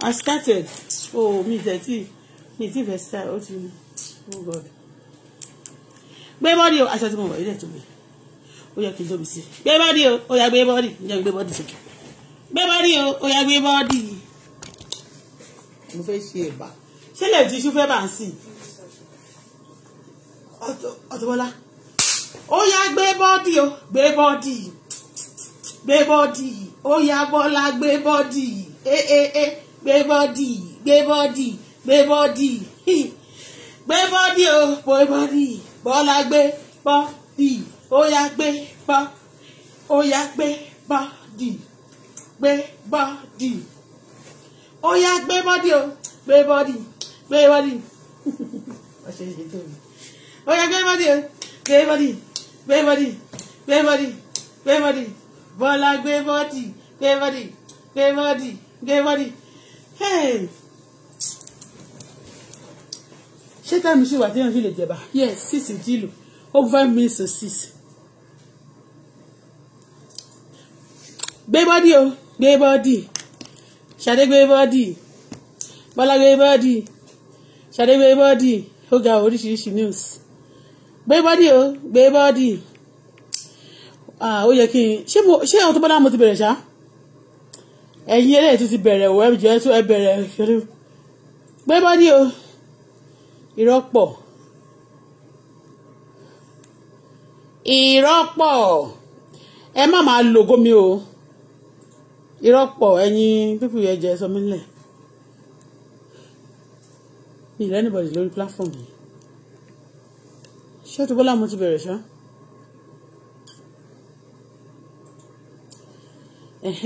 I started oh me tẹ̀tí me tí fẹ́ start ó ti oh God gbé bọ́dì o aṣọ tí mo wọ̀ ilé tó gbé ó yẹ kí n tóbi sí gbé bọ́dì o ó yà gbé body ǹjẹ́ gbé body, sókè gbé bọ́dì o ó yà gbé bọ́dì mo fẹ́ ṣe ẹ̀bà ṣé lè ti ṣú fẹ́ bá ń sìn ọ̀tọ̀bọ́lá ó yá gbé body, o gbé bọ́dì gbé bọ́dì ó yá bọ́lá gbé bọ́dì ee eh, ee. Eh, eh gbé bọ́dì gbé bọ́dì gbé bọ́dì gbé bọ́dì o gbé bọ́dì bọ́lá gbé bọ́dì ó yá gbé bọ́ ó yá gbé bọ́dì gbé bọ́dì ó yá gbé bọ́dì o gbé bọ́dì gbé bọ́dì ó yá gbé bọ́dì o gbé bọ́dì gbé bọ́dì gbé bọ́dì gbé bọ́dì bọ́lá gbé bọ́dì gbé bọ́dì gbé bọ́dì gbé bọ́dì ṣé táìmù ṣì wà téèyàn ṣì lè jẹba yes six ti lù over five minutes to six. gbé bọ́dì o gbé bọ́dì ṣàdé gbé bọ́dì bọ́lá gbé bọ́dì ṣàdé gbé bọ́dì ó ga oríṣiríṣi news gbé bọ́dì o gbé bọ́dì ah, ó yẹ kí n ṣé ọtún bọ́lá mo ti bẹ̀rẹ̀ ṣáá ẹ̀yin eléyìí tún ti bẹ̀rẹ̀ òwò ẹ̀jẹ̀ tún ẹ bẹ̀rẹ̀ ìṣòro pé bá ní o ìrọ́pọ̀ ìrọ́pọ̀ ẹ má máa lògó mi o ìrọ́pọ̀ ẹ̀yin pípù yẹn jẹ́ sọmí lẹ̀ mi ì lẹ́nìbọ̀dì lórí platform yìí ṣé o ti bọ́lá mo ti bẹ̀rẹ̀ ṣá. uh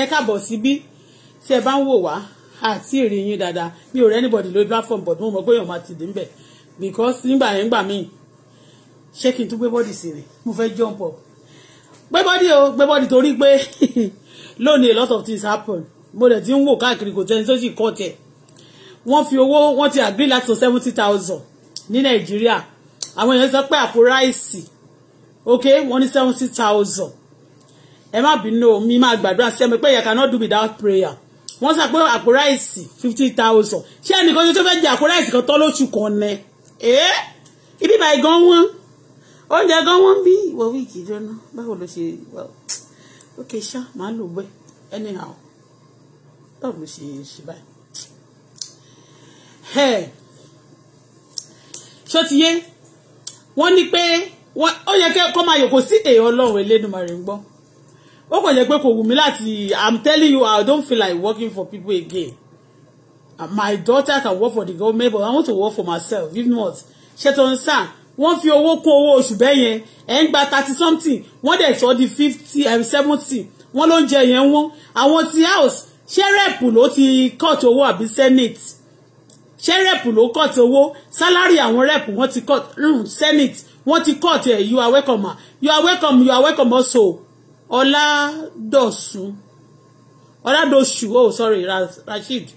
ẹ káàbọ̀ síbí tí ẹ bá ń wò wá àti ìrìn yín dáadáa mi ò rẹ́ anybody lórí platform but mo mọ̀ pé èèyàn máa ti dé ń bẹ̀ because nígbà yẹn gbà míì ṣé kí n tún gbé bọ́dì sí rẹ̀ mo fẹ́ jump up gbé bọ́dì o gbé bọ́dì torí pé lónìí a lot of things happen mo dẹ̀ ti ń wò káàkiri kò tẹ́ni tó sì kọ́ tẹ̀ wọ́n fi owó wọ́n ti agree láti san seventy thousand ní nàìjíríà àwọn èèyàn sọ pé àpò ráìsì ok wọ́n ní seventy thousand ẹ má bínú mi máa gbàdúrà sí ẹmi pé you cannot do without prayer wọ́n sọ pé àpò ráìsì fifty thousand ṣé ẹnìkan tó fẹ́ jẹ àpò ráìsì kan tọ́ lóṣù kan nẹ ẹ́ eh? ibi báyìí gan wọ́n oúnjẹ gan wọ́n bí ìwọ wíìkì jọ́nà báwo ló ṣe ok ṣá màá lò wẹ́ anyhow báwo ló ṣe ṣe báyìí. ṣó ti yé wọ́n ní pé ó yẹ kó máa yòókù sí èèyàn ọlọ́run elédùnmarè ń gbọ́ ó kàn jẹ́ pé kò wù mí láti i'm telling you i don't feel like working for people again my daughter can work for the government but i want to work for myself if not ṣètò sàn wọ́n fi owó kún owó oṣù bẹ́ẹ̀ yẹn ẹ̀ ń gba thirty something wọ́n dẹ̀ sọ di fifty and um, seventy wọ́n ló ń jẹ yẹn wọ́n àwọn ti house ṣé rep ló ti cut owó àbí senate ṣé rep ló cut owó salary àwọn rep wọ́n ti cut hmm, senate wọ́n ti cut ẹ̀ you are welcome you are welcome you are welcome also Oladosu. Oladosu. Oh, sorry, Rashid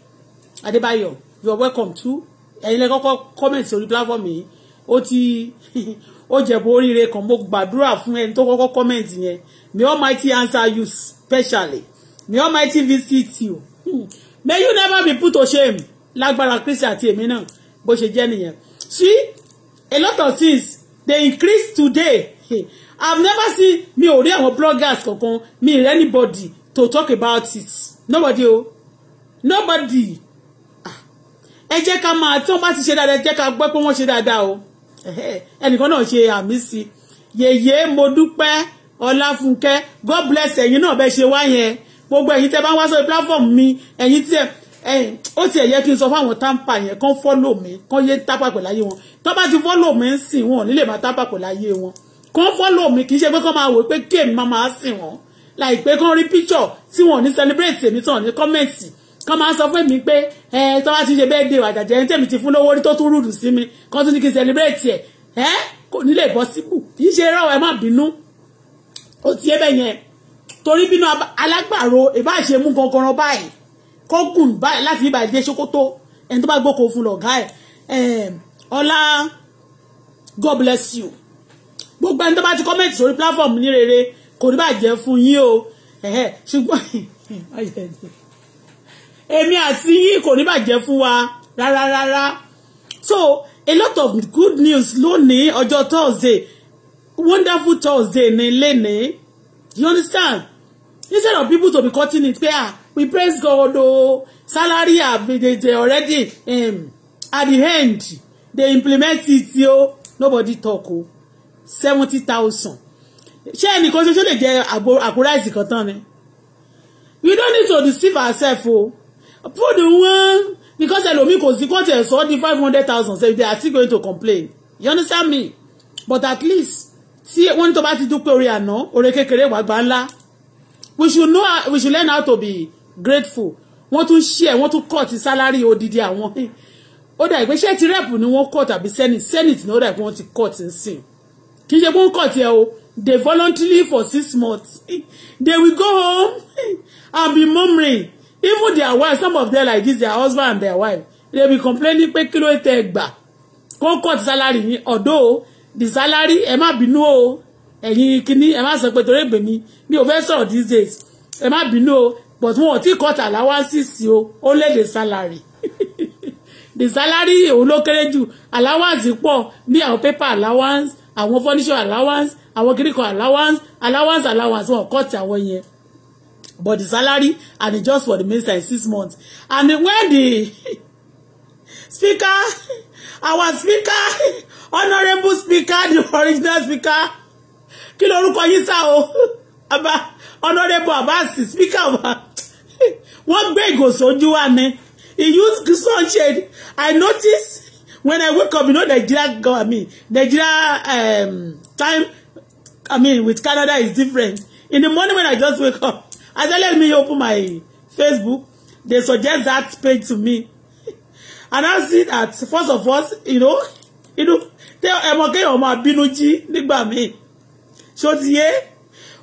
Adebayo. You are welcome to. Ẹ̀yin lẹ kọ́kọ́ comment orí platform yìí. Ó ti ó jẹ̀bú oríire kan. Mo gbàdúrà fún ẹni tó kọ́kọ́ comment yẹn. May Almighty answer you specially. May Almighty visit you. Hmm. May you never be put to shame. Lágbára Kristi àti èmi náà bó ṣe jẹ́ nìyẹn. See, a lot of things dey increase today. I've never seen me or any àwọn bloggers kankan me rí anybody to talk about it nobody oh, nobody ah. ẹ jẹ́ ká máa tí wọ́n bá ti ṣe dáadáa ẹ jẹ́ ká gbọ́ pé wọ́n ṣe dáadáa o ẹnìkan náà ṣe àmì sí yèyé mo dúpẹ́ Olafunke. god bless ẹ̀yin náà bẹ́ẹ̀ ṣe wá yẹn gbogbo ẹ̀yin tẹ́ bá ń wá sórí platform mi ẹ̀yin tí ẹ̀ ó tiẹ̀ yẹ kí n sọ fáwọn táǹpà yẹn kán follow me, kán ye tapa pẹ̀láyé wọn tó bá ti follow me, ń sìn wọn nílé máa tapa pẹ̀láyé wọn kán fọ́lọ̀ mi kì í ṣe pé kán máa wò pé kí èmi máa máa sìn wọ́n láìpẹ́ kán rí píṣọ̀ tí wọ́n ní celebrate èmi tàn ní kọ́mẹ̀ntì kán máa sọ fún mi pé ẹ tó bá ti ṣe bẹ́ẹ̀ dé àjàjẹ́ ẹni tẹ̀mí ti fún lówó rí tó tún rúdù sí mi kán tún ní kí n celebrate ẹ̀ ẹ́ kò nílé bọ́ síbù kì í ṣe rọ̀ ẹ má bínú ó ti ébẹ̀ yẹn torí bínú alágbàro ìbá ṣe mú gangan báyìí kọ́gùn báyìí láti ìbàjẹ́ ṣòkòtò ẹni tó bá gbókò fún lọ̀gá ẹ̀ ọlá God bless you gbogbo ẹni tó bá ti kọ́mẹ̀tì sórí platform ní rere kò ní bàjẹ́ fún yín o ṣùgbọ́n èmi àti yín kò ní bàjẹ́ fún wa rárá rárá so a lot of good news lónìí ọjọ́ Thursday wonderful Thursday ní lénìí you understand instead of people to be cutting it pé ah we praise God o oh, salary ah they already um, at the end they implement it o oh, nobody talk o. Oh seventy thousand ṣé ẹnìkan ṣoṣo lè jẹ àpò ráìsì kan tán ni we don't need to deceive ourselves o the one because ẹlòmíì kò sí kó tẹ̀ sọ di five hundred thousand say they are still going to complain you understand me but at least tí wọ́n ní tó bá ti dúpẹ́ orí àná orí kékeré wàgbà ńlá we should know how, we should learn how to be grateful wọ́n tún share wọ́n tún cut salary odidi àwọn ó dà ìgbésẹ̀ ti rẹ́pù ni wọ́n cut àbí senate senate ni ó dà ìpé wọ́n ti cut ń sìn kì í ṣe pé ó kọ̀ o they voluntarily for six months they will go home and be murmuring even their wife some of them like this their husband and their wife they be complaining pé kí ló tẹ gbà kó cut salary yín ọ̀dọ́ the salary ẹ má bínú o ẹ̀yin kíní ẹ má sọ pé torí ègbè mi mi ò fẹ́ sọ̀rọ̀ these days ẹ má bínú o but wọn ò tí cut allowances o ó lé the salary the salary òun ló kéré jù allowance pọ̀ bí àwọn paper allowance àwọn furniture allowance àwọn kíríkọ allowance allowance allowance wọn kọ́ ti àwọn yẹn but the salary and it just for the minister is six months and when the speaker our speaker honourable speaker the original speaker kí lorúkọ yín sá o abba honourable abasi speaker ọba wọ́n gbé ìgò sójú wa ni he used sunshade i notice when i wake up you know nigeria go i mean nigeria um, time i mean with canada is different in the morning when i just wake up as i let me open my facebook they suggest that page to me and i see that first of all you know you know tẹ ẹmọ kéèyàn máa bínú jí nígbà míì ṣó ti yé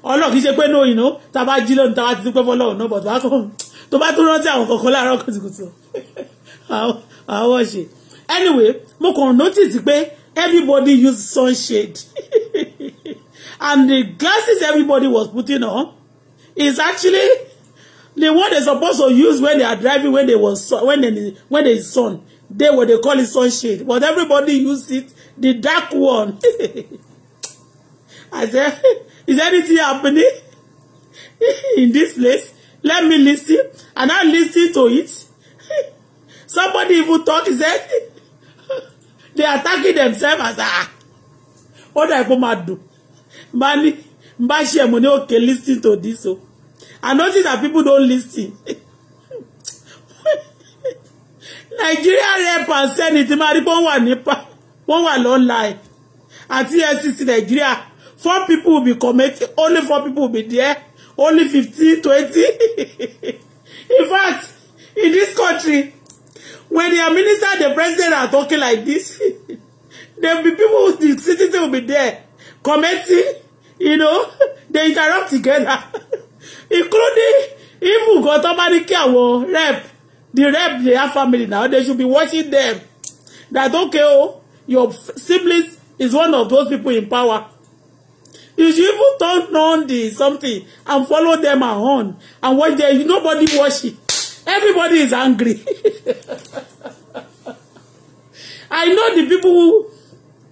ọlọ́ọ̀ kì í ṣe pé no ìná tá a bá jí lónìí tá a bá ti dúpẹ́ fọlọ́ọ̀ náà bọ̀ tó bá tún rántí àwọn kọ̀ọ̀kan láàárọ̀ kùtùkùtù àwọn ṣe anyway mo kàn notice pé everybody use sunshade and the glasses everybody was putting on is actually the one they supposed to use when they are driving when they was when they when they sun they what they call it sunshade but everybody use it the dark one I said is anything happening in this place let me listen and I listen to it somebody even talk he said they attacking themselves as ah ó dà pé ó do? dùn bá ní bá ṣe ẹ̀mọ́ okay listen to this o I notice that people don't listen Nigeria rep and senate máa rí pé wọ́n wà nípa wọ́n wà online àti FCC e Nigeria four people will be committed only four people will be there only fifteen twenty in fact in this country When their minister, the president are talking like this, there will be people, the citizens will be there commenting, you know, they interrupt together, including even God Almighty Kiawo, rep, the rep, their family now, they should be watching them. That okay, oh, your siblings is one of those people in power. You should even turn on the something and follow them around and watch them. Nobody watch it. Everybody is angry. I know the people who,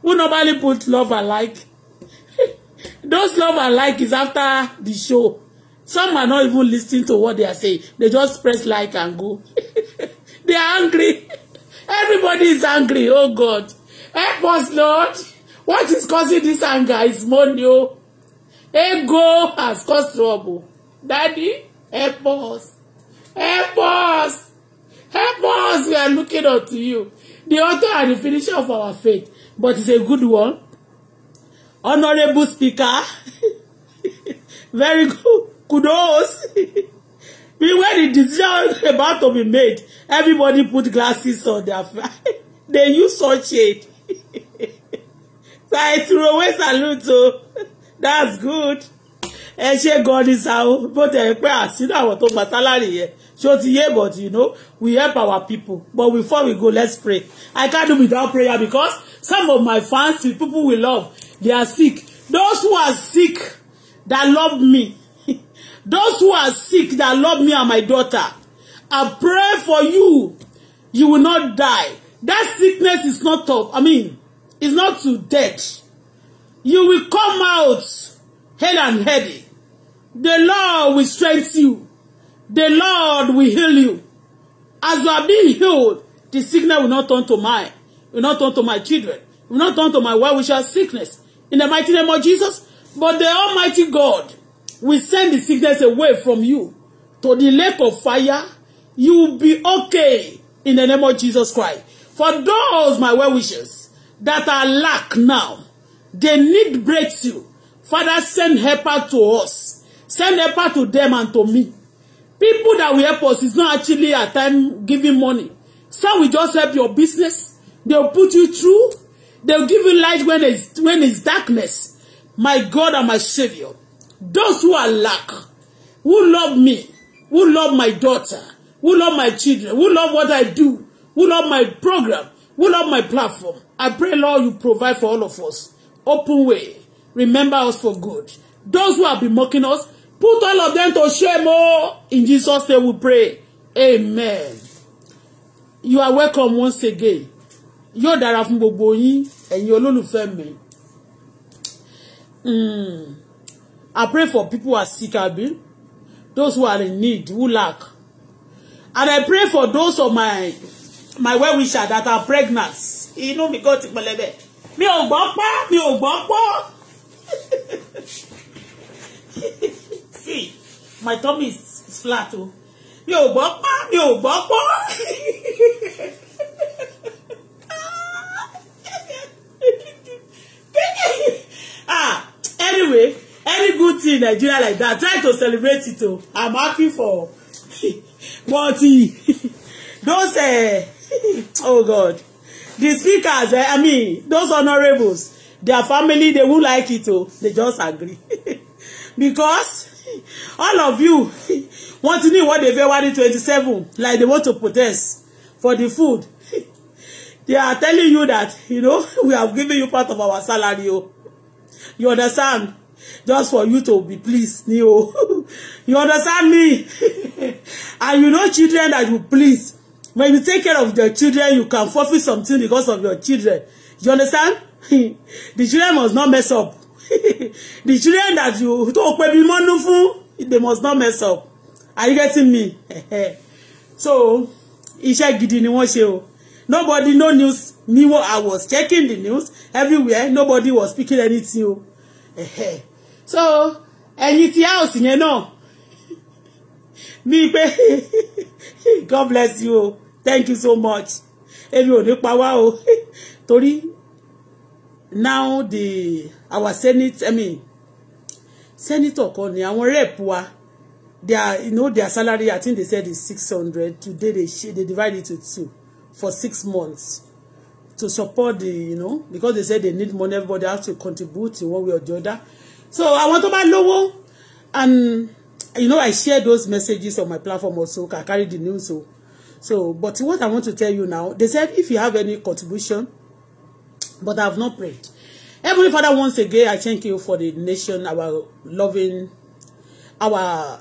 who normally put love and like. Those love and like is after the show. Some are not even listening to what they are saying. They just press like and go. They are angry. Everybody is angry. Oh God. Help us, Lord. What is causing this anger is money. Oh. Ego has caused trouble. Daddy, help us. Help us. Help us. We are looking to you, the author and the finisher of our faith. But it's a good one. Honorable Speaker. Very good. Kudos. Mean when the decision about to be made, everybody put glasses on their face. They use such sunshade. So I threw away salute o. Oh. That's good. Ẹ ṣé gan-an ni sa o. Bó tẹ̀ pé àsínú àwọn tó gba sálárì yẹn. So but you know, we help our people. But before we go, let's pray. I can't do without prayer because some of my fans, people we love, they are sick. Those who are sick that love me, those who are sick that love me and my daughter, I pray for you. You will not die. That sickness is not tough. I mean, it's not to death. You will come out head and heady. The Lord will strengthen you. The Lord will heal you. As you are being healed, the sickness will not turn to my, will not turn to my children, will not turn to my well-wisher sickness. In the mighty name of Jesus, but the Almighty God will send the sickness away from you to the lake of fire. You will be okay in the name of Jesus Christ. For those, my well wishes, that are lack now, they need breakthrough. Father, send helper to us. Send helper to them and to me. People that will help us is not actually at time giving money. Some will just help your business. They'll put you through. They'll give you light when it's, when it's darkness. My God and my Savior. Those who are lack, who love me, who love my daughter, who love my children, who love what I do, who love my program, who love my platform. I pray, Lord, you provide for all of us. Open way. Remember us for good. Those who have been mocking us, Put all of them to shame, oh. In Jesus' name we pray. Amen. You are welcome once again. Yóò dára fún gbogbo yín, ẹ̀yin olólùfẹ́ mi. Mm. I pray for people who are sick, Abi. Those who are in need, who lack. And I pray for those of my my well-wisher that are pregnant. Inú mi kò ti pẹlẹbẹ. Mi ò gbọ́ pọ́, mi ò gbọ́ pọ́. see my tummy is flat o oh. mi ò gbọ́ pá mi ò gbọ́ pọ́ ah anyway any good thing in Nigeria like that try to celebrate it o oh. I'm happy for but eh, those uh, oh God the speakers uh, I mean those honourables their family they would like it o oh. they just agree because all of you want to know what they ìwọ́de february twenty seven like they want to protest for the food they are telling you that you know we have given you part of our salary o oh. you understand just for you to be pleased ni o oh. you understand me and you know children that you please when you take care of your children you can forfeit something because of your children you understand the children must not mess up the children that you tó pẹ́ bí mọ́nú fún they must not mess up are you getting me so iṣẹ́ gidi ni wọ́n ṣe o nobody no news me what i was checking the news everywhere nobody was speaking anything o so ẹ̀yin ti house yẹn náà bíi pé god bless you thank you so much èmi ò ní pa wá o torí now the our senate i mean senator kan ni àwọn rep wa their you know their salary i think they said is six hundred today they they divide it to two for six months to support the you know because they said they need money everybody has to contribute in one way or the other so àwọn tó bá lówó and you know i share those messages on my platform also i carry the news o so but what i want to tell you now they said if you have any contribution but I've not prayed. Heavenly Father, once again, I thank you for the nation, our loving, our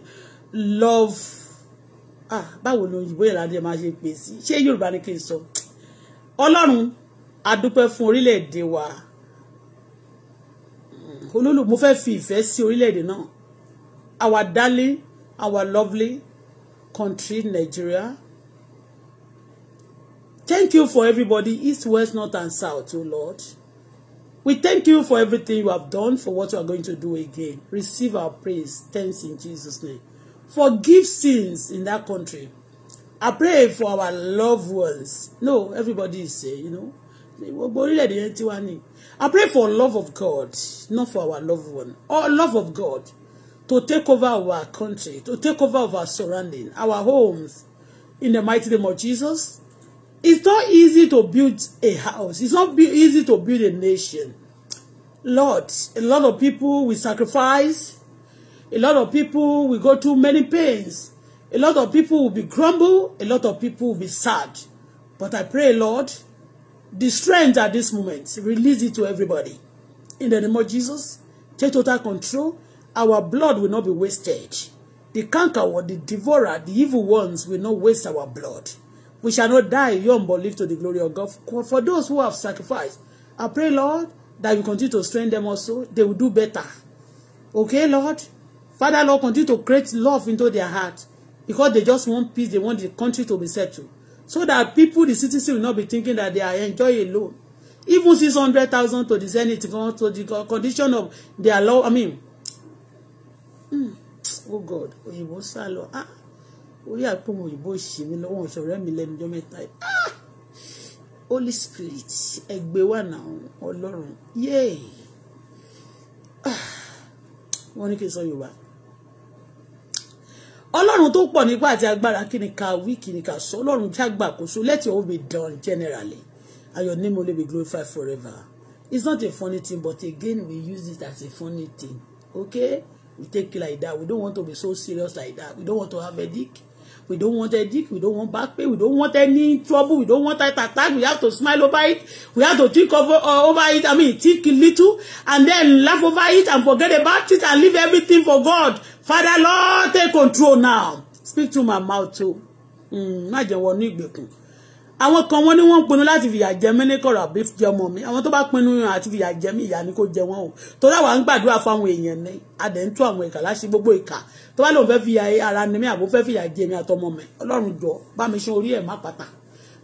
love. Ah, báwo ló ìwé ìlànà máa ṣe pè sí? Ṣé Yorùbá ni kí n sọ? Ọlọ́run, a dúpẹ́ fún orílẹ̀-èdè wa. Olólù, mo fẹ́ fi ìfẹ́ sí orílẹ̀-èdè Our darling, our lovely country, Nigeria. Thank you for everybody, east, west, north, and south, oh Lord. We thank you for everything you have done, for what you are going to do again. Receive our praise, thanks in Jesus' name. Forgive sins in that country. I pray for our loved ones. No, everybody is saying, you know. I pray for love of God, not for our loved one. Or love of God to take over our country, to take over our surrounding, our homes. In the mighty name of Jesus, It's not easy to build a house. It's not easy to build a nation. Lord, a lot of people will sacrifice. A lot of people will go through many pains. A lot of people will be grumble. A lot of people will be sad. But I pray, Lord, the strength at this moment, release it to everybody. In the name of Jesus, take total control. Our blood will not be wasted. The conqueror, the devourer, the evil ones will not waste our blood. We shall not die young but live to the glory of God. For those who have sacrificed, I pray, Lord, that you continue to strengthen them also. They will do better. Okay, Lord? Father, Lord, continue to create love into their heart because they just want peace. They want the country to be settled. So that people, the citizens, will not be thinking that they are enjoying alone. Even 600,000 to the Senate, to the condition of their law. I mean, hmm, oh God, Oyinbo Sá lọ. Ah, orí àpòmọ̀ òyìnbó ṣì mí lọ́wọ́ ọ̀ṣọ̀rẹ́ mi lẹ́nu ọjọ́ mẹ́ta yìí ah! holy spirit ẹgbẹ́ wà náà ọlọ́run yéè ah! wọ́n ní kí n sọ yorùbá ọlọ́run tó pọ̀ nípa àti agbára kí ni ká wí kí ni ká sọ ọlọ́run jágbà kò so let your will be done generally and your name only be glorified forever it's not a funny thing but again we use it as a funny thing okay we take it like that we don't want to be so serious like that we don't want to have headache We don't want a dick. We don't want back pain. We don't want any trouble. We don't want that attack. We have to smile over it. We have to think over, uh, over it. I mean, think little and then laugh over it and forget about it and leave everything for God. Father, Lord, take control now. Speak through my mouth too. Mm, má jẹ́ wọnú ìgbèkùn àwọn kan wọ́n ní wọ́n pinnu láti fìyà jẹ mí ní kọ̀rọ̀ àbí jẹ ọmọ mi àwọn tó bá pinnu àti fìyà jẹ mí ìyá ni kò jẹ wọn o torí àwa ń gbàdúrà fáwọn èèyàn ni adẹ̀ ń tú àwọn ìkà láṣẹ gbogbo ìkà tó bá lòun fẹ́ fìyà ara ni mí àbó fẹ́ fìyà jẹ mi àtọmọ mi ọlọ́run jọ bá mi ṣe orí ẹ̀ má pàtà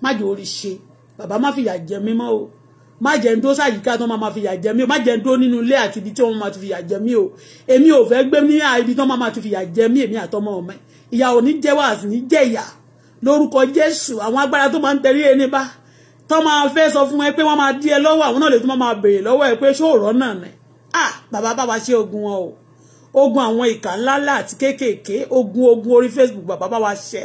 má jẹ orí ṣe bàbá má fìyà jẹ mí mọ́ o má jẹ ń dó sáyìíká tó máa fìyà jẹ mí o má jẹ ń dó nínú ilé àti ibi tí wọn máa ti fìyà jẹ mí o èmi ò fẹ́ gbé ní ibi tí máa ti fìyà jẹ mí èmi àtọmọ mi ìyà ní jẹ́ wàásù ní jẹ́ ìyà lórúkọ Jésù àwọn agbára tó máa ń tẹrí ẹni bá tó máa fẹ́ sọ fún ẹ pé wọ́n máa dí ẹ lọ́wọ́ àwọn náà lè tún máa béèrè lọ́wọ́ ẹ pé ṣó náà ni ah bàbá bá wa ṣe ogun wọn o ogun àwọn ìkà ńláńlá àti kéékèèké ogun ogun orí Facebook bàbá bá wa ṣe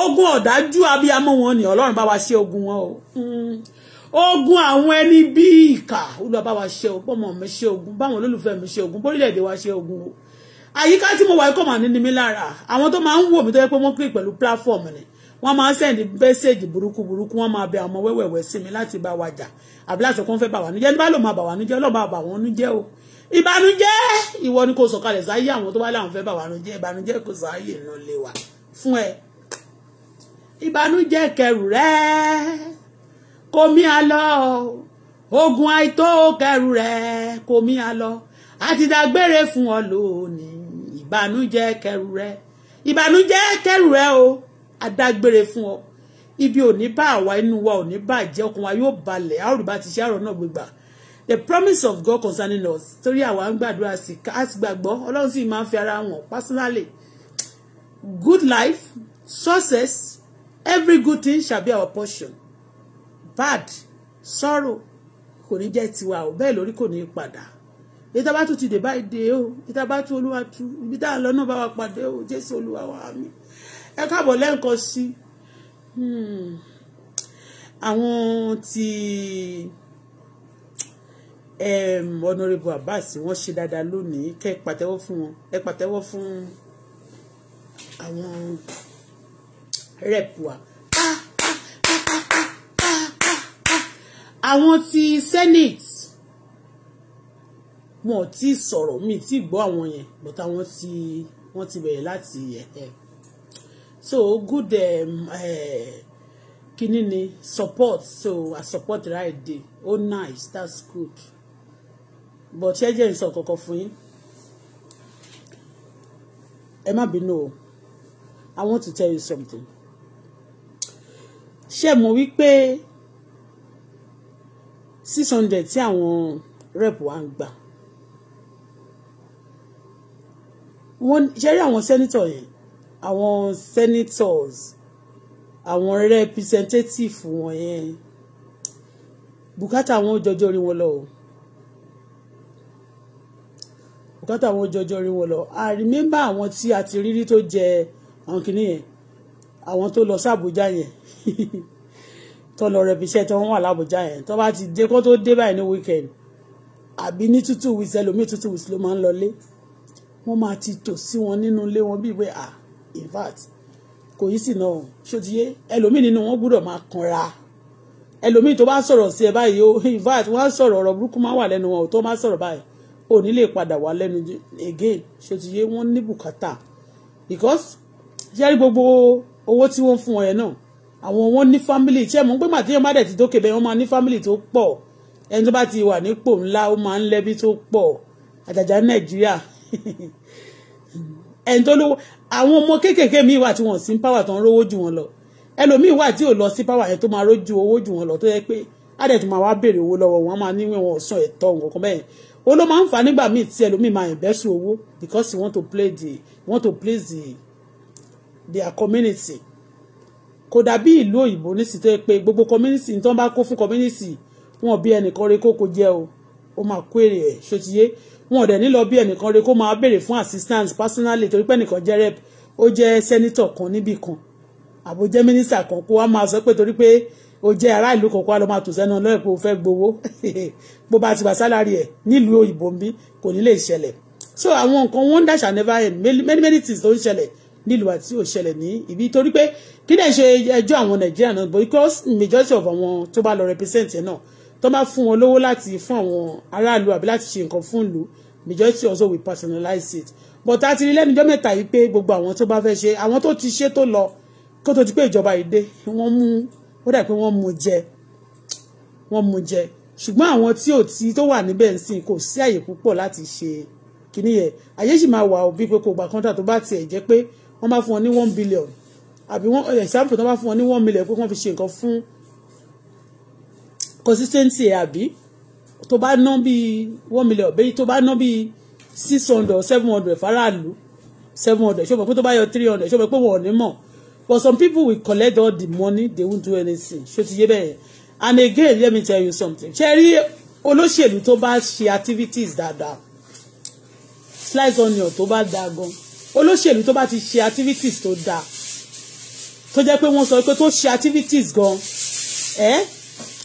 ogun ọ̀dájú abiyamọ wọn ni Ọlọ́run bá wa ṣe ogun wọn o hmm. ogun àwọn ẹni bí ìkà Olúwa bá wa ṣe ogun bọ́mọ mi ṣe ogun báwọn olólùfẹ́ mi ṣe ogun bórílẹ̀-èdè wa ṣe ogun o àyíká tí mo wà kọ̀ mà ní ni mi lára àwọn tó máa ń wò mí tó yẹ pé wọ́n pè pẹ̀lú platform ni wọ́n máa ń send message burúkú burúkú wọ́n máa bẹ àwọn wẹ́wẹ̀wẹ́ sí mi láti bá wa jà àbí láti kún fẹ́ bà wá nújẹ́ níbà ló máa bà wá nújẹ́ ọlọ́run máa bà wọ́n o ìbànújẹ́ ìwọ ni kò sọ̀kalẹ̀ sáyé àwọn tó bá láwọn fẹ́ bà wá nújẹ́ ìbànújẹ́ kò sáyé inú lè wà fún ẹ ìbànújẹ́ kẹrù rẹ kò mí a lọ ogun àìtó kẹrù rẹ kò mí a lọ àti dágbére fún ọ lónìí ìbànújẹ́ kẹrù rẹ ìbànújẹ́ kẹrù rẹ o adágbére fún ọ ibi ò bá àwa inú wa ò ní bàjẹ́ ọkàn wa yóò balẹ̀ a ó rí bá ti ṣe àrò náà gbégbà the promise of God concerning us torí àwa ń gbàdúrà sí ká sì gbàgbọ́ ọlọ́run sì máa ń fi ara wọn personally good life success every good thing shall be our portion bad sorrow kò ní jẹ́ tiwa ò bẹ́ẹ̀ lórí kò ní padà ìta bá tún ti dé báyìí dé o ìta bá tún olúwa tún ibi tá a lọ náà bá wa pàdé o jésù olúwa wa àmín ẹ káàbọ̀ lẹ́ǹkan sí hmm. àwọn ti honorable Abbas wọ́n ṣe dáadáa lónìí kẹ́ ẹ pàtẹ́wọ́ fún wọn ẹ pàtẹ́wọ́ fún àwọn rep wa àwọn ti senate wọn ò tí ì sọ̀rọ̀ mi tí ì gbọ́ àwọn yẹn but àwọn tí wọ́n ti bẹ̀rẹ̀ láti ẹ̀ẹ́. Eh, eh, so good um, uh, eh, kini support so i support right there oh nice that's good but ṣé jẹ́ ìsọ̀ kọ̀ọ̀kan fún yín ẹ má bínú o i want to tell you something ṣé mo wí pé six hundred tí àwọn rep wa ń gbà wọ́n ṣe rí àwọn sẹ́nítọ̀ yẹn àwọn senators àwọn representative wọn yẹn bùkátà wọn jọjọ rí wọn lọ bùkátà wọn jọjọ rí wọn lọ I remember àwọn tí a ti rírí tó jẹ àwọn kìnìún yẹn àwọn tó lọ sí Àbújá yẹn tó lọ represent wọn wà lábújá yẹn tó bá ti dé kó tó dé báyìí ní weekend àbí ní tútù wìsẹ lómi tútù wìsẹ ló máa ń lọlé wọn máa ti tò sí wọn nínú ilé wọn bíi pé ah in fact kò yí sì náà o ṣòtíyé ẹlòmíì nínú wọn gbúdọ̀ máa kanra ẹlòmíì tó bá sọ̀rọ̀ sí ẹ báyìí o in fact wọ́n á sọ̀rọ̀ ọ̀rọ̀ burúkú máa wà lẹ́nu wọn ò tó máa sọ̀rọ̀ báyìí ò ní lè padà wá lẹ́nu again ṣòtíyé wọ́n ní bùkátà because ṣé rí gbogbo owó tí wọ́n fún ọ yẹn náà àwọn wọn ní family tí ẹ mọ̀ pé màtí yẹn má dẹ̀ ti dókè bẹ́ẹ̀ wọ́n máa ní family tó pọ̀ ẹni tó bá ti wà nípò ńlá ó máa ń lẹ́bí tó pọ̀ àjàjà Nàìjíríà ẹni tó lówó àwọn ọmọ kéékèèké míì wà tí wọ́n sí power tó ń rówó jù wọ́n lọ ẹlòmíì wà tí ò lọ sí power yẹn tó máa rójú owó jù wọ́n lọ tó yẹ pé ádẹ̀ tó máa wá béèrè owó lọ́wọ́ wọn máa níwọ̀n wọn ọ̀sán ẹ̀tọ́ nǹkan bẹ́ẹ̀ ó ló máa ń fà nígbà míì tí ẹlòmíì máa invest owó because you want to play the want to please the their community kò dàbí ìlú òyìnbó nísì tó yẹ pé gbogbo community ní tí wọ́n bá kó fún community wọn bí ẹnìkan rẹ kó kó jẹ́ o ó máa kó èrè ẹ̀ ṣòtiyé wọn ò dẹ̀ nílọ bí ẹnìkan rẹ kó máa béèrè fún assistance personally torí pé ẹnìkan jẹ́ rep ó jẹ́ senator kan níbì kan àbò jẹ́ minister kan kó wá máa sọ pé torí pé ó jẹ́ ará ìlú kan kó wá lọ máa tò sẹ́nu lọ́ọ̀ pé ó fẹ́ gbowó bó bá ti gbà sálárì ẹ̀ nílùú òyìnbó ń kò ní lè ṣẹlẹ̀ so àwọn nǹkan wonder shall never end many many, things ló ń ṣẹlẹ̀ nílùú àti òṣẹlẹ̀ ní ibi torí pé kí lè ṣe ẹjọ́ àwọn nàìjíríà náà because majority of àwọn tó bá lọ represent yẹn náà tó bá fún wọn lówó láti fún àwọn aráàlú àbí láti ṣe nǹkan fún ìlú majority also will personalize it but a ti rí lẹ́nujọ́ mẹ́ta yìí pé gbogbo àwọn tó bá fẹ́ ṣe àwọn tó ti ṣe tó lọ kó tó ti pé ìjọba yìí dé wọ́n mú ó dà pé wọ́n mú jẹ wọ́n mú jẹ ṣùgbọ́n àwọn tí ò ti tó wà níbẹ̀ ń sìn kò sí àyè púpọ̀ láti ṣe kíní yẹn àyè sì máa wà òbí pé kò gbà kọ́ńtà tó bá tiẹ̀ jẹ́ pé wọ́n bá fún ọ ní one billion àbí wọ́n example tó bá fún ọ ní one million pé wọ́n fi ṣe nǹkan fún consistency àbí tó bá ná bíi one million bẹ́ẹ̀ tó bá ná bíi six hundred seven hundred faraàlú seven hundred ṣé o mọ̀ pé tó bá yọ three hundred ṣé o mọ̀ pé wọ́n ò ní mọ̀ but some people will collect all the money they won't do anything ṣé o ti yé bẹ́ẹ̀ and again let me tell you something ṣe rí olóṣèlú tó bá ṣe activities dáadáa slice onion tó bá dáa gan olóṣèlú tó bá ti ṣe activities tó dáa tó jẹ́ pé wọ́n sọ pé tó ṣe activities gan ẹ́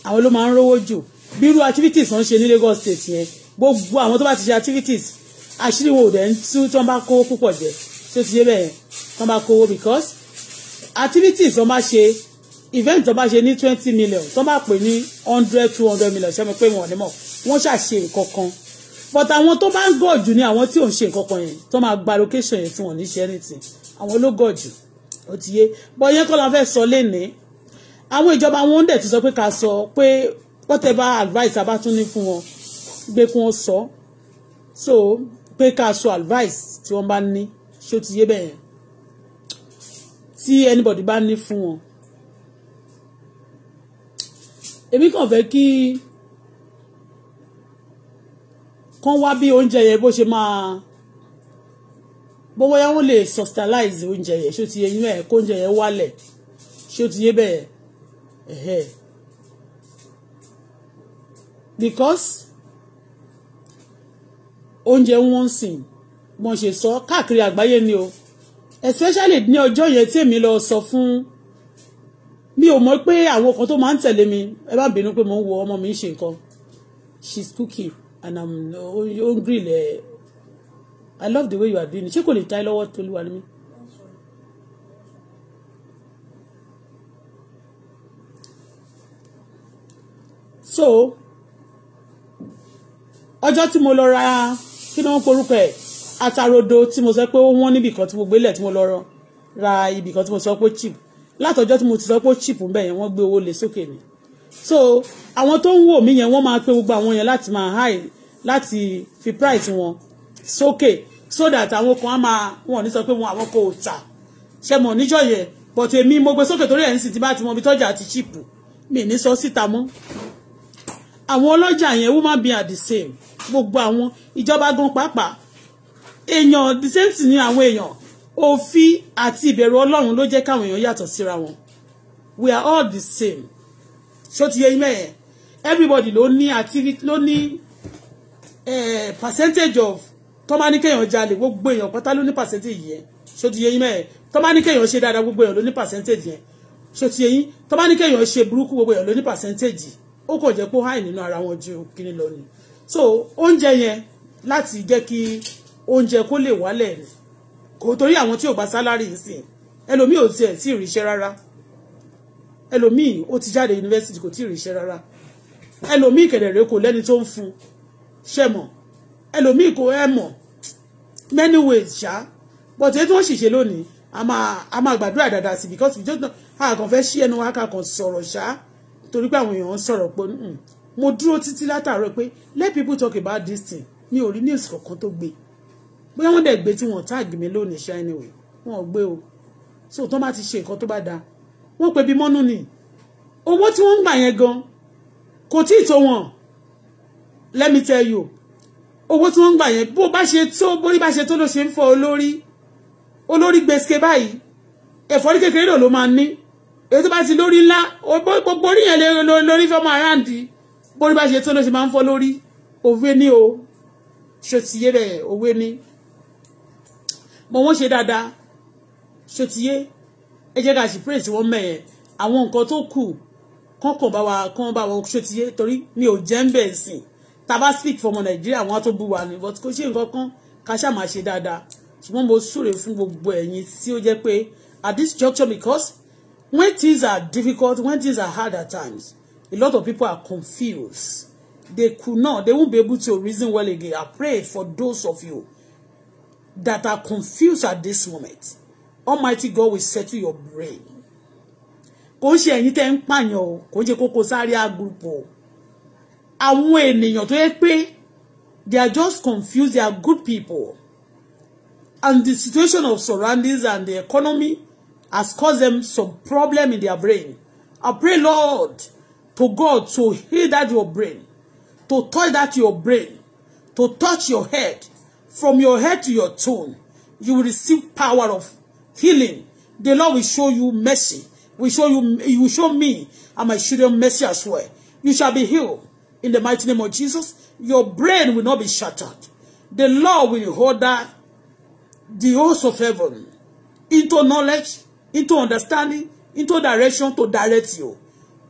àwọn ló máa ń rówó jù bírú activities wọn ṣe ní Lagos state yẹn gbogbo àwọn tó bá ti ṣe activities àṣírí wọn ò dẹ̀ ń tú tó ń bá kówó púpọ̀ jẹ tó ti yé bẹ́ẹ̀ tó ń bá kówó because activities wọn bá ṣe event tó bá ṣe ní twenty million tó bá pè ní hundred two hundred million ṣe mi pé wọn ò ní mọ̀ wọ́n ṣàṣe nǹkan kan but àwọn tó bá ń gọ̀jù ni àwọn tí ò ń ṣe nǹkan kan yẹn tó máa gba location yẹn tí wọ́n ní ṣe anything àwọn ló gọ̀jù ó ti yé bọ́ yẹn kọ́ la fẹ́ sọ lénìí àwọn ìjọba wọn dẹ̀ ti sọ pé whatever advice a bá tún ní fún wọn gbé kí wọ́n sọ so pé ká sọ advice tí wọ́n bá ní ṣé ó ti yé bẹ́ẹ̀ tí anybody bá ní fún wọn. èmi kàn fẹ́ kí kán wá bí oúnjẹ yẹn bó ṣe máa bó wáyà wọn lè socialize oúnjẹ yẹn ṣé ó ti yé yín ẹ̀ kó oúnjẹ yẹn wálẹ̀ ṣé ó ti yé bẹ́ẹ̀ because oúnjẹ wọn sìn wọn ṣe sọ káàkiri àgbáyé ni o especially ní ọjọ́ yẹn tí èmi lọ sọ fún mi ò mọ̀ pé àwọn kan tó máa ń tẹ̀lé mi ẹ bá bínú pé mo ń wo ọmọ mi ṣe nǹkan she's cooking and i'm hungry. grill i love the way you are doing it ṣé kò lè ta ẹ lọ́wọ́ tolúwa ni mí. so ọjọ́ tí mo lọ ra kí ni wọ́n porúkọ ẹ̀ atarodo tí mo sọ pé ó wọ́n níbìkan tí mo gbélẹ̀ tí mo lọ ra ibìkan tí mo sọ pé cheap látọjọ́ tí mo ti sọ pé cheap ń bẹ yẹn wọ́n gbé owó lé sókè ni so àwọn tó ń wò mí yẹn wọ́n máa pe gbogbo àwọn yẹn láti máa high láti fi price wọn sókè so that àwọn kan á máa wọn ní sọ pé wọn àwọn kò tà ṣe mọ̀ níjọ́ yẹn but èmi mo gbé sókè torí ẹ̀ ń sì ti bá ti mọ ibi tọ́jà àti cheap mi ní sọ síta mọ́ àwọn ọlọ́jà yẹn woman being are the same gbogbo àwọn ìjọba gan pàápàá èèyàn the same thing ni àwọn èèyàn òfin àti ìbẹ̀rù ọlọ́run ló jẹ́ káwọn èèyàn yàtọ̀ síra wọn we are all the same ṣó ti yẹ imẹ́ ẹ̀ everybody ló ní activity ló ní eh, percentage of tọ́mọ jalè gbogbo èèyàn pátá ló ní percentage yẹn ṣó ti yẹ imẹ́ ẹ̀ tọ́mọ ṣe dáadáa gbogbo èèyàn ló ní percentage yẹn ṣó ti yẹ yín tọ́mọ ṣe burúkú gbogbo èèyàn ló ní percentage yìí ó kàn jẹ́ pé ó háì nínú ara wọn ju kíní lọ ni so oúnjẹ yẹn láti jẹ́ kí oúnjẹ kó lè wálẹ̀ ni kò torí àwọn tí ò gba sálárì ìsìn ẹlòmíì ò tiẹ̀ tí ì ríṣẹ́ rárá ẹlòmíì ó ti jáde yunifásitì kò tí ì ríṣẹ́ rárá ẹlòmíì kẹ̀dẹ̀rẹ́ kò lẹ́ni tó ń fún ṣẹ̀mọ̀ ẹlòmíì kò ẹ̀ mọ̀ many ways ṣá but èyí tí wọ́n ṣìṣe lónìí a máa a máa gbàdúrà dáadáa sí because we just know a kàn fẹ́ ṣí ẹnu wa ká kàn sọ̀rọ̀ ṣá torí pé àwọn èèyàn ń sọ̀rọ̀ pé mo dúró títí látàárọ̀ pé let people talk about this thing mi ò rí news kankan tó gbé bóyá wọ́n dẹ̀ gbé tí wọ́n tag mi lónìí ṣá anyway wọ́n ò gbé o so tó bá ti ṣe nǹkan tó bá da wọ́n pe bí mọ́nú ni owó tí wọ́n ń gbà yẹn gan kò tí ì tó wọn let me tell you owó tí wọ́n ń gbà yẹn bó bá ṣe tó bórí bá ṣe tó ló ṣe ń fọ olórí olórí gbèsè báyìí ẹ̀fọ́rí kékeré lò ló máa ní èyí tó bá ti lórí ńlá gbogbo orí yẹn lórí fẹ́ máa ráǹdì bórí bá ṣe tó ló ṣe máa ń fọ́ lórí òwe ní o ṣòtìyé bẹ́ẹ̀ òwe ní mo wọ́n ṣe dáadáa ṣòtìyé ẹ jẹ́ ká sì praise tí wọ́n mẹ̀ẹ́ àwọn nǹkan tó kù kán kàn bá wa kán bá wọn ṣòtìyé torí mi ò jẹ́ ń bẹ̀ sìn tá bá speak for ọmọ nàìjíríà wọn á tó bú wa ni but kò ṣe nǹkan kan ká ṣáà máa ṣe dáadáa ṣùgbọ́n mo súre fún gbogbo ẹ̀yin tí ó jẹ́ pé at this juncture because when things are difficult when things are hard at times a lot of people are confused they could not they won't be able to reason well again I pray for those of you that are confused at this moment Almighty God will settle your brain kò ń ṣe ẹ̀yin tẹ́ ń pààyàn o kò ń ṣe Koko Zaria group àwọn ènìyàn tó yẹ pé they are just confused they are good people and the situation of surroundings and the economy has caused them some problem in their brain. I pray, Lord, to God to heal that your brain, to touch that your brain, to touch your head, from your head to your tone. You will receive power of healing. The Lord will show you mercy. Will show you. You will show me and my children mercy as well. You shall be healed in the mighty name of Jesus. Your brain will not be shattered. The Lord will hold that the host of heaven into knowledge into understanding, into direction to direct you.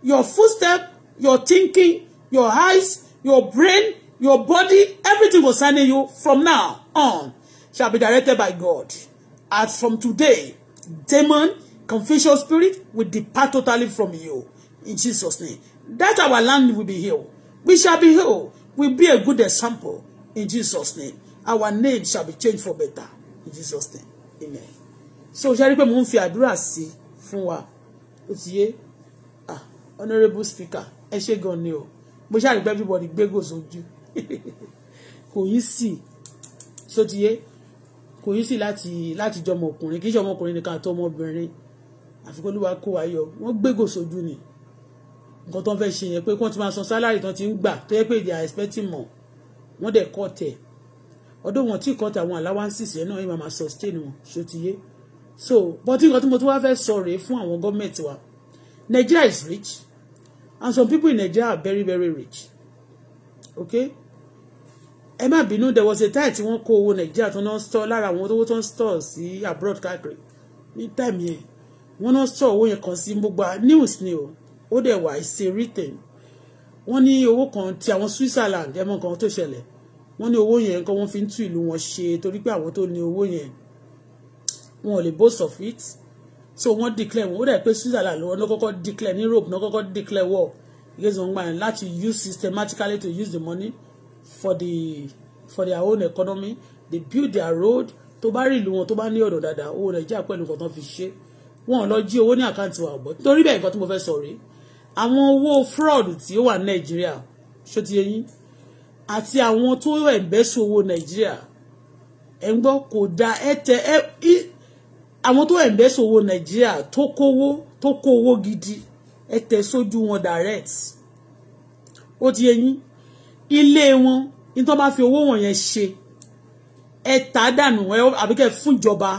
Your footstep, your thinking, your eyes, your brain, your body, everything concerning you from now on shall be directed by God. As from today, demon, confusion spirit will depart totally from you. In Jesus' name. That our land will be healed. We shall be healed. We'll be a good example. In Jesus' name. Our name shall be changed for better. In Jesus' name. Amen so ṣe rí pé mò ń fi àdúrà sí fún wa ó ti yé ah honourable speaker ẹ ṣe gan ni o mo ṣàrí pé everybody gbégò sójú kò yí sí so ti yé kò yí sí láti láti jọmọ ọkùnrin kì í ṣe ọmọkùnrin nìkan àti ọmọbìnrin àfikún olúwa kó wa yọ wọ́n gbégò sójú ni nǹkan tó ń fẹ́ ṣe yẹn pé kí wọ́n ti máa san sálárì tán ti ń gbà tó yẹ pé they are expecting more wọ́n dẹ̀ kọ́ tẹ̀ ọdún wọn tí kọ́ tàwọn allowances yẹn náà yẹn máa sustain wọn ṣó ti yé so but nǹkan tí mo tún wá fẹ́ sọ rèé fún àwọn gọ́ọ̀mẹ̀ntì wa Nigeria is rich and some people in Nigeria are very very rich okay ẹ má bínú there was a time tí wọ́n kó owó Nigeria tó náà store lára àwọn owó tó ń store sí abroad káàkiri ní time yẹn wọ́n náà store owó yẹn kan sí gbogbo news ni o ó dẹ̀ wà ṣe written wọ́n ní owó kan ti àwọn Switzerland ẹ̀mọ́ kan tó ṣẹlẹ̀ wọ́n ní owó yẹn kan wọ́n fi ń tú ìlú wọn ṣe torí pé àwọn tó ní owó yẹn wọn ò lè boast of it so wọ́n declare wọn ó dẹ̀ pé Switzerland lọ́wọ́ náà kọ́kọ́ declare ní Europe náà kọ́kọ́ declare war against wọn gbà yẹn láti use systematically to use the money for the for their own economy they build their road tó bá rí ìlú wọn tó bá ní ọ̀dọ̀ dáadáa owó nàìjíríà pẹ̀lú nǹkan tó fi ṣe wọn lọ jí owó ní àkáǹtì wa ọ̀gbọ́n torí bẹ́ẹ̀ nǹkan tí mo fẹ́ sọ rèé àwọn owó fraud tí ó wà ní nàìjíríà ṣó ti yé yín àti àwọn tó ẹ̀ǹbẹ́sù owó nàìjíríà ẹ̀ ń gbọ́ kò da ẹ tẹ ẹ àwọn tó ẹ̀ńbẹ́sẹ̀ owó nàìjíríà tó kówó tó kó owó gidi ẹ tẹ̀ sójú wọn direct ó ti yẹ yín ilé wọn ní tó bá fi owó wọ̀nyẹn ṣe ẹ tà á dànù ẹ àbíkẹ́ fún ìjọba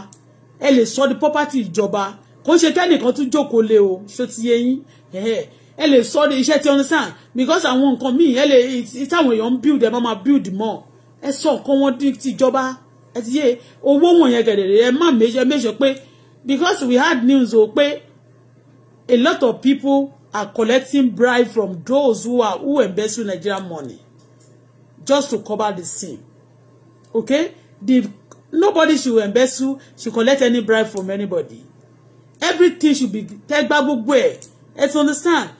ẹ lè sọ di property ìjọba kò ṣe kẹ́nìkan tún jókòó lé o ṣó ti yẹ ẹ lè sọ di iṣẹ́ tí ọ ní sàn because àwọn nǹkan míì ẹ lè táwọn èèyàn ń build ẹ máa build mọ́ ẹ sọ wọn di tìjọba ẹ ti yé owó wọ̀nyẹn gẹ̀dẹ̀rẹ̀ ẹ má méjọ méjọ pé because we had news o pé a lot of people are collecting bribe from those who are who embezzle Nigerian money just to cover the sin okay the nobody should embezzle should collect any bribe from anybody everything should be tẹ gba gbogbo ẹ ẹ ti understand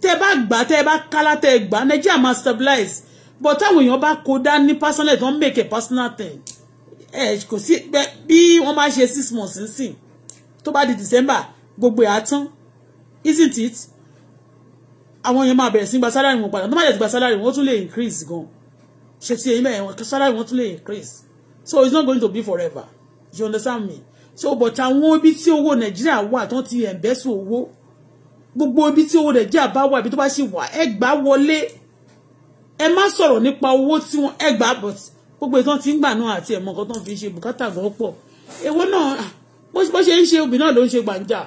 tẹ bá gbà tẹ bá kálá tẹ gbà Nigeria must stabilize but táwọn èèyàn bá kó dání personal don make a personal thing ẹ kò sí bí wọ́n bá ṣe six months nísìn tó bá di December gbogbo ẹ̀ á tán isn't it àwọn èèyàn máa bẹ̀rẹ̀ sí gba salary wọn padà tó má jẹ́ gba sálárì wọn ó tún lè increase gan ṣe ti èyí mẹ́rin wọn wọn tún lè increase so it's not going to be forever you understand me so but àwọn ibi tí owó nàìjíríà wà tó ti ẹ̀ǹbẹ́sù owó gbogbo ibi tí owó nàìjíríà bá wà ibi tó bá ṣì wà ẹ gbà wọlé ẹ má sọ̀rọ̀ nípa owó tí wọ́n ẹ gbà but gbogbo ìtàn tí ń gbà náà àti ẹ̀mọ́ kan tó fi ṣe bùkátà gan pọ̀ èwo náà bó ṣe ń ṣe obì náà ló ń ṣe gbàǹjà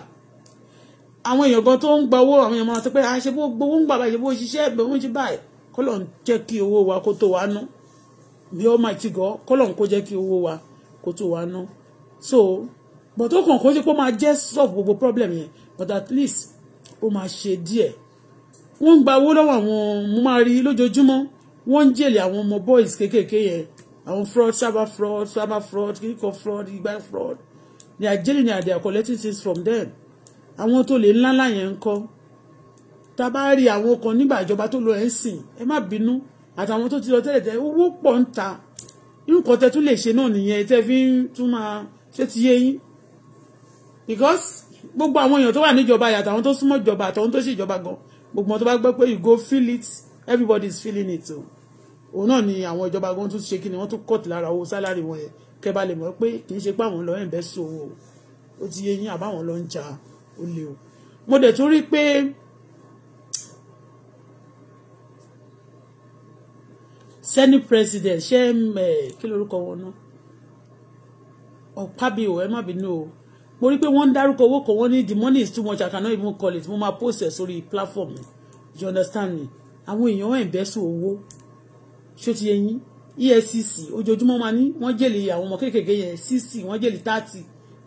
àwọn èèyàn gan tó ń gba owó àwọn èèyàn máa sọ pé a ṣe bó gbowó ń gbà bá ṣe bó ṣiṣẹ́ ẹ̀bẹ̀ wọ́n ṣe báyìí kọ́lọ̀ ń jẹ́ kí owó wa kó tó wa ná bí ó máa ti gọ́ kọ́lọ̀ ń kó jẹ́ kí owó wa kó tó wa ná so but ó kàn kó ṣe pé ó máa jẹ́ solve gbogbo problem yẹn but at least ó máa ṣe díẹ̀ wọ́n ń gba owó lọ́wọ́ àwọn mo máa rí lójoojúmọ́ wọ́n ń jèlè àwọn ọmọ boys kéékèèké yẹn àwọn fraud cyber fraud cyber fraud kíkọ fraud igba fraud they are jailing and they are collecting things from them àwọn tó lè ńláńlá yẹn ń kọ́ tá a bá rí àwọn kan nígbà ìjọba tó lọ ẹ̀ ń sìn ẹ má bínú àtàwọn tó ti lọ tẹ́lẹ̀ tẹ́lẹ̀ owó pọ̀ ń ta nǹkan tẹ́ tún lè ṣe náà nìyẹn tẹ́ fi ń tún máa ṣé ti yé yín because gbogbo àwọn èèyàn tó wà níjọba yàtọ̀ àwọn tó súnmọ́ ìjọba àtàwọn tó ṣèjọba gan gbogbo wọn tó bá gbọ́ pé you go feel it everybody is feeling it o. So òun náà ni àwọn ìjọba gan tún ṣe kí ni wọ́n tún cut lára owó sálárì wọn yẹn kẹ́ bá lè mọ̀ pé kì í ṣe pé àwọn lọ ẹ̀ ń bẹ́ sí owó ó ti yé yín àbáwọn lọ ń ja ó lè o mo dẹ̀ tún rí pé senate president ṣé ẹ kí lorúkọ wọn náà ọ̀pábíò ẹ má bínú o mo rí pé wọ́n ń dárúkọ owó kan wọ́n ní the money is too much I cannot even call it mo máa post ẹ̀ sórí platform you understand me àwọn èèyàn ẹ̀ ń bẹ́ sí owó ṣó ti yẹ yín EFCC ojoojúmọ́ máa ní wọ́n jèlè àwọn ọmọ kéékèèké yẹn sixty wọ́n jèlè thirty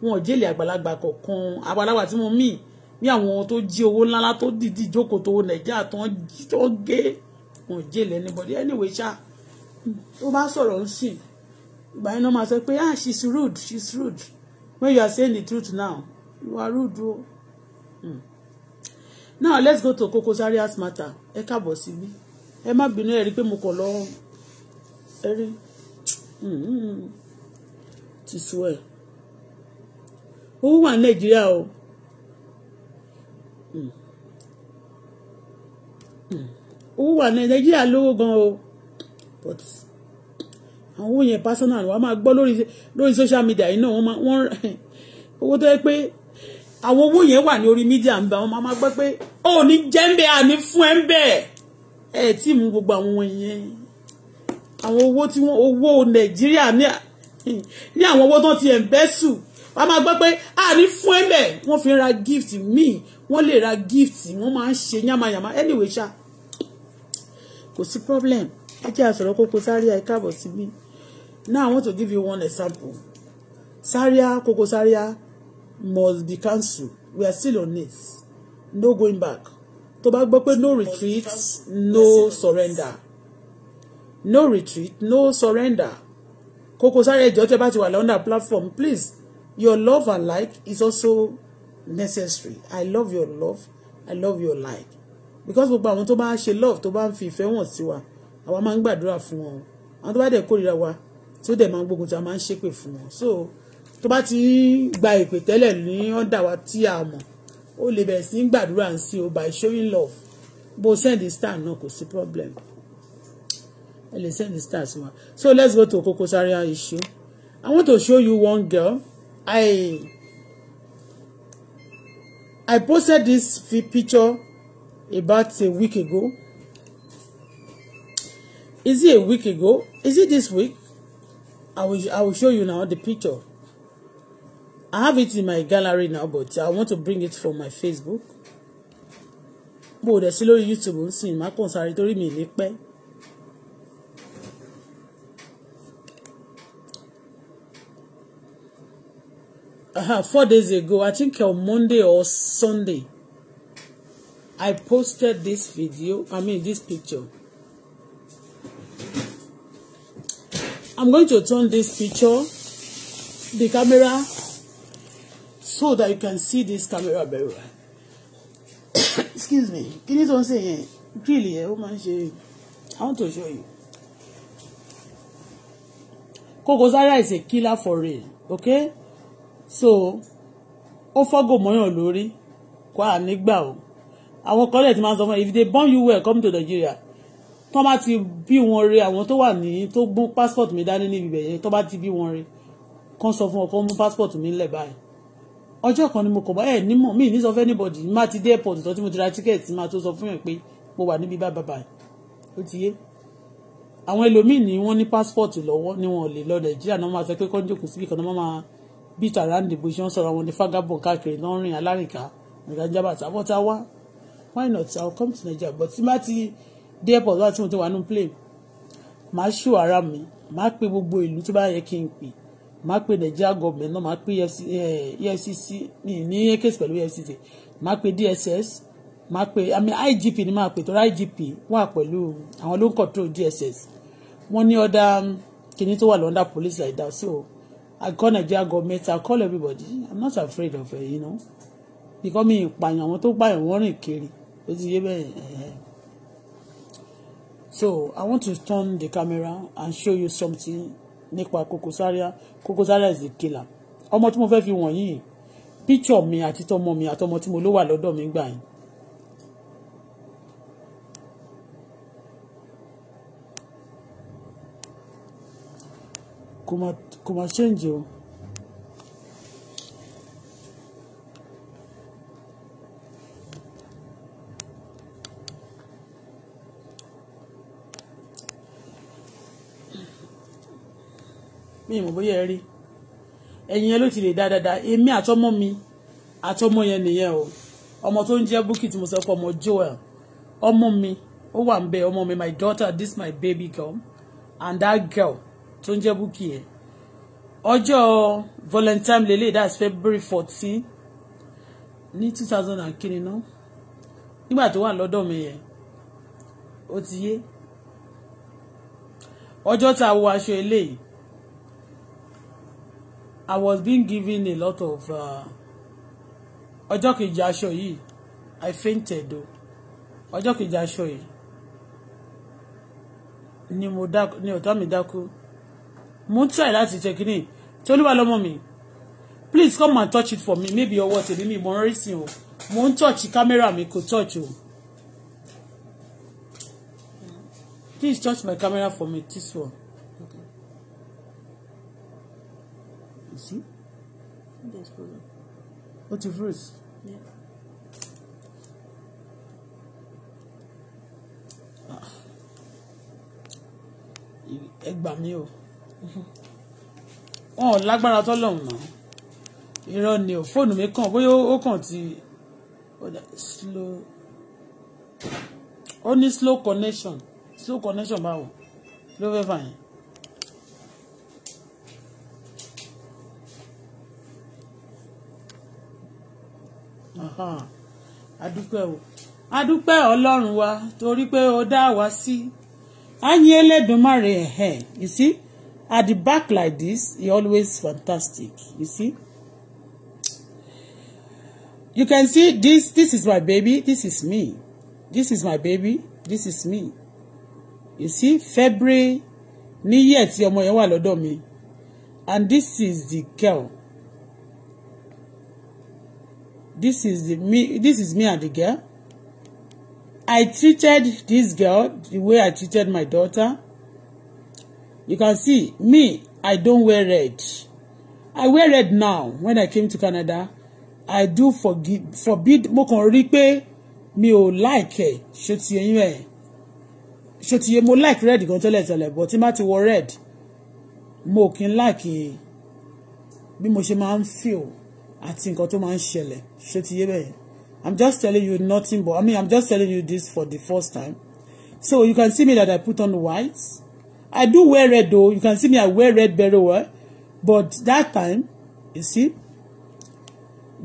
wọn ò jèlè àgbàlagbà kọ̀ọ̀kan àgbàlagbà tí mo mì ní àwọn tó jí owó ńláńlá tó dìdí ìjókòó tó nàìjíríà tó ń jí tó gé wọn ò jèlè anybody anyway ṣá tó bá sọ̀rọ̀ ń sìn ìgbà yẹn náà máa sọ pé ah she's rude she's rude when you are saying the truth now you are rude o. Hmm. now let's go to Koko Zaria's matter ẹ káàbọ̀ síbí. Si ẹ má bínú ẹ rí pé mo kàn lọ ẹ rí mm-hmm. ti sú ẹ owó wà ní nàìjíríà o mm-hmm. owó wà ní nàìjíríà lówó gan o but àwọn owó yẹn personal wa máa gbọ́ lórí lórí social media yìí náà wọ́n máa wọ́n owó tó yẹ pé àwọn owó yẹn wà ní orí media ń bẹ wọ́n máa gbọ́ pé ó ní jẹ́ ń bẹ àní fún ẹ ń bẹ́ẹ̀ ẹ tí mú gbogbo àwọn yẹn àwọn owó tí wọ́n owó nàìjíríà ní ní àwọn owó tó ti ẹ̀ǹbẹ́sù wọ́n á máa gbọ́ pé àárín fún ẹ̀mẹ̀ wọ́n fi ra gift míì wọ́n lè ra gift wọ́n máa ń ṣe yàmàyàmà anyway ṣá kò sí problem ẹ jẹ́ àsọ̀rọ̀ Koko Zaria ẹ káàbọ̀ sí mi now I want to give you one example Zaria Koko Zaria must be cancelled we are still on it no going back tó bá gbọ́ pé no retreat no surrender no retreat no surrender Koko Zaria ẹjọ́ tẹ́ bá ti wà lọ́nà platform please your love and like is also necessary i love your love i love your like because gbogbo àwọn tó bá ṣe love tó bá ń fi ìfẹ́ wọn sí wa àwa máa ń gbàdúrà fún wọn àwọn tó bá dẹ̀ kórìíra wa tí dẹ̀ máa ń gbógun tí a máa ń ṣépè fún wọn so tó bá ti gba ìpè tẹ́lẹ̀ ní ọ̀dà wa tí a mọ̀ o lè bẹ̀rẹ̀ sí gbàdúrà ń sí o by showing love bó o send star náà kò sí problem ẹ lè send star sí wa so let's go to Koko Zaria issue I want to show you one girl I I posted this picture about a week ago is it a week ago is it this week I will I will show you now the picture I have it in my gallery now but I want to bring it from my Facebook mo ò dẹ̀ sí lórí YouTube ń sìn má kàn sáré torí mi ì lè pẹ́. four days ago, I think on Monday or Sunday, I posted this video, I mean this picture. I'm going to turn this picture, the camera so that you can see this camera very well excuse me Can you don't say sè yẹn grill yẹn I want to show you Koko is a killer for real okay so ó fọ́gò mọ́yàn kwa Anigba. à nígbà o àwọn kọ́lẹ̀ tí máa ń if they burn you well come to Nigeria tó bá ti bí wọn rí àwọn tó wà ní passport me. dání níbi bẹ̀yẹn tó bá ti bí wọn rí kán sọ fún passport me. lẹ̀ báyìí ọjọ́ kan ni mo kọ̀ bá ẹ̀ nímọ̀ mí ní sọ fún anybody má ti dé airport tó tí mo ti ra tíkẹ́ẹ̀tì má tó sọ fún yàn pé mo wà níbi bá bàbá yìí ó ti yé àwọn ẹlòmíì ni wọ́n ní passport lọ́wọ́ ni wọ́n lè lọ nàìjíríà náà máa sọ pé kọ́ńjò kò síbi kan náà máa beat around the bush wọ́n sọ̀rọ̀ àwọn ní fagabon káàkiri náà rìn alárìnká nàìjíríà bàtà bọ́tà wá why not i come to nigeria but tí airport láti mo ti wà nínú plane màá ṣù ara mi màá pe máa pe Nigeria government náà máa pe EFCC eh, e ní case pẹ̀lú EFCC máa pe DSS máa pe àmì IGP ni máa pe torí IGP wà pẹ̀lú àwọn ló ń control DSS wọ́n ní ọ̀dà um, kìíní tó wà lọ́ndà police like that so I call Nigeria government I call everybody I'm not afraid of it you know because mi ìpààyàn àwọn tó pààyàn wọ́n rìn kiri ó ti yé bẹ́ẹ̀ eh, eh. so I want to turn the camera and show you something nípa Koko Zaria Koko Zaria is a killer ọmọ tí mo fẹ́ fi wọ̀nyí píchọ̀ mi àti tọmọ mi àtọmọ tí mo ló wà lọ́dọ̀ mi gbà yín. kò má change o. mi ìmọ̀ bóyá ẹ rí ẹ̀yìn yẹn ló ti lè dá dáadáa èmi àtọmọ mi àtọmọ yẹn nìyẹn o ọmọ tó ń jẹ́ Bukky tí mo sọ pé ọmọ Joel ọmọ mi ó wà ń bẹ ọmọ mi my daughter this my baby girl and that girl tó ń jẹ́ Bukky yẹn ọjọ́ Valentine lele that's February fourteen ní two thousand and kiri náà nígbà tó wà lọ́dọ̀ mi yẹn ó ti yé ọjọ́ tá a wọ aṣọ eléyìí I was being given a lot of uh, ọjọ́ kejì aṣọ yìí I fainted o ọjọ́ kejì aṣọ yìí ni mo dákú ni ọ̀tá mi dákú mo ń try láti ṣe kínní tí olúwa lọ́mọ mi please come and touch it for me maybe ọwọ́ tèmi mi mo ń rí sí o mo ń touch camera mi kò touch o please touch my camera for me this one. You see? That's frozen. What's your froze? Yeah. ẹ gbà mí o wọn ò lágbára tọ́lọ́run náà irọ́ ni o fóònù mi kàn bóyá ó kàn ti slow ó ní slow connection slow connection báwo ló fẹ́ fà yẹn. adúpẹ́ o adúpẹ́ ọlọ́run wa torí pé o dá wa sí ayin Elédùmarè ẹ̀hẹ́ you see at the back like this e always fantastic you see you can see this this is my baby this is me this is my baby this is me you see February Ni yẹ̀ tí ọmọ yẹn wà lọ́dọ̀ mi and this is the girl this is the me this is me and the girl I treated this girl the way I treated my daughter you can see me I don't wear red I wear red now when I came to Canada I do forgive forbid mo kàn rí mi ò like ẹ ṣó ti eyín ẹ ṣó mo like red gan tẹ́lẹ̀ tẹ́lẹ̀ but tí má ti wọ red mo kin í like Bi mo ṣe máa ń feel àti nǹkan tó máa ń ṣẹlẹ̀ ṣé ti yé bẹ́ẹ̀ i'm just telling you nothing but i mean i'm just telling you this for the first time so you can see me that i put on white i do wear red though you can see me i wear red very well eh? but that time you see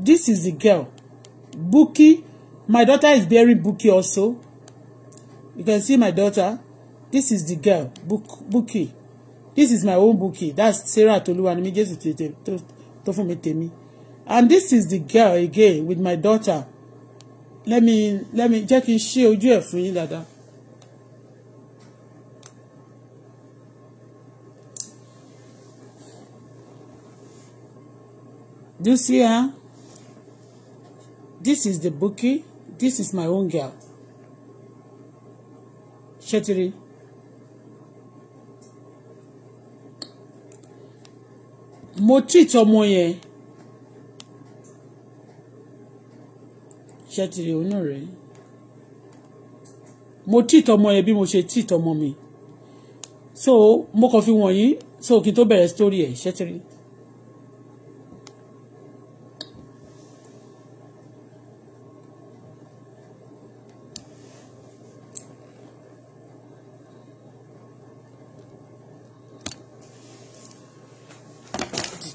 this is the girl Buki my daughter is bearing Buki also you can see my daughter this is the girl Buk Buki this is my own Buki that's Sarah Toluwanimi Jesu tètè tó fún mi tèmi and this is the girl again with my daughter let me let me jẹ́ kí n ṣe ojú ẹ̀ fún yín dáadáa. do you see her this is the bookie this is my own girl ṣetiri. mo treat ọmọ yẹn ṣé ti rí oyún rẹ̀ mo tíì tọmọ yẹn bí mo ṣe tíì tọmọ mi so mo kàn fi wọ̀nyí so kí n tó bẹ̀rẹ̀ sítórí ẹ̀ ṣé ti rí.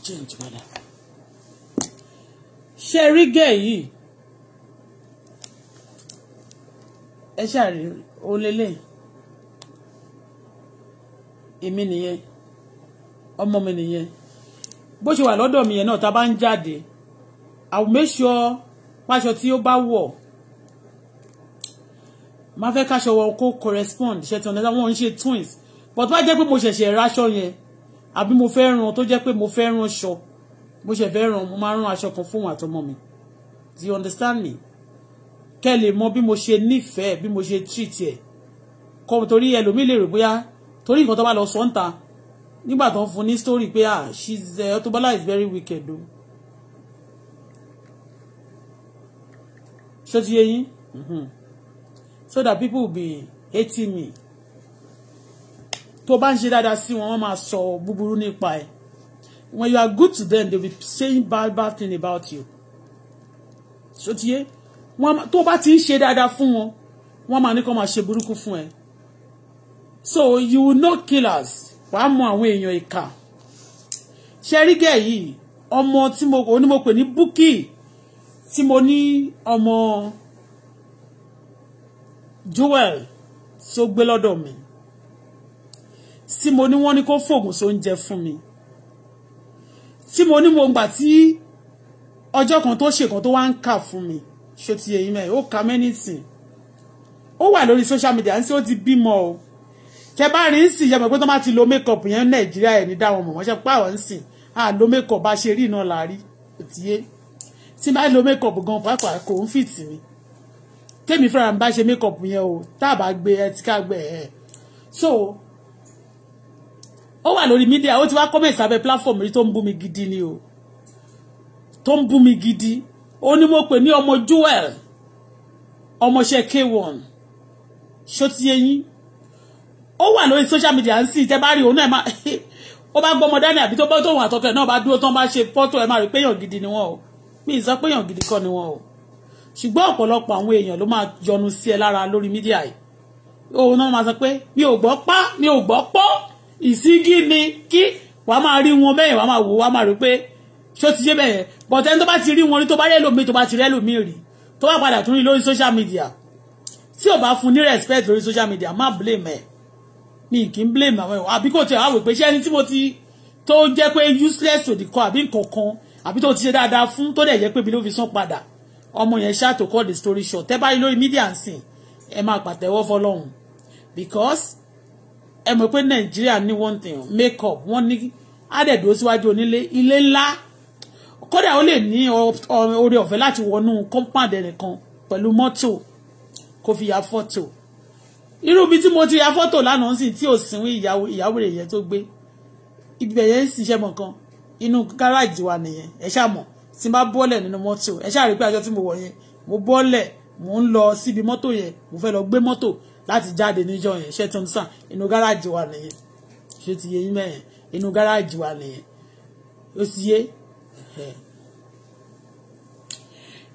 change padà. ṣe rí gẹ̀ yìí ẹ ṣàrí ó lélẹ̀ èmi nìyẹn ọmọ mi nìyẹn bó ṣe wà lọ́dọ̀ mi yẹn náà tá a bá ń jáde àwọn méṣọ páṣọ tí ó bá wọ̀ máa fẹ́ káṣọ wọn kó correspond ṣètò ọ̀nà wọn ń ṣe twins but wá jẹ́ pé mo ṣẹ̀ṣẹ̀ raṣọ yẹn àbí mo fẹ́ ran tó jẹ́ pé mo fẹ́ ran aṣọ mo ṣẹ̀ fẹ́ ran mo máa ran aṣọ kan fún àtọmọ mi do you understand me kẹ́ lè mọ bí mo ṣe nífẹ̀ẹ́ bí mo ṣe treat ẹ̀ kọ́ torí ẹlòmíì lè rò bóyá torí nǹkan tó bá lọ sọ ń ta nígbà tó ń fún ní story pé ah she's uh, Auto is very wicked o. ṣé ti yé yín mm-hmm. so that people will be hating me tó bá ń ṣe dáadáa sí wọn wọ́n máa sọ búburú nípa ẹ̀ when you are good to them they will be saying bad bad thing about you ṣó ti yé wọn tó bá ti ń ṣe dáadáa fún wọn wọn máa ní kó máa ṣe burúkú fún ẹ so you will know killers wàá mọ àwọn èèyàn ìka ṣẹrígẹ yìí ọmọ tí mo onímọ̀pẹ̀ ní búkì tí mo ní ọmọ Joel tó gbé lọ́dọ̀ mi tí mo ní wọ́n ní kó fògùn tó ń jẹ fún mi tí mo ní mo gbà tí ọjọ́ kan tó ṣe kan tó wá ń kà fún mi ṣó ti yẹ yín mẹ́ ó ka mẹ́nìtìn ó wà lórí social media ń sí ó ti bímọ o tẹ bá rí ń sìn yẹ mọ̀ pé tó má ti lo makeup yẹn nàìjíríà ẹ̀ ní dáwọn mọ̀ wọ́n ṣe pé àwọn ń sìn à lo makeup bá ṣe rí iná là rí òtíye tí bá lo makeup gan pàápàá kò ń fìtì mi tèmi fúnra mi bá ṣe makeup yẹn o tá a bá gbé ẹ ti ká gbé ẹ so ó wà lórí mídíà ó ti wá kọ́mẹ̀sì abẹ́ platform rí tó ń bú mi gidi ni o tó ń bú mi gidi ó ní mo pè ní ọmọ joel ọmọọṣẹ k1 ṣó ó wà lórí social media ń sìn tẹ́ bá rí òun náà máa ó bá gbọ́mọ dání àbí tó bá tóun àtọkẹ náà bá dúró tán bá ṣe fọ́tò ẹ̀ máa rí péyàn gidi ni wọ́n o mi ì sọ péyàn gidi kọ́ ni wọ́n o ṣùgbọ́n ọ̀pọ̀lọpọ̀ àwọn èèyàn ló máa yọnu sí ẹ lára lórí mídíà yìí òun náà máa sọ pé mi ò gbọ́ pá mi ò gbọ́ pọ́ ìsígí ni kí wàá máa rí wọn bẹ́ẹ̀ wàá máa wò wàá máa rí pé ṣó ti yé bẹ́yẹn but ẹni tó bá ti rí wọn rí tó bá rẹ́ lómi tó bá ti rẹ́ lómi rí tó bá padà tún rí lórí social media tí ò bá fún ní respect lórí social media má blame ẹ mi kì í blame àwọn ẹ̀wọ̀n àbí kò tẹ̀ wá wò pé ṣé ẹni tí mo ti tó jẹ́ pé useless to the core àbí nkankan àbí tó ti ṣe dáadáa fún tó dẹ̀ jẹ́ pé ibi ló fi sán padà ọmọ yẹn ṣáà tó call the story short tẹ́ bá rí lórí media nsìn ẹ máa pàtẹ́wọ́ fọlọ́run because ẹ mọ̀ pé nàìjíríà ní one thing make up wọ́n ní àdẹ̀dó síwájú onílé ilé ńlá kódà ó lè ní oore ọ̀fẹ́ láti wọnú compound ẹnìkan pẹ̀lú mọ́tò kó fi ya fọ́tò irú ibi tí mo ti ya fọ́tò lánàá sì tí ò sínwó ìyàwó rẹ̀ yẹn tó gbé ibẹ̀ yẹn ń ṣiṣẹ́ mọ̀ kan inú gáràjì wa nìyẹn ẹ ṣáà mọ̀ tí n bá bọ́lẹ̀ nínú mọ́tò ẹ ṣáà rí pé aṣọ tí mo wọ̀ yẹn mo bọ́lẹ̀ mo ń lọ síbi mọ́tò yẹn mo fẹ́ lọ gbé mọ́tò láti jáde níjọ́ yẹn ṣé tó ń sàn inú gáràjì wa nìyẹn ṣé ti yẹ yín mẹ́yẹn inú gáràjì wa nìyẹn ó ti yé Mm-hmm.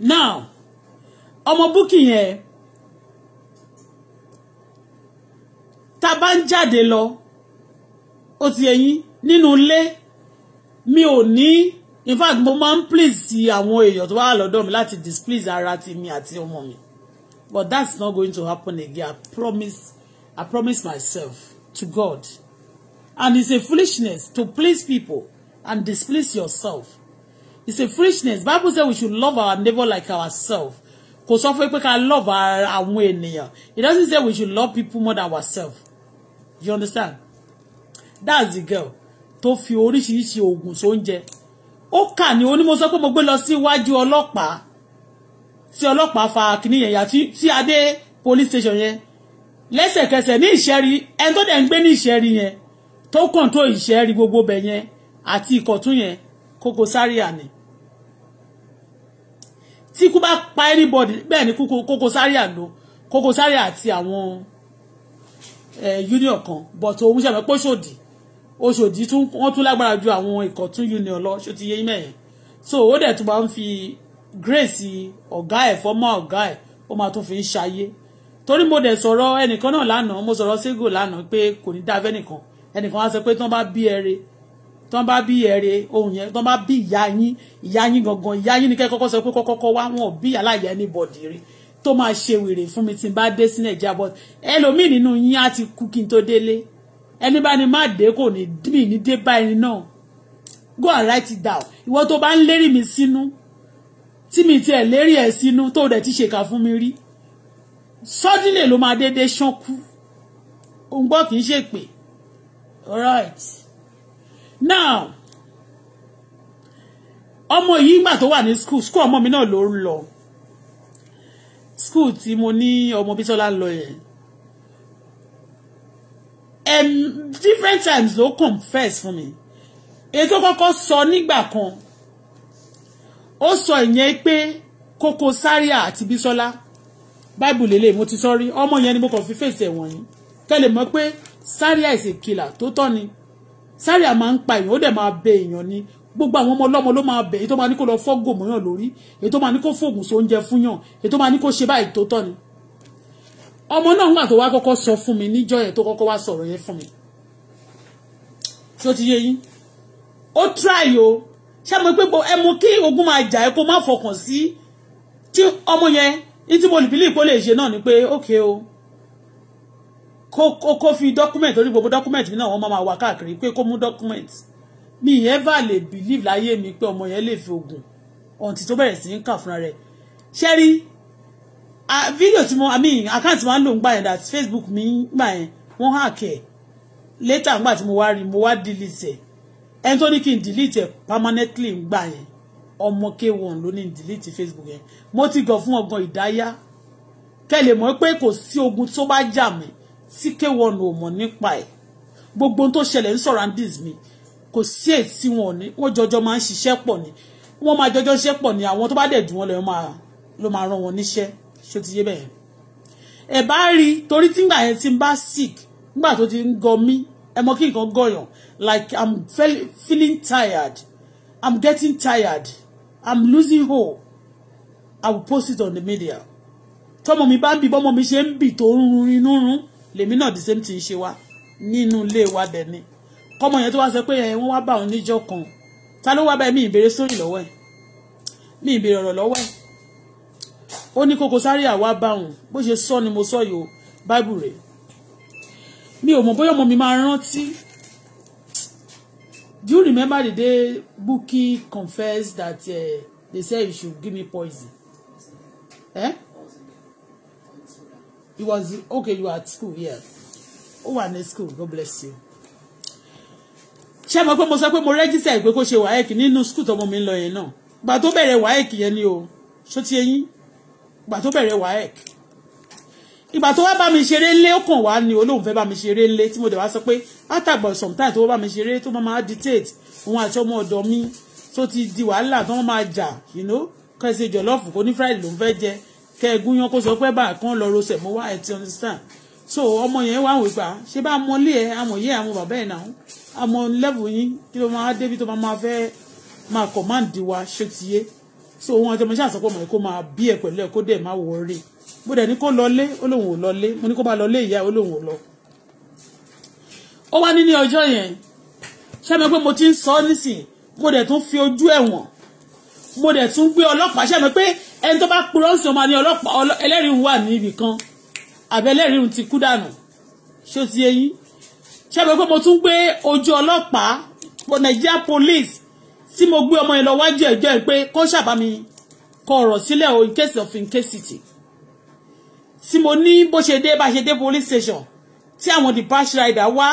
now ọmọ búkì yẹn tá a bá ń jáde lọ ó ti ẹyin nínú ilé mi ò ní in fact mo máa ń please àwọn èèyàn tó wà lọ́dọ̀ mi láti displease ara ti mi àti ọmọ mi but that's not going to happen again I promise I promise myself to God and it's a foolishness to please people and displease yourself it's a foolishness bible say we should love our neighbor like ourselves kò sọ fún pé ká love àwọn ènìyàn it doesn't say we should love people more than ourselves you understand that's the girl tó fi oríṣiríṣi oògùn sóúnjẹ ó kà ní onímọ̀ sọ pé mo gbé lọ sí iwájú ọlọ́pàá tí ọlọ́pàá fa kìnní yẹn yà tí adé police station yẹn lẹ́sẹ̀kẹsẹ̀ ní ìṣẹ́rí ẹni tó dẹ̀ ń gbé ní ìṣẹ́rí yẹn tó kàn tó ìṣẹ́rí gbogbo bẹ̀ yẹn àti ìkọ̀tún yẹn Koko Zaria ni tí kú bá pa anybody bẹ́ẹ̀ ni Koko Zaria ló Koko Zaria àti àwọn union kan but òun ṣàmì pé ṣòdì oṣòdì wọ́n tún lágbára ju àwọn ìkọ̀tún union lọ ṣó ti yé mẹ́yìn so ó dẹ̀ tún máa ń fi grace ọ̀gá ẹ̀ fọ́mọ́ ọ̀gá ẹ̀ ó máa tún fi ń ṣayé torí mo dẹ̀ sọ̀rọ̀ ẹnìkan náà lánàá mo sọ̀rọ̀ Sego lánàá pé kò ní dáa fẹ́nìkan ẹnìkan á sọ pé tí wọ́n bá bí ẹrẹ tán bá bí ẹ̀rẹ̀ ohun yẹn tán bá bí ìyá yín ìyá yín gangan ìyá yín ni kẹ́ kọ́kọ́ sọ pé kọ́kọ́kọ́ wá wọn ò bí aláìyá anybody rí tó máa ṣe wèrè fún mi tí n bá dé sí nàìjíríà but ẹlòmíì nínú yín á ti kú kí n tó délé ẹni bá ní má dé kò ní mí ní dé bá ẹni náà go and write it down ìwọ tó bá ń lérí mi sínú tí mi tiẹ̀ lérí ẹ̀ sínú tó dẹ̀ ti ṣèkà fún mi rí suddenly ló máa déédéé ṣánkú òun now ọmọ yìí gbà tó wà ní school school ọmọ mi náà ló ń lọ school tí mo ní ọmọ Bísọ́lá ń lọ yẹn um, different times ló confess fún mi èyí tó kọ́kọ́ sọ nígbà kan ó sọ ìyẹn pé Koko Zaria àti Bísọ́lá báìbù lélẹ̀ mo ti sọ rí ọmọ yẹn ni mo kàn fi fèsì ẹ̀wọ̀n yìí kẹ́lẹ̀ mọ̀ pé Zaria is a killer tó tọ́ ni sáré à máa ń pa èèyàn ó dẹ̀ máa bẹ èèyàn ni gbogbo àwọn ọmọ ọlọ́mọ ló máa bẹ̀ èyí tó máa ní kó lọ fọ́gò mọ́yàn lórí èyí tó máa ní kó fògùn sóúnjẹ fún yàn èyí tó máa ní kó ṣe báyìí tó tọ́ ni. ọmọ náà ńgbà tó wá kọ́kọ́ sọ fún mi níjọ́ yẹn tó kọ́kọ́ wá sọ̀rọ̀ yẹn fún mi. ṣé ti yé yín ó try o ṣé mo pé ẹ mú kí ogun máa jà ẹ kó má fọkàn sí tí ọmọ yẹn ní tí mo lè bí lè kó lè ṣe náà ni pé ókè o. Okay, oh kó kó fi document orí gbogbo document mi náà wọ́n máa wá káàkiri pé kó mú document mi ever lè believe láyé mi pé ọmọ yẹn lè fi oògùn ọ̀ǹtì tó bẹ̀rẹ̀ sí ń kà fúnra rẹ̀ ṣé rí fídíò tí mo i mean àkáǹtì máa ń lò ń gbà yẹn that facebook mi ń gbà yẹn wọ́n hack ẹ̀ later ńgbà tí mo wá rí mo wá delete ẹ̀ ẹni tó ní kí n delete ẹ̀ permanently ń gbà yẹn ọmọ k1 ló ní delete facebook yẹn mo ti gàn fún ọgbọ̀n ìdáyà kẹ́ lè mọ̀ pé kò sí ogun tó bá jà mí CK1 ò mọ̀ nípa ẹ̀ gbogbo tó ṣẹlẹ̀ ń surroundings mi kò sí èsì wọn ni wọ́n jọjọ máa ń ṣiṣẹ́ pọ̀ ni wọ́n máa jọjọ ṣiṣẹ́ pọ̀ ni àwọn tó bá dẹ̀ jù wọ́n lọ ló máa rán wọn níṣẹ́ ṣó ti yé bẹ́ẹ̀. ẹ bá rí torí tígbà yẹn ti ń bá sick nígbà tó ti ń gọ mí ẹ mọ kí nǹkan gọyàn like i'm feeling tired i'm getting tired i'm losing hope i will post it on the media tọmọ mi bá ń bì bọ́mọ mi ṣe ń bì tó ń run inú run lèmi náà the same thing ṣe wa. nínú ilé wa dẹ̀ ni kọ́mọ yẹn tó wá sọ pé ẹ wọ́n wá bá òun níjọ́ kan ta ló wá báyìí mi ìbéèrè sórí lọ́wọ́ ẹ̀ mi ìbéèrè ọ̀rọ̀ lọ́wọ́ ẹ̀ ó ní Koko Zaria wá bá òun bó ṣe sọ ni mo sọ yìí o báìbù rẹ̀ mi ò mọ̀ bóyá ọmọ mi máa rántí do you remember the day Bukky confessed that uh, they said you should give me poison. Eh? It was okay, you are at school, yeah. Oh, wà ní school, God bless you. Ṣé mo pé mo sọ pé mo register pé kó ṣe WAEC nínú school tọmọ mi ń lọ yẹn náà. Gbà tó bẹ̀rẹ̀ WAEC yẹn ni o. Ṣó ti eyín? Gbà tó bẹ̀rẹ̀ WAEC. Ìgbà tó wá bá mi ṣeré ńlé ó kàn wá ni olóhùn fẹ́ bá mi ṣeré ńlé tí mo dẹ̀ wá sọ pé látàgbọ̀ sometimes tó wá bá mi ṣeré tó máa máa dictate òun àti ọmọ ọ̀dọ̀ mi tó ti di wàhálà tó máa máa jà you know kẹsì jọlọ́ọ̀fù kò ní friday ló ń fẹ́ jẹ kẹ́ẹ̀gún yan kó sọ pé bá kan lọ rosẹ̀ mo wá ẹ̀ understand so ọmọ yẹn wà wí pa ah, ṣé bá mọlé ẹ àmọ yẹ àwọn bàbá ẹ náà àmọ lẹ́bù yín kí ló máa débi tó máa fẹ́ máa command wa ṣé ti yé so wọn àti ọmọ ṣáà sọ pé ọmọ yẹn kó máa bí ẹ pẹ̀lú ẹ kó dẹ̀ máa wọ̀ rí mo dẹ̀ ní kó lọlé ó lóun ò lọlé mo ní kó bá lọlé ìyá ó lóun ò lọ. ó wá ní ní ọjọ́ yẹn ṣé mi pé mo ti ń sọ nísìn mo dẹ̀ tún fi ojú ẹ̀wọ̀n mo dẹ̀ tún gbé ọlọ́pàá ṣẹ́nu pé ẹni tó bá purọ́ ń sìn ọmọ ní ọlọ́pàá ẹlẹ́rìí wà níbì kan àbí ẹlẹ́rìí ti kú dànù ṣó ti eyín ṣẹ́bi pé mo tún gbé ojú ọlọ́pàá Nigeria police tí mo gbé ọmọ yẹn lọ wájú ẹjọ́ ẹ pé kó ṣàbámi kọ ọ̀rọ̀ sílẹ̀ o in case of incasity tí mo ní bó ṣe dé bá ṣe dé police station tí àwọn dispatch rider wá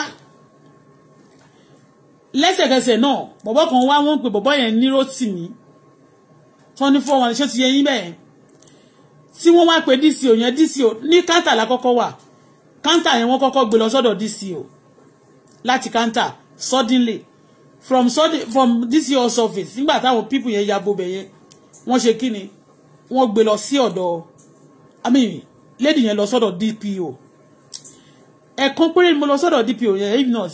lẹ́sẹ̀kẹsẹ̀ náà bọ̀bọ́ kan wá wọ́n pè bọ̀bọ́ yẹn ní Rótìmí tán ní four one ṣé ti yẹ yín bẹ́ẹ̀ tí wọ́n wá pé DCO yẹn DCO ní káńtà la kọ́kọ́ wà káńtà yẹn wọ́n kọ́kọ́ gbé lọ sọ́dọ̀ DCO láti káńtà suddenly from sudden from DCO's office nígbà táwọn people yẹn yabo bẹ̀ yẹn wọ́n ṣe kí ni wọ́n gbé lọ sí ọ̀dọ̀ I mean lady yẹn lọ sọ́dọ̀ DPO ẹ̀ẹ̀kan péré ni mo lọ sọ́dọ̀ DPO yẹn if not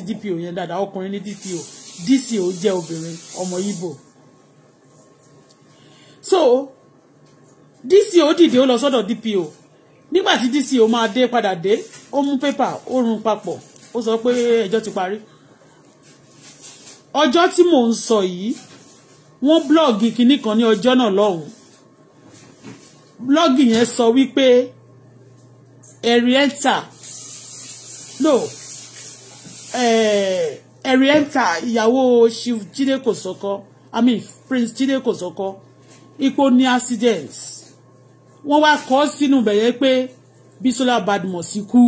n DPO yẹn dáadáa ọkùnrin ní DPO DCO jẹ́ obìnrin ọmọ Ìgbò so DCO dìde ó lọ sọ́dọ̀ DPO nígbà tí DCO máa dé padà dé ó mú pépà ó run papọ̀ ó sọ pé ẹjọ́ ti parí ọjọ́ tí mò ń sọ yìí wọ́n blọ́ọ̀gì kinní kan ní ọjọ́ náà lọ́hùn blọ́ọ̀gì yẹn sọ wípé ẹ̀ríẹ́ntà no eh, ẹ̀ríẹ́ntà ìyàwó Chief Jide Kosoko I mean Prince Jide Kosoko ipò ní accident wọ́n wá kọ sínú bẹ̀yẹ pé Bísọ́lá Badmus kú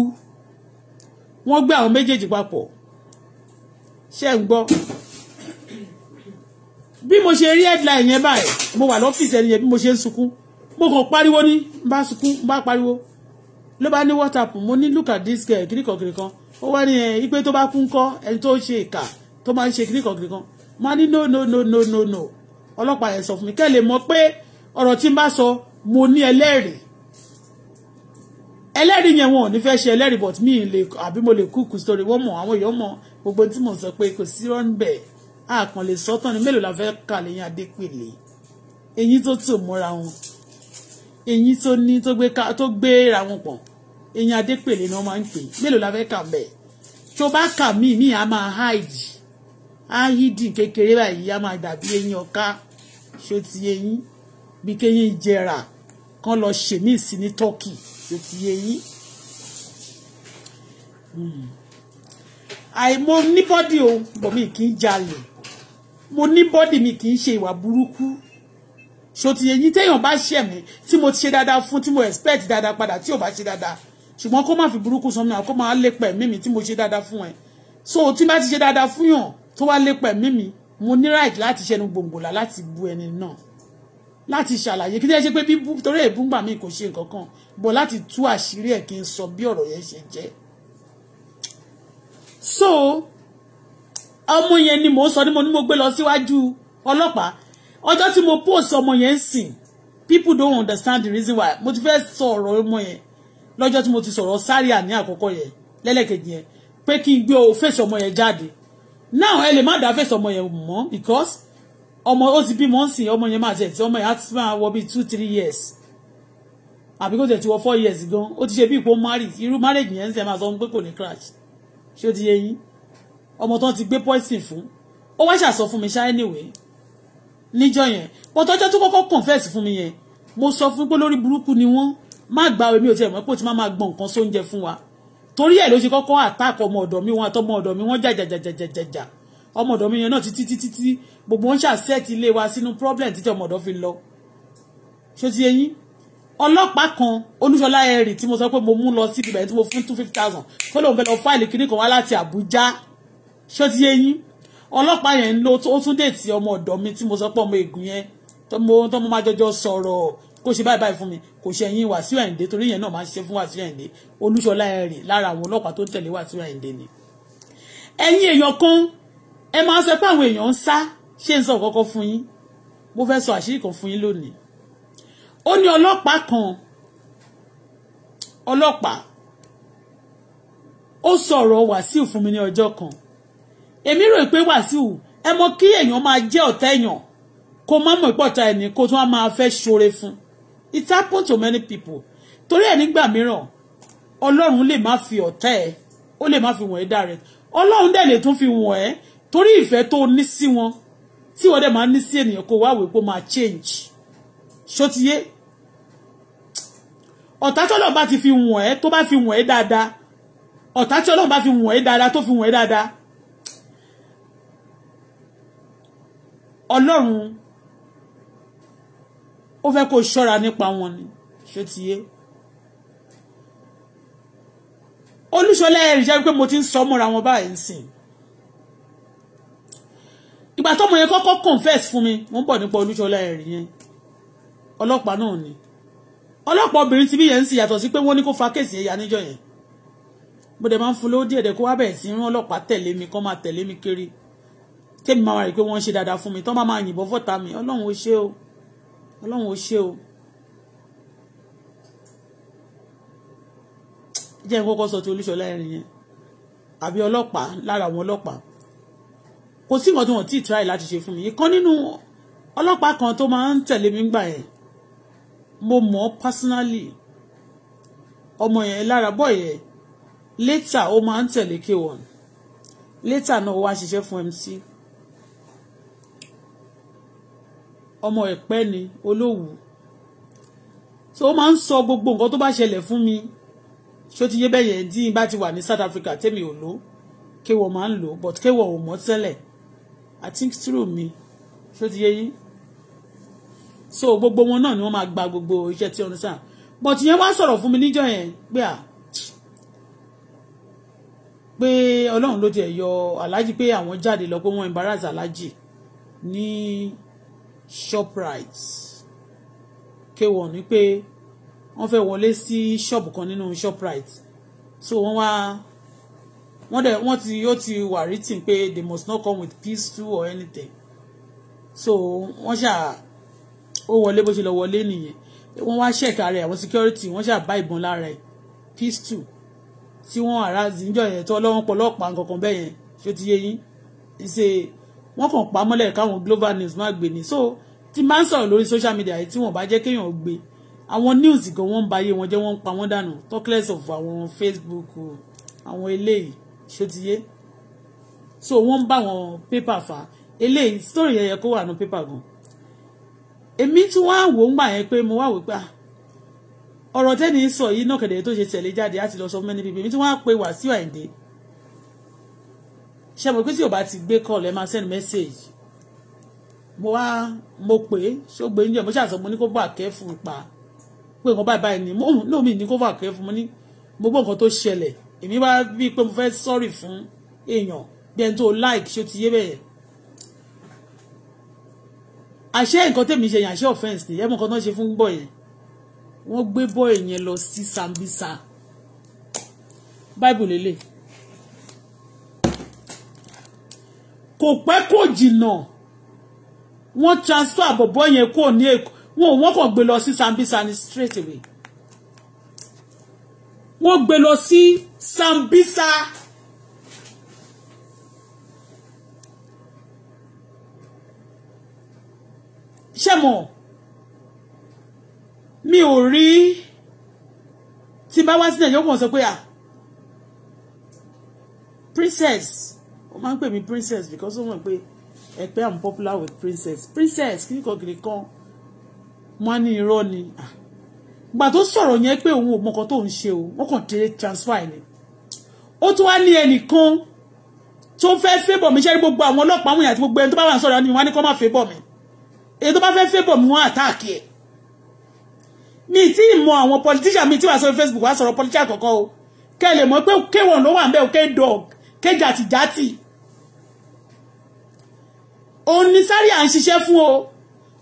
wọ́n gbé àwọn méjèèjì papọ̀ ṣe ń gbọ́ bí mo ṣe rí headline yẹn báyìí mo wà lọ́fíìsì ẹni yẹn bí mo ṣe ń sunkún mo kàn pariwo ní n bá sunkún n bá pariwo ló bá ní whatsapp mo ní look at this girl kìnnìkan kìnnìkan ó wá ní ẹ ipe tó bá kún kọ ẹni tó ṣe ìkà tó máa ń ṣe kìnnìkan kìnnìkan máa ní no no no no no no ọlọ́pàá yẹn sọ fún mi kẹ́ lè mọ̀ pé ọ̀rọ̀ tí n bá sọ mo ní ẹlẹ́rìí ẹlẹ́rìí yẹn wọn ò ní fẹ́ ṣe ẹlẹ́rìí but mi lè àbí mo lè kúkú story wọ́n mọ̀ àwọn èèyàn mọ̀ gbogbo tí mo sọ pé kò sí rán bẹ̀ àkàn lè sọ tán ni mélòó la fẹ́ kà lẹ́yìn adépèlé eyín tó tò mọ́ra wọn eyín tó ní tó gbé ká tó gbé ra wọn pọ̀ eyín adépèlé ni wọ́n máa ń pè mélòó la fẹ́ kà bẹ̀ tó bá kà míì míì á máa hide áhídì kékeré báyìí á máa dàbí eyín ọ̀ká ṣó ti yé yín bí kéyìn jẹrà kán lọ ṣèmí sí ní turkey ṣó ti yé yín. Hmm. àìmọ̀ níbọ́dì o bọ̀ mi kì í jalè mo níbọ́dì mi kì í ṣe ìwà burúkú ṣó ti yé yín téèyàn bá ṣẹ̀ mí tí mo ti ṣe dáadáa fún tí mo expect dáadáa padà tí ò bá ṣe dáadáa ṣùgbọ́n kó má fi burúkú sọmọ àkó máa lépa ẹ̀mí mi tí mo ṣe dáadáa fún ẹ so tí bá ti ṣe dáadáa fún yàn tó wá lépa ẹ̀mí mi mo ní right láti ṣẹnu gbòǹgbòlà láti bu ẹni náà láti ṣàlàyé kí ṣe pé bíbú torí èébú mi kò ṣe nǹkan kan bọ̀ láti tú àṣírí ẹ̀ kí n sọ bí ọ̀rọ̀ yẹn ṣe jẹ́ so ọmọ yẹn ni mò ń sọ ni mo ní mo gbé lọ síwájú ọlọ́pàá ọjọ́ tí mo post ọmọ yẹn sìn people don't understand the reason why mo ti fẹ́ sọ ọ̀rọ̀ ọmọ yẹn lọ́jọ́ tí mo ti sọ̀rọ̀ Zaria ní àkọ́kọ́ yẹn lẹ́lẹ́kejì yẹn pé kí n gbé o fèsì ọmọ yẹn jáde now ẹ lè má dá fẹsẹ̀ ọmọ yẹn mọ́ because ọmọ ó ti bímọ sí ọmọ yẹn máa tẹ̀sí ọmọ yẹn á ti máa wọ bíi two three years àbí kó tẹ̀ ti wọ four years gan ó ti ṣe bí ipò marry irú marriage yẹn ń sẹ́ máa sọ pé kò ní crash ṣé ó ti yẹ yín ọmọ tó ń ti gbé poison fún ó wá ṣàsọ fún mi ṣá anyway níjọ́ yẹn pọtọ́jọ́ tó kọ́kọ́ confess fún mi yẹn mo sọ fún pé lórí burúkú ni wọ́n má gba omi ò tiẹ̀ mọ́ pé ó ti máa gbọ̀n nǹkan sóúnjẹ fún wa torí ẹ̀ ló ṣe kọ́kọ́ àtàkọ ọmọ ọ̀dọ̀ mi wọn àtọmọ ọ̀dọ̀ mi wọn jàjàjàjàjàjà ọmọ ọ̀dọ̀ mi yẹn náà títí títí tí gbogbo wọn ṣàṣẹ́ẹ̀tì ilé wa sínú problem títí ọmọ ọ̀dọ̀ fi lọ ṣó ti yẹ yín ọlọ́pàá kan olúṣọlá ẹ̀rì tí mo sọ pé mo mú lọ sí ibẹ̀ tí mo fún two fifty thousand kó lóun fẹ́ lọ fáìlì kìíní kan wá láti àbújá ṣó ti yẹ yín ọlọ́pàá yẹn ló ó tún déètì ọmọ ọ̀dọ̀ mi tí mo sọ pé ọmọ ègùn yẹn tó mo máa jọjọ sọ̀rọ̀ kó ṣe báyìí báyìí fún mi kò ṣe ẹ̀yìn Wàsíù Àyìndé torí yẹn náà máa ń ṣiṣẹ́ fún Wàsíù Àyìndé Olúṣọlá Ẹ̀rìn lára àwọn ọlọ́pàá tó tẹ̀lé Wàsíù Àyìndé ni. ẹ̀yin èèyàn kan ẹ máa ń sọ pé àwọn èèyàn ń sá ṣé ń sọ kọ́kọ́ fún yín mo fẹ́ sọ àṣírí kan fún yín lónìí. ó ní ọlọ́pàá kan ọlọ́pàá ó sọ̀rọ̀ Wàsíù fún mi ní ọjọ́ kan èmi rò pé Wàsíù ẹ mọ kí èèyàn máa jẹ́ ọ̀tá èèyàn kó má mọ̀ ìpọ̀ta ẹni kó tún wá máa fẹ́ ṣoore fún un it happen to many people torí ẹ̀ nígbà mìíràn ọlọ́run lè má fi ọ̀tá ẹ̀ ó lè má fi wọ̀n ẹ́ dáre ọlọ́run dẹ̀ lè tún fi wọ̀n ẹ́ torí ìfẹ́ tó ní sí wọn tí wọ́n dẹ̀ máa ní sí ènìyàn kó wá wípé máa change ṣótiyé ọ̀tá tí ọlọ́run bá ti fi wọ̀n ẹ́ tó bá fi wọ̀n ẹ́ dáadáa ọ̀tá tí ọlọ́run bá fi wọ̀n ẹ́ dáadáa tó fi wọ̀n ẹ́ dáadáa ọlọ́run ó fẹ́ kó ṣọ́ra nípa wọn ni ṣó ti yé olúṣọlá ẹ̀rì jẹ́ pé mo ti ń sọ mọ́ra wọn báyìí ń sìn ìgbà tọ́mọ yẹn kọ́kọ́ confess fún mi mo ń bọ̀ nípa olúṣọlá ẹ̀rì yẹn ọlọ́pàá náà ni ọlọ́pàá obìnrin ti bí yẹn ń sì yàtọ̀ sí pé wọ́n ní kó fa kéèsì yẹn ya níjọ́ yẹn mo dẹ̀ máa ń fún díẹ̀ dẹ̀ kó wá bẹ̀rẹ̀ sí rán ọlọ́pàá tẹ̀lé mi kán máa tẹ̀lé mi kiri tèmi máa rí i pé wọ́n ń ṣe dáadáa fún mi tán máa máa yìnbọn fọ́ta mi ọlọ́run ó ṣe o ọlọ́run ò ṣe o jẹ́ n kọ́kọ́ sọ ti olúṣọlá ẹ̀rìn yẹn àbí ọlọ́pàá lára àwọn ọlọ́pàá kò sí ìwọ̀n tí wọ́n ti try láti ṣe fún mi ìkan nínú ọlọ́pàá kan tó máa ń tẹ̀lé mi gbà yẹn mo mọ̀ ọ́ personally ọmọ yẹn lára bọ́ yẹn later ó máa ń tẹ̀lé k1 later náà ó wá ṣiṣẹ́ fún MC ọmọ ẹ̀pẹ́ ni olówù so ó máa ń sọ gbogbo nǹkan tó bá ṣẹlẹ̀ fún mi ṣó ti yé bẹ́ẹ̀ yẹn tí n bá ti wà ní South Africa tèmi ò lò kéwọ̀ máa ń lò but kéwọ̀ ò mọ̀ tẹ́lẹ̀ I think through mi ṣó ti yé yín so gbogbo wọn náà ni wọ́n máa gba gbogbo iṣẹ́ tí ọ̀run sàn but yẹn wá sọ̀rọ̀ fún mi níjọ́ yẹn pé à ah, pé ọlọ́run ló tiẹ̀ yọ aláàjì pé àwọn jáde lọ pé wọ́n embarrass aláàjì ní. Ni shoprite kéwọ̀n ni pé wọ́n fẹ́ wọlé sí ṣọ́ọ̀bù kan nínú shoprite so wọ́n wá wọ́n dẹ̀ wọ́n ti ó ti wà written pé they must not come with pistol or anything so wọ́n ṣà ó wọlé bó ṣe lọ wọlé nìyẹn wọ́n wá ṣẹ̀ka rẹ̀ àwọn security wọ́n ṣà bá ìbọn lára ẹ̀ pistol tí wọ́n àrà zíjọ́ yẹn tó ọlọ́wọ́n pọ̀ lọ́pàá nǹkan kan bẹ́ẹ̀ yẹn ṣó ti yé yín ṣe wọ́n kàn pa mọ́lẹ̀ káwọn global news má gbé ni so ti máa ń sọ̀rọ̀ lórí social media yìí tí wọ́n bá jẹ́ kéèyàn gbé àwọn news gan wọ́n ń ba ayé wọn jẹ́ wọ́n ń pa wọ́n dànù talkless of àwọn Facebook àwọn eléyìí ṣòtiyé so wọ́n ń bá àwọn paper fà eléyìí story yẹn yẹ kó wà ní paper gan èmi tí wọ́n á wò ń gbà yẹn pé mo wá wò pé ah, ọ̀rọ̀ tẹ́ni sọ yìí náà kẹ̀dẹ̀ tó ṣe tẹ̀lé jáde láti lọ sọ fún mẹ́ni bíbí èmi tí wọ́n á pe Wàsíù Àyìndé ṣe mọ̀ pé tí o bá ti gbé call ẹ máa send message mo wá mo pè é ṣó gbé ní ẹ̀ mo ṣàṣọ mo ní kó bà kẹ́fù pa pé nǹkan báyìí báyìí ni mo náà mi ní kó bà kẹ́fù mo ní mo gbọ́ nǹkan tó ṣẹlẹ̀ èmi wá bí pé mo fẹ́ sorry fún èèyàn bí ẹni tó like ṣó ti yé bẹ́ẹ̀ àṣẹ nǹkan tèmi ṣe yàn àṣẹ offence ni ẹ̀mọ́ nǹkan tó ń ṣe fún bọ̀ yẹn wọ́n gbé bọ̀ yẹn lọ sí Sambisa Bible lélẹ̀ kò pẹ́ kò jìnnà wọ́n transfer àbọ̀bọ́ yẹn kò ní èkó wọn ò wọ́n kàn gbé lọ sí Sambisa ni straight away wọ́n gbé lọ sí Sambisa. ṣé mọ̀ mi ò rí tí bá wá sí nàìjíríà kò sọ pé à ah, princess wọ́n máa ń pè mí princess because wọ́n mọ̀ pé ẹ̀pẹ́ i'm popular with princess princess kí nìkan kiri kan wọ́n á ní irọ́ ni ah. gbà tó sọ̀rọ̀ yẹn pé òun ò mọ nǹkan tó ń ṣe o wọ́n kàn tẹ̀lé transfer ni ó tún wá ní ẹnìkan tó fẹ́ fébọ̀ mi ṣe ní gbogbo àwọn ọlọ́pàá àwọn èèyàn àti gbogbo ẹni tó bá wà ń sọ̀rọ̀ ni wọ́n á ní kó má fébọ̀ mi èyí tó bá fẹ́ fébọ̀ mi wọ́n àtáàkì ẹ̀ mi tí ì mọ àwọn politician mi tí wà sórí Facebook wá sọ̀rọ̀ politician kọ̀ọ̀kan o kẹ́ ẹ lè mọ̀ pé kéwọ̀n ló wà ń bẹ́ẹ̀ kédọ̀g kéjàtìjàtì òun ni sáré à ń ṣiṣẹ́ fún o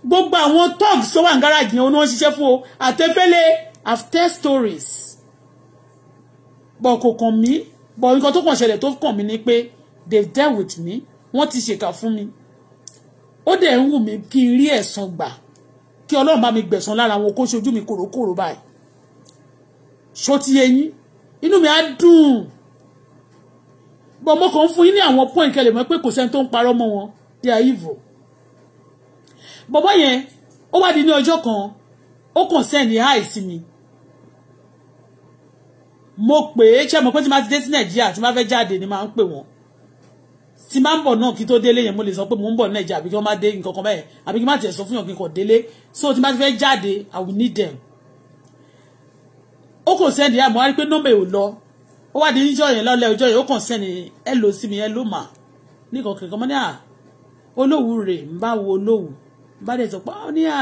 gbogbo àwọn tọ́ọ̀gì sọ́wọ́ àǹgárájì yẹn òun ni wọ́n ṣiṣẹ́ fún o àtẹ́fẹ́lẹ́ after stories bọ̀ kò kàn mí bọ̀ nǹkan tó kàn ṣẹlẹ̀ tó kàn mí ni pé they dealt with me wọ́n ti ṣèkà fún mi ó dẹ̀ ń wù mí kí n rí ẹ̀san gbà kí ọlọ́run bá mi gbẹ̀san lára wọn kó ṣojú mi kòrókòrò báyìí ṣó ti yé inú mi á dùn bọ̀ mo kàn ń fún yín ní àwọn point kẹlẹ̀ mọ́ pé kò sẹ́ni tó ń parọ́ mọ́ wọn they are evil bọ̀bọ̀ yẹn ó wá di ní ọjọ́ kan ó kàn sẹ́ni àìsí mi mo pè é ṣe mọ̀ pé tí máa ti dé sí nàìjíríà tí máa fẹ́ jáde ni máa ń pè wọ́n tí máa ń bọ̀ náà kí tó délé yẹn mo lè sọ pé mo ń bọ̀ ní nàìjíríà àbí kí wọ́n má dé nǹkan kan bẹ́ẹ̀ àbí kí má tiẹ̀ sọ fún yàn kí n kàn délé so tí máa ti fẹ́ jáde i will need them ó kàn sẹ́ni àmọ́ wá rí pé nọ́mbà ò lọ ó wá di níjọ́ yẹn lọ́lẹ́ ọjọ́ yẹn ó kàn sẹ́ni ẹ lò sí mi ẹ lò mà ní kankan kan mọ́ ní à ah, olówù rẹ̀ ń bá wo olówù ń bá dẹ̀ sọ pé ó ní à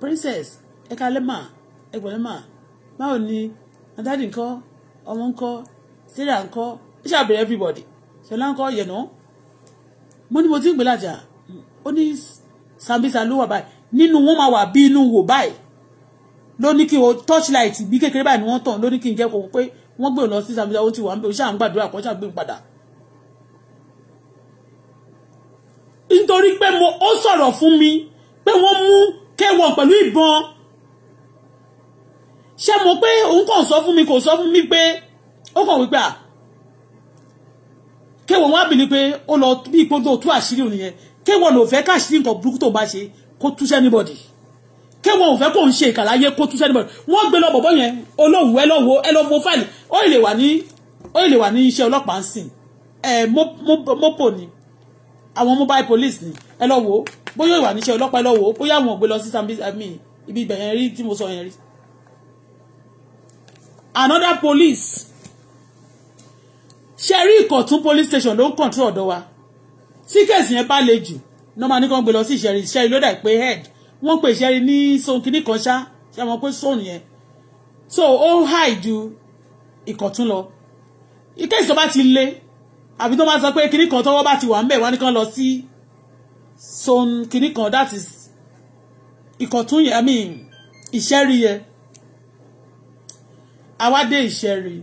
princess ẹ kalẹ́ mà ẹ gbọ́dọ̀ mà báwo ni adáàdì ńkọ́ ọmọ ńkọ́ sarah ńkọ́ ẹ ṣàbẹ̀rẹ̀ everybody ṣọlá ńkọ́ yẹ̀nà mo ní mo ti ń gbé lájà ó ní sambisa ló wà báyìí nínú wọn máa wà bí inú wò báyìí ló ní kí o torchlight bí kékeré báyìí ni wọ́n tàn ló ní kí n jẹ́ kó pé wọ́n gbé òun lọ sí sambisa ó ti wà ń bẹ̀ ó ṣáà ń gbàdúrà kó ṣáà gbé òun padà nítorí pé mo ó sọ̀rọ̀ fún mi pé wọ́n mú kéwọ̀n pẹ̀lú ìbọn ṣé mo pé òun kàn sọ fún mi kò sọ fún mi pé ó kàn wípé à kéwọ̀n wá bìí ni pé ó lọ bí ìpótò tú àṣírí òun yẹn kéwọ̀n ò fẹ́ káṣírí nǹkan burúkú tó bá ṣe kó tú sẹ́nibọ̀dì kéwọ̀n ò fẹ́ kó ń ṣe ìkàláyé kó tú sẹ́nibọ̀dì wọ́n gbé lọ bọ̀bọ̀ yẹn olówó ẹ lọ́wọ́ ẹ lọ́wọ́ fáìlì ó lè wà ní iṣẹ́ ọlọ́pàá ń sìn ẹ̀ mọ́pò ni àwọn mobile police ni ẹ lọ wò ó bóyá ìwà níṣẹ́ ọlọ́pàá ẹ lọ wò ó bóyá àwọn ògbé lọ sí sam ibi ibẹ̀ rí tí mo sọ yẹn rí. another police ṣe rí ìkọ̀tún police station ló ń kàn tó ọ̀dọ̀ wa tí kẹ̀sì yẹn bá le jù normal ní kan gbé lọ sí ìṣẹ́rí ìṣẹ́rí ló dà pé head wọ́n pè ìṣẹ́rí ní sonkinní kan ṣá ṣe àwọn pé sóònù yẹn so ó high ju ìkọ̀tún lọ ìkẹ́sì tó bá ti le àbí tó máa sọ pé kinní kan bá ti wà ń bẹ̀ wá ní lọ sí son kinní that is ìkọ̀tún yẹn i mean ìṣẹ́rí yẹn àwa dé ìṣẹ́rí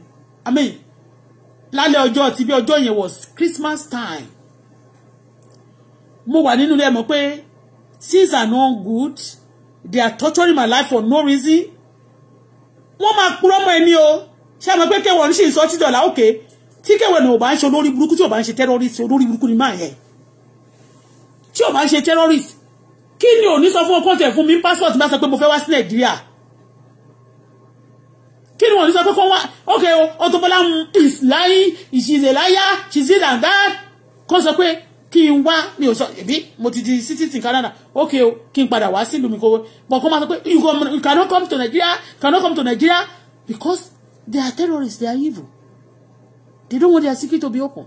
i mean lálẹ́ ọjọ́ ti bí ọjọ́ yẹn was christmas time mo wà nínú ilé ẹ̀ pé things are not good they are torturing my life for no reason wọ́n máa purọ́ mọ́ ẹni o ṣé àwọn pé kéwọ́n ń ṣe ìsọtí dọ̀là òkè. Okay tí kẹwẹ́ ni ò bá ń ṣe olórí burúkú tí ò bá ń ṣe terrorist olórí burúkú ni máa yẹ tí ò bá ń ṣe terrorist kí ni ò ní sọ fún ọkọ tẹ̀ fún mi passport bá sọ pé mo fẹ́ wá sí nàìjíríà kí ni wọn ní sọ pé kó wá ok Auto Bola is lying she's a liar she's it and that kó sọ pé kí n wá mi ò sọ èmi mo ti di citizen Canada ok o kí n padà wá sílùú mi kó bọ̀ kó máa sọ pé you cannot come to Nigeria cannot come to Nigeria because they are terrorists they are evil. They don't want their secret to be open.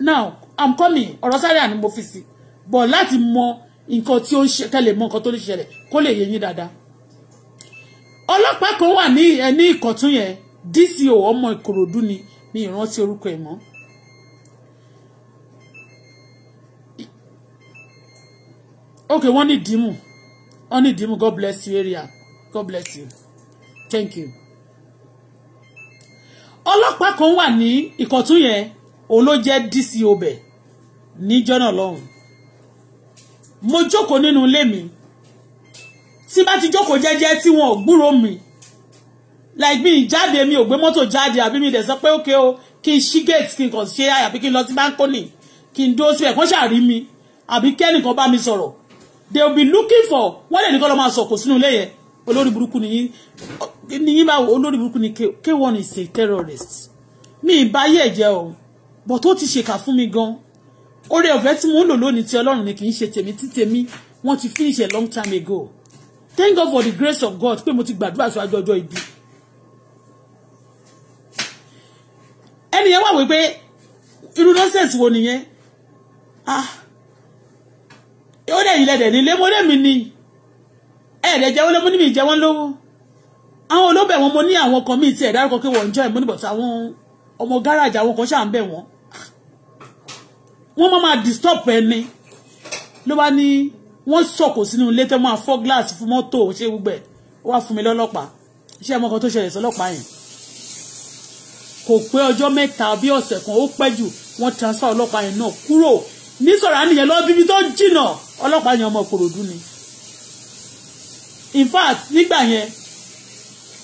Now, I'm coming. Ọ̀rọ̀ Zaria mofisi. mo fi sí. But láti mọ nǹkan tí ó ń ṣe kẹ́lẹ̀ mọ nǹkan tó lè ṣẹlẹ̀ kó lè yé yín dáadáa. Ọlọ́pàá kan wà ní ẹni eh, ìkọ̀tún yẹn. DCO ọmọ Ìkòròdú ni mi ìrántí orúkọ ẹ̀ mọ́. Okay, wọ́n need dìímù. Wọ́n need dìímù. God bless you area. God bless you. Thank you ọlọ́pàá kan wà ní ìkọ̀tún yẹn òun ló jẹ́ dc obẹ̀ níjọ́ náà lọ́hùn mo jókòó nínú ilé mi tí bá ti jókòó jẹ́jẹ́ tí wọn ò gbúrò mi like mi jáde mi ò gbé mọ́tò jáde àbí mi dẹ̀ sọ pé ókè o kí n ṣí gate kí n kàn ṣe àyàbí kí n lọ sí báńkónì kí n dúró síbẹ̀ kó ṣàrí mi àbí kẹ́nìkan bá mi sọ̀rọ̀ they will be looking for wọ́n lè ní kọ́ lọ́ máa sọ̀kò sínú ilé yẹn olórí burúkú ni, nìyí báwo olórí burúkú ni k1 is a terrorist mi ì bá yẹ̀ jẹ́ o bọ̀ tó ti ṣèkà fún mi gan oore ọ̀fẹ́ tí mo ń lò lónìí ti ọlọ́run ni kì í ṣe tèmi tí tèmi wọ́n ti finish a long time ago thank God for the grace of God pé mo ti gbàdúrà síwájú ọjọ́ ibi ẹni yẹn wà wípé irú nonsense wo nìyẹn ah ó dẹ̀ yìí lẹ́dẹ̀ ní lémọ́lẹ́mi ni ẹ lè jẹ́wọ́ lọ́wọ́ níbi ìjẹ́wọ́ lọ́wọ́ àwọn olóbẹ̀ wọn mo ní àwọn kan míì tí ẹ̀ dárúkọ pé wọ́n ń jọ ìmúni bọ̀tà àwọn ọmọ gáràjì àwọn kan ṣáà ń bẹ̀ wọ́n wọ́n máa máa disturb ẹni ló bá ní wọ́n sọ̀kò sínú ilé tẹ́ máa fọ́ gíláàsì fún mọ́tò ṣé gbogbo ẹ̀ wá fún mi lọ́lọ́pàá iṣẹ́ ọmọ kan tó ṣẹlẹ̀ sọ́lọ́pàá yẹn kò pé ọjọ́ mẹ́ta bí ọ̀sẹ̀ kan ó pẹ́ jù wọ́n transfer ọlọ́pàá yẹn náà kúrò ní sọ̀rọ̀ àníyàn lọ́ọ́ bíbí tó jìnà ọlọ́pàá yẹn ọmọ Ìkòròdú ni in fact nígbà yẹn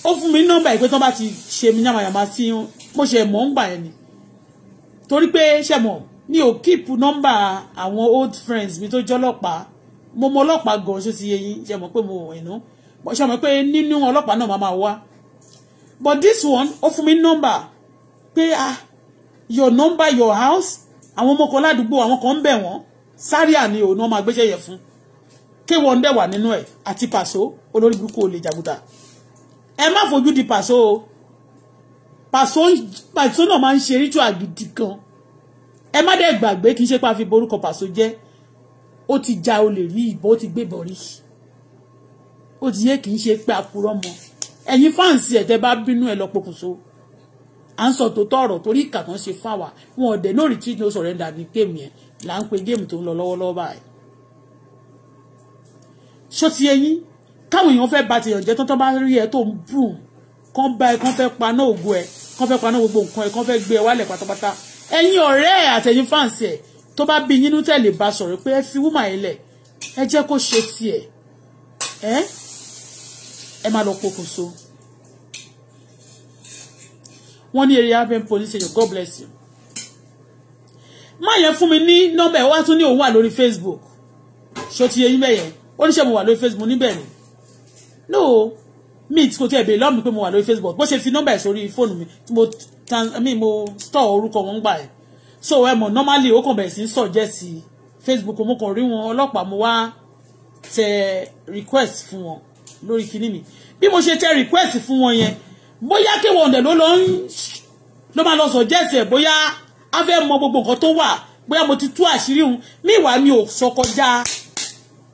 ó fún mi nọ́mbà ìpé tán bá ti ṣe mi yàmàyàmà sí mo ṣe mọ̀ ń gbà yẹn ni torí pé ṣe mọ̀ mi ò kíìpù nọ́mbà àwọn old friends mi tó jọ́lọ́pàá mo mọ ọlọ́pàá gan ṣó ti yẹ yín ṣe mọ̀ pé mo wọ̀ ẹ̀nú ṣe mọ̀ pé nínú ọlọ́pàá náà máa wá but this one ó fún mi nọ́mbà pé ah your number your house àwọn ọmọ kan ládùúgbò àwọn kan ń bẹ̀ wọ́n sáré àní òun náà máa gbéṣẹ́ yẹ fún K1 dẹ̀ wà nínú ẹ̀ àti pàṣọ olórí burúkú olè jàgùtà ẹ má fojú di pàṣọ o pàṣọ pàṣọ náà máa ń ṣe ritual gidi kan ẹ má dẹ̀ gbàgbé kì í ṣe pé a fi borúkọ pàṣọ jẹ́ ó ti ja olè rí ìbọn ó ti gbé bọ̀ rí ó ti yé kì í ṣe pé a purọ́ mọ́ ẹ̀yin fáǹsì ẹ̀ bá bínú ẹ̀ lọ pokùnso à ń sọ tòótọ́ ọ̀rọ̀ torí ìkà kan ṣe fáwa wọn ọ̀dẹ̀ no retreat no surrender ní géèmù yẹn là ń pe géèmù tó ń lọ lọ́wọ́lọ́wọ́ báyìí ṣó ti eyín káwọn èèyàn fẹ́ ba tèèyàn jẹ́ tán tán bá rí ẹ tó ń bù kán bá ẹ kán fẹ́ paná ògo ẹ kán fẹ́ paná gbogbo nǹkan ẹ kán fẹ́ gbé ẹ wálẹ̀ pátápátá ẹ̀yin ọ̀rẹ́ ẹ àtẹ̀yin fáǹsì ẹ tó bá bí yínú tẹ̀lé ba sọ̀rọ̀ pé ẹ fi wúmà yẹn lẹ̀ ẹ jẹ́ kó ṣe tiẹ̀ ẹ ẹ máa lọ pokùnso wọ́n ní eré abẹ́ police station god bless you má yẹn fún mi ní nọ́mbà ẹ wá tún ní òun wà lórí Facebook ṣó ti yẹ yín bẹ́yẹn ó ní mo wà lórí facebook níbẹ̀ ni no mi kò tiẹ̀ béèrè lọ́mù pé mo wà lórí facebook bó ṣe fi nọ́mbà ẹ̀ sórí fóònù mi mo tan mi mo store orúkọ wọn gbà ẹ̀ so ẹ mọ̀ normally ó kàn bẹ̀rẹ̀ sí suggest facebook mo kàn rí wọn ọlọ́pàá mo wá tẹ request fún wọn lórí kinní mi bí mo ṣe tẹ request fún wọn yẹn bóyá kéwọn ọ̀dẹ̀ ló lọ ń ló máa lọ suggest ẹ̀ bóyá a fẹ́ mọ gbogbo nǹkan tó wà bóyá mo ti tú àṣírí òun míwàá mi ò sọ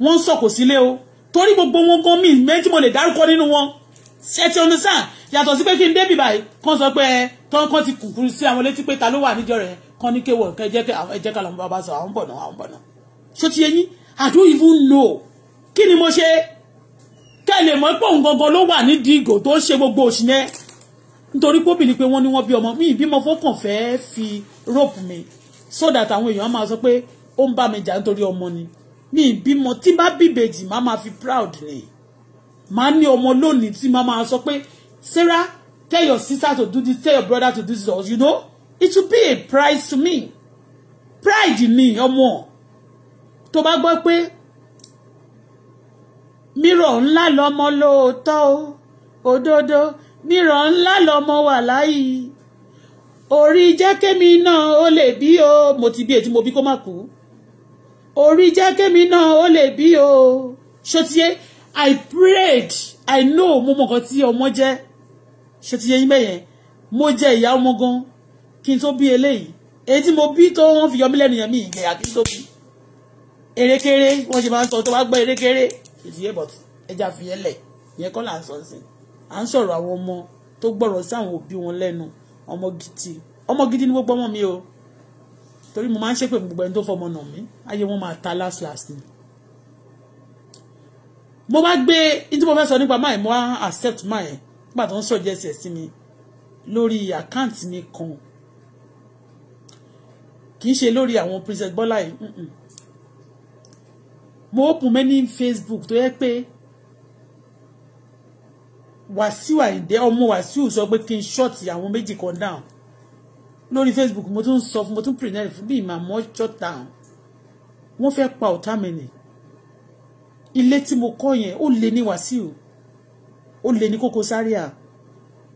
wọ́n sọ̀kò sílé o torí gbogbo wọn gan mi méjì mo lè dárúkọ nínú wọn ṣe ti ọdún sáà yàtọ̀ sí pé kí n débì báyìí kàn sọ pé tán kàn ti kùkùrú sí àwọn létí pé ta ló wà níjọ rẹ̀ kàn ní kéwọ̀ kẹ́ jẹ́ kẹ́ ẹ jẹ́ ká lọ́mọ bàbá sọ àwọn bọ̀ náà àwọn bọ̀ náà ṣó ti yẹn yín I don't even know kí ni mo ṣe kẹ́ lè mọ̀ pé òun gangan ló wà nídìí ìgò tó ṣe gbogbo òṣì yẹn nítorí póbìnrin pé wọ́n ní wọ́n bí ọmọ mi ìbímọ fọ́kàn fẹ́ẹ́ fi rope mi so that àwọn èèyàn máa sọ pé ó ń bá mi jà nítorí ọmọ ni mi ìbímọ tí n bá bíbejì má fi proud ni má ní ọmọ lónìí tí má máa sọ pé Sarah tell your sister to do this tell your brother to do this you know it will be a prize to me pride ni ọmọ tó bá gbọ́ pé mírọ̀ ńlá lọmọ lóòótọ́ o òdodo mírọ̀ ńlá lọmọ wà láyì orí jẹ́ kémi náà ó lè bí o mo ti bí ètí mo bi kó má kú orí jẹ́ kémi náà ó lè bí o ṣòtíye i prayed i know mo mọ̀ nǹkan tí ọmọ jẹ́ ṣòtíye yín bẹ́yẹn mo jẹ ìyá ọmọ gan kí n tó bí eléyìí èyí tí mo bí tó wọ́n fi yọ mí yẹn mi ìgbẹ́ àbí tó bí erékeré wọ́n ṣe máa ń sọ tó bá gbọ́ erékeré ṣòtíye but ẹja fi yẹn lẹ̀ yẹn kọ́ là ń sọ sí à ń sọ̀rọ̀ àwọn ọmọ tó gbọ́rọ̀ sí àwọn òbí wọn lẹ́nu ọmọ gidi ọmọ gidi ni gbogbo ọmọ mi o torí mo máa ń ṣépè gbogbo ẹni tó fọmọ nà mí ayé wọn máa ta last last ni mo bá gbé nítorí mo fẹ́ sọ nípa máa mo wá accept máa ẹ̀ nígbà tó ń sọ jẹ́ ẹsẹ̀ sí mi lórí àkáǹtì mi kan kì í ṣe lórí àwọn Princess Bọ́lá yìí mo open many Facebook tó yẹ pé Wàsíù Àyìndé ọmọ Wàsíù sọ pé kí n ṣọ́ọ̀tì àwọn méjì kan down lórí Facebook mo tún sọ fún mo tún pìrìnà fún bí ìmàmọ́ ṣọ́ta wọ́n fẹ́ pa ọ̀tá mi nì ilé tí mo kọ́ yẹn ó lé ní Wàsíù ó lé ní Koko Zaria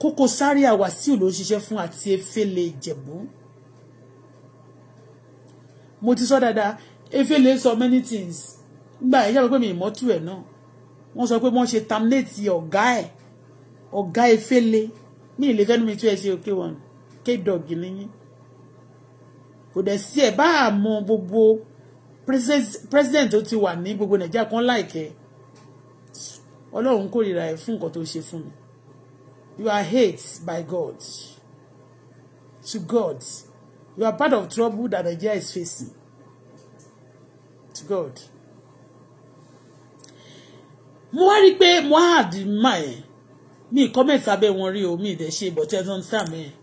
Koko Zaria Wàsíù ló ń ṣiṣẹ́ fún àti Efele Ìjẹ̀bú mo ti sọ dáadáa Efele sọ many things nígbà yẹn yàrá pé mi ìmọ́tò ẹ̀ náà wọ́n sọ pé wọ́n ṣe terminate ọ̀gá ẹ̀ ọ̀gá Efele mi ìlẹ́fẹ́ nu mi tún ẹ ṣe òkè wọn kédọ̀gì nìyí kò dẹ̀ sí ẹ̀ bá àmọ́ gbogbo president tó ti wà ní gbogbo nàìjíríà kan láìkẹ́ ọlọ́run kórìíra ẹ̀ fún nǹkan tó ṣe fún mi you are hate by God to God you are part of trouble that Nigeria is facing to God mo wá rí i pé mo á àdìmá ẹ̀ mi comment abẹ́ wọn rí o mi but ẹ̀ tó ń sàmì ẹ̀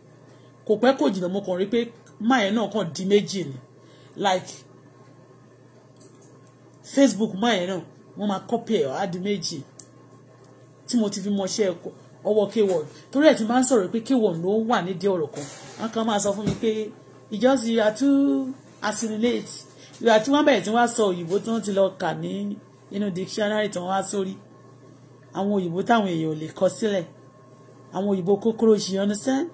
kò pẹ́ kò jìnnà mo kàn rí pé máa yẹn náà kàn di méjì ni like Facebook máa yẹn náà wọ́n máa kọ́pì ẹ̀ á di méjì tí mo ti fi mọṣẹ́ ọwọ́ K1 torí ẹ̀ ti máa ń sọ̀rọ̀ pé K1 ló wà nídìí ọ̀rọ̀ kan wọ́n kàn máa sọ fún mi pé ìjọsìn you are too assimilate you are too wọ́n bẹ̀rẹ̀ tí wọ́n á sọ òyìnbó tí wọ́n ti lọ kà ní inú dictionary tí wọ́n á sórí àwọn òyìnbó táwọn èèyàn ò lè kọ sílẹ̀ àwọn òyìnbó kókóró ṣì yọnu sẹ́ẹ́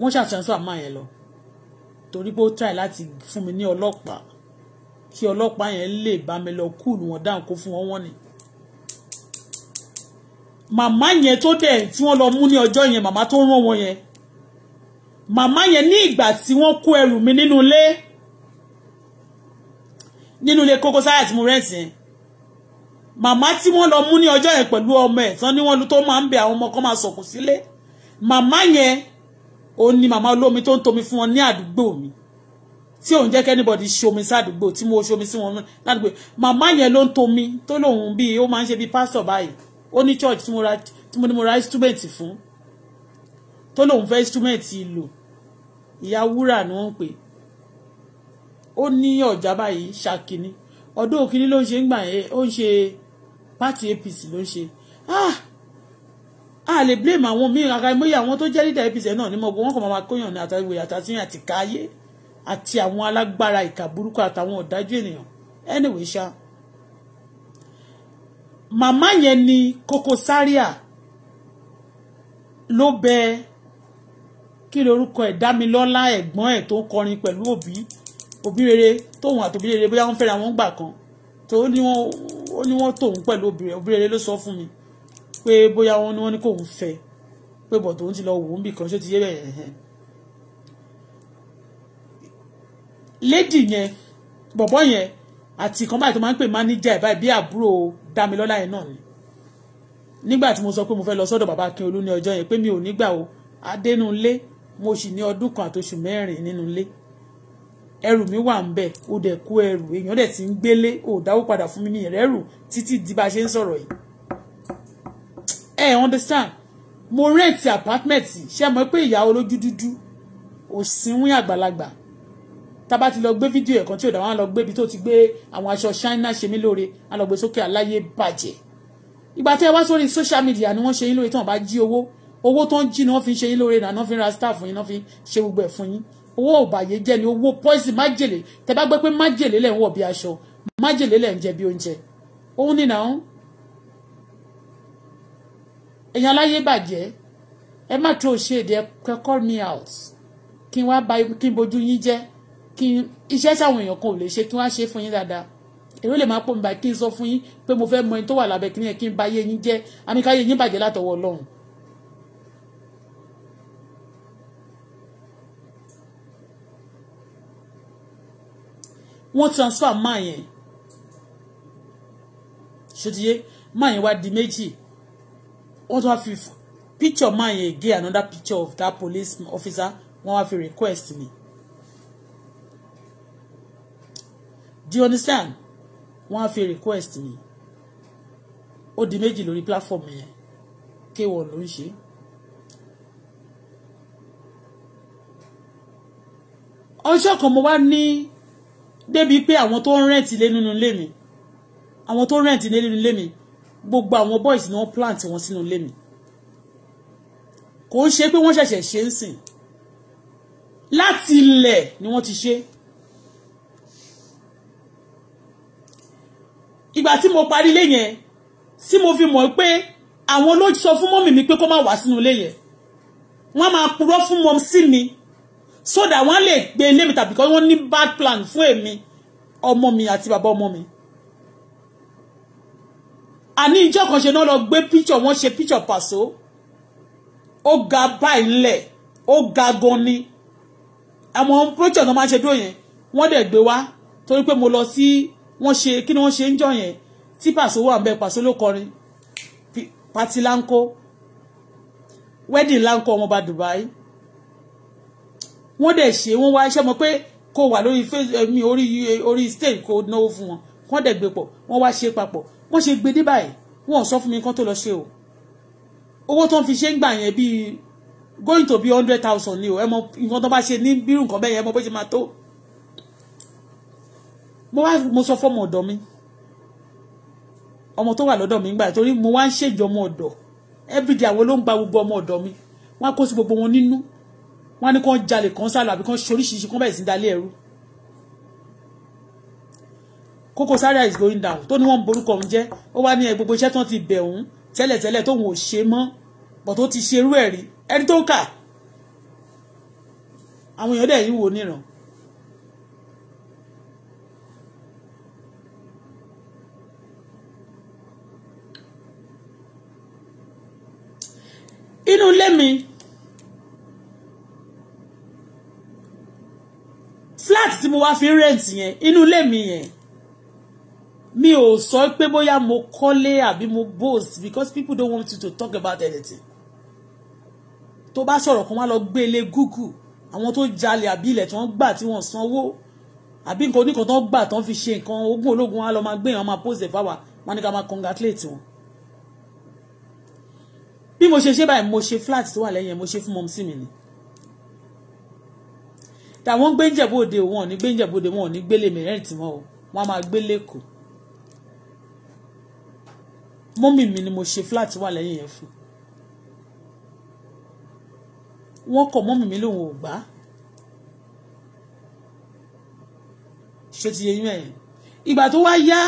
wọ́n ṣàtúnṣe àmà yẹn lọ torí pé ó try láti fún mi ní ọlọ́pàá kí ọlọ́pàá yẹn lè bá mi lọ kú ni wọ́n dáhùn kó fún wọn wọ́n ni. màmá yẹn tó dẹ̀ tí wọ́n lọ mú ní ọjọ́ yẹn màmá tó rán wọn yẹn màmá yẹn ní ìgbà tí wọ́n kó ẹrù mi nínú ilé nínú ilé Koko Zaria tí mo rẹ́ǹtì yẹn màmá tí wọ́n lọ mú ní ọjọ́ yẹn pẹ̀lú ọmọ ẹ̀ tán ni wọ́n tó máa ń bẹ àwọn ọmọ kan máa sọ̀kù sílé màmá yẹn ó ní màmá olómi tó ń tomi fún wọn ní àdúgbò mi tí òun jẹ́ kẹ́nìbọ̀dì ṣomi sádùúgbò tí mo ṣomi sí wọn ládùúgbò màmá yẹn ló ń tomi tó lòun bíi ó máa ń ṣe bíi pásítọ̀ báyìí ó ní church tí mo ra tí mo ní mo ra instrument fún tó lòun fẹ́ instrument lò ìyá wúrà ni wọ́n ń pè ó ní ọ̀já báyìí ṣàkíní ọdún òkìní ló ń ṣe ń gbà yẹn ó ń ṣe pátì APC ló ń ṣe ah a lè blame àwọn míì àkàìmọye àwọn tó jẹ́ leader APC náà ní mọ̀gbọ́n wọn kàn máa kóyàn ní àtàwé àtàsíyàn àti káyé àti àwọn alágbára ìkà burúkú àtàwọn ọ̀dájú ènìyàn anyway ṣá màmá yẹn ni Koko Zaria ló bẹ kí lorúkọ ẹ̀ Dámilọ́lá ẹ̀gbọ́n ẹ̀ tó ń kọrin pẹ̀lú òbí òbí rere tóun àtòbí rere bóyá wọ́n fẹ́ra wọn gbà kan tó ní wọ́n tó pẹ̀lú òbí rere ló sọ fún mi pé bóyá wọn ni wọn ní kò ń fẹ́ pé bọ̀ tòun ti lọ wò ó nbìkan ṣó ti yé bẹ́ẹ̀ yẹn lady yẹn bọ̀bọ̀ yẹn àti kan báyìí tó máa ń pè máníjà ẹ̀ báyìí bí àbúrò Dámilọ́lá yẹn náà ni nígbà tí mo sọ pé mo fẹ́ lọ sọ́dọ̀ bàbá Akínolú ní ọjọ́ yẹn pé mi ò nígbà o adénúlé mo sì ní ọdún kan àtoṣù mẹ́rin nínú ilé ẹrù mi wà ń bẹ̀ ó dẹ̀ kó ẹrù èèyàn dẹ̀ ti ń gbélé ò dáwó padà fún mi ní ìrẹ́rù títí di bá a ṣe ń sọ̀rọ̀ yìí ẹ understand mo rent apartment ṣe mọ̀ pé ìyá olójú dúdú òsínwín àgbàlagbà tába ti lọ gbé fídíò ẹ̀kan tí ò dá wọn lọ gbé ibi tó ti gbé àwọn aṣọ ṣáínà ṣe mí lóore wọn lọ gbé sókè aláyé bàjẹ́ ìgbà tí ẹ wá sórí social media ni wọ́n ṣe yín lóore tí wọ́n bá jí owó owó tó ń jí ni wọ́n fi ṣe yín lóore náà wọ́n fi ra staff yín náà fi ṣe gbogbo ẹ̀ fún yín owó òbàyé jẹ́ ni owó poison májèlé tẹ bá gbé pé májèlé lẹ̀ ń wọ̀ bí aṣọ májèlé lẹ̀ ń jẹ bí oúnjẹ òun ni èèyàn láyé bàjẹ́ ẹ má tó ṣèdè ẹ call me out kí n wá ba kí n bojú yín jẹ́ kí n iṣẹ́ sáwọn èèyàn kan ò lè ṣe kí wọ́n á ṣe fún yín dáadáa èrò lè máa pọ̀ mi báyìí kí n sọ fún yín pé mo fẹ́ mọ ẹni tó wà lábẹ́ kí n yẹn kí n ba ayé yín jẹ́ àmì káyé yín bàjẹ́ látọwọ́ ọlọ́run wọ́n transfer máa yẹn ṣòtìyé máa yẹn wá di méjì wọ́n tún wá fi picture máa yẹn again another picture of that police officer wọ́n wá fi request me. do you understand? wọ́n á fi request mi ó di méjì lórí platform yẹn kéwọ́n ló ń ṣe. ọjọ́ kan mo wá ní débi pé àwọn tó ń rẹ̀ǹtì lé nínú ilé mi àwọn tó ń rẹ̀ǹtì lé nínú ilé mi gbogbo àwọn boys náà plant wọn sínú ilé mi kò ń ṣe pé wọ́n ṣẹ̀ṣẹ̀ ṣe ń sìn láti ilẹ̀ ni wọ́n ti ṣe ìgbà tí mo parí ilé yẹn tí mo fi mọ̀ pé àwọn ló sọ fún mọ́mì mi pé kó má wá sínú ilé yẹn wọ́n máa purọ́ fún mọ́m sí mi so that wọ́n lè gbé ilé mi tàbí kí wọ́n ní bad plan fún èmi ọmọ mi àti bàbá ọmọ mi àní ìjọ kan ṣe náà lọ gbé píṣọ wọn ṣe píṣọ pàṣọ ó ga báyìí ńlẹ̀ ó ga gan ni àwọn píṣọ náà máa ṣe dúró yẹn wọ́n dẹ̀ gbé wá torí pé mo lọ sí wọ́n ṣe kí ni wọ́n ṣe ń jọ yẹn tí pàṣọ wà bẹ́ẹ̀ pàṣọ ló kọrin pati lanko wedding lanko ọmọọba Dubai wọ́n dẹ̀ ṣe wọ́n wá iṣẹ́ mọ̀ pé kò wà lórí eh, eh, orí stage kò náwó fún wọn wọ́n dẹ̀ gbé pọ̀ wọ́n wá ṣe papọ̀ wọ́n ṣe gbé dé báyìí wọ́n sọ fún mi kán tó lọ ṣe o owó tó ń fi ṣe ń gbà yẹn bíi going to be hundred thousand ni o ẹ mọ nǹkan tó bá ṣe ní bírù nǹkan bẹ́ẹ̀ yẹn mọ bó ṣe máa tó mo wá mo sọ fọmọ ọ̀dọ̀ mi ọmọ tó wà lọ́dọ̀ mi ń gbà torí mo wá ń ṣèjọ ọmọ ọ̀dọ̀ everyday àwọn ló ń gba gbogbo ọmọ ọ̀dọ̀ mi wọ́n á kó sí gbogbo wọn nínú wọ́n á ní kán jalè kán sálọ àbí kán ṣoríṣiríṣi kán bẹ̀rẹ̀ sí dalé ẹrú Koko Zaria is going down tó ní wọ́n ń borúkọ òun jẹ́ ó wá ní ẹ gbogbo iṣẹ́ tán ti bẹ̀ òun tẹ́lẹ̀tẹ́lẹ̀ tóun ò ṣe mọ́ bọ̀ tó ti ṣerú ẹ̀ rí ẹni tó kà àwọn èèyàn dẹ̀ yìí wò níran. inú ilé mi flat tí mo wá fi rent yẹn inú ilé mi yẹn mi ò sọ pé bóyá mo kọ́lé àbí mo boast because people don't want you to talk about anything tó bá sọ̀rọ̀ kan wá lọ gbé ilé Google àwọn tó jalè àbí ilẹ̀ tí wọ́n gbà tí wọ́n sanwó àbí nǹkan oníkan tó ń gbà tó ń fi ṣe nǹkan ogún ológun á lọ máa gbé èèyàn máa pose fáwa wọn ní ká máa congratulate wọn. bí mo ṣe ṣe báyìí mo ṣe flat tó wà lẹ́yìn mo ṣe fún mọ́mísì mi ni. tàwọn gbéńjẹ̀bọ̀dé wọn ò ní gbéńjẹ̀bọ̀dé wọn ò ní gbélé mẹ́rẹ̀ẹ́tì wọn o wọn á máa gbé lẹ́kọ̀ọ́ mọ́mì mi ni mo ṣe flat wà lẹ́yìn yẹn fún wọ́n kọ̀ mọ́mì mi lòun ò gbà ṣé ti yẹ yín ẹ̀yìn ìgbà tó wá yá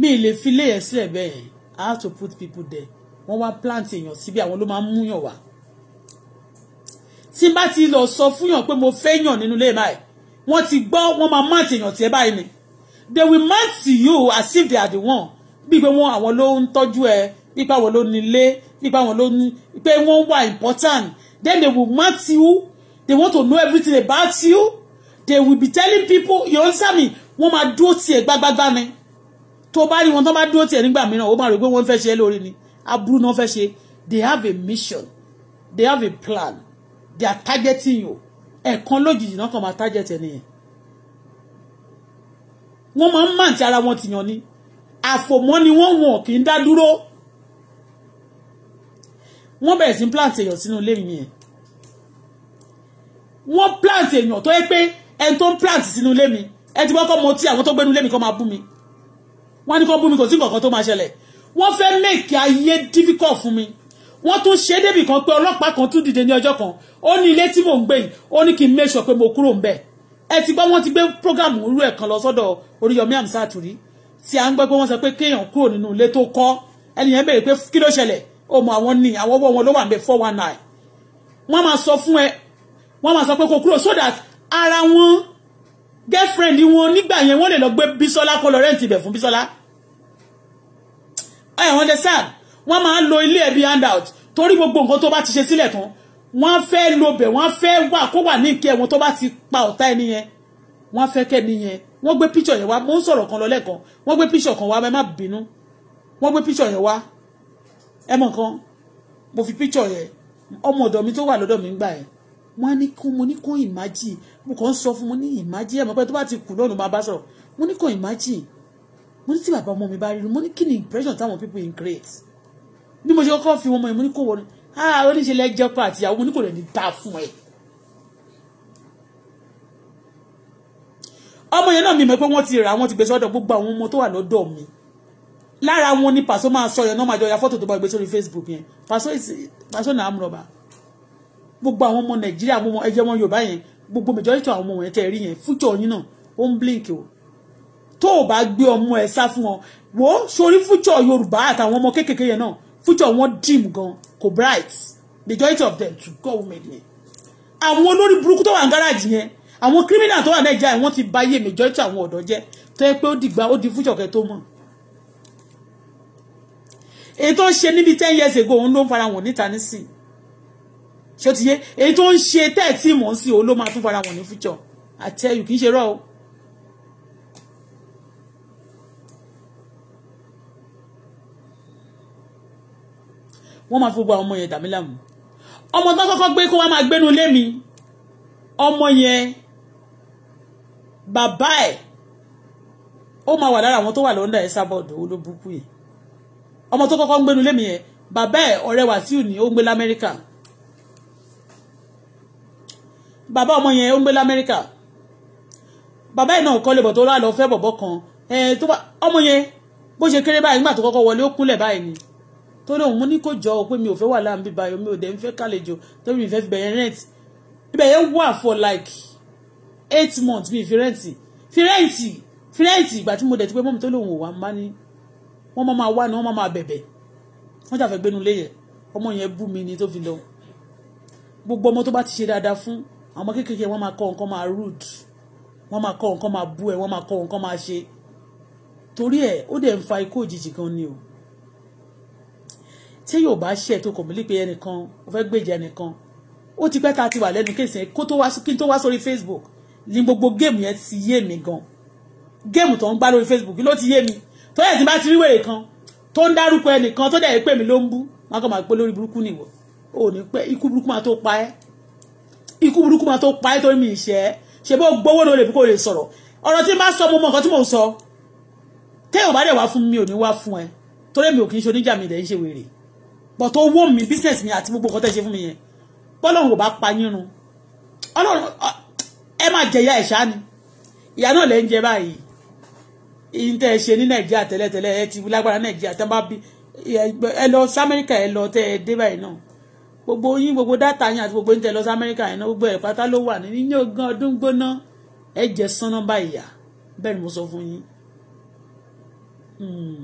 mi lè fi ilé yẹn sílẹ̀ bẹ́ẹ̀ I have to put people there wọ́n wá plant èèyàn síbi àwọn ló máa ń múyàn wá tí n bá ti lọ sọ fún yàn pé mo fẹ́ yàn nínú ilé báyìí wọ́n ti gbọ́ wọ́n máa má tèèyàn tiẹ̀ báyìí ni they will mind to you as if they are the one bí pé wọn àwọn ló ń tọ́jú ẹ bí pé àwọn ló nílé bí pé àwọn ló ní pé wọ́n wà important then they will mind you they want to know everything about you they will be telling people you understand me wọ́n máa dúró tiẹ̀ gbágbágbá ni tó bá rí wọn tó bá dúró tiẹ̀ nígbà mìíràn ó máa rò pé wọ́n fẹ́ ṣe é lórí ni aburú náà fẹ́ ṣe they have a mission they have a plan they are targeting you ẹ̀ẹ̀kan lójijì náà kàn máa target ẹ nìyẹn wọ́n máa ń màǹtí ara wọn tìyàn ni àfòmọ́ ni wọ́n wọ̀n kì í dá dúró wọ́n bẹ̀rẹ̀ sí plant èèyàn sínú ilé mi yẹn wọ́n plant èèyàn tó yẹ pé ẹni tó ń plant sínú ilé mi ẹ ti kọ́kọ́ mọ tí àwọn tó gbénu ilé mi kọ́ máa bú mi wọ́n ní kọ́ bú mi kò sí nǹkan tó máa ṣẹlẹ̀ wọ́n fẹ́ make ayé difficult fún mi wọ́n tún ṣe débì kan pé ọlọ́pàá kan tún dìde ní ọjọ́ kan ó ní ilé tí mò ń gbé yìí ó ní kí n make sure pé mo kúrò ń bẹ́ẹ̀ ẹ ti gbọ́ wọ́n ti gbé program rú ẹ̀ kan lọ sọ́dọ̀ Oríyọmí Hamzat rí tí à ń gbọ́ pé wọ́n sọ pé kéèyàn kúrò nínú ilé tó kọ́ ẹni yẹn béèrè pé kí ló ṣẹlẹ̀ ó mọ àwọn ní àwọn ọwọ́ wọn ló wà ń bẹ four one nine wọ́n máa sọ fún ẹ wọ́n máa sọ pé kó kúrò so that ara wọn girlfriend wọn nígbà yẹn wọ́n lè lọ gbé Bísọ́lá kọ́ lọ rẹ́ǹtì ibẹ̀ fún Bísọ́lá ẹ̀ wọ́n dẹ sáà wọ́n máa ń lo ilé ẹ̀bí handout torí gbogbo nǹkan tó bá ti ṣe sílẹ̀ tán wọ́n fẹ́ lobẹ̀ wọ́n fẹ́ wà kó wà ní ìkẹ́ wọn tó bá ti pa ọ̀tá ẹni yẹn wọ́n fẹ́ kẹ́ni yẹn wọ́n gbé píṣọ̀ yẹn wá mo ń sọ̀rọ̀ kan lọ lẹ́ẹ̀kan wọ́n gbé píṣọ̀ kan wá ẹ má bínú wọ́n gbé píṣọ̀ yẹn wá ẹ mọ̀ kan mo fi píṣọ̀ yẹn ọmọ ọ̀dọ̀ mi tó wà lọ́dọ̀ mi ń gbà yẹn wọ́n á ní kó mo ní kó ìmájì mo kàn ń sọ fún mo ní ìmájì ẹ̀ mọ̀ pé tó bá ti kù lọ́nu máa bá sọ̀rọ̀ mo ní kó ìmájì mo ní tí bàbá ọmọ mi bá rí mo ní kí ni impression táwọn people in create bí mo ṣe kọ́kọ́ fi wọn mọ̀ mo ní kó wọlé ah oníṣe lẹ́jọ́pọ̀ àtìyàwó ní kò lè ní ta fún ẹ. ọmọ yẹn náà mi mọ̀ pé wọ́n ti rà wọ́n ti gbé sọ́dọ̀ gbogbo àwọn ọmọ tó wà lọ́dọ̀ mi lára wọn ni pàṣọ máa sọ yẹn náà máa jọ ya fọ́tò tó bá gbé sórí Facebook yẹn pàṣọ náà amúrọ̀bà gbogbo àwọn ọmọ Nàìjíríà àwọn ọmọ ẹjẹ wọn Yorùbá yẹn gbogbo majority àwọn ọmọ yẹn tẹ̀ rí yẹn future yín náà ó ń blink o tó o bá gbé ọmọ ẹ sá fún ọ wò ó sórí future Yorùbá àtàwọn ọmọ kéékèèké yẹn náà future wọn dim gan kò bright majority of them to go women yẹn àwọn olórí burúkú tó wà ní gáràjì yẹn àwọn criminal tó wà nàìjíríà wọ́n ti báyé majority àwọn ọ̀dọ́ jẹ́ tó yẹ pé ó dìgbà ó di future kẹ tó mọ̀ èyí tó ń ṣe níbi ten years ago òun ló ń fara wọn níta nísìn ṣé ó ti yé èyí tó ń ṣe tẹ́ẹ̀tì mọ̀ sí òun ló máa tún fara wọn ní future I tell you kì í ṣe rọ́ wọ́n máa fi gbogbo àwọn ọmọ yẹn dàmí láàmú ọmọ tó kọ́kọ́ gbé kó wá máa gbénu lé mi ọmọ yẹn bàbá ẹ̀ ó máa wà lára àwọn tó wà lọ́ndà ẹ̀ sábọ̀dọ̀ olóbùkú yẹn ọmọ tó kọ́kọ́ ń gbénu lé mi yẹn bàbá ẹ̀ ọ̀rẹ́ Wàsíù ni ó ń gbé lamẹ́ríkà bàbá ọmọ yẹn ó ń gbé lamẹ́ríkà bàbá ẹ̀ náà kọ́ lè bọ̀ tó rà lọ fẹ́ bọ̀bọ̀ kan ọmọ yẹn bó ṣe kéré báyìí nígbà tó kọ́kọ́ wọlé ó kúnlẹ̀ báyìí ni tó lóun mú ní kò jọ ọ pé mi ò fẹ́ wà láàbí báyọ̀ mi ò dẹ̀ ń fẹ́ kàlejò torí mi fẹ́ fi bẹ̀rẹ̀ rent ibẹ̀ wà for like eight months mi fi rẹ́ǹtì fi rẹ́ǹtì fi rẹ́ǹtì ìgbà tí mo dẹ̀ ti pé mọ́mi tó lòun ò wá má ní wọ́n máa wá ni wọ́n máa bẹ̀bẹ̀ wọ́n jà fẹ́ gbénu lé yẹn ọmọ yẹn bú mi ni tó fi lọ gbogbo ọmọ tó bá ti ṣe dáadáa fún àwọn kékeré wọ́n máa kọ́ nǹkan máa rude wọ́n máa kọ́ nǹkan máa bú ẹ wọ́n máa kọ́ nǹkan máa ṣe torí ẹ̀ ó dẹ̀ ń fa ikú òjijì gan ni o tí yóò bá ṣe ètò kò mí lè pe ẹnìkan ó fẹ́ gbèjà ẹnìkan ó ti pẹ́ ta ti wà lẹ́nu kéèsì yẹn kó tó wá kí n tó wá sórí Facebook ní gbogbo géèmù yẹn ti yé mi gan géèmù tó ń gbá lórí Facebook ló ti yé mi tó yẹ ti bá ti rí wèrè kan tó ń dárúkọ ẹnìkan tó dẹ̀ pè mí ló ń bú wọn kàn máa pé lórí burúkú nìwọ ò ní pẹ́ ikú burúkú máa tó pa ẹ́ ikú burúkú máa tó pa ẹ́ torí mi ìṣẹ́ ṣe bó gbowó lórí èbí kò lè sọ̀rọ̀ ọ̀rọ̀ tí n bá sọ mo mọ nǹkan tí mò ń sọ téèyàn bá dẹ̀ wá fún mi ò ní wá fún ẹ torí mi ò kì í ṣe oníjà ń ṣe wèrè but owó mi business mi àti gbogbo nǹkan tẹ́ ṣe fún mi yẹn bọ́lọ́run ò bá pa yín run ọlọ́run ẹ máa jẹ̀yà ẹ̀ṣá ni ìyá náà lè ń jẹ báyìí ìyìn tẹ́ ẹ ṣe ní nàìjíríà tẹ́lẹ̀tẹ́lẹ̀ ẹ ti lágbára nàìjíríà tẹ́ bá bí ẹ lọ sí amẹ́ríkà ẹ lọ tẹ́ ẹ dé báyìí náà gbogbo yín gbogbo dátà yín àti gbogbo yín tẹ́ lọ sí amẹ́ríkà yẹn náà gbogbo ẹ̀ pátá ló wà ní ní ogún ọdún gbóná ẹ jẹ sánná báyìí yà bẹ́ẹ̀ ni mo sọ fún yín. Hmm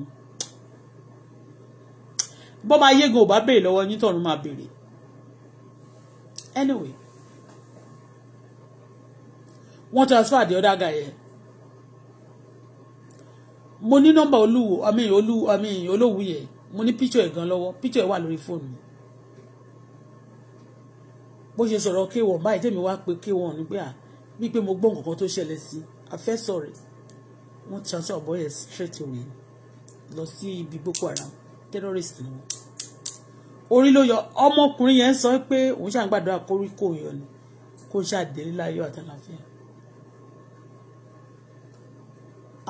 bọ́ máa yégo ò bá béèrè lọ́wọ́ yín tọ̀run máa béèrè anyway wọ́n transfer the other guy yẹn mo ní nọ́mbà olúwo àmì olú àmì olówú yẹn mo ní píchọ̀ ẹ̀ gan lọ́wọ́ píchọ̀ ẹ̀ wà lórí fóònù mi bó ṣe sọ̀rọ̀ k1 báyìí tèmi wá pé k1 ní pé à bí pé mo gbọ́ nǹkan tó ṣẹlẹ̀ sí àfẹ́sọ̀rẹ̀ wọ́n transfer ọ̀bọ yẹn straight away lọ sí ibi Boko Haram terrorist ni orí ló yọ ọmọkùnrin yẹn sọ pé òun ṣàǹgbàdúrà koríko yọ ni kó ṣàdélé láyọ̀ àtàlàfíà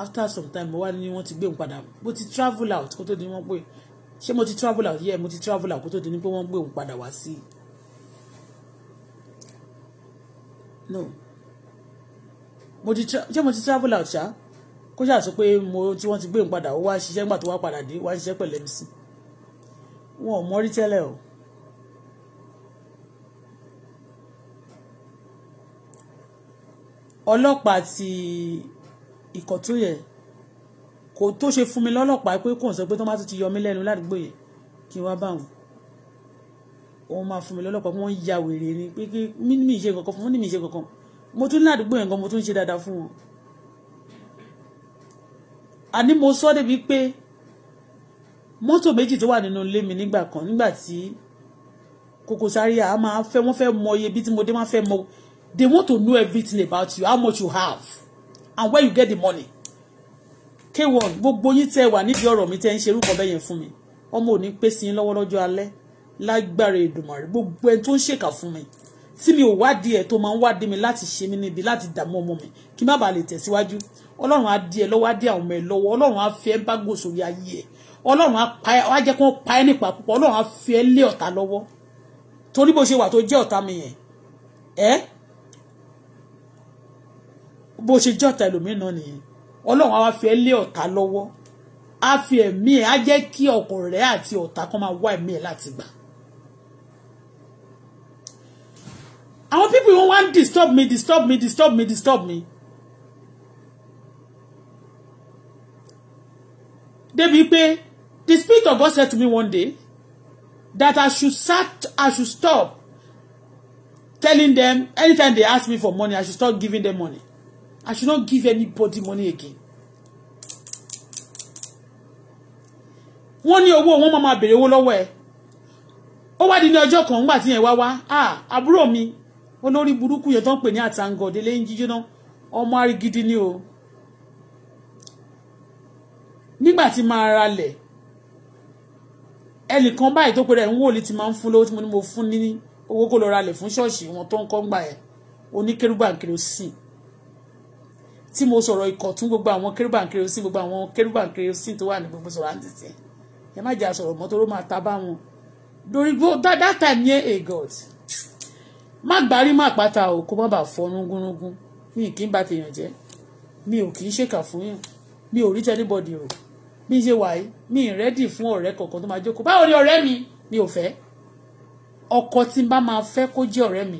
after some time mo wá ní wọ́n ti gbé òun padà mo ti travel out kó tó di wọ́n pé ṣé mo ti travel out yẹ yeah, mo ti travel out kó tó di ní pé wọ́n gbé òun padà wá sí i no mo ti ṣé mo ti travel out ṣá kó ṣáà sọ pé mo tí wọ́n ti gbé òun padà ó wá ṣiṣẹ́ nígbà tó wá padà dé wá ṣiṣẹ́ pẹ̀lẹ́ mi sí i wọn ò mọrí tẹ́lẹ̀ o ọlọ́pàá ti ikọ̀ tó yẹ kò tó ṣe fún mi lọ́lọ́pàá pé kò ń sọ pé tó má tún ti yọ mí lẹ́nu ládùúgbò yẹn kí n wá bá wọn òun máa fún mi lọ́lọ́pàá pé wọ́n ń ya wèrè ni pé kí mí ní mi ìṣe kankan fún mi ní mi ìṣe kankan mo tún ní àdúgbò yẹn gan mo tún ń ṣe dáadáa fún wọn àní mo sọ débi pé mọ́tò méjì tó wà nínú ilé mi nígbà kan nígbà tí Koko Zaria a máa fẹ́ wọ́n fẹ́ mọ iye bí tí mo dé máa fẹ́ mọ they want to know everything about you how much you have and where you get the money k1 gbogbo yín tẹ́ wà nídìí ọ̀rọ̀ mi tẹ́ ń ṣerú kan bẹ́ẹ̀ yẹn fún mi ọmọ ò ní pé sí lọ́wọ́ lọ́jọ́ alẹ́ lágbára Èdùmàrè gbogbo ẹni tó ń ṣèkà fún mi tí mi ò wádìí ẹ̀ tó máa ń wádìí mi láti ṣe mí níbi láti dààmú ọmọ mi kí má bàa lè tẹ̀síwájú ọlọ́run á di ẹ lọ́wọ́ á di àwọn ọmọ ẹ lọ́wọ́ ọlọ́run á fi ẹ bá gbòòsò rí ayé ẹ ọlọ́run á jẹ́ kó pa ẹ́ nípa púpọ̀ ọlọ́run á fi ẹ́ lé ọ̀tá lọ́wọ́ torí bó ṣe wà tó jẹ́ ọ̀tá mi yẹn ẹ́ bó ṣe jẹ́ ọ̀tá ẹlòmíràn nìyẹn ọlọ́run á fi ẹ́ lé ọ̀tá lọ́wọ́ á fi ẹ̀mí ẹ̀ á jẹ́ kí ọkàn rẹ̀ àti ọ̀tá kan máa wá ẹ̀mí ẹ̀ láti gbà. àwọn people wọn wá ń disturb me disturb me disturb me disturb me. débi pé The Spirit of God said to me one day that I should start, I should stop telling them anytime they ask me for money, I should start giving them money. I should not give anybody money again. Wọ́n ní owó wọn máa máa béèrè owó lọ́wọ́ ẹ̀. Ó wá di ní ọjọ́ kan nígbà tí yẹn wá wá. Àbúrò mi olórí burúkú yẹn tó ń pè ní àtàǹgọ̀dé lẹ́yìn jíjó náà ọmọ arigidi ni o. Nígbà tí máa ralẹ̀ ẹnìkan báyìí tó pèrè ń wòlíì ti máa ń fún lówó tí mo ní mo fún ní owó kó lọ ralẹ̀ fún ṣọ́ọ̀ṣì wọn tó ń kọ́ ń gbà ẹ̀ oníkérúbà tí mo sọ̀rọ̀ ìkọ̀tún gbogbo àwọn kérúbà kiri ó sìn gbogbo àwọn kérúbà kiri ó sìn tó wà ní gbogbo sọ̀rọ̀ àǹtí tiẹ̀ ẹ má jà sọ̀rọ̀ mọ́tò ló máa ta bá wọn lórí that time yẹn a eh god má gbárí má pátá o kó má bàa fọ́ nugúnugún mi kì í ba tèèyàn jẹ́ mi ò kì í ṣèkà fún yàn mi ò rí tẹ́líbọ̀dì rò bí ṣe wà mi ì rẹ́dì fún ọ̀rẹ́ kankan tó máa jókòó báwo ni ọ̀rẹ́ mi mi ò fẹ́ ọkọ tí n bá máa fẹ́ kó jẹ́ ọ̀rẹ́ mi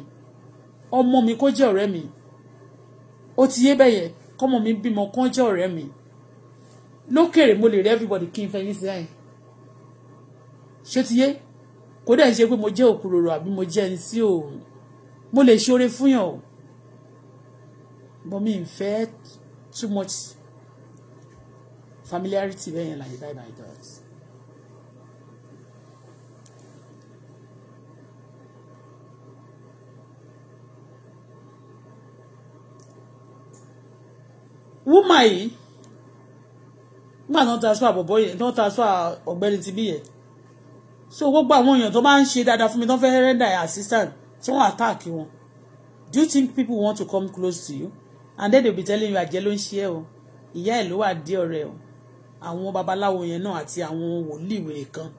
ọmọ mi kó jẹ́ ọ̀rẹ́ mi ó ti yé bẹ́yẹ kọ́mọ mi bímọ kán jẹ́ ọ̀rẹ́ mi lókèrè mo lè rí everybody kí n fẹ́ yín sí àyìn ṣé ti yé kó dẹ̀ ń ṣe pé mo jẹ́ òkúròrò àbí mo jẹ́ ẹni sí òòrùn mo lè ṣoore fúnyàn o but mi n fẹ́ too much familiarity bẹ́ẹ̀ yẹn là ní bye dot. woman yìí nígbà tí wọ́n transfer bọ̀bọ̀ yẹn tí So transfer ọ̀gbẹ́ni tibí yẹn so gbogbo àwọn èèyàn tó máa ń ṣe dáadáa fún mi tó ń fẹ́ render assistant tí wọ́n attack wọn do you think people want to come close to you and then they be telling you àjẹ́ ló ń ṣe ẹ́ o ìyá ẹ̀ ló wà dé ọ̀rẹ́ o àwọn babaláwo yẹn náà àti àwọn wòlíì wèrè kan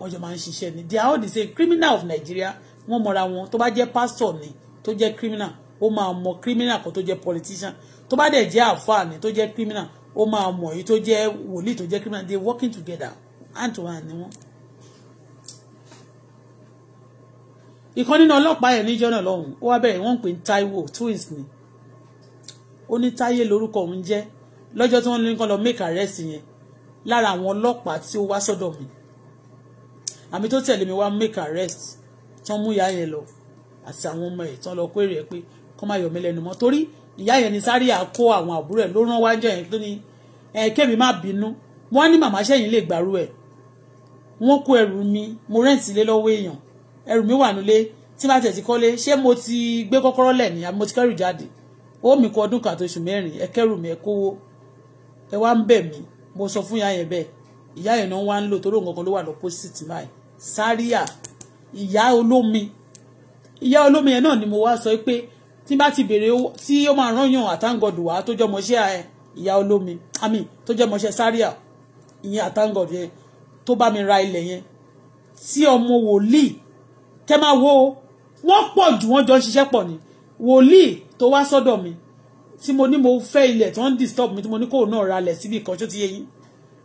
wọ́n jọ máa ń ṣiṣẹ́ ni they are all the same criminal of Nigeria wọ́n mọ̀ra wọn tó bá jẹ́ pastor ni tó jẹ́ criminal ó máa mọ̀ criminal kan tó jẹ́ politician tó bá dẹ̀ jẹ́ àfáà ni tó jẹ́ criminal ó máa mọ̀ èyí tó jẹ́ wòlíì tó jẹ́ criminal they working together hand to hand ni wọ́n. ìkan nínú ọlọ́pàá yẹn níjọ́ náà lọ́hùn-ún ó wá bẹ̀rẹ̀ wọ́n ń pè ní Taiwo twins ni ó ní Táyé lórúkọ òun jẹ́ lọ́jọ́ tí wọ́n ní kán lọ make arrest yẹn lára àwọn ọlọ́pàá tí ó wá sọ́dọ̀ mi àmì tó tẹ̀lé mi wá make arrest tán mú ìyá yẹn lọ àti àwọn ọmọ ẹ̀ tán lọ pé rẹ̀ pé kán má yọ̀ mí lẹ́nu mọ́ torí ìyá yẹn ni sáré àkó àwọn àbúrò ẹ̀ ló rán wájọ yẹn tó ní ẹ kémi má bínú wọ́n ní màmá sẹ́yìn lè gbàrú ẹ̀ wọ́n kó ẹrù mi mo rẹ́ǹtì lé lọ́wọ́ èèyàn ẹrù mi wà nílé tí bá tẹ̀ ti kọ́lé ṣé mo ti gbé kọ́kọ́rọ́ lẹ̀ ní àmì mo ti kẹ́rù jáde ó mi kọ ọdún kan àti oṣù mẹ́rin ẹ kẹ́rù mi ẹ kówó ẹ wá ń bẹ̀ mí mo sọ fún ìyá yẹn bẹ́ẹ̀ ìyá yẹn náà wá ń lò torí nǹkan kan ló wà lọ́pọ́sìtì báyìí sáríà ìyá olómi ìyá olómi yẹn náà ni mo wá sọ pé tí bá ti bèrè tí ó máa rányàn àtàǹgọ̀dù wá tó jẹ́ ọmọọṣẹ́ ìyá olómi àmì tó jẹ́ ọmọọṣẹ́ sáríà ìyẹn àtàǹgọ̀dù yẹn tó bá mi ra ilẹ̀ yẹn tí ọmọ wòlíì kẹ́ máa wo wọ́n pọ̀ jù wọ́n jọ ń ṣiṣẹ́ pọ̀ ni wòlíì tó wá sọ́dọ̀ mi tí mo ní mo fẹ́ ilẹ̀ tó ń disturb mi tí mo ní kóun náà ra ilẹ̀ síbì kan ṣó ti yé yín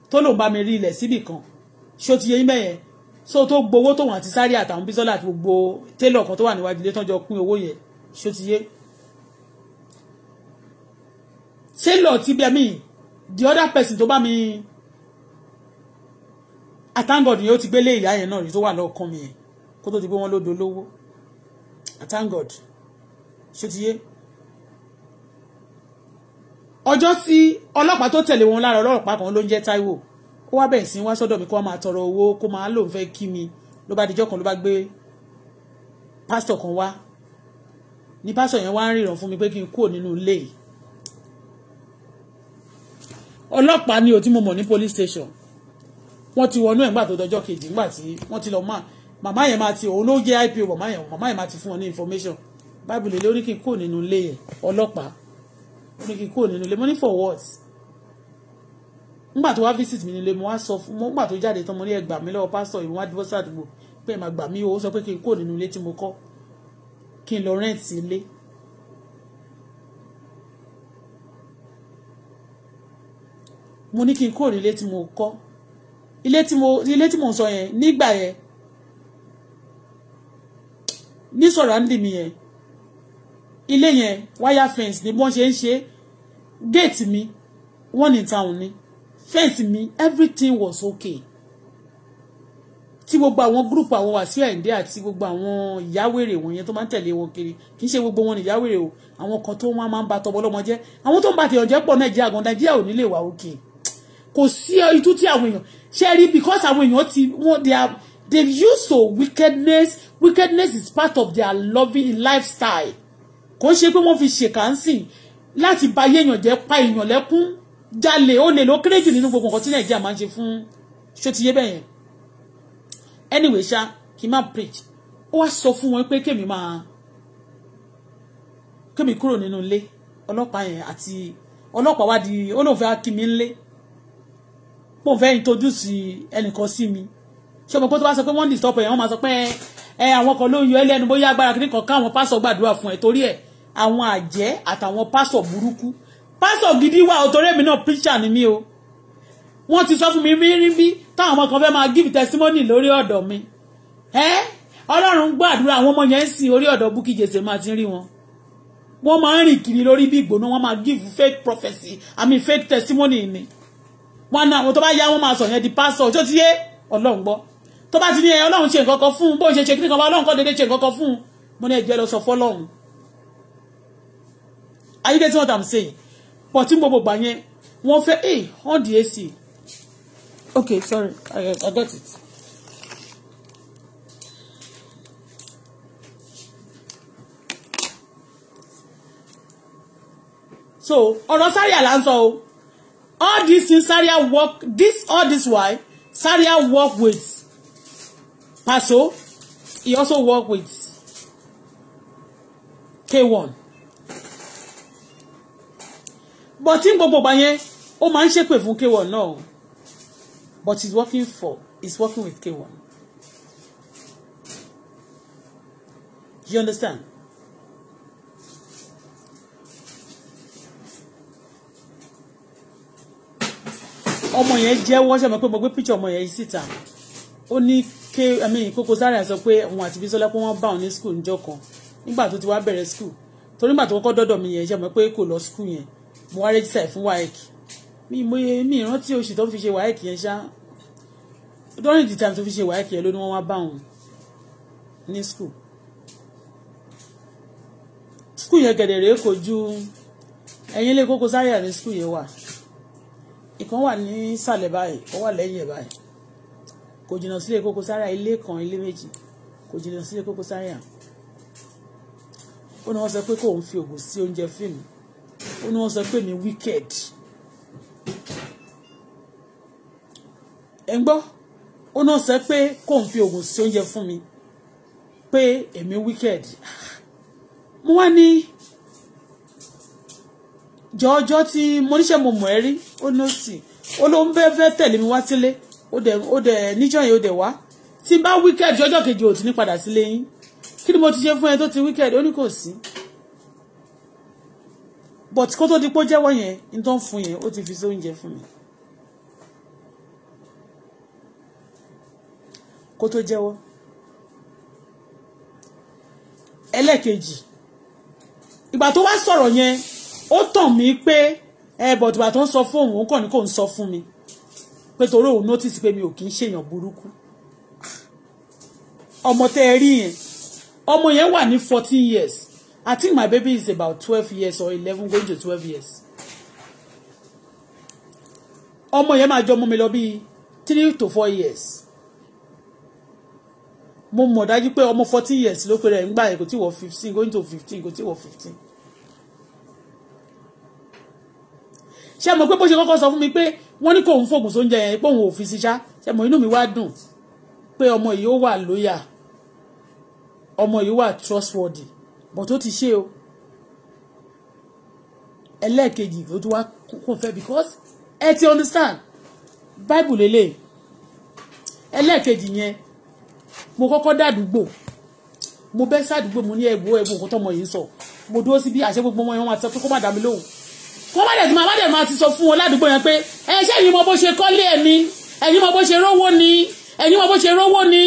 tó lòun bá mi rí ilẹ̀ síbì kan ṣó ti yé yín mẹ́yẹn so tó gbowó tóun àti sáré àtàwọn bísọ́lá àti gbogbo télọ̀ kan tó wà níwájú ilé tán jọ pín owó yẹn ṣó ti yé télọ̀ ti bẹ́ẹ̀ mi the other person tó bá mi àtàǹgọ̀dù yẹn ó ti gbélé ìyá yẹn náà rí tó wà lọ́ọ̀kan mi yẹn kó tó ti pé wọ́n ló dolówó àtàǹgọ̀dù ṣó ti yé ọjọ́ tí ọlọ́pàá tó tẹ̀lé wọn lára ọlọ́pàá kan ló ń jẹ́ Táíwò ó wá bẹ̀rẹ̀ sí wá sọ́dọ̀ mi kó wá máa tọrọ owó kó máa lòun fẹ́ kí mi ló bá dijọ́ kan ló bá gbé pásítọ̀ kan wá ní pásítọ̀ yẹn wá ń ríran fún mi pé kí n kúrò nínú ilé yìí ọlọ́pàá ni ò tí mo mọ̀ ní police station wọ́n ti wọnú ẹ̀ ńgbà tó dọjọ́ kejì ńgbà tí wọ́n ti lọ máa màmá yẹn máa ti òun ló jẹ́ IPO màmá yẹn màmá yẹn máa ti fún wọn ní information báìbùlì lórí kí n kúrò nínú ilé yẹn ọlọ́pàá ó ní kí n kúrò nínú ilé mo ní for what nígbà tó wá visit mi nílé mo wá sọ fún mo nígbà tó jáde tán mo ní ẹ gbà mí lọ́wọ́ pásítọ̀ ìwọ́n wá dúró sàdúgbò pé màá gbà mí o ó sọ pé kí n kúrò nínú ilé tí mo kọ́ kí n lọ rent ilé. mo ní kí n kúrò nílé tí mo kọ́ ilé tí mo sọ yẹn nígbà yẹn ní sọ̀rọ̀ à ń dì mí yẹn ilé yẹn wire fence ni wọ́n ṣe ń ṣe é gate mi wọ́n ní town ni fence mi everything was okay tí gbogbo àwọn group àwọn wàsíù àìndé àti gbogbo àwọn ìyáwèrè wọ̀nyẹn tó máa ń tẹ̀lé wọn kiri kì í ṣe gbogbo wọn ìyáwèrè o àwọn kan tó máa ń ba tọmọ ọlọ́mọ jẹ́ àwọn tó ń ba tèèyàn jẹ́ pọ̀ nàìjíríà gan nàìjíríà ò nílé wa òkè kò sí itú tí àwọn èèyàn ṣe rí because àwọn èèyàn ti wọn they are they use to wickedness wickedness is part of their loving lifestyle kò ń ṣe pé wọ́n fi ṣèkà láti ba yéèyàn jẹ́ pa èèyàn lẹ́kún jalè ó lè ló kéré jù nínú gbogbo nǹkan tí nàìjíríà máa ń ṣe fún ṣòtìyé bẹ́ẹ̀ yẹn anyway ṣá kì í má preach ó wá sọ fún wọn pé kémi máa kémi kúrò nínú ilé ọlọ́pàá yẹn àti ọlọ́pàá wá di ó lóun fẹ́ kí mi ńlé pòun fẹ́ introduce ẹnìkan sí mi ṣé ọmọ pé tó bá sọ pé wọ́n disturb ẹ̀ wọ́n máa sọ pé ẹ àwọn kan ló ń yọ ẹ lẹ́nu bóyá agbára kìnnìkan káwọn pásọ̀ gbàdúrà fún ẹ torí ẹ̀ àwọn àjẹ́ àtàwọn pásọ̀ burúkú pásọ̀ gidi wà òtòrí èmi náà píṣà ni mí o wọ́n ti sọ fún mi rí bí táwọn ọmọ kan fẹ́ máa give testimony lórí ọ̀dọ̀ mi ẹ́ ọlọ́run gbàdúrà àwọn ọmọ yẹn ń sìn orí ọ̀dọ̀ Bukky Jesse máa ti rí wọn wọ́n máa ń rìn kiri lórí bí ìgbóná wọ́n máa give fake prophecy I mean fake testimony ni wọ́n ní àwọn tó bá yá wọ́n máa sọ yẹn di pásọ̀ ọjọ́ ti yé ọlọ́run gbọ́ tó bá ti ní ẹ ọlọ́run ṣe nǹkan kan fún un bó ṣe ṣe kí nǹkan bá ọlọ́run kọ́ dédé ṣe nǹkan kan fún un mo ní ẹjọ́ lọ sọ fọ́lọ́run are you getting what i'm saying but tí gbogbo gbà yẹn wọ́n fẹ́ hey on the ac okay sorry i, I got it. so ọ̀rọ̀ Zaria là ń sọ o all this thing Zaria work this all this why Zaria work with Paso he also work with k One but tí gbogbo ìgbà yẹn ó máa ń ṣépè fún K1 náà but he's working for he's working with K1 you understand ọmọ yẹn jẹ́ wọ́n ṣe mọ̀ pé mo gbé píṣọ̀ ọmọ yẹn síta ó ní ké ẹ̀mí Koko Zaria sọ pé òun àti Bísọ́lá pé wọ́n bá òun ní skul níjọ́ kan nígbà tó ti wá bẹ̀rẹ̀ skul torí nígbà tó kọ́kọ́ dọ́dọ̀ mi yẹn ṣe mọ̀ pé kò lọ skul yẹn mo wá rẹ́jísà fún WAEC mi mo yẹ mi ìrántí oṣù tó fi ṣe WAEC yẹn ṣá during the time tó fi ṣe WAEC yẹn ló ní wọ́n wá bá òun ní school school yẹn gẹ̀dẹ̀ rèé kò ju ẹ̀yìn ilé Koko Zaria ní school yẹn wà ìkan wà ní ìsàlẹ̀ báyìí ìkan wà lẹ́yìn ẹ̀ báyìí kò jìnnà sílé Koko Zaria ilé kan ilé méjì kò jìnnà sílé Koko Zaria ó ní wọ́n sọ pé kóun fi oògùn sí oúnjẹ fíìmù ó ní wọ́n sọ pé mi wicked ẹ̀ ń gbọ́ ó náà sọ pé kò ń fi oògùn sí oúnjẹ fún mi pé èmi wicked mo wá ní jọjọ tí mo níṣẹ́ mo mọ̀ ẹ́ rí ó ní ó sì ó ló ń bẹ́ tẹ̀lé mi wá sílé ó dẹ̀ ó dẹ̀ níjọ́ yẹn ó dẹ̀ wá tí n bá wicked jọjọ́ kejì ò tún ní padà sílé yín kí ni mo ti ṣe fún ẹ tó ti wicked ó ní kò sí but kó tó di pé ó jẹ́wọ́ yẹn n tó ń fún yẹn ó ti fi sí oúnjẹ fún mi kó tó jẹ́wọ́ ẹlẹ́ẹ̀kejì ìgbà tó wá sọ̀rọ̀ yẹn ó tàn mí pé ẹ bọ̀dùbà tó ń sọ fún òun kàn ní kò ń sọ fún mi pé torí òun notice pé mi ò kì í ṣèyàn burúkú ọmọ tẹ́ ẹ rí yẹn ọmọ yẹn wà ní fourteen years I think my baby is about twelve years or eleven going to twelve years. Omo yema máa jọ ọmọ mi three to four years. Mo mọ̀ dájú pé ọmọ fourteen years ló pe rẹ̀ ńgbà yẹn kò tí wọ fifteen going to fifteen kò tí wọ fifteen. Ṣé mo pé bó ṣe kọ́kọ́ sọ fún mi pé wọ́n ní kò ń fògùn sóúnjẹ yẹn pé òun ò fi si ṣá mo inu mi wa dùn Pe omo yìí ó wà lóyà ọmọ yìí wà trustworthy bọ̀ tó ti ṣe o ẹlẹ́ẹ̀kejì ló tún wá kò fẹ́ because ẹ ti understand bible lele. ẹlẹ́ẹ̀kejì yẹn mo kọ́kọ́ dàdúgbò mo bẹ́ sàdúgbò mo ní ẹ̀wọ́ ẹ̀wọ́ nǹkan tọmọ yìí ń sọ mo dúró síbi àṣẹ gbogbo ọmọ yẹn wọn àti sọ pé kó má dá mi lóhùn kó má dẹ̀ tí màá má dẹ̀ máa ti sọ fún wọn ládùúgbò yẹn pé ẹ ṣé bó ṣe kọ́lé ẹ̀ ni bó ṣe rówó ni ẹ̀yin bó ṣe rówó ni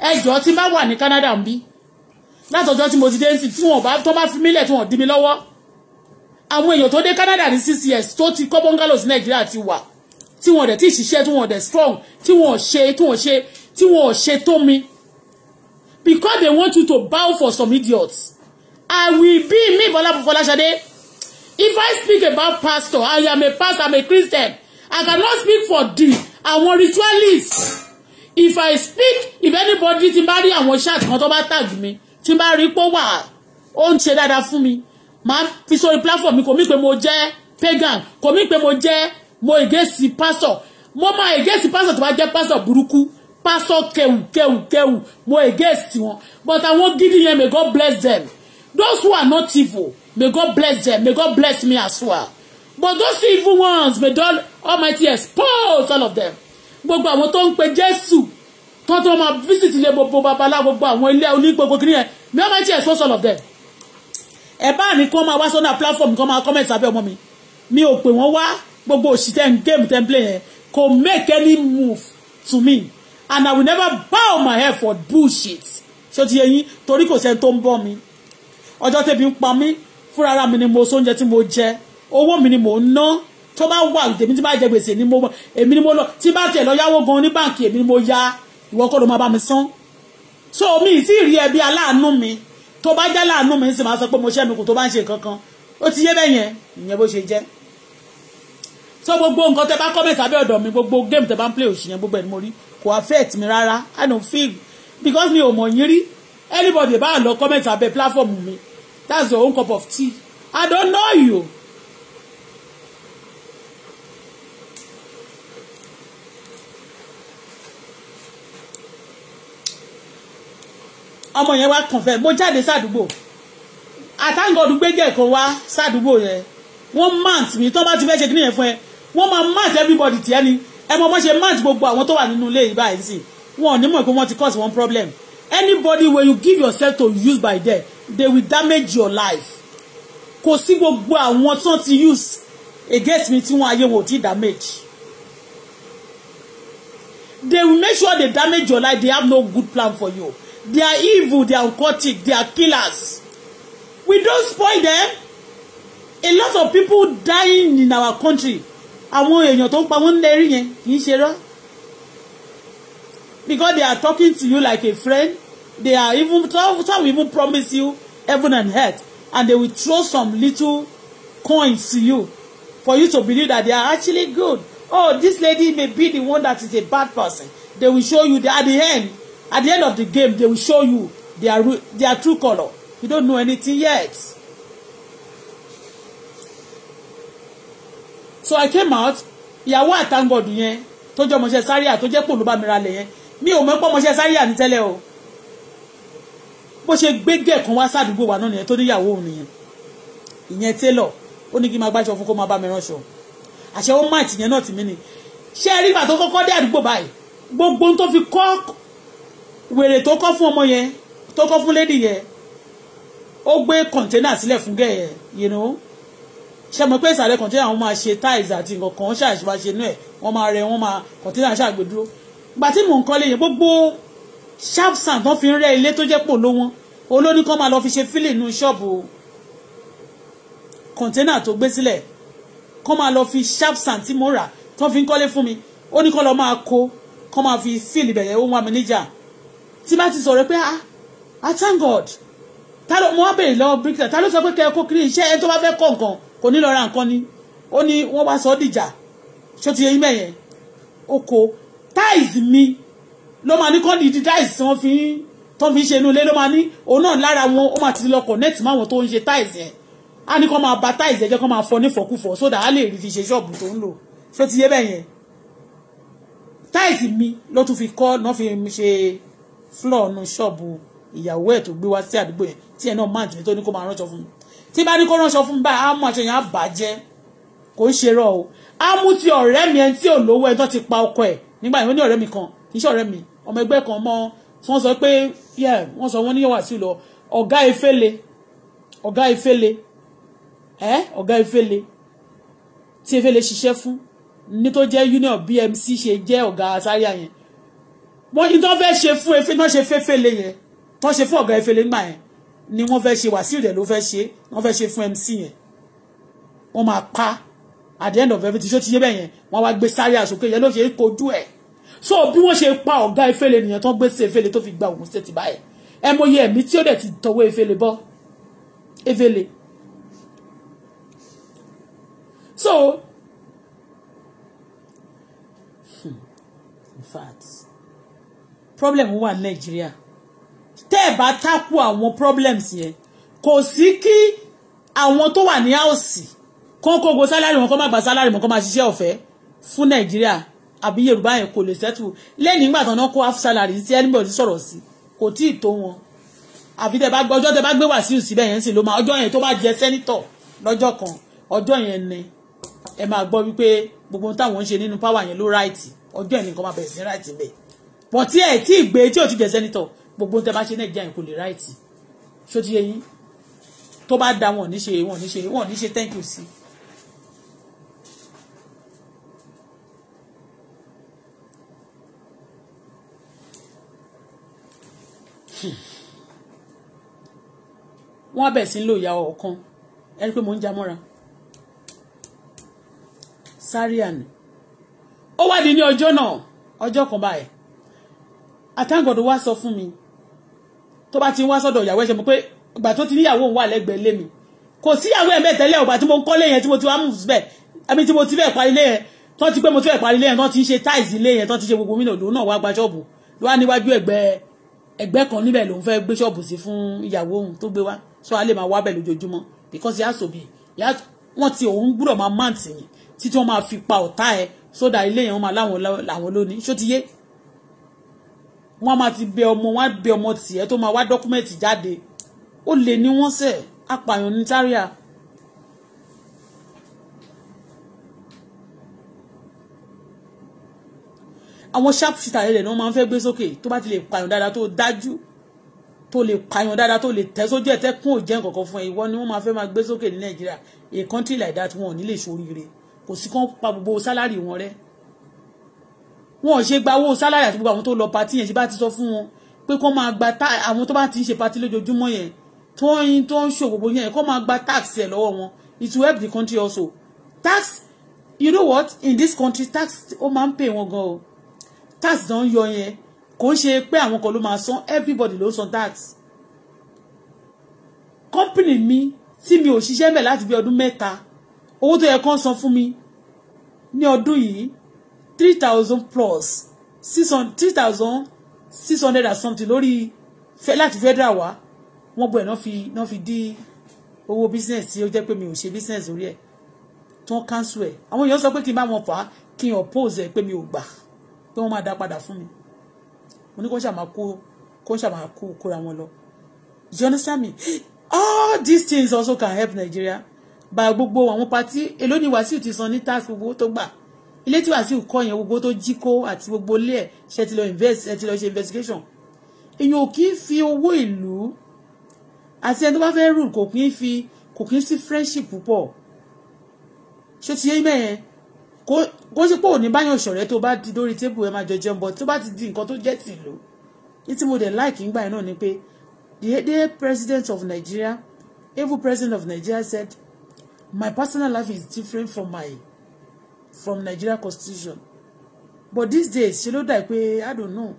ẹjọ́ tí má wà ní Canada ń bí látọjọ́ tí mo ti dé ń sìn tí wọn bá tó bá fi mílẹ̀ tí wọn dí mi lọ́wọ́ àwọn èèyàn tó dé Canada ní six years tó ti kọ́ bungalow sí Nàìjíríà ti wà tí wọn dẹ̀ ti ṣiṣẹ́ tí wọn dẹ̀ strong tí wọn ṣe tí wọn ṣe tí wọn ṣe tó mi because they want you to bow for some idiots I will be me Bola Folasade if I speak about pastor I am a pastor I am a Christian I cannot speak for the àwọn ritualists if i speak if anybody ti bá rí àwọn ṣáàtì kan tó bá tàgì mi tí bá rí pó wà ó ń ṣe dáadáa fún mi máa fi sórí platform mi kò mí pé mo jẹ́ pagan kò mí pé mo jẹ́ mo ègèsì pásọ̀ mo máa ègèsì pásọ̀ tó bá jẹ́ pásọ̀ burúkú pásọ̀ kẹwù kẹwù mo ègèsì wọn but àwọn gidi yẹn may God bless them those who are not evil may God bless them may God bless me as well but those evil ones may God Almighty expose all of them gbogbo àwọn tó ń pe jésù tó tó máa visit ilé gbogbo babaláwo gbogbo àwọn ilé onígbogbo kìnìún yẹn mi ò máa ti expose all of them ẹ bá ní kí wọ́n máa wá sọ́nà platform kí wọ́n máa comment sábẹ́ ọmọ mi mi ò pè wọ́n wá gbogbo òṣì game ten play yẹn kò make any move to me and I will never bow my head for bullshit ṣé o ti yẹ yín torí kò sẹ́ni tó ń bọ́ mi ọjọ́ tẹ̀bi ń pa mí fúnra ara mi ni mo sóúnjẹ tí mo jẹ owó mi ni mo ń ná tó bá wà tèmi tí bá jẹ gbèsè ni mo èmi ni mo lọ tí bá tẹ̀ lọ yáwó gan ní báǹkì èmi ni mo ya ìwọ kọ́ ló máa bá mi san so mi ì tí ì rí ẹbí aláàánú mi tó bá já láàánú mi sì máa sọ pé mo ṣẹ́ mi kù tó bá ń ṣe kankan ó ti yé bẹ́yẹn ìyẹn bó ṣe jẹ́ so gbogbo nǹkan tẹ bá comment abẹ́ ọ̀dọ̀ mi gbogbo game tẹ bá ń play òṣì yẹn gbogbo ẹ̀ ni mo rí kò affect mi rárá i don't feel because mi ò mọ̀ yín rí anybody bá lọ comment abẹ́ platform mi that's your own cup of tea i don't know you. ọmọ yẹn wá confirm mo jáde sádùúgbò àtàǹgọ̀dù gbẹ́gẹ̀ kan wá sádùúgbò yẹn wọ́n mount mi tó bá ti fẹ́ ṣe kíní yẹn fún ẹ wọ́n máa mount everybody tiẹ́ ni ẹ mọ̀ wọ́n ṣe mount gbogbo àwọn tó wà nínú ilé yìí báyìí sí wọn ò ní mọ̀ pé wọ́n ti cause one problem anybody wey you give yourself to use by there they will damage your life kò sí gbogbo àwọn tó ti use against me tí wọn ayé wò ti damage they will make sure they damage your life they have no good plan for you They are evil, they are occultic, they are killers. We don't spoil them. A lot of people dying in our country. Àwọn èèyàn tó ń pa wọ́n lérí yẹn kì í ṣe rọ́. Because they are talking to you like a friend. They are even, some even promise you heaven and earth. And they will throw some little coins to you for you to believe that they are actually good. Oh, this lady may be the one that is a bad person. They will show you that at the end, at the end of the game they will show you their their true color you don't know anything yet so I came out ìyàwó àtàngọ̀dù yẹn tó jẹ́ ọmọọṣẹ́ sáríà tó jẹ́ pòlú bámira lẹ̀ yẹn mi ò mọ̀ pé ọmọọṣẹ́ sáríà ní tẹ́lẹ̀ o bó ṣe gbégẹ̀ kan wá sádùúgbò wa náà nìyẹn tó níyàwó òun nìyẹn ìyẹn télọ̀ ó ní kí n máa gbáṣọ fún kó máa bá mi ránṣọ àṣẹ ó máàtì yẹn náà tì mí ni ṣé ẹ rí ìgbà tó kọ́kọ́ dé àdúgbò báyìí gbogbo tó fi kọ́ wèrè tó kọ́ fún ọmọ yẹn tó kọ́ fún lady yẹn ó gbé kọ̀ńténà sílẹ̀ fún gẹ̀ yẹn you know ṣe mọ̀ pé ìsàlẹ̀ kọ̀ńténà wọn máa ṣe tiles àti nǹkan kan ṣáà máa ṣe inú ẹ̀ wọ́n máa rẹ wọ́n máa kọ̀ńténà ṣáà gbé dúró gbà tí mò ń kọ́lé yẹn gbogbo sharp sand tó fi ń rẹ́ ilé tó jẹ́ pò ló wọn olóní kan máa lọ fi ṣe fílì nínú ṣọ́ọ̀bù kọ̀ńténà tó gbé sílẹ̀ kọ́ máa lọ fi sharp sand tí mo rà tó fi ń kọ́lé fún mi ó ní kọ́ lọ máa kó kọ́ máa fi fílì bẹ̀rẹ̀ ó wà mí níjà tí bá ti sọ̀rọ̀ pé ah ah thank God ta ló mo wá béèrè lọ́wọ́ bíríkìlà ta ló sọ pé kẹ́ẹ̀kọ́ kiri iṣẹ́ ẹni tó bá fẹ́ kọ́ nǹkan kò ní lọ ra nǹkan ni ó ní wọ́n wá sọ ọ́ dìjà ṣó ti yẹ yín mẹ́yẹn oko táìsì mi ló máa ní kọ́ ní ìdí táìsì tí wọ́n fi ń tó fi ń ṣe inú ilé ló máa ní òun náà lára wọn ó máa ti lọ kọ̀nẹ́ẹ̀tì máwọn tó ń ṣe táìsì yẹn á ní kọ́ máa ba táìsì ẹ̀jẹ̀ kọ́ máa fọ nífọ̀kúfọ̀ sódà á lè rí fi ṣe ṣọ́ọ̀bù tó ń lò ṣó ti yẹ bẹ́yẹn táìsì mi ló tún fi kọ́ náà fi ṣe floor nu ṣọ́ọ̀bù ìyàwó ẹ̀ tó gbé wá sí àdúgbò yẹn tí ẹ̀ náà máa tìmí tó ní kó máa ránṣọ fún mi tí bá ní kó ránṣọ fún mi báyìí á mú aṣọ yẹn á bàjẹ́ kò ń ṣe rọ o á mú ti ọ̀rẹ́ mi ẹni tí ò lówó ẹ̀ tó ti pa ọkọ ẹ̀ nígbà yẹn ó ní ọ̀rẹ́ mi kan kì í ṣe ọ̀rẹ́ mi ọmọ ẹgbẹ́ kan mọ́ tí wọ́n sọ pé wọ́n sọ wọ́n ní Wàsíù lọ ọ̀gá efele ọ̀gá efele ẹ̀ ọ̀gá efele tí efele ṣiṣẹ́ fún ní tó jẹ́ union BMC ṣe jẹ́ ọ̀gá sáríà yẹn wọ́n yìí tán fẹ́ ṣe fún efe tán ṣe fẹ́fẹ́lẹ́ yẹn tán ṣe fún ọ̀gá efele ńgbà yẹn ni wọ́n fẹ́ ṣe wàsíù rẹ̀ ló fẹ́ ṣe wọ́n fẹ́ ṣe fún MC yẹn wọ́n máa pa at the end of everything ṣó ti yé bẹ́ẹ̀ yẹn wọ́n wá gbé sáré àsòkè yẹn ló ṣe é kojú ẹ̀ so bí wọ́n ṣe pa ọ̀gá efele nìyẹn tán gbé sí efele tó fi gba Ògùn state báyìí ẹ mọyì ẹ̀mí tí ó dẹ̀ ti tọwọ́ efele bọ́ efele so problem wà ní nàìjíríà tẹ́ ẹ̀ bá tákù àwọn problems yẹn kò sí kí àwọn tó wà ní àòsì kó kógo sálárì wọn kó má gba sálárì wọn kó má ṣiṣẹ́ ọ̀fẹ́ fún nàìjíríà àbí yorùbá yẹn kò lè sẹ́tù lẹ́yìn nígbà tán náà kó half salary tí anybody sọ̀rọ̀ sí kò tí ì tó wọn àfi tẹ́ bá gbọ́ ọjọ́ tẹ́ bá gbé wàsíù síbẹ̀ yẹn sì ló máa ọjọ́ yẹn tó bá jẹ sẹ́nítọ̀ lọ́jọ́ kan ọjọ́ yẹn ni ẹ máa gbọ́ wípé gbogbo táwọn ń ṣe nínú power yẹn ló ráìtì ọjọ́ yẹn nìkan máa bẹ̀rẹ̀ sí ráìtì bẹ́ẹ̀ bọ̀ tí ẹ̀ tí ìgbé tí ò ti jẹ́ sẹ́nitọ̀ gbogbo ń tẹ́ bá ṣe nàìjíríà yẹn kò lè ráìtì ṣó ti yẹ yín tó bá da wọn ò ní ṣe wọn ò ní ṣe wọn ò ní ṣe thank you sí. Hmm. wọ́n bẹ̀ sí ń lò ìyá ọ̀kan ẹ rí i pé mo ń já mọ́ra sáríà ni ó wádìí ní ọjọ́ náà ọjọ́ kan báyìí àtàǹgọ̀dọ̀ wá sọ fún mi tó bá ti wá sọ́dọ̀ ìyàwó ẹ̀ṣẹ̀ mọ̀ pé ìgbà tó ti níyàwó òun wà lẹ́gbẹ̀ẹ́ lé mi kò síyàwó ẹ̀mẹ́ tẹ́lẹ̀ ọ̀gbà tí mo kọ́ lé yẹn tí mo ti wá mú síbẹ̀ ẹ̀mí tí mo ti fẹ́ parí lé yẹn tó ti pé mo ti fẹ́ parí lé yẹn tó ti ń ṣe táìsì lé yẹn tó ti ṣe gbogbo mí lòdùn náà wá gba ṣọ́ọ̀bù ló wá níwájú ẹ̀gbẹ́ ẹ̀gbẹ́ kan níbẹ̀ lòun fẹ́ gbé ṣọ́ọ̀bù sí fún ìyàwó òun tó gbé wá so a lè máa wá bẹ̀ lójoojúmọ́ because he has to be wọ́n ti òun gbúdọ̀ máa máǹtì yẹn títí wọ́n máa fi pa ọ̀tá ẹ̀ sódà ilé yẹn wọ́n máa láwọn lónìí ṣó ti yé wọ́n máa ti bẹ ọmọ wọn á bẹ ọmọ tiẹ̀ tó máa wá dọ́kúmẹ̀tì jáde ó lè ní wọ́n sẹ̀ apààyàn ní Zaria. àwọn sharpshooter rẹ̀ náà máa ń fẹ́ gbé sókè tó bá ti lè pààyàn dáadáa tó dájú tó lè pààyàn dáadáa tó lè tẹ́ sójú ẹ̀ tẹ́kùn òjẹ́ nǹkankan fún ẹ ìwọ ni wọ́n máa fẹ́ máa gbé sókè ní Nàìjíríà a country like that wọn ò ní lè ṣoríire kò sí kán pa gbogbo sálárì wọn rẹ́ wọn ò ṣe gba owó sálárì àti gbogbo àwọn tó lọ patí yẹn ṣe bá ti sọ fún wọn pé kó máa gba tá àwọn tó bá ti ń ṣe patí lójoojúmọ́ yẹn tó ń tó ń ṣò gbogbo yẹn kó máa gba tax ẹ̀ lọ́wọ́ wọn it will help the country also tax you know what in this country tax ó máa ń pè wọn gan o tax náà ń yọ yẹn kò ń ṣe pé àwọn kan ló máa san everybody ló san tax company mi tí mi ò ṣiṣẹ́ mẹ́ láti bí ọdún mẹ́ta owó tó yẹ kán san fún mi ní ọdún yìí three thousand plus six hundred three thousand six hundred and something lórí láti federal wá wọ́n gbọ́ ẹ̀ náà fi náà fi dí owó business tí ó jẹ́ pé mi ò ṣe business orí ẹ̀ tí wọ́n cancel ẹ̀ àwọn èèyàn sọ pé kí n bá wọn fà á kí n oppose ẹ̀ pé mi ò gbà pé wọ́n máa dá padà fún mi mo ní kó ṣàmà kó kó ṣàmà kó kóra wọn lọ you understand me all these things also can help Nigeria by gbogbo àwọn pati èló ni Wàsíù ti san ní tax gbogbo tó gbà ilé tí Wàsíù kọ́ yẹn gbogbo tó jí kó àti gbogbo ilé ẹ̀ ṣe ti lọ invest ṣe ti lọ ṣe investigation èèyàn ò kì í fi owó ìlú àti ẹni tó bá fẹ́ rule kò kì í fi kò kì í sí friendship púpọ̀ ṣé ti yé mẹ́yẹn kó ṣe pé òní báyọ̀ ṣọ̀rẹ́ tó bá di lórí tébù ẹ máa jọ jẹun bọ̀ tó bá ti di nǹkan tó jẹ́ tìlú ní tí mo dẹ̀ láìkí ń gbà yẹn náà ni pé the day president of Nigeria evil president of Nigeria said my personal life is different from my from Nigeria constitution but these days ṣe ló dà pé I don't know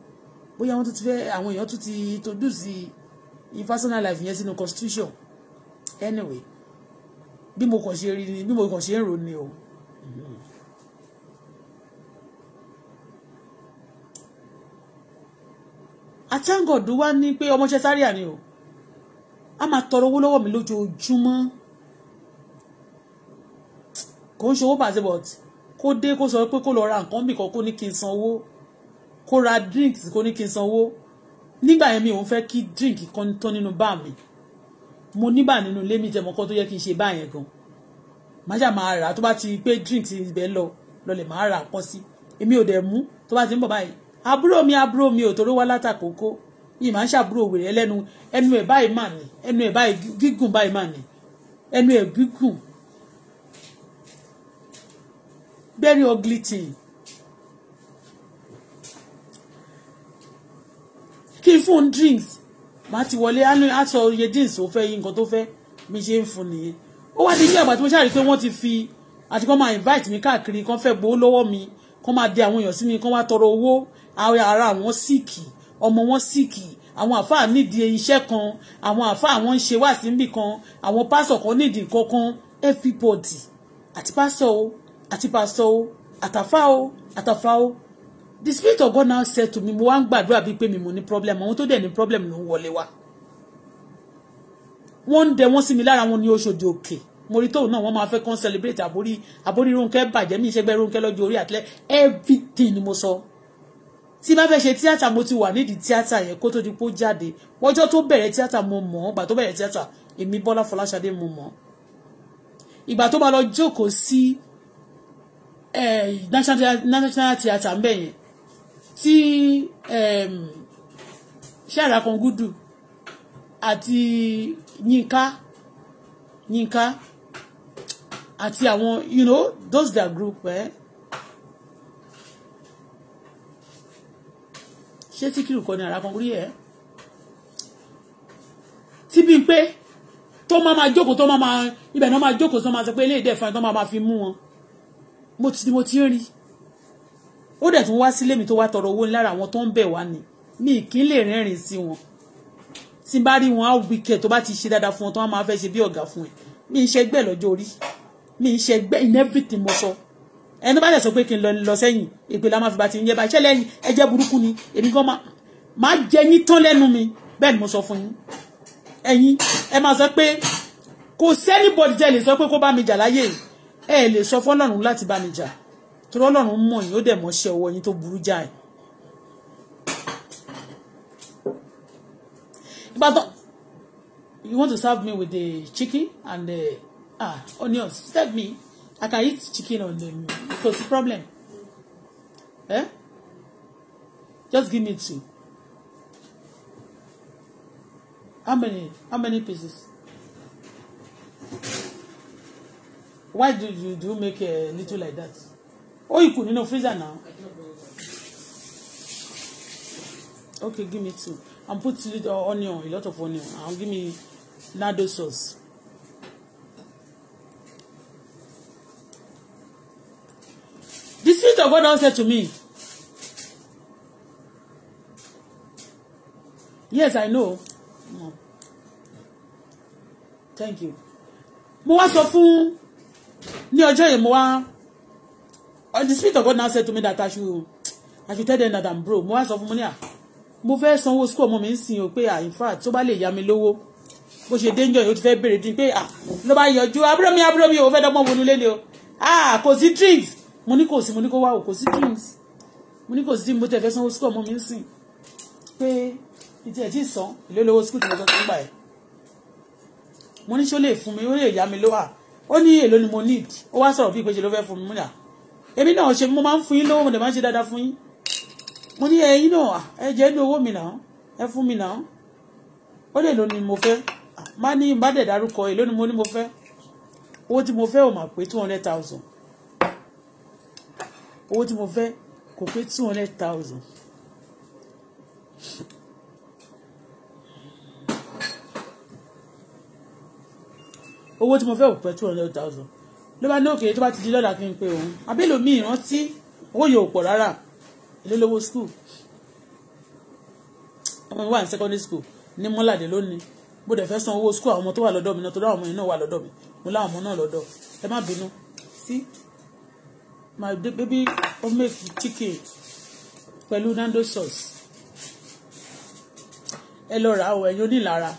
bóyá wọ́n tún ti fẹ́ àwọn èèyàn tún ti introduce in personal life yẹn sínú constitution anyway bí mo kàn ṣe rí ni bí mo kàn ṣe ń rò ni o. àtẹ́ǹgọ̀dù wá ní pé ọmọọṣẹ́ sáré àní o a máa tọrọ owó lọ́wọ́ mi lójoojúmọ́ kò ń ṣe owó pàṣẹ bọ̀tì kó dé kó sọ pé kó lọ ra nǹkan bìkan kó ní kí n sanwó kó ra drinks kó ní kí n sanwó nígbà yẹn mi ò ń fẹ́ kí drink kan tán nínú bá mi mo níbà nínú ilé mi jẹ mọ́kọ́ tó yẹ kí n ṣe báyẹn gan má ṣáà máa rà tó bá ti pé drinks ibẹ̀ lọ lọlẹ̀ máa rà pọ́n sí èmi ò dẹ̀ mú tó bá ti ń bọ̀ báyìí àbúrò mi àbúrò mi ò torí wá látàkókó yìí máa ń ṣàbúrò wèrè ẹlẹ́nu ẹnu ẹ̀ báyìí mà ní ẹnu ẹ̀ báyìí gígùn báyìí mà ní ẹnu ẹ̀ gígùn very ugly thing. kí n fún un drinks màá ti wọlé á sọ iye drinks ó fẹ́ yí nǹkan tó fẹ́ mi ṣe ń fún nìyẹn ó wá di ilé àgbà tí mo ṣáà rí i pé wọ́n ti fi àti kán máa invite mi káàkiri kán fẹ́ gbowó lọ́wọ́ mi kán máa de àwọn èèyàn sí mi kán wá tọrọ owó ara àwọn síìkì ọmọ wọn síìkì àwọn àfáà nídìí iṣẹ́ kan àwọn àfáà wọn ń ṣe wá síbì kan àwọn pásọ̀ kan nídìí kankan everybody àti pásọ̀ o àti pásítọ̀ o àtàfà o àtàfà o the spirit of God now said to me mo wá ń gbàdúrà bíi pé mi mo ní problem àwọn tó dẹ̀ ní problem ló ń wọlé wa wọ́n ń dẹ wọ́n sí mi lára wọn ní oṣòdì òkè mo rí tóun náà wọ́n máa fẹ́ kàn celebrate àbórí àbórí Rónkẹ́ bàjẹ́ mi ìṣẹ́gbẹ́ Rónkẹ́ lọ́jọ́ orí àtìlẹ́ everything ni mo sọ tí bá fẹ́ ṣe tíátà mo ti wà nídìí tíátà yẹn kó tó di pé ó jáde wọ́jọ́ tó bẹ̀rẹ̀ tíátà mo mọ̀ ọ́ ìgbà tó bẹ̀rẹ̀ tíátà èmi Bọ́lá Fọláṣadé mo mọ̀ ọ́ ìgbà tó máa lọ jókòó sí Eh, national theatre ńbẹ̀ yẹn tí ṣàrà kan ati àti yínká ati àti àwọn you know those their group eh? ṣé tí kìrù kọ́ ni àrà kan rí ẹ̀ tí bí pé tó máa máa jókòó tó máa máa ibẹ̀ náà máa jókòó tó máa sọ pé eléyìí dẹ̀ tó máa máa fi mú wọn mo ti mo ti ń rí ó dẹ̀ tún wá sílé mi tó wá tọrọ owó lára àwọn tó ń bẹ̀ wá ni mi kì í lè rẹ́rìn sí wọn tí bá rí wọn á wíkẹ̀ tó bá ti ṣe dáadáa fún wọn tó wọn máa fẹ́ ṣe bí ọ̀gá fún ẹ mi ń ṣẹgbẹ́ lọ́jọ́ orí mi ń ṣẹgbẹ́ in everything mo sọ ẹni bá dẹ̀ sọ pé kí n lọ lọ sẹ́yìn èpè la máa fi bá ti ń yẹ bá iṣẹ́ lẹ́yìn ẹjẹ́ burúkú ni èmi kan máa jẹ yín tán lẹ́nu mi bẹ́ẹ̀ ni mo sọ fún yín ẹ̀yin ẹ máa sọ pé kò sẹ́nibọ̀dì tẹ́ lè sọ pé kó bá mi jà láyé yìí ẹ lè sọ fọ́lọ́run láti bá mi jà torí ọlọ́run mọ̀ yín ó dẹ̀ mọ́ṣẹ́ ọwọ́ yín tó burú jáì ìbátan you want to serve me with the chicken and the ah onions serve me I can eat chicken on the because the problem eh just give me two how many how many pieces why do you do make a little like that Oh, you ó ìkù nínú freezer now okay give me two I'm put little onion a lot of onion and give me nado sauce. The Spirit of God now said to me, Yes, I know. Mm. Thank you. Mo wá sọ fún ní ọjọ́ yìí mo wá the spirit of God now said to me that I should I should tell them that I'm broke mo wá sọ fún mo ní à mo fẹ́ sanwó school ọmọ mi ń sìn o pé à in fact tó bá lè yá mi lówó bó ṣe danger yìí ó ti fẹ́ béèrè dín pé à ló bá yọjú abúlé mi abúlé mi ò fẹ́ dọ́gbọ́n wọnú lé ni o ah kò sí drinks mo ní kò sí mo ní kó wá o kò sí drinks mo ní kò sí mo tẹ̀ fẹ́ sanwó school ọmọ mi ń sìn pé ìtì ẹ̀ tí ì sàn ìlú olówó school tí mo sọ fún gbà ẹ̀ mo ní ṣó lè fún mi ó lè yá mi lówà ó ní èlò ni mo need ó wá sọ̀rọ̀ bíi pé ṣe ló fẹ́ fún mi múlà èmi náà ṣe mo máa ń fún yín lówó mo dẹ̀ máa ń ṣe dáadáa fún yín mo ní ẹ̀yin náà ẹ jẹ́ ní owó mi náà ẹ fún mi náà ó lè lò ní mo fẹ́ má ní bá dẹ̀ dárúkọ èlò ni mo ní mo fẹ́ owó tí mo fẹ́ ò mà pé two hundred thousand owó tí mo fẹ́ kò pé two hundred thousand owó tí mo fẹ́ òpẹ́ two hundred thousand ló bá ní òkè tó bá ti di lọ́la kí n pe òun abẹ́lò mi ìrántí owó yóò pọ̀ rárá ilé lówó school ọmọ mi wà ní secondary school ní mọ́làdé lónìí bó dẹ̀ fẹ́ san owó school àwọn ọmọ tó wà lọ́dọ̀ mi náà tó dáwọn ọmọ yẹn náà wà lọ́dọ̀ mi mo láwọn ọmọ náà lọ́dọ̀ ẹ má bínú sí my baby homemade chicken pẹ̀lú nando sauce ẹ lọ rà ọ ẹ̀yin onílara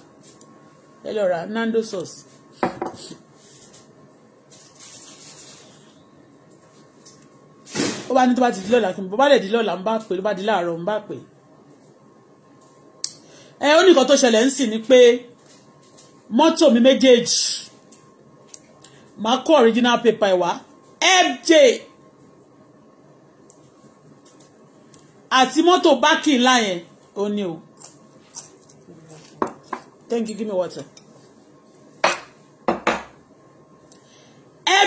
ẹ lọ rà nando sauce ó bá ní tó bá ti di lọ́la kí n bọ́ bá lè di lọ́la ń bá pè ló bá di láàárọ̀ ń bá pè ẹ ó nìkan tó ṣẹlẹ̀ ń sì ni pé mọ́tò mi méjèèjì máa kó original paper ẹ̀ wá fj àti mọ́tò bákì ńlá yẹn ó ní o thank you give me water.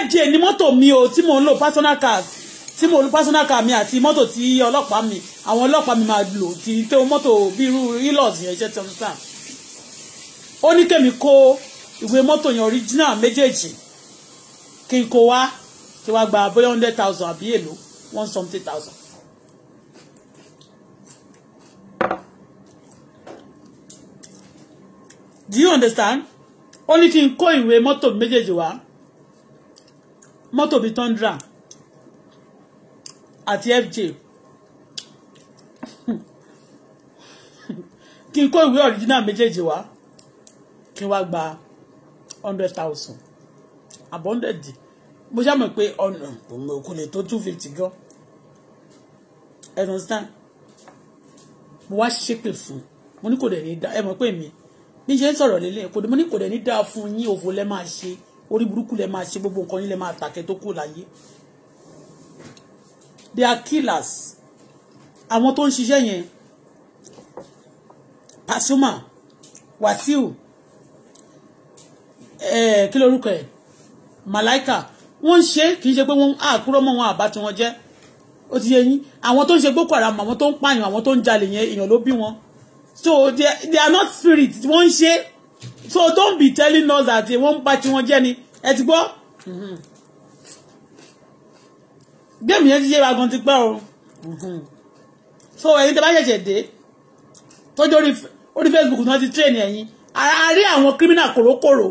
fj ni mọ́tò mi o tí mò ń lò personal car tí mò ń lo personal car mi àti mọ́tò tí ọlọ́pàá mi àwọn ọlọ́pàá mi máa lò tí tó mọ́tò bí irú ilọ̀s yẹn ṣe ti ọdún sáà ó ní kẹ́mi kó ìwé mọ́tò yẹn original méjèèjì kí n kó wá kí wá gba bóyá hundred thousand àbí èlò one something thousand. do you understand? ó ní kí n kó ìwé mọ́tò méjèèjì wá mọ́tò bíi tundra àti fj kí n kó ìwé original méjèèjì wá kí n wá gba hundred thousand àbọ̀ hundred mo ṣá mọ̀ pé ọ̀nà kò lè tó two fifty gan ẹ understand mo wá ṣépè fún mo ní kò dẹ̀ ní dá ẹ mọ̀ pé mi níṣẹ́ sọ̀rọ̀ lélẹ̀ mo ní kò dẹ̀ ní dá fún yín òfò lẹ́ máa ṣe orí burúkú lẹ máa ṣe gbogbo nǹkan yín lẹ máa tàkẹ́ tó kù láyé they are killers àwọn tó ń ṣiṣẹ́ yẹn Pasuma Wasiu eh, kí lorúkọ ẹ̀ Malaika wọ́n ń ṣe kì í ṣe pé wọ́n àkúrọ́ mọ́ wọn àbá tí wọ́n jẹ́ ó ti yẹ yín àwọn tó ń ṣe Boko Haram àwọn tó ń pààyàn àwọn tó ń jalè yẹn èèyàn ló bí wọn so they, they are not spirits wọ́n ń ṣe so don't be telling us that wọ́n ń pa tí wọ́n jẹ́ ni ẹ ti gbọ́. gbẹ̀mí yẹn ti yé wa gan ti pẹ́ o so ẹ̀yin tẹ́ bá ṣẹ̀ṣẹ̀ dé tọ́jú orí Facebook náà ti train ẹ̀yin a rí àwọn criminal kòrókòrò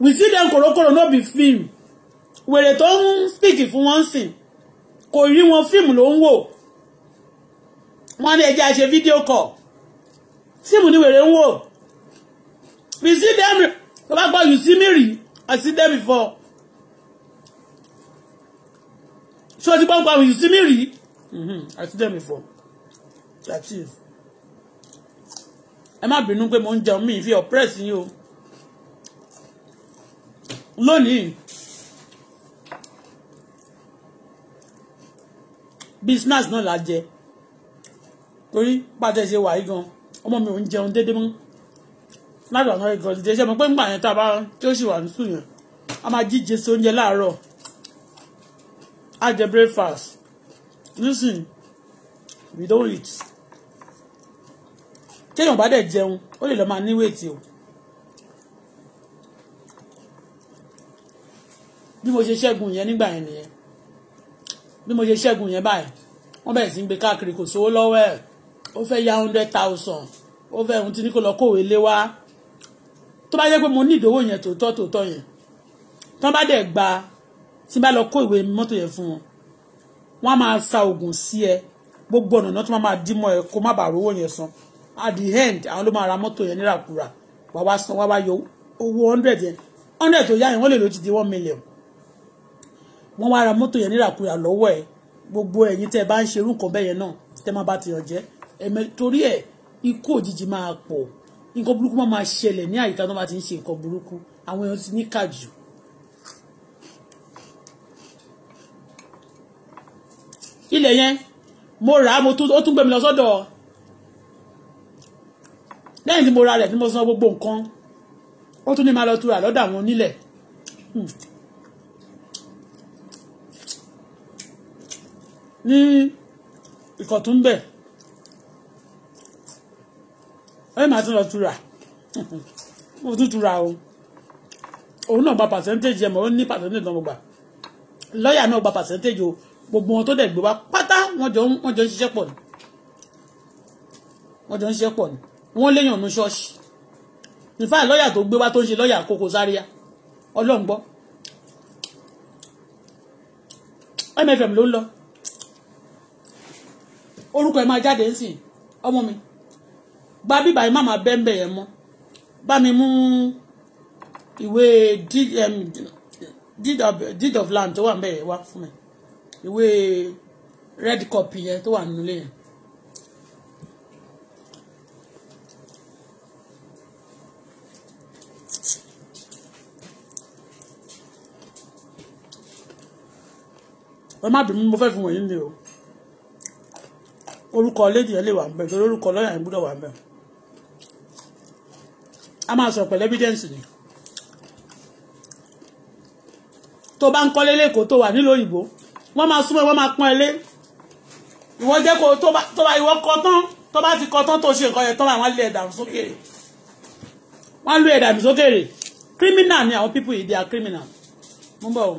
we see them kòrókòrò no be film wèrè tó ń speak fún wọn sìn kò rí wọn fíìmù ló ń wò wọn ní ẹjẹ àṣẹ fídíò kọ fíìmù ni wèrè ń wò we see them tó bá you see me I see them before So o ti gbọ́ you see me mm-hmm. I see them before that is ẹ má bínú pé mo ń jẹun mi fi oppress yín o lónìí business náà la jẹ torí pàtẹ́ ṣe wà yí gan ọmọ mi ò ń jẹun déédéé mọ́ láti wà náà ìgọ̀dì jẹ́ ṣe mọ̀ pé ńgbà yẹn tá a bá tí ó sì wà nísù yẹn a máa jíjẹ sí oúnjẹ láàárọ̀ a jẹ breakfast listen we don't eat kéèyàn bá dẹ̀ jẹun ó lè lọ máa ní wéètì o bí mo ṣe ṣẹ́gun yẹn nígbà yẹn nìyẹn bí mo ṣe ṣẹ́gun yẹn báyìí wọ́n bẹ̀rẹ̀ sí ń gbé káàkiri kò sówó lọ́wọ́ ẹ̀ ó fẹ́ ya hundred thousand ó fẹ́ ohun tí ní kó lọ kówé lé wá tó bá yẹ pé mo ní ìdówó yẹn tòótọ́ tòótọ́ yẹn tó bá dẹ̀ gba tí bá lọ kó ìwé mọ́tò yẹn fún wọn wọ́n á máa sa oògùn sí ẹ gbogbo ọ̀nà náà tó máa dímọ̀ ẹ kó má bàa rówó yẹn san at the end àwọn ló máa ra mọ́tò yẹn nírakura wà wá san wá wá yọ owó hundred yẹn hundred tó yá yẹn wọ́n lè lò ti di one million wọ́n wá ra mọ́tò yẹn nírakura lọ́wọ́ ẹ gbogbo ẹ̀yin tẹ́ ẹ bá ń ṣerú nǹkan bẹ́ẹ̀ yẹn náà tẹ́ máa bá ti jẹ́ ẹ̀mẹ́ torí ẹ̀ ikú òjijì máa pọ̀ nǹkan burúkú máa máa ṣẹlẹ̀ ní àyíká tó máa ti ń ṣe nǹkan burúkú àwọn èèyàn ti ní kàjù. ilẹ̀ yẹn mo rà á mo tún ó tún gbẹ̀mí lọ sọ́dọ̀ lẹ́yìn tí mo ra rẹ̀ tí mo san gbogbo nǹkan ó tún ní máa lọ tura lọ́dọ̀ àwọn onílẹ̀. Hmm. ní ìkọ̀tún bẹ́ẹ̀ ẹ máa tún lọ tura mo tún tura o òun náà gba percentage ẹ mọ ó ní percentage náà mo gbà lọ́ọ̀yà náà gba percentage o gbogbo wọn tó dẹ̀ gbé wá pátá wọ́n jọ wọ́n jọ ń ṣiṣẹ́ pọ̀ ni wọ́n jọ ń ṣiṣẹ́ pọ̀ ni wọ́n léèyàn nu ṣọ́ọ̀ṣì nífà lọ́ọ̀yà tó gbé wá tó ń ṣe lọ́ọ̀yà Koko Zaria ọlọ́run gbọ́ mfm ló ń lọ orúkọ ẹ máa jáde ń sìn ọmọ mi gba bíbá yìí má máa bẹ́ńbẹ̀ yẹn mọ́ bá mi mú ìwé deed of land tó wà níbẹ̀ yẹn wá fún mi ìwé red copy yẹn tó wà nílé yẹn. ẹ má bínú mo fẹ́ fi wọ̀nyí ni o orúkọ lédìí ẹ lè wà ń bẹ torí orúkọ lọ́yà yẹn gbúdọ̀ wà ń bẹ a máa sọ̀rọ̀ pẹ̀lú evidence ni tó bá ń kọ́lé lẹ́kọ̀ọ́ tó wà nílò òyìnbó wọ́n máa súnmọ́ wọ́n máa pọ́n ẹ lé ìwọ jẹ́ kó tó bá ìwọ kọ́ tán tó bá ti kọ́ tán tó ṣe nǹkan yẹn tán àwọn lé ẹ̀dà sókè wọ́n lé ẹ̀dà sókè criminal ni àwọn people yìí they are criminal mo bọ̀ o.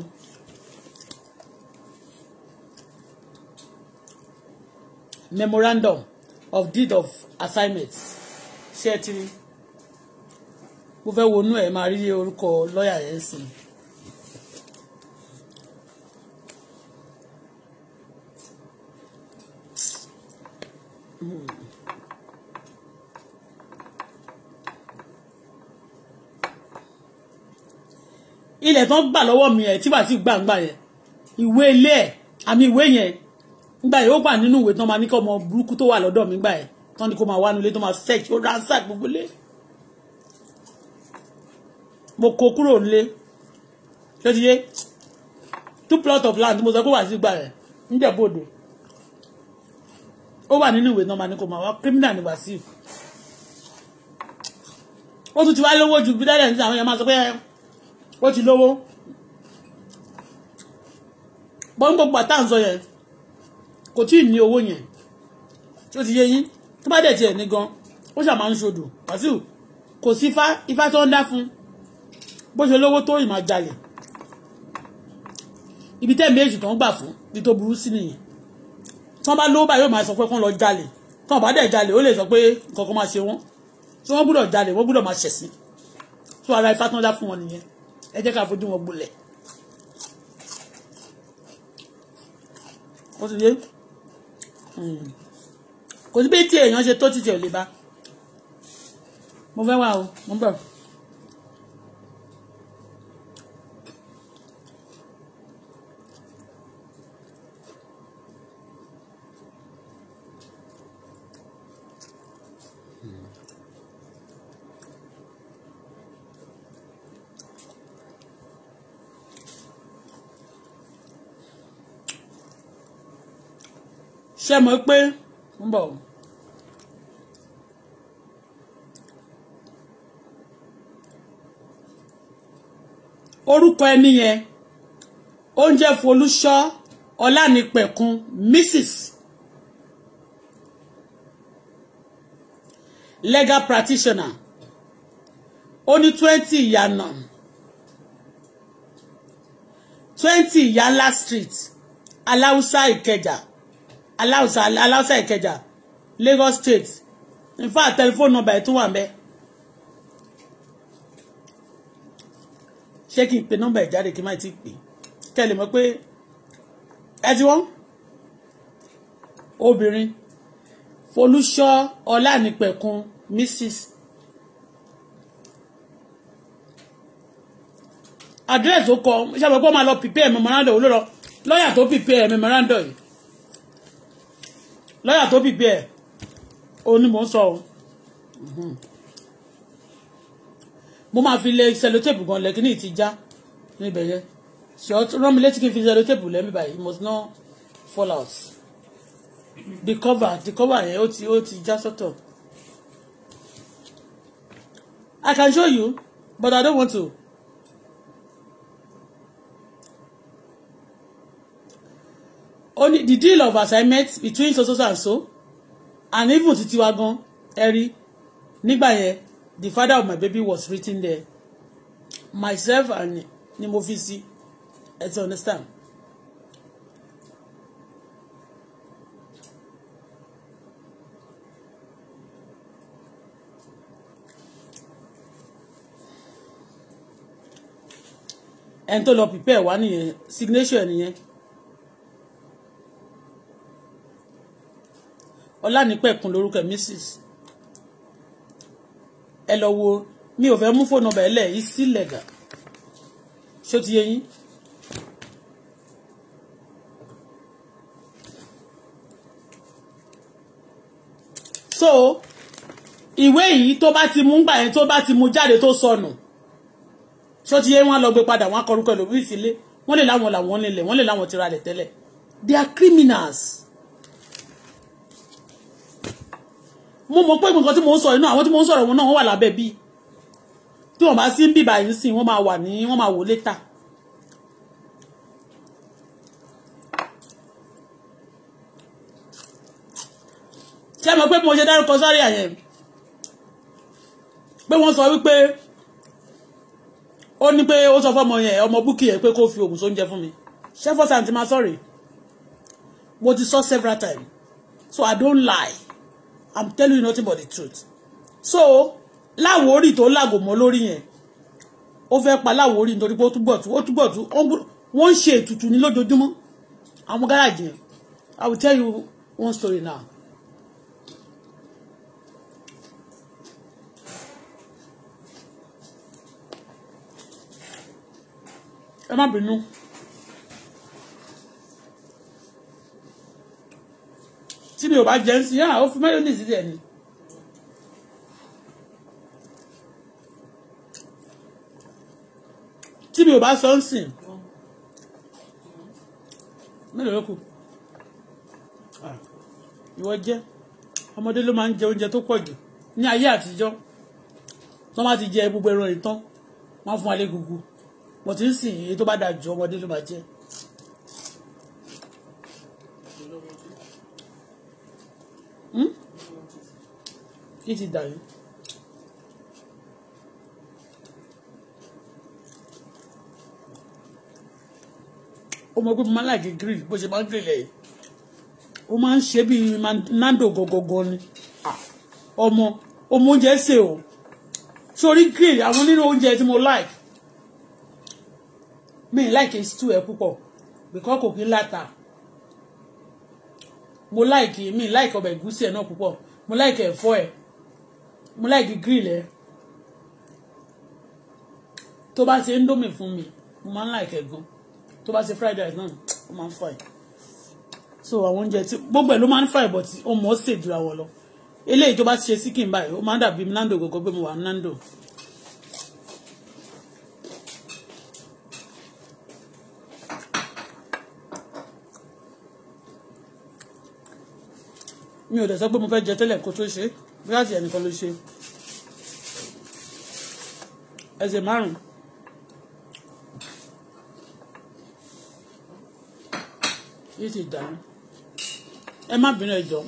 memorandum of deed of assignments ṣé ẹ ti rí mo fẹ́ wonú ẹ̀ máa rí orúkọ lọ́ọ̀yà yẹn sìn. ilẹ̀ tán gbà lọ́wọ́ mi ẹ̀ tí wàá sì gbàǹgbà yẹn ìwé ilé ẹ̀ àmì ìwé yẹn nígbà yẹn ó wà nínú ìwé tán máa ní kọ́ ọmọ burúkú tó wà lọ́dọ̀ mi gbà yẹn tán ni kó máa wá nulẹ̀ tó máa search ó ransack gbogbo lé. mo kó kúrò nílé ṣé ti yé two plot of land mo sọ pé wà sí gbà rẹ̀ níjẹ̀bọ̀dọ̀ ó wà nínú ìwé nọ́mbà ní kò máa wá criminal ní Wàsíù ó tún ti wá lówó ju bí dáadáa níta àwọn èèyàn máa sọ pé ó ti lówó bọ́n gbogbo àtàǹsọ yẹn kò tí ì ní owó yẹn tí ó ti yé yín tó bá dẹ̀ tiẹ̀ ní gan ó ṣàmà ń ṣodò Wàsíù kò sí ifá ifá tó ń dá fún un bó ṣe lówó tó ìmọ̀ jalè ibi tẹ́ méjì tó ń gbà fún ní tó burú sí nìyẹn tí wọ́n bá lówó báyìí yóò máa sọ pé kán lọ jalè tí wọ́n bá dẹ̀ jalè ó lè sọ pé nǹkan kan máa ṣe wọ́n tí wọ́n gbúdọ̀ jalè wọ́n gbúdọ̀ máa ṣẹ̀sìn tó ara ifá tán dá fún wọn nìyẹn ẹ jẹ́ ká fojú wọn gbolẹ̀. ó ti yé hmm. kò sí bí tí èèyàn ṣe tó títí ò lè bá mo fẹ́ wà o mo ń bọ̀. ṣe mọ̀ pé ń bọ̀. orúkọ ẹni yẹn oúnjẹ folúṣọ ọlánipẹ̀kun mrs legal practitioner ó ní twenty ìyànà twenty ìyànlá street aláùsá ìkẹjà. aláùsà aláùsà ìkẹjà Lagos state in fact telephone number ẹ̀ tún wà ńbẹ̀ ṣé kí n pe nọ́mbà ẹ̀ jáde kí n má ti pè kẹ́ lè pé ẹ ti wọ́n obìnrin Folúṣọ́ Ọlánìpẹ̀kun Mrs. address ó kọ ṣàbẹ̀kọ́ máa lọ pípẹ́ ẹ̀ memorandum olóró lọ́ọ̀yà tó pípẹ́ ẹ̀ memorandum yìí lọ́yà tó bìbí ẹ̀ òun ni mò ń sọ o mo máa fi lé sẹlótèpù gan lẹ́kìnní ti já níbẹ̀ yẹn ṣọ́ rán mi létí kí n fi sẹlótèpù lẹ́mí báyìí must not fall out the cover the cover yẹn ó ti ó ti já sọ́tọ̀ I can show you but I don't want to. only the deal of assignment between so so so and so and even titi wa gan nígbà yẹn the father of my baby was written there myself and ni mo fi sí ẹ ti understand. ẹni tó lọ prepare wá nìyẹn signature nìyẹn ọlánipẹ̀kun lórúkọ mrs ẹ lọ wo mi ò fẹ́ mú fóònù ọbẹ̀ ẹlẹ́ yìí sílẹ̀ gà ṣó ti yé so ìwé yìí tó bá ti mú gbà yẹn tó bá ti mú jáde tó sọnù ṣó ti yé wọn lọ gbé padà wọn akọrúkọ ẹlòmíì sílé wọn lè láwọn làwọn nílẹ̀ wọn lè láwọn ti ra lẹ̀ they are criminals. mo mọ̀ pé nǹkan tí mo ń sọ inú àwọn tí mo ń sọ̀rọ̀ wọn náà wọ́n wà lábẹ́ bí tí wọ́n bá sí ń bìbà yìí sìn wọ́n máa wà ní wọ́n máa wò létà. ṣé ẹ mọ̀ pé mo ṣe dárúkọ sọ́rí àyẹ̀ pé wọ́n sọ wípé ó ní pé ó sọ fọ́mọ yẹn ọmọ búkì yẹn pé kó fi oògùn sóúnjẹ fún mi ṣé fọ́sà àǹtí máa sọ̀rọ̀ mo ti sọ several times so I don't lie i'm telling you nothing but the truth so láwórì tó lágò mọ́ lórí yẹn ó fẹ́ pa láwórì nítorí pé ó túbọ̀ tú ó túbọ̀ tú wọ́n ń ṣe ètùtù ní lójoojúmọ́ àwọn gáràjì yẹn i will tell you one story now. ẹ má bínú. tí mi ò bá jẹ́ ń sin ah ó fi mayonnaise díẹ̀ ni. tí mi ò bá sọ ń sìn mélòó ló kù ah, ìwọ jẹ́ ọmọdé ló máa ń jẹ oúnjẹ tó pọ̀ jù ní ayé àtijọ́ tí bá ti jẹ gbogbo ẹran ìtàn wọ́n fún wa lé gugu wọ́n ti ń sìn èyí tó bá dáa jù ọmọdé ló máa jẹ́ Hmm? kí ti dàrú. ó mọ pé mo máa ń láìkí grill bó ṣe máa ń Oh ẹ̀ ó máa ń ṣe bí nando Oh ni oh ọmọ just say oh. Sorry grill àwọn nínú know tí mo like Me like stew ẹ púpọ̀ because kò kí ń mo like mi like ọbẹ̀ ẹ̀gúsí ẹ̀ náà púpọ̀ mo like ẹ̀fọ́ ẹ̀ mo like grill ẹ̀ tó bá ṣe indomie fún mi mo máa ń like ẹ̀ gan tó bá ṣe fried rice náà ó máa ń fry so àwọn oúnjẹ tí gbogbo ẹ̀ ló máa ń fry but ó mọ̀ ọ́ sè jura wọ lọ eléyìí tó bá ṣe síkìn báyìí ó máa ń dàbí nando gògó pé mo wà nando mi ò dẹ̀ sọ pé mo fẹ́ jẹ tẹ́lẹ̀ kó tó ṣe bí àti ẹnìkan ló ṣe ẹsẹ̀ márùn-ún. yìí ti dànù ẹ má bínú ẹ jọ̀ọ́.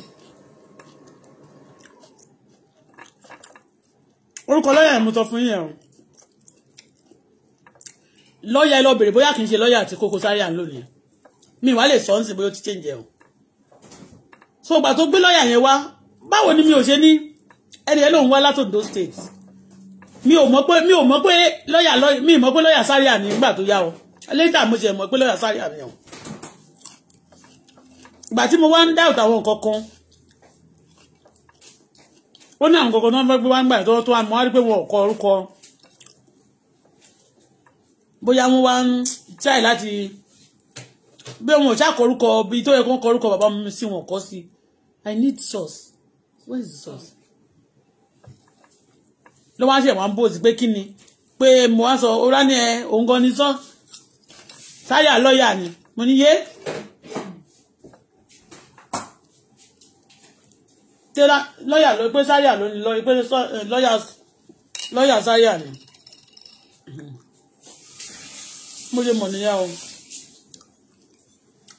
orúkọ lọ́yà mo tọ́ fún yín o lọ́yà ẹ lọ bèrè bóyá kì í ṣe lọ́yà àti Koko Zaria ń lò nìyẹn mi ìwà lè sọ ọ́ ń sìn bóyá ó ti change o so ìgbà tó gbé lọ́ọ̀yà yẹn wá báwo ni mi ò ṣe ní ẹni ẹ lòun wá láti Ondo state mi ò mọ̀ pé mi ò mọ̀ pé lọ́ọ̀yà mi ì mọ̀ pé lọ́ọ̀yà ni nígbà tó yá o later mo ṣe mọ̀ pé lọ́ọ̀yà Zaria ni o ìgbà tí mo wá ń dáhùn àwọn nǹkan kan ó ní àwọn nǹkan kan tó ń fẹ́ gbé wá ń gbà tó tó wá mọ́ wá rí pé wọn ò kọ orúkọ bóyá wọn bí tó yẹ kó ń bàbá mi sí wọn kọ sí i I need sauce. Where is the sauce? Ló wá ṣe wọ́n bó ti pé kí ni? Pé mo wá sọ orá ní ẹ òun gan ni sọ́. Táyà lọ́ọ̀yà ni. Mo ní yé. Tẹ́lá lọ́ọ̀yà ló pé sáyà ló ní lọ́ọ̀yà pé lọ́ọ̀yà sáyà ni. Mo ṣe mọ̀ níyà o.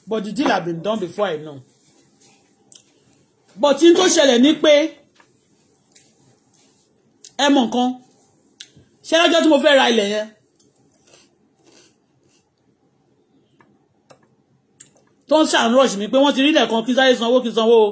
But the deal had been done before I know but n tó ṣẹlẹ̀ ni pé ẹ mọ̀ nǹkan ṣé lọ́jọ́ tí mo fẹ́ ra ilẹ̀ yẹn tó ń ṣàǹrọ̀ṣì mi pé wọ́n ti rí ilẹ̀ kan kí sáyé sanwó kí sanwó o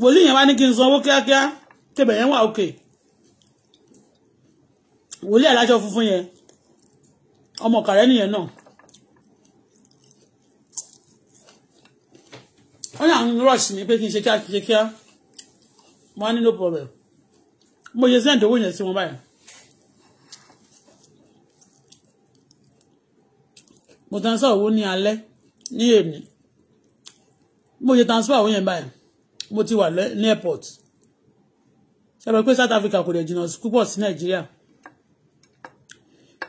wòlíì yẹn ní kí n sanwó kíákíá tẹ̀bẹ̀ yẹn wà òkè wòlíì aláṣọ funfun yẹn ọmọ kàrẹ́ nìyẹn náà wọ́n náà ń rush mi pé kí n ṣe n mo ní no problem mo mo mo mo ti wà ní airport ṣàbẹ̀ pé South Africa kò lè jìnnà púpọ̀ sí Nàìjíríà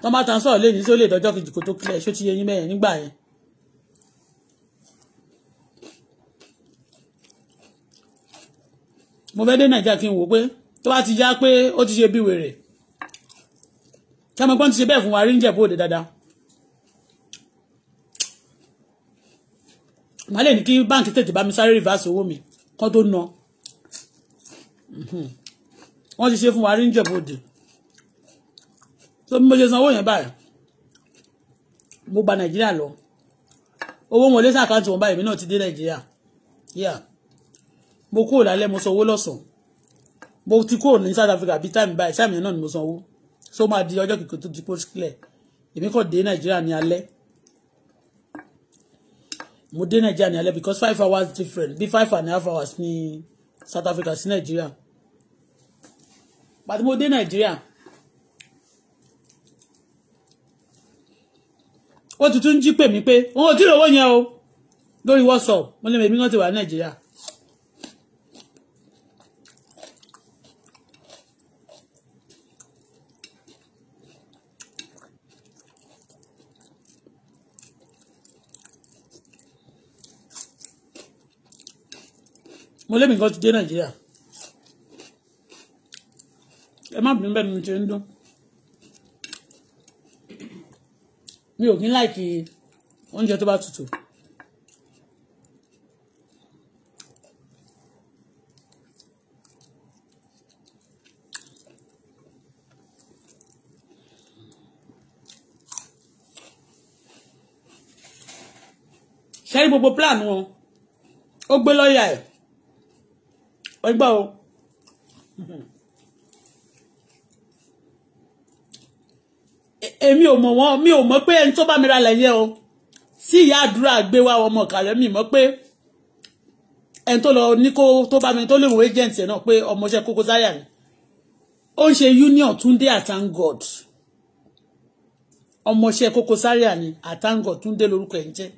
wọ́n máa tàn sọ̀rọ̀ lẹ́yìn tí ó lè dọ́jọ́ kejì kó tó kílẹ̀ ṣó ti yẹ yín mẹ́rin nígbà yẹn. mo fẹ́ dé Nàìjíríà kí n wò pé tó bá ti já pé ó ti ṣe bí wèrè kẹ́mi pọ́n ti ṣe bẹ́ẹ̀ fún wa rí ń jẹ̀bú òde dáadáa. màá lè ní kí báǹkì tètè bá mi sáré rìvásì owó mi kán tó na wọ́n ti ṣe fún wa rí níjẹ̀bọ̀dẹ̀ tó bí mo ṣe sanwó yẹn báyìí mo gba nàìjíríà lọ owó wọlé sí àkáǹtì wọn báyìí mi náà ti dé nàìjíríà yeah mo kúrò lálẹ́ mo sanwó lọ́sàn-án mo ti kúrò ní south africa bíi táìmì báyìí sáàmì náà ni mo sanwó so máa di ọjọ́ kìkì tó ti pọ́ sílẹ̀ èmi kàn dé nàìjíríà ní alẹ́ mo dé nàìjíríà ní alẹ́ because five hours different bí five and a half hours ní South Africa sí nàìjíríà pàtó mo dé nàìjíríà ó tuntun jí pè mí pé òun ò tí ì rówó yẹn o lórí WhatsApp mo lè mọ èmi náà ti wà ní nàìjíríà mo lé mi kan ti dé nàìjíríà ẹ má bínú bẹ́ẹ̀ ni mo ti ń dún mi ò kí ń láìkì oúnjẹ tó bá tutù. ṣẹ́yìn gbogbo plan wọn ó gbé lọ́ọ̀yà ẹ̀ ẹ gbọ́ o. E, èmi ò mọ̀ wọ́n mi ò mọ̀ pé ẹni tó bá mi ra lẹ̀ o tí ìyá àdúrà gbé wá ọmọ kàlẹ́ mi mọ̀ pé ẹni tó lọ ní kó tó bá mi tó lè wọ agent náà pé ọmọọṣẹ́ Koko Zaria ni ó ń ṣe union Túndé àtàngọd ọmọọṣẹ́ Koko Zaria ni àtàngọd Túndé lorúkọ ẹ̀ ń jẹ́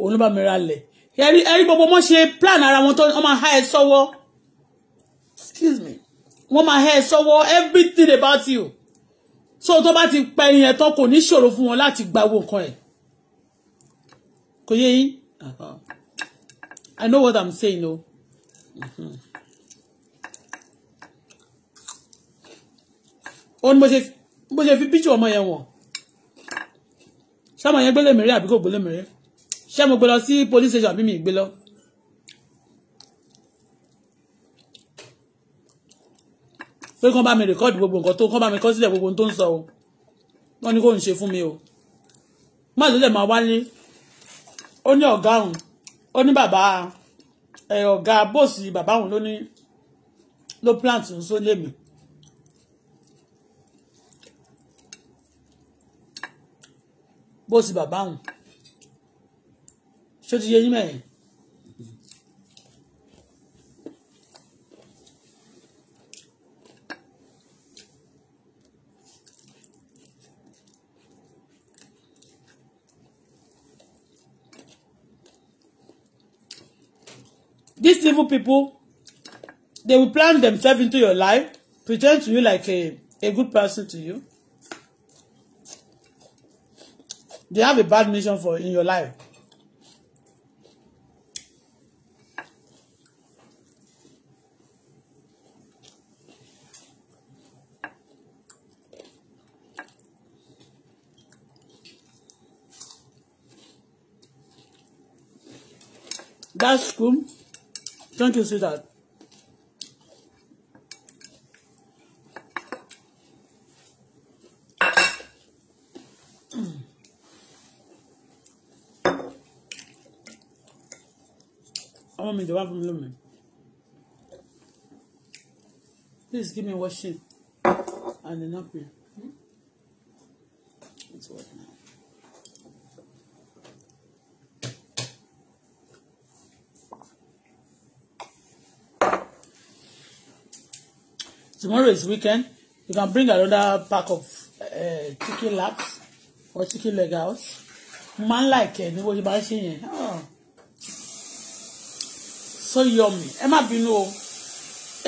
òun ló bá mi ra lẹ̀ Every ẹ̀rí gbogbo wọn ṣe plan around wọn tó wọ́n máa há excuse me on my head so well. everything about you so tó bá ti pa ẹni yẹn tán kò ní ṣòro fún wọn láti gba owó nǹkan ẹ̀ uh-huh. I know what I'm saying o. No? Mm-hmm. ó ní bó ṣe fi my ọmọ yẹn wọ̀n ṣé ọmọ yẹn gbélé mèrè àbí kò gbélé ṣé mo gbé lọ sí police station àbí mi gbé lọ. pé kán bá mi rìkọ́ọ̀dù gbogbo nǹkan tó kán bá mi kọ́ sílẹ̀ gbogbo ohun tó ń sọ o wọ́n ní kó ń ṣe fún mi o má ló máa wálé ó ní ọ̀gá òun ó ní bàbá ọ̀gá bóòsì bàbá òun ló ní ló plant ń só lèmi bóòsì bàbá òun ṣó These evil people, they will plant themselves into your life, pretend to you like a, a good person to you. They have a bad mission for in your life. gas room. Thank you, I want me ìjọba fún mi lómi please give me washing and a napkin. tomorrow is weekend you can bring another pack of uh, chicken laps or chicken leg out mo máa ń láìkẹ́ ní bóyá bá ń ṣe yẹn ah. so yummy ẹ má bínú o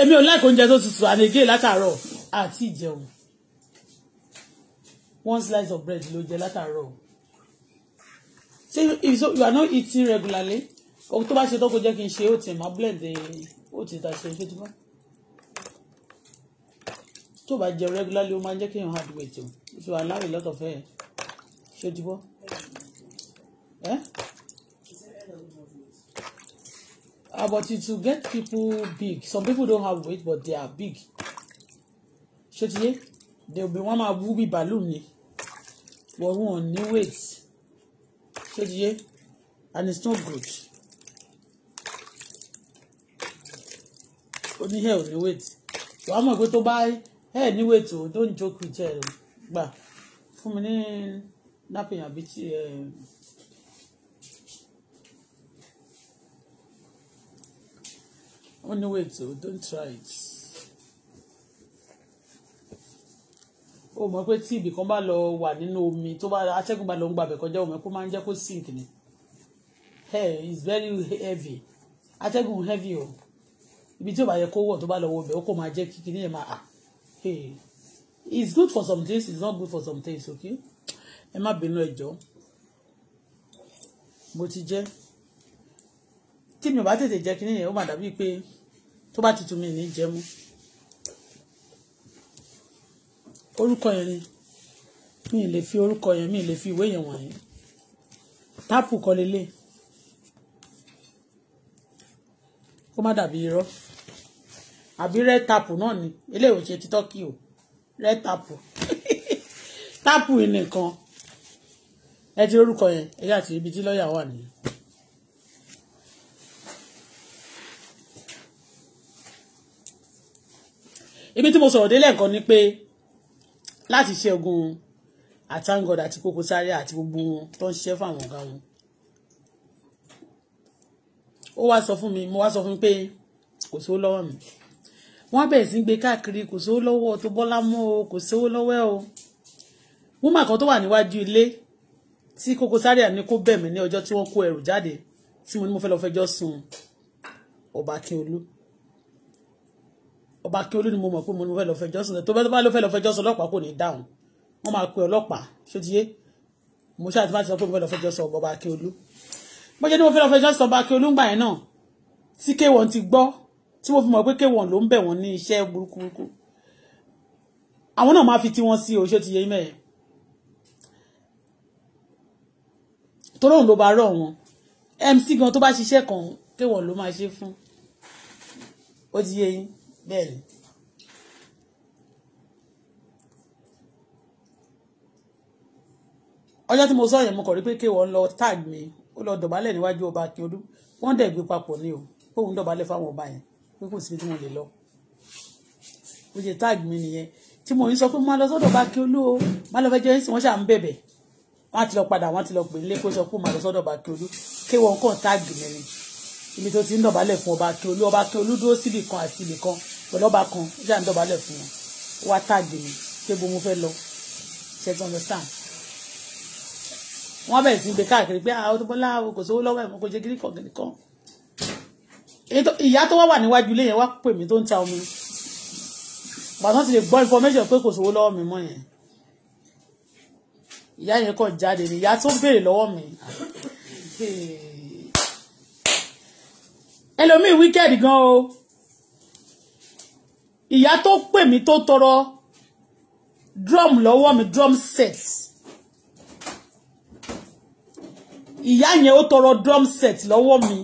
èmi ò láìkó oúnjẹ tó tutù ànégé látàárọ̀ àti ìjẹun one slice of bread ló jẹ látàárọ̀ ṣé you are not eating regularly ohun tó bá ṣe tó kó jẹ́ kí n ṣe ó ti máa blend eh, ó ta ṣe ṣé tó bá tó bá jẹun regularly ó máa ń jẹ́ kéèyàn hard weight o if you allow a lot of hair ṣé o ti bọ́ ẹ́ ah but it will get people big some people don't have weight but they are big ṣé o ti yé they be wọ́n máa wú bí balloon ni but wọn ò ní weight ṣé ti yé and it's not good. oníhẹ́ ò ní weight wàá mọ̀ pé tó bá ẹ níwèé tó don't joke with ẹ gbà fún mi ní napping àbí tí ẹ. ó níwèé tó don't try it. ó mọ̀ pé tí ibì kan bá lọ wà nínú omi tó bá atẹ́gùn bá lọ ń gbàbẹ̀ kọjá omi kó máa ń jẹ́ kó sink ni hair is very heavy atẹ́gùn heavy o ibi tí ò bá yẹ kó wọ̀ tó bá lọ wọ ọbẹ̀ ó kò máa jẹ́ kíkiri yẹn máa à ah, hey it's good for some things it's not good for some things okay ẹ má bínú ẹjọ́ mo ti jẹ tí mi ò bá tètè jẹ kínní yẹn ó mà dàbí pé tó bá tuntun mi ní jẹ mú orúkọ yẹn ni mi lè fi orúkọ yẹn mi lè fi ìwé yẹn wọ̀nyí táàpù kọ lélẹ̀ kó má dàbí irọ́ àbí red tap náà ni eléyìí ò ṣe ti tọ́kì o red tap tap nìkan ẹ ti lórúkọ yẹn ẹ yà ti ibi tí lọ́ọ̀yà wà nìyẹn. ibi tí mo sọ̀rọ̀ dé lẹ́ẹ̀kan ni pé láti ṣẹ́gun àtàǹgọ̀dà àti Koko Zaria àti gbogbo wọn tó ń ṣiṣẹ́ fáwọn ọ̀gá wọn. ó wá sọ fún mi mo wá sọ fún mi pé kò sówó lọ́wọ́ mi wọ́n á bẹ̀rẹ̀ sí gbé káàkiri kò sówó lọ́wọ́ tó bọ́lá mọ́ o kò sówó lọ́wọ́ ẹ̀ o wúmà kan tó wà níwájú ilé tí Koko Zaria ní kó bẹ̀ mí ní ọjọ́ tí wọ́n kó ẹrù jáde tí mo ní mo fẹ́ lọ fẹjọ́ sùn ọba akínolú ọba akínolú ni mo mọ̀ pé mo ní mo fẹ́ lọ fẹjọ́ sùn tó bá ló fẹ́ lọ fẹjọ́ sùn ọlọ́pàá kò ní dáhùn wọ́n máa pe ọlọ́pàá ṣó ti yé mo ṣáà ti máa ti sọ pé mo fẹ́ lọ fẹjọ́ sùn ọba akínolú bọ́jẹ́ ni mo fẹ́ lọ fẹjọ́ sùn ọba akínolú ńgbà yẹn náà tí kéwọ́n ti gbọ́ tí mo fi mọ̀ pé kéwọ̀n ló ń bẹ̀ wọ́n ní iṣẹ́ burúkú burúkú àwọn náà máa fi tí wọ́n sí o ṣé ti yẹ mẹ́ẹ̀ tọ́lọ́hún ló bá rọ̀ wọn MC gan tó bá ṣiṣẹ́ kan kéwọ̀n ló máa ṣe fún ó ti yẹ yín bẹ́ẹ̀ ni. ọjọ́ tí mo sọ yẹn mo kọ̀ rí pé kéwọ́n lọ tag mi ó lọ dọ̀bálẹ̀ níwájú ọba akíọdún wọ́n dẹ̀ gbé papọ̀ ni o kóun dọ̀bálẹ̀ fáwọn ọba yẹn pé kò síbi tí mo lè lọ mo ṣe tag mi nìyẹn tí mo ń sọ pé mo máa lọ sọ́dọ̀ bá kí olú o máa lọ fẹjọ́ ẹ̀sìn wọ́n ṣáà ń bẹ̀bẹ̀ wọ́n ti lọ padà wọ́n ti lọ pè nílé kó sọ pé mo máa lọ sọ́dọ̀ bá kí olú kí wọ́n kàn tag mi ni ibi tó ti ń dọ̀bálẹ̀ fún ọba kí olú ọba kí olú dúró síbì kan àti ibì kan pẹ̀lú ọba kan ó ṣáà ń dọ̀bálẹ̀ fún wọn ó wá tag mi pé mo fẹ́ lọ ṣe ti understand wọ́n bẹ̀rẹ̀ sí gbé káàkiri pé àwọn tó bọ́lá kò sówó lọ́wọ́ ẹ̀ mọ́ kò ṣe gírí kan gírí kan ìyá tó wá wà níwájú ilé yẹn wá pè mí tó ń ta omi gbàtàn ti lè gbọ́ information pé kò sówó lọ́wọ́ mi mọ́ yẹn ìyá yẹn kàn jáde ní ìyá tó béèrè lọ́wọ́ mi ẹlòmíì wicked gan o ìyá tó pè mí tó tọrọ drum lọ́wọ́ mi drum set ìyá yẹn ó tọrọ drum set lọ́wọ́ mi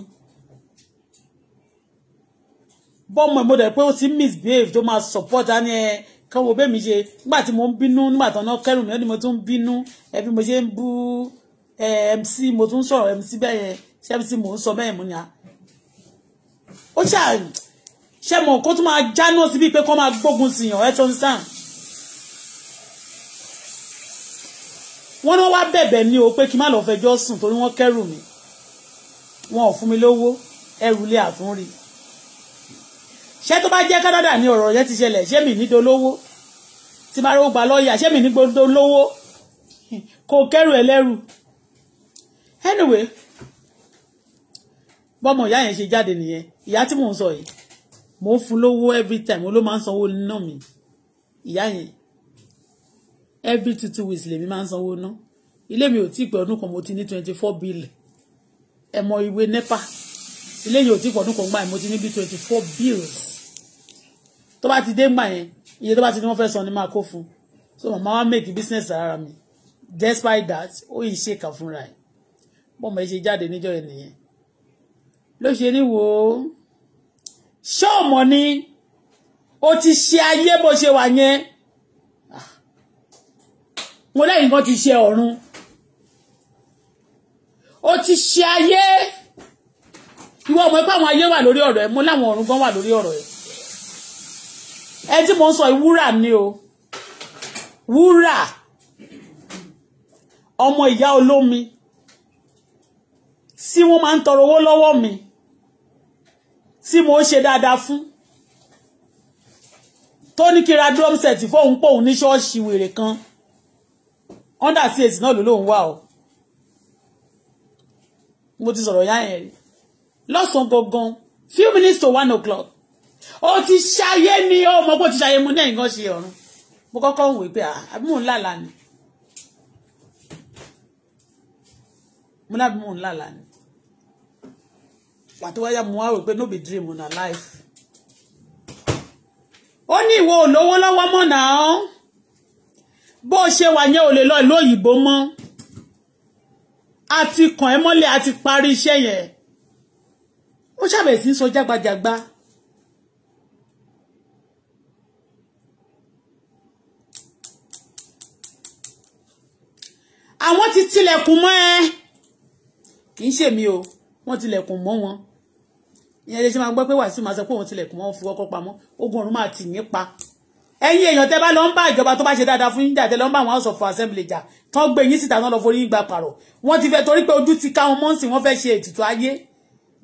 bọ́mọ mo dẹ̀ pé ó ti misbehave tó máa support á ní ẹ kán wo bẹ́ẹ̀ mi ṣe nígbà tí mo ń bínú nígbà tó ná kẹrù mi ó ní mo tún ń bínú ẹbí mo ṣe ń bú MC mo tún sọ̀rọ̀ MC bẹ́ẹ̀ yẹn ṣé MC mo ń sọ bẹ́ẹ̀ mo ní a. ó ṣáà ṣe mọ̀ kó tún máa jáná síbi pé kó máa gbógun sí yàn ẹ́ tó ń sàn. wọ́n náà wá bẹ̀bẹ̀ ní o pé kí n má lọ fẹjọ́ sùn torí wọ́n kẹ́rù mi wọn ò fún mi lówó ẹrù ilé àtúnrí ṣé tó bá jẹ́ Canada ni ọ̀rọ̀ yẹn ti ṣẹlẹ̀ ṣé mi ní dolówó tí bá rówó lọ́ọ̀yà ṣé mi ní dolówó kò kẹ́rù ẹlẹ́rù anyway bọ́mọ ìyá yẹn ṣe jáde nìyẹn ìyá tí mò ń sọ yìí mò ń fún lówó every time ló máa ń sanwó ná mi ìyá yẹn every two two weeks lèmi máa ń sanwó ná ilé mi ò tí ì pẹ́ ọdún kan mo ti ní twenty four bill ẹ ìwé nepa ilé yìí ò tí ì pọ̀ ọdún kan gbà mo ti ní bí twenty four bills tó bá ti dé gbà yẹn iye tó bá ti ní wọ́n fẹ́ san ni máa kó fún so màmá wa make business ara mi despite that ó yìí ṣèkà fúnra ẹ̀ bọ́ọ̀mọ̀ ẹ ṣe jáde níjọ́ yẹn nìyẹn ló ṣe ní wò ó ṣọ́ọ̀mọ̀ ni ó ti ṣe ayé bó ṣe wà yẹn ah. mo lẹ́yìn kan ti ṣe ọ̀run ó ti ṣe ayé ìwọ ọmọ ẹ pé àwọn ayé wà lórí ọ̀rọ̀ ẹ mo láwọn ọ̀run gan wà lórí ọ̀rọ̀ ẹ ẹ tí mo ń sọ ìwúrà ni o wúrà ọmọ ìyá olómi tí wọ́n máa ń tọrọ owó lọ́wọ́ mi tí mo ṣe dáadáa fún tó ní kí ra drum set fóun póun ní ṣọ́ọ̀ṣì wèrè kan under cs náà ló lóun wà o mo ti sọ̀rọ̀ yá rí lọ́sàn-án gangan few minutes to one o'clock ó ti ṣayé ni o, mọ pé ó ti ṣayé mu náà nǹkan ṣe ọ̀run mo kọ́kọ́ wò pé àbí ah, mò ń lálà ni mo lábí mò ń lálà ni pàtó wáyà mo wá rò pé no be dream na life ó ní ìwọ olówó lọ́wọ́ mọ̀ náà bó ṣe wà yẹn ò lè lọ ìlú òyìnbó mọ́ a ti kàn ẹ́ mọ́lẹ̀ a ti parí iṣẹ́ yẹn ó ṣàbẹ̀ sọ jágbajàgba. àwọn ti tilẹ̀kùn mọ́ ẹ kì í ṣèmi o wọ́n tilẹ̀kùn mọ́ wọn ìyẹn lè ṣe máa gbọ́ pé Wàsíù máa sọ pé òun tilẹ̀kùn mọ́ wọn fi kọ́kọ́ pamọ́ ogun ọ̀run máa tì yín pa ẹ̀yin èèyàn tẹ́ bá lọ ń bá ìjọba tó bá ṣe dáadáa fún yín jà tẹ́ lọ ń bá àwọn house of assembly jà tán gbé yín síta tán lọ forí yín gba pààrọ̀ wọ́n ti fẹ́ torí pé ojú ti ká wọn mọ́sìn wọ́n fẹ́ ṣe ètùtù ayé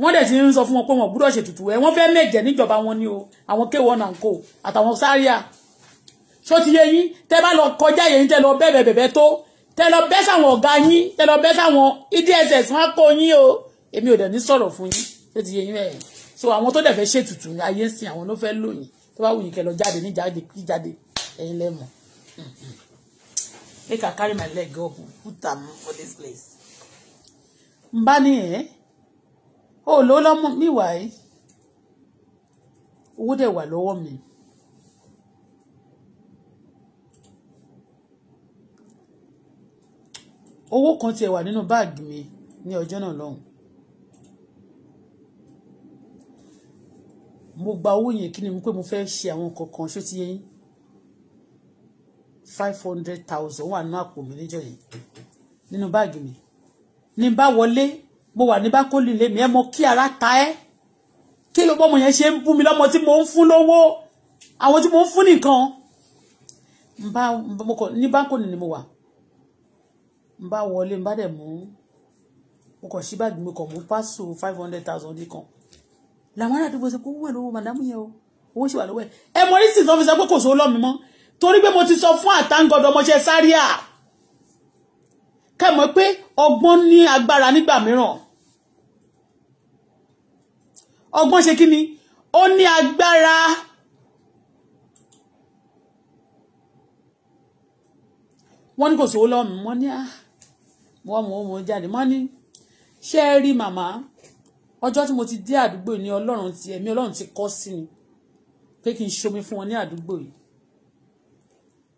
wọ́n dẹ̀ ti ń sọ fún wọn pé wọ́n gbúdọ̀ ṣètùtù ẹ̀ wọ́n fẹ́ mẹ̀jẹ̀ níjọba wọn ni o àwọn kéwọ́n náà ń kó àtàwọn sáríà ṣó ti yé yín tẹ́ bá lọ kọjá yẹn tẹ́ lọ bẹ́ẹ̀ bẹ́ẹ̀ bẹ́ẹ̀ tó tẹ lọ bẹ́ sáwọn ọ̀gá yín tẹ lọ bẹ́ sáwọn edss wọn kó yín o èmi ò dẹ̀ ní sọ̀rọ̀ fún yín tó ti yẹ yín ẹ̀ so àwọn tó dẹ̀ fẹ́ ṣètùtù ní ayé ń àwọn ló fẹ́ lóyìn tó bá wù yín jáde ní jáde kí jáde ẹ̀yin lẹ́mọ̀ make I carry my leg up put am for this place. n bá ní ẹ ó lọ lọ́mú níwàá owó dẹ̀ wà lọ́wọ́ mi. owó kan tiẹ̀ wà nínú báàgì mi ní ọjọ́ náà lọ́hùn mo gba owó yẹn kí ni mo pé mo fẹ́ ṣe àwọn nǹkan ṣó ti yẹ five hundred thousand wà nínú àpò mi níjọ́ yẹn nínú báàgì mi ní bá wọlé mo wà ní bá kó lílé mi ẹ mọ kí ara ta ẹ kí ló bọ́mọ yẹn ṣe ń bú mi lọ́mọ tí mo ń fún lówó àwọn tí mo ń fún nìkan ní báńkò ni mo wà n bá wọlé n bá dẹ̀ mú mo kàn sí báàgì mi kàn mú pásò five hundred thousand kan làwọn ará àdúgbò sọ pé owó wà lọ́wọ́ màdámù yẹn o owó sì wà lọ́wọ́ ẹ̀ ẹ mọ nísìsiyìí tó fi sọ pé kò sówó lọ́mí mọ́ torí pé mo ti sọ fún àtàǹgọ̀dọ̀ ọmọọṣẹ́ sáríà kẹ́ pé ọgbọ́n ní agbára nígbà mìíràn ọgbọ́n ṣe kí ni ó ní agbára wọ́n ní kò sówó lọ́mí wọ́n ní ah mo wá mo wọ́n mo jáde má ní ṣé ẹ rí màmá ọjọ́ tí mo ti dé àdúgbò ní ọlọ́run ti ẹ̀mí ọlọ́run ti kọ́ sí ni pé kí n ṣomi fún wọn ní àdúgbò yìí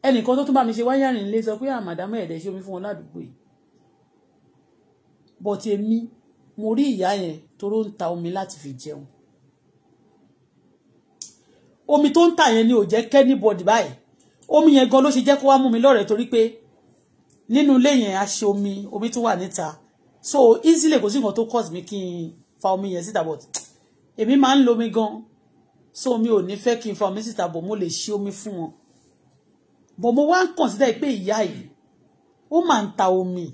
ẹnìkan tó tún bá mi ṣe wáyàrin lé sọ pé àmàdámọ́ ẹ̀dẹ̀ ṣomi fún wọn ládùúgbò yìí bọ́tí èmi mo rí ìyá yẹn toró ń ta omi láti fi jẹun omi tó ń tà yẹn ni ò jẹ́ kẹ́nìbọ̀dì báyìí omi yẹn gan ló ṣe jẹ́ kó wá mú mi lọ́rẹ̀ẹ́ torí pé nínú ilé yẹn a ṣe omi omi tó wà níta so easily kò sí nǹkan tó cause mi kí n fa omi yẹn síta but èmi máa ń lo gan so mi ò ní fẹ́ kí n fa omi síta but mo lè ṣe omi fún wọn but mo wá ń consider pé ìyá yìí ó máa ń ta omi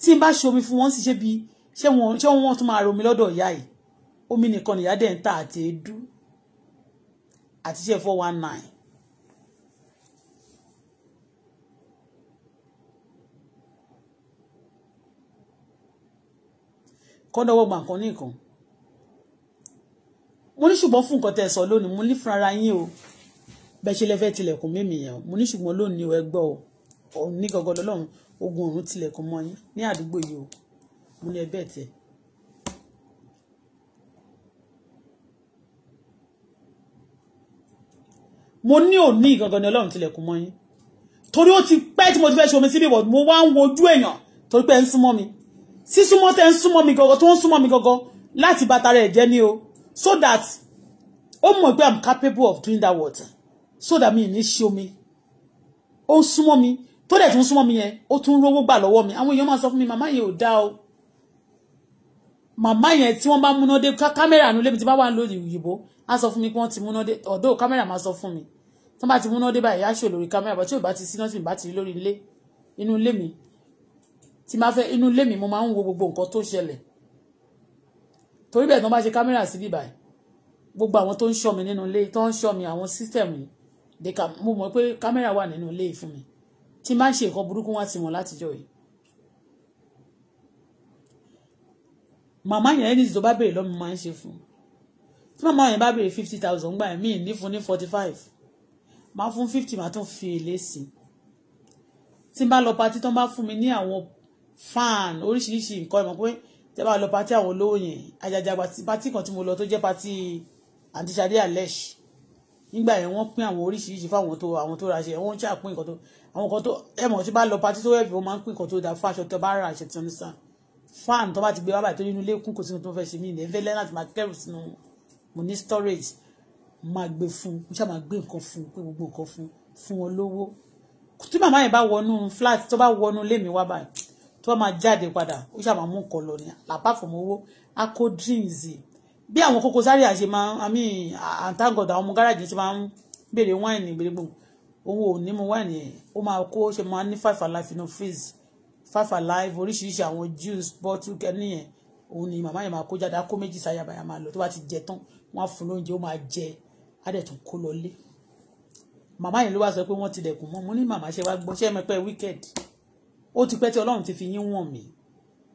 tí n bá ṣe omi fún wọn sì ṣe bí ṣé wọn wọn tún máa romi lọ́dọ̀ ìyá yìí omi nìkan nìyá dẹ̀ ń ta àti èédú àti ṣe four one nine kọ́ dọ́wọ́ gbà kan ní nǹkan mo ní ṣùgbọ́n fún nǹkan tẹ́ ẹ sọ lónìí mo ní fún ara yín o bẹ́ẹ̀ ṣe lẹ́fẹ́ tilẹ̀kùn mímì yẹn mo ní ṣùgbọ́n lónìí o ẹ gbọ́ o òun ní gangan lọ́lọ́run ogun ọ̀run tilẹ̀kùn mọ́ yín ní àdúgbò yìí o mo ní ẹ bẹ́ẹ̀ mo ní òní gangan lọ́lọ́run tilẹ̀kùn mọ́ yín torí ó ti pẹ́ tí mo ti fẹ́ ṣe omi síbí wọ̀ mo wá ń wojú èèyàn torí pé ẹ ń súnmọ́ mi sísúnmọ́ tẹ́ ń súnmọ́ mi gọ́gọ́ tó ń súnmọ́ mi gọ́gọ́ láti bá tara jẹ́ ní o so that ó mọ̀ pé i'm capable of doing that water so that mi ní ṣe omi ó ń súnmọ́ mi tó dẹ̀ tún súnmọ́ mi yẹn ó tún rówó gbà lọ́wọ́ mi àwọn èèyàn máa sọ fún mi màmá yẹn ò dáa o màmá yẹn tí wọ́n bá múná dé kámẹ́rà nu lébi tí bá wà ń lò òyìnbó á sọ fún mi pé wọ́n ti múná dé ọ̀dọ́ kámẹ́rà máa sọ fún mi tí wọ́n bá ti múná dé báyìí á ṣò lórí kámẹ́rà bọ́ tí ò bá ti sí náà bá ti rí lórí ilé inú ilé mi tí máa fẹ́ inú ilé mi mo máa ń wo gbogbo nǹkan tó ṣẹlẹ̀ torí bẹ́ẹ̀ tí wọ́n bá ṣe kámẹ́rà sí bíbá yìí gbogbo àwọn tó ń ṣọ́ mi nínú ilé tó ń ṣọ́ mi àwọn system yìí dèkà mo mọ̀ pé kámẹ́rà wà nínú ilé yìí fún mi tí máa ń ṣe nǹkan burúkú wá ti mọ̀ látijọ́ yìí. màmá yẹn ní ìṣòro bá béèrè lọ́mọ máa ń ṣe fún un tí màmá yẹn bá béèrè fifty thousand gbà mí ní fún ní forty five máa fún fifty máa tún fi èlé sí i tí n bá lọ patí tán bá fún mi ní àwọn fan oríṣiríṣi nǹkan ẹ mọ̀ pé tẹ́ bá lọ pati àwọn olówó yẹn àjàjà pati kan tí mo lọ tó jẹ́ pati àǹtíṣadé alesh nígbà yẹn wọ́n pín àwọn oríṣiríṣi fáwọn tó àwọn tó raṣẹ wọ́n ṣáà pín nǹkan tó àwọn nǹkan tó ẹ tí bá lọ pati tó wẹ̀bì wọ́n máa ń pín nǹkan tó da fún aṣọ tó bá ra tí wọ́n ní sàn fan tó bá ti gbé wá báyìí tó nínú ilé kún kò sínú tó fẹ́ ṣe mí ilẹ̀ ń máa kẹ́rù sínú mo ní storage máa gbé fún mo ṣáà máa gbé nǹkan fún pé gbogbo nǹkan fún fún wọn lówó tí màmá yẹn bá wọnú flat tó bá wọnú ilé mi wá báyìí tó bá máa jáde padà ó ṣàmà mú nǹkan lọ ní apart from owó a kó drinks bí àwọn Koko Zaria ṣe máa i mean àtàgọ̀dọ̀ àwọn ọmọ gáràjì ṣe máa ń béèrè wáìnì gbèrègbò owó ò ní mu wáìnì yẹn ó máa kó ṣe máa ní five alive inú freeze five alive oríṣiríṣi àwọn juice bottle kẹ́ni yẹn òun ni màmá yẹn máa kó jáde akó méjì sáyàbáyà máa lọ tó bá ti jẹ tán wọn á fún lóúnjẹ ó máa jẹ adẹ̀tún kó lọ lé màmá yẹn ló wá sọ pé wọ́n ti dẹ̀kùn mọ́ mo ní màmá ṣe wá gbọ́ ṣé ẹ mọ̀ pé wicked ó ti pẹ́ tí ọlọ́run ti fi yín wọ̀n mí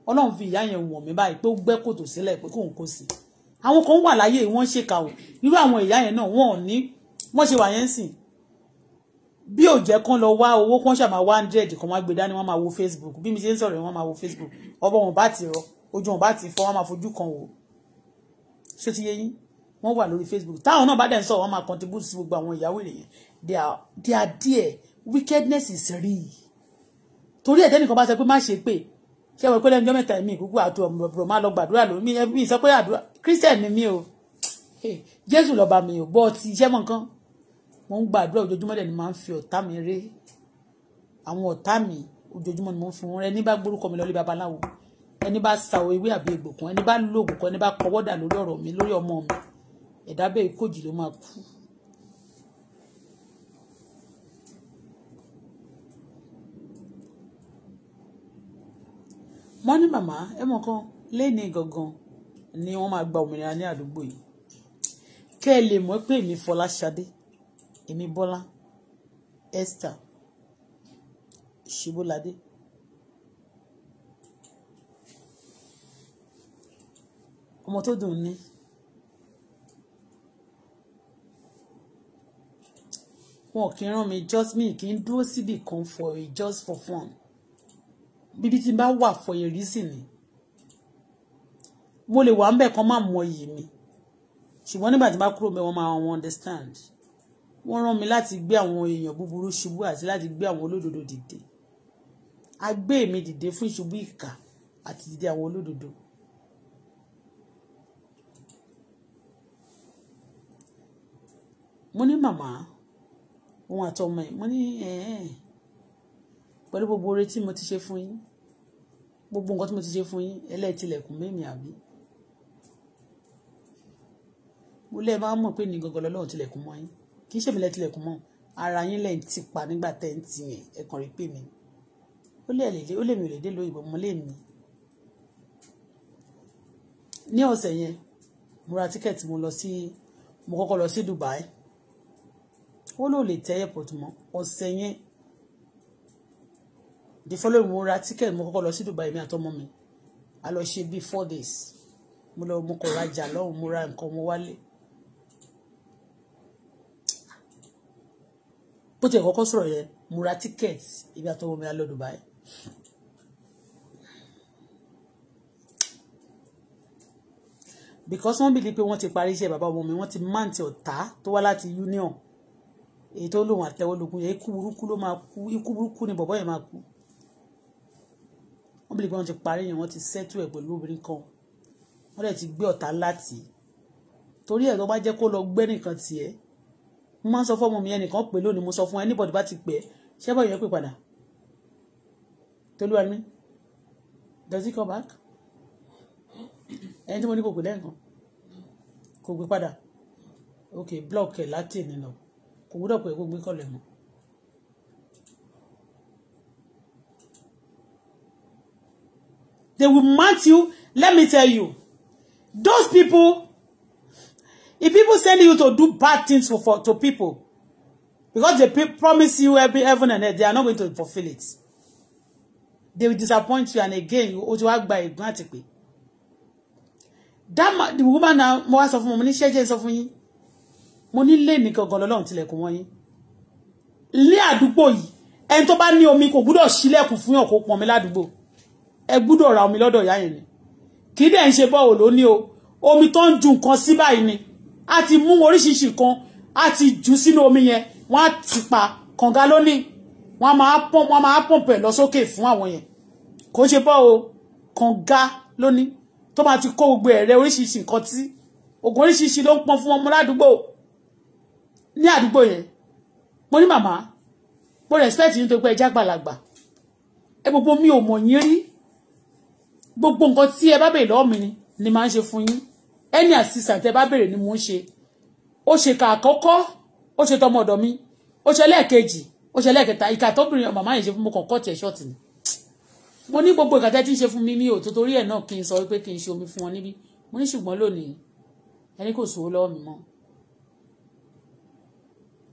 ọlọ́run fi ìyá yẹn wọ̀n mí báyìí pé ó gbẹ́ kòtò sílẹ̀ pé kóun kó sí àwọn kan wà láyé wọ́n ṣèkà o irú àwọn ìyá yẹn náà wọ́n ò ní wọ́n ṣe wà yẹn sìn bí ò jẹ́ kán lọ wá owó kán ṣàmà wá hundred kan wá gbé dání wọ́n máa wo Facebook bí mi ṣe ń sọ̀rọ̀ wọ́n máa wo Facebook ọbọ̀ wọn bá ti rọ ojú wọn bá ti fọ́ wọ́n máa fojú kan wò ṣé ti yé yín wọ́n wà lórí Facebook táwọn náà bá dẹ̀ ń sọ̀rọ̀ wọ́n máa contribute sí gbogbo àwọn ìyàwó ìrèyìn they are dear. wickedness is real torí ẹ̀ tẹ́nìkan bá sọ pé má ṣe pé ṣé wọ́n pé lẹ́nu ọjọ́ mẹ́ta mi kúkú àti ọ̀bùrọ̀ máa lọ gbàdúrà lómi mi sọ pé àdúrà christian ni eh, mi o jésù lọ́ba mi ò gbọ́ ọtí iṣẹ́ mọ̀ nǹkan mo ń gbàdúrà ojoojúmọ́ dẹ̀ ni máa ń fi ọ̀tá mi ré àwọn ọ̀tá mi ojoojúmọ́ ni mo ń fi wọn rẹ ẹni bá gbórúkọ mi lọ lé babaláwo ẹni bá sa ewé àbí egbò kan ẹni bá lóògùn kan ẹni bá pọwọ́dà lórí ọ̀rọ̀ mi lórí ọmọ mi ẹ̀dá bẹ́ẹ̀ kójì ló máa kú mo ní màmá ẹ mọ̀ kan léèní gangan ni wọ́n máa gba òmìnira ní àdúgbò yìí kẹ́ ẹ lè mọ̀ pé èmi Fọláṣadé èmi Bọ́lá Esther Ṣíbóládé ọmọ tó dùn ní. wọn kì í rán mi just me kì í dúró síbì kan for just for fun bíbí tí bá wà for a reason ni mo lè wà ń kan má mọ iyì mi ṣùgbọ́n nígbà tí n bá kúrò bẹ́ẹ̀ wọ́n máa wọn understand wọ́n rán mi láti gbé àwọn èèyàn búburú ṣubú àti láti gbé àwọn olódodo dìde a gbé mi dìde fún ìṣubú ìkà àti dìde àwọn olódodo. mo ní màmá òun àtọmọ ẹ mo ní ẹ ẹ gbogbo oore tí mo ti ṣe fún yín gbogbo nǹkan tí mo ti ṣe fún yín ẹlẹ́ẹ̀tilẹ̀kùn mẹ́mi àbí mo lẹ́ẹ̀ máa mọ̀ pé ní gangan lọ́lọ́run tilẹ̀kùn mọ́ yín kì í ṣèmi lẹ́ tilẹ̀kùn mọ́ ara yín lẹ́yìn ti pa nígbà tẹ́ ń ti yẹn ẹ̀kàn rí pè mí ó lè lè ó lè mi ò lè dé lóyìnbó mo lè mi ní ọ̀sẹ̀ yẹn mo ra tíkẹ́ẹ̀tì mo lọ sí mo kọ́kọ́ lọ sí Dubai ó lò lè tẹ́ airport mọ́ ọ̀sẹ̀ yẹn the following mo ra ticket mo kọ́kọ́ lọ sí Dubai mi àtọmọ mi a lọ ṣe bíi four days mo lọ mo kọ̀ rajà lọ́hùn mo ra nǹkan mo wálé bó ti kọ́kọ́ sọ̀rọ̀ yẹn mo ra ticket ibi àtọmọ mi a Dubai. because wọ́n bìlí pé wọ́n ti parí iṣẹ́ bàbá ọmọ mi wọ́n ti máǹtì ọ̀tá tó wá láti union èyí tó lòun àtẹwọ́lógún yẹn ikú burúkú ló máa kú ikú burúkú ni bọ̀bọ́ yẹn máa kú wọ́n bìlì pé wọ́n ti parí yẹn wọ́n ti settle ẹ̀ pẹ̀lú obìnrin kan wọ́n dẹ̀ ti gbé ọ̀tá láti torí ẹ̀ tó bá jẹ́ kó lọ gbé nìkan tiẹ̀ mo máa ń sọ fún ọmọ mi ẹnìkan pè lónìí mo sọ fún anybody bá ti pè ṣẹ́bọ̀ yẹn pè padà tolúwa mi does he come back ẹni tí mo ní kò pè lẹ́ẹ̀kan kò gbé padà ok block ẹ̀ láti ìnìlọ kò gbúdọ̀ pé kò gbé kọlẹ̀ mọ́. They will mount you. Let me tell you, those people, if people send you to do bad things for, for to people, because they promise you every heaven and earth, they are not going to fulfill it. They will disappoint you, and again, you will act by ignorantly. That the woman now, mo wá sọ fún mo ní ṣẹ́jẹ́ sọ fún yín. Mo ní lé nìkan gan lọ́lọ́run tilẹ̀kùn wọ́n yín. Lé àdúgbò yìí, ẹni tó bá ní omi kò gbúdọ̀ ṣílẹ̀kùn fún ọ̀kọ́ pọ̀nmi ládùúgbò ẹ gbúdọ̀ ra omi lọ́dọ̀ ìyá yẹn ni kì í dẹ̀ ń ṣe bọ́ọ̀ ló o omi tó ń ju nǹkan sí báyìí ni a ti mú oríṣiríṣi kan a ti jù sínú omi yẹn wọ́n á ti pa kànga lónìí wọ́n máa pọ́n wọ́n máa pọ́ǹpù ẹ̀ lọ sókè fún àwọn yẹn kò ń ṣe bọ́ọ̀ kànga lónìí tó máa ti kó gbogbo ẹ̀rẹ́ oríṣiríṣi nǹkan tí oògùn oríṣiríṣi ló ń pọn fún ọmọ ládùúgbò ní àdúgbò mo ní màmá mo respect nítorí pé ẹ jágbàlagbà ẹ gbogbo mi ò mọ̀ yín rí gbogbo nǹkan tí ẹ bá bèrè lọ́wọ́ mi ni màá ṣe fún yín ẹni àṣìṣà tẹ bá bèrè ni mò ń ṣe ó ṣe kà àkọ́kọ́ ó ṣe tọmọ ọ̀dọ̀ mi ó ṣe lẹ́ẹ̀kejì ó ṣe lẹ́ẹ̀kẹta ìkà tóbìnrin ọmọ máa ń ṣe fún mo kàn kọ́ tiẹ̀ ṣọ́ọ̀tì ni mo ní gbogbo ìkàtẹ́ tí ń ṣe fún mi mi ò tó torí ẹ̀ náà kí n sọ pé kí n ṣe omi fún wọn níbí mo ní ṣùgbọ́n lónìí ẹni kò sówó lọ́wọ́ mi mọ́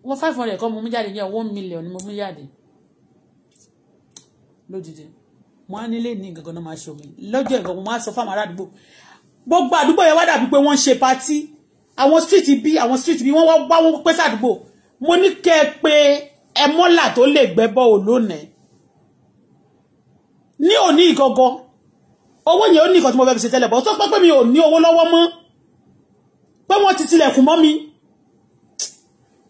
wọ́n five hundred kan mo mú jáde ní one million ni mo mú jáde lójijì mo á nílé ní gangan náà máa ṣe omi lọ́jọ́ ìgbà mo máa sọ fáwọn ará àdúgbò gbogbo àdúgbò yẹn wá dàbí pé wọ́n ń ṣe patí àwọn street bí àwọn street bí wọ́n wá wá wọ́n pẹ́ sàdúgbò mo ní kẹ́ ẹ pé ẹ mọ́là tó lè gbẹ́bọ́ ò lónìí ní òní ìgọ́gọ́ owó yẹn ó ní nǹkan tí mo fẹ́ fi ṣe tẹ́lẹ̀ bọ́ tó pẹ́ pé mi ò ní owó lọ́wọ́ mọ́ pé wọ́n ti tilẹ̀kùn mọ́ mi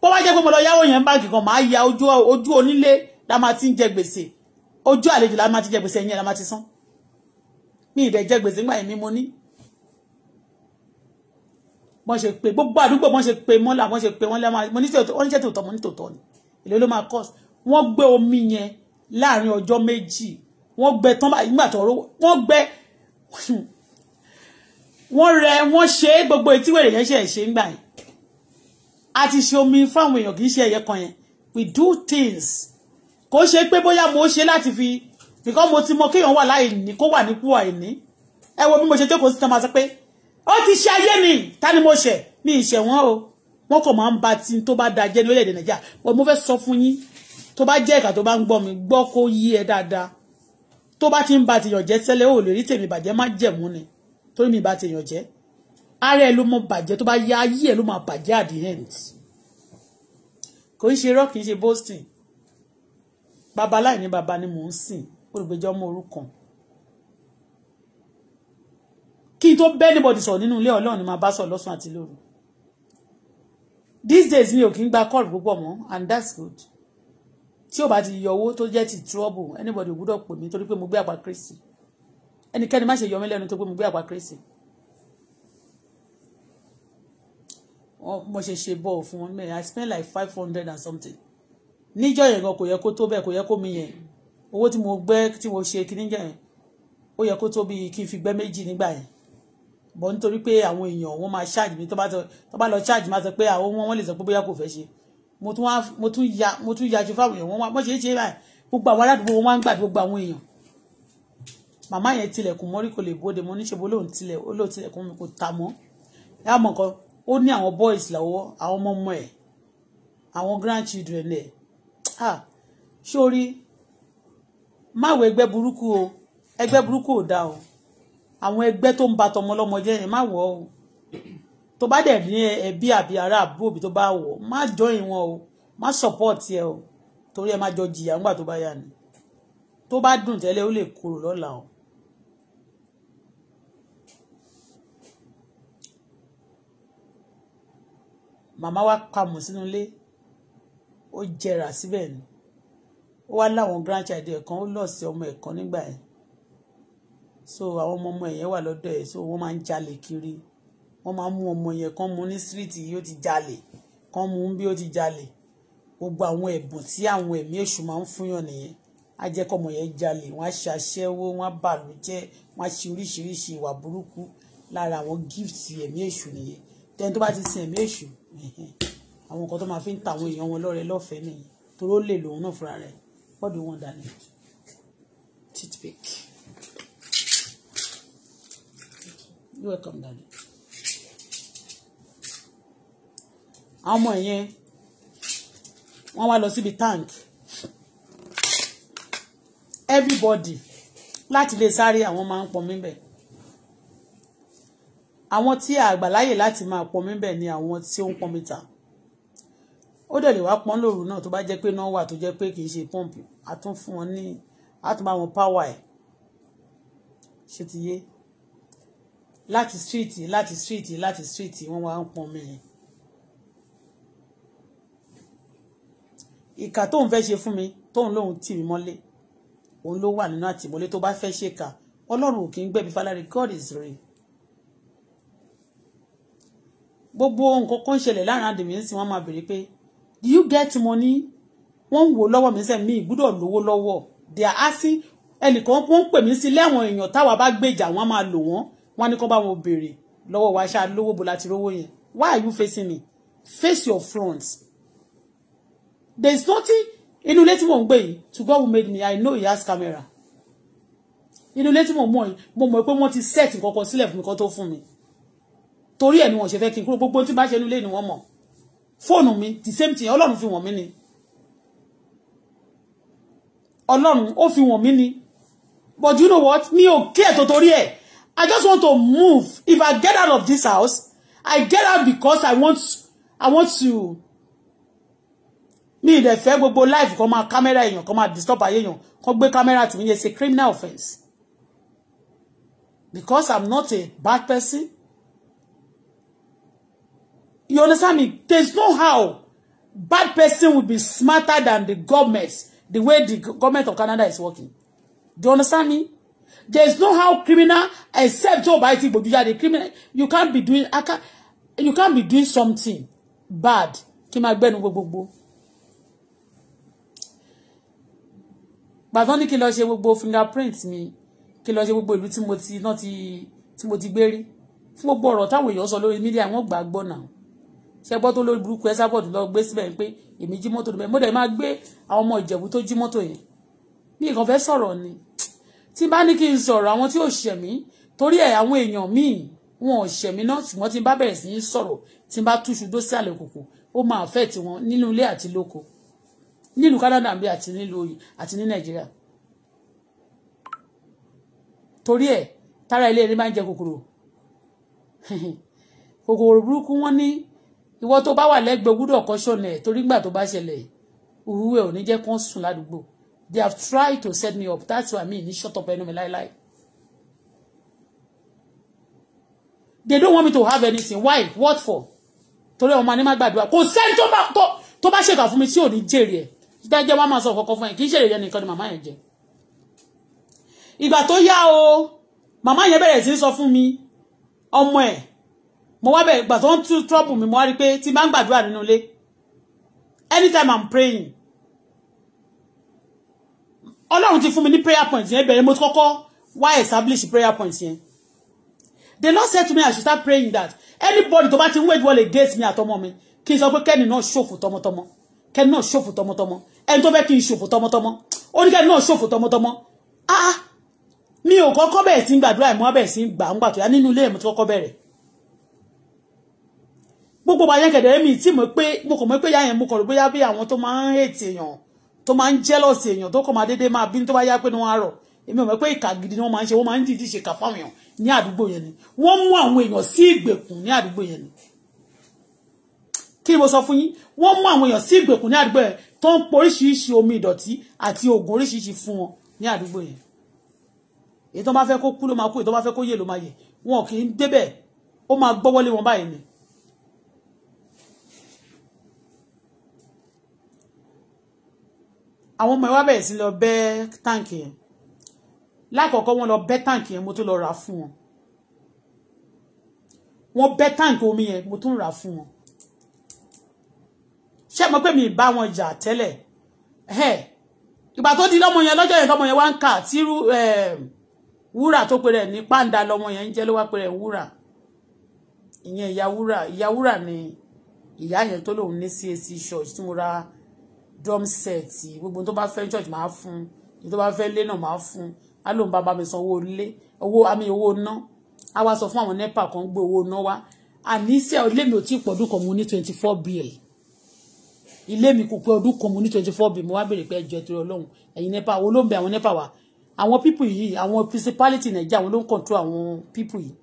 bó wá jẹ́ pé mo lọ yáwó yẹn báǹkì kan màá ya ojú onílé la máa ti ń jẹ gbèsè ojú àlejò la máa ti jẹ gbèsè la máa ti san mi ìdẹ̀ jẹ gbèsè nígbà mo ní wọ́n ṣe pé gbogbo àdúgbò wọ́n ṣe pé mọ́là wọ́n ṣe pé wọ́n lẹ́mọ́ mo ní tòótọ́ wọ́n ní jẹ́ mo ní tòótọ́ ni èlò ló máa cost wọ́n gbé omi yẹn láàrin ọjọ́ méjì wọ́n gbẹ tán báyìí nígbà tó rọ wọ́n gbẹ wọ́n rẹ wọ́n ṣe gbogbo etí yẹn ṣe ṣe ńgbà yẹn a ti ṣe omi fáwọn èèyàn kì í ṣe ẹ̀yẹ kan yẹn we do things kò ṣe pé bóyá mo ṣe láti fi nìkan mo ti mọ kéèyàn wà láì ní kó wà nípò àìní ẹ wo bí mo ṣe jókòó sí tán máa sọ pé ó ti ṣe ayé mi ta ni mo ṣẹ̀ mi ìṣẹ̀ wọn o wọn kò máa ń ba tí tó bá da jẹ́ ní orílẹ̀-èdè nàìjíríà but mo fẹ́ sọ fún yín tó bá jẹ́ ìkà tó bá ń gbọ́ mi gbọ́ kó yí ẹ dáadáa tó bá ti ń ba tèèyàn jẹ́ tẹ́lẹ̀ ó lè rí tèmi bàjẹ́ má jẹ̀mú ni torí mi ba tèèyàn jẹ́ ara ẹ ló mọ bàjẹ́ tó bá yá ayé ẹ ló máa bàjẹ́ at the end kò ń ṣe irọ́ kì í ṣe boasting bàbá láì ní bàbá ni mò ń sìn olùgbèjọ́ ọmọ òrukàn kí n tó bẹ́ẹ̀ níbọ̀dì sọ̀rọ̀ nínú ilé ọlọ́run ni màá bá sọ̀rọ̀ lọ́sùn àti lóru these days mi ò kí ń gba call púpọ̀ mọ́ and that's good tí ò bá ti yọ owó tó jẹ́ ti trouble anybody ò gbúdọ̀ pè mí torí pé mo gbé àpá kristi ẹnikẹ́ni má ṣe yọ mí lẹ́nu tó pé mo gbé àpá kristi mo ṣe ṣe bọ́ọ̀ fún wọn mẹ́rin I spend like five hundred and something níjọ́ yẹn gan kò yẹ kó tó bẹ́ẹ̀ kò yẹ kó mi yẹn owó tí mo gbẹ́ tí mo ṣe kí níjọ́ yẹn ó yẹ kó tó bí kí n fi gbẹ́ méjì nígbà yẹn bọ̀ nítorí pé àwọn èèyàn wọ́n máa ṣáàjì mi tó bá lọ ṣáàjì máa sọ pé àwọn wọn lè sọ pé bóyá kò fẹ́ ṣe mo tún ya mo tún ya ju fáwọn èèyàn wọ́n wọ́n ṣe é ṣe báyìí gbogbo àwọn aládùúgbò wọn máa ń gbà gbogbo àwọn èèyàn màmá yẹn tilẹ̀kùn mọ́rí kò lè bóde mo níṣe bó lóun tilẹ̀ olóò mi kò ta mọ́ yá mọ̀ ó ní àwọn boys lọ́wọ́ àwọn ọmọ ọmọ ẹ̀ àwọn grandchildren ẹ̀ ah sórí máwo ẹgbẹ́ burúkú o ẹgbẹ́ burúkú ò dáa o àwọn ẹgbẹ́ tó ń ba tọmọlọ́mọ jẹ́ yẹn má wọ̀ o tó bá dẹ̀ ní ẹbí àbí ará àbúrò bí tó bá wọ̀ má join wọn o má support ẹ o torí ẹ má jọ jìyà ńgbà tó bá yà ni tó bá dùn tẹ́lẹ̀ ó lè kúrò lọ́la o. màmá wa pa mọ̀ sínú ilé ó jẹrà síbẹ̀ ni ó wá láwọn grandchild ẹ̀ kan ó lọ sí ọmọ ẹ̀ kan nígbà yẹn so àwọn ọmọ ọmọ yẹn wà lọ́dọ̀ ẹ̀ so wọ́n máa ń jalè kiri wọ́n máa ń mú ọmọ yẹn kan mú ní street yìí ó ti jalè kan mú bí ó ti jalè gbogbo àwọn ẹ̀bùn tí àwọn ẹ̀mí èṣù máa ń fúnyàn nìyẹn á jẹ́ kọ́mọ yẹn jalè wọ́n á ṣe aṣẹ́wó wọ́n á bàlújẹ́ wọ́n á ṣe oríṣiríṣi ìwà burúkú lára àwọn gift ẹ̀mí èṣù nìyẹn tẹ́ni tó bá ti sin ẹ̀mí èṣù àwọn nǹkan tó máa fi ń ta èèyàn wọn lọ́rẹ lọ́fẹ̀ẹ́ nìyí toró lè lòun náà fúnra rẹ̀ what do you want dani titpic you àwọn ọmọ yẹn wọ́n wá lọ síbi tank everybody láti lè sáré àwọn máa ń pọn mí bẹ̀ àwọn tí àgbàláyè láti máa pọn mí bẹ̀ ni àwọn tí ó ń pọn mi ta ó dẹ̀ lè wá pọ́n lóru náà tó bá jẹ́ pé náà wà tó jẹ́ pé kì í ṣe pọ́ǹpì a tún fún wọn ní a tún bá wọn páwà ẹ̀ ṣe ti yé láti street láti street láti street wọ́n wá ń pọn mẹ́rin. ìkà tóun fẹ́ ṣe fún mi tóun lóun tì mí mọ́lé òun ló wà nínú àtìmọ́lé tó bá fẹ́ ṣèkà ọlọ́run ò kì í gbẹ̀bí fálárí God is real gbogbo nǹkan kan ṣẹlẹ̀ láàrin àdèmí ń sìn wọ́n máa béèrè pé do you get money wọ́n ń wò lọ́wọ́ mi sẹ́ mi ìgbúdọ̀ lówó lọ́wọ́ they are asking ẹnìkan wọ́n ń pè mí sí lẹ́wọ̀n èèyàn táwa bá gbèjà wọ́n máa lò wọ́n wọ́n ní kó bá wọn béèrè lọ́wọ́ wa ṣáà lówó bo láti rówó yẹn why are you facing me face your front there is nothing inú ilé tí mò ń gbé yìí to God who made me I know he has camera inú ilé tí mò ń mọ̀ yìí mo mọ̀ pé wọ́n ti set nǹkan kan sílẹ̀ fún mi kan tó fún mi torí ẹ̀ ni wọ́n ṣe fẹ́ kí n kúrò gbogbo tí bá ṣe inú ilé ni wọ́n mọ̀ fóònù mi the same thing ọlọ́run fi wọ̀n mí ni ọlọ́run ó fi wọ̀n mí ni but you know what mi ò kí ẹ̀ tó torí ẹ̀ I just want to move if I get out of this house I get out because I want I want to mi ìdẹ̀ fẹ́ gbogbo life kan máa camera, èèyàn kan máa disturb ayé èèyàn kan gbé camera to me yẹn ṣe criminal offence because I'm not a bad person You understand me? There's no how bad person will be smarter than the government, the way the government of Canada is working. Do you understand me? There's no how criminal except Joe Biden, but you are the criminal. You can't be doing I can't, you can't be doing something bad. Kí máa gbẹ́nu gbogbo. Gbàtán ní kí n lọ ṣe gbogbo fingerprint mi, kí n lọ ṣe gbogbo ìlú tí mo ti náà ti tí mo ti gbé rí. Fún gbogbo ọ̀rọ̀ táwọn ṣẹgbọ́ tó lórí burúkú ẹ sábọ̀dù lọ gbé síbẹ̀ pé èmi jí mọ́tò níbẹ̀ mo dẹ̀ máa gbé àwọn ọmọ ìjẹ̀bú tó jí mọ́tò yẹn mi kàn fẹ́ sọ̀rọ̀ ni tí bá ní kí n sọ̀rọ̀ àwọn tí ò ṣẹ̀mí torí ẹ̀ àwọn èèyàn míì wọn ò ṣẹ̀mí náà ṣùgbọ́n tí n bá bẹ̀rẹ̀ sí í sọ̀rọ̀ tí n bá túṣu dó sí àlẹ́ òkùnkùn ó máa fẹ́ tiwọn nínú ilé àti lóko nílùú Canada bí àti nílùú oyè àti ní Nàìjíríà torí ẹ̀ tára ilé ẹni máa ń jẹ kòkòrò kòkòrò burúkú wọn ní ìwọ tó bá wà lẹ́gbẹ̀ẹ́ gbúdọ̀ kọ́ṣọ́ nẹ̀ torí gbà tó bá ṣẹlẹ̀ òwúwẹ ò ní jẹ́ kó sùn ládùúgbò they have tried to set me up that's why mi ní shut up ẹnu mi láéláé they don't want me to have anything why what for torí ọmọ ní má gbàdúrà kò sẹ́ni tó bá tó bá ṣèkà fún mi tí ò ní jèrè ẹ̀ dájẹ́ wá máa sọ kọ́kọ́ fún ẹ̀ kì í ṣèrè yẹn nìkan ni màmá yẹn jẹ ìgbà tó yá o màmá yẹn bẹ̀rẹ̀ sí sọ fún mi ọmọ ẹ̀ mo wá bẹ̀rẹ̀ ìgbà tó ń trouble mi mo wá rí i pé tí n bá ń gbàdúrà anytime i'm praying ọlọ́run ti fún mi ní prayer point yẹn bẹ̀rẹ̀ mo ti kọ́kọ́ wá establish prayer point yẹn the lord said to me i should start praying that anybody to bá ti ń wage war against me àtọmọ mi kí n sọ pé kẹ́ni náà ṣòfò tọmọtọmọ kẹ́ni náà ṣòfò tọmọtọmọ ẹni tó fẹ́ kí n ṣòfò tọmọtọmọ ó ní kẹ́ni náà ṣòfò tọmọtọmọ ah, ah mi ò kọ́kọ́ bẹ̀rẹ̀ sí gbàdúrà ìmọ̀ bẹ̀rẹ̀ sí gbà ń gbàtúyà nínú ilé mi ti kọ́kọ́ bẹ̀rẹ̀ gbogbo bá yẹn kẹ̀dẹ̀ mi tí mo pé mo kàn mọ̀ pé yá mo kàn rò bóyá bí àwọn tó máa ń hate èèyàn tó máa ń jealous èèyàn tó kàn máa dédé máa bínú tó bá yá pé ni wọ́n á rọ̀ èmi ò mọ̀ pé ìkà gidi ni wọ́n máa ń ṣe wọ́n máa ń dìídì ṣe kà fáwọn èèyàn ní àdúgbò yẹn ni wọ́n mú àwọn èèyàn sí ìgbèkùn ní àdúgbò yẹn ni kí ni mo sọ fún yín wọ́n mú àwọn èèyàn sí ìgbèkùn ní àdúgbò yẹn tó ń po oríṣiríṣi omi ìdọ̀tí àti oògùn oríṣiríṣi fún wọn ní àdúgbò yẹn èyí tó bá fẹ́ kó kú ló máa kú èyí tó bá fẹ́ kó yè ló máa yè wọn kì í débẹ̀ ó máa gbọ́wọ́lé wọn báyìí ni àwọn ọmọ ẹ wá bẹ̀rẹ̀ sí lọ bẹ́ táǹkì yẹn lákọ̀ọ́kọ́ wọ́n lọ bẹ́ táǹkì yẹn mo tún lọ rà fún wọn wọ́n bẹ́ táǹkì omi yẹn mo tún rà fún wọn ṣé mo pé mi bá wọn jà tẹ́lẹ̀ ẹ̀ ìgbà tó di lọ́mọ yẹn lọ́jọ́ yẹn lọ́mọ yẹn wá ń kà tírú wúrà tó pe rẹ̀ ní pàǹdà lọ́mọ yẹn ń jẹ́ ló wá pe rẹ̀ wúrà ìyẹn ìyá wúrà ìyá wúrà ni ìyá yẹn tó lòun ní CAC church tí mo ra drum set gbogbo tó bá fẹ́ church máa fún un tó bá fẹ́ lé náà máa fún un á lóun bá bá mi san owó ilé owó àmì owó ná á wá sọ fún àwọn nepa kan gbé owó ná wá àní sẹ́ ilé mi ò tí ì pọ̀ ọdún kan mo ní twenty four bill ilé mi kò pé ọdún kan mo ní twenty four bill mo wá béèrè pé ẹjọ́ torí ọlọ́run ẹ̀yin nepa àwọn olóńgbẹ àwọn nepa wa àwọn people yìí àwọn principality nàìjíríà àwọn ló ń control àwọn people yìí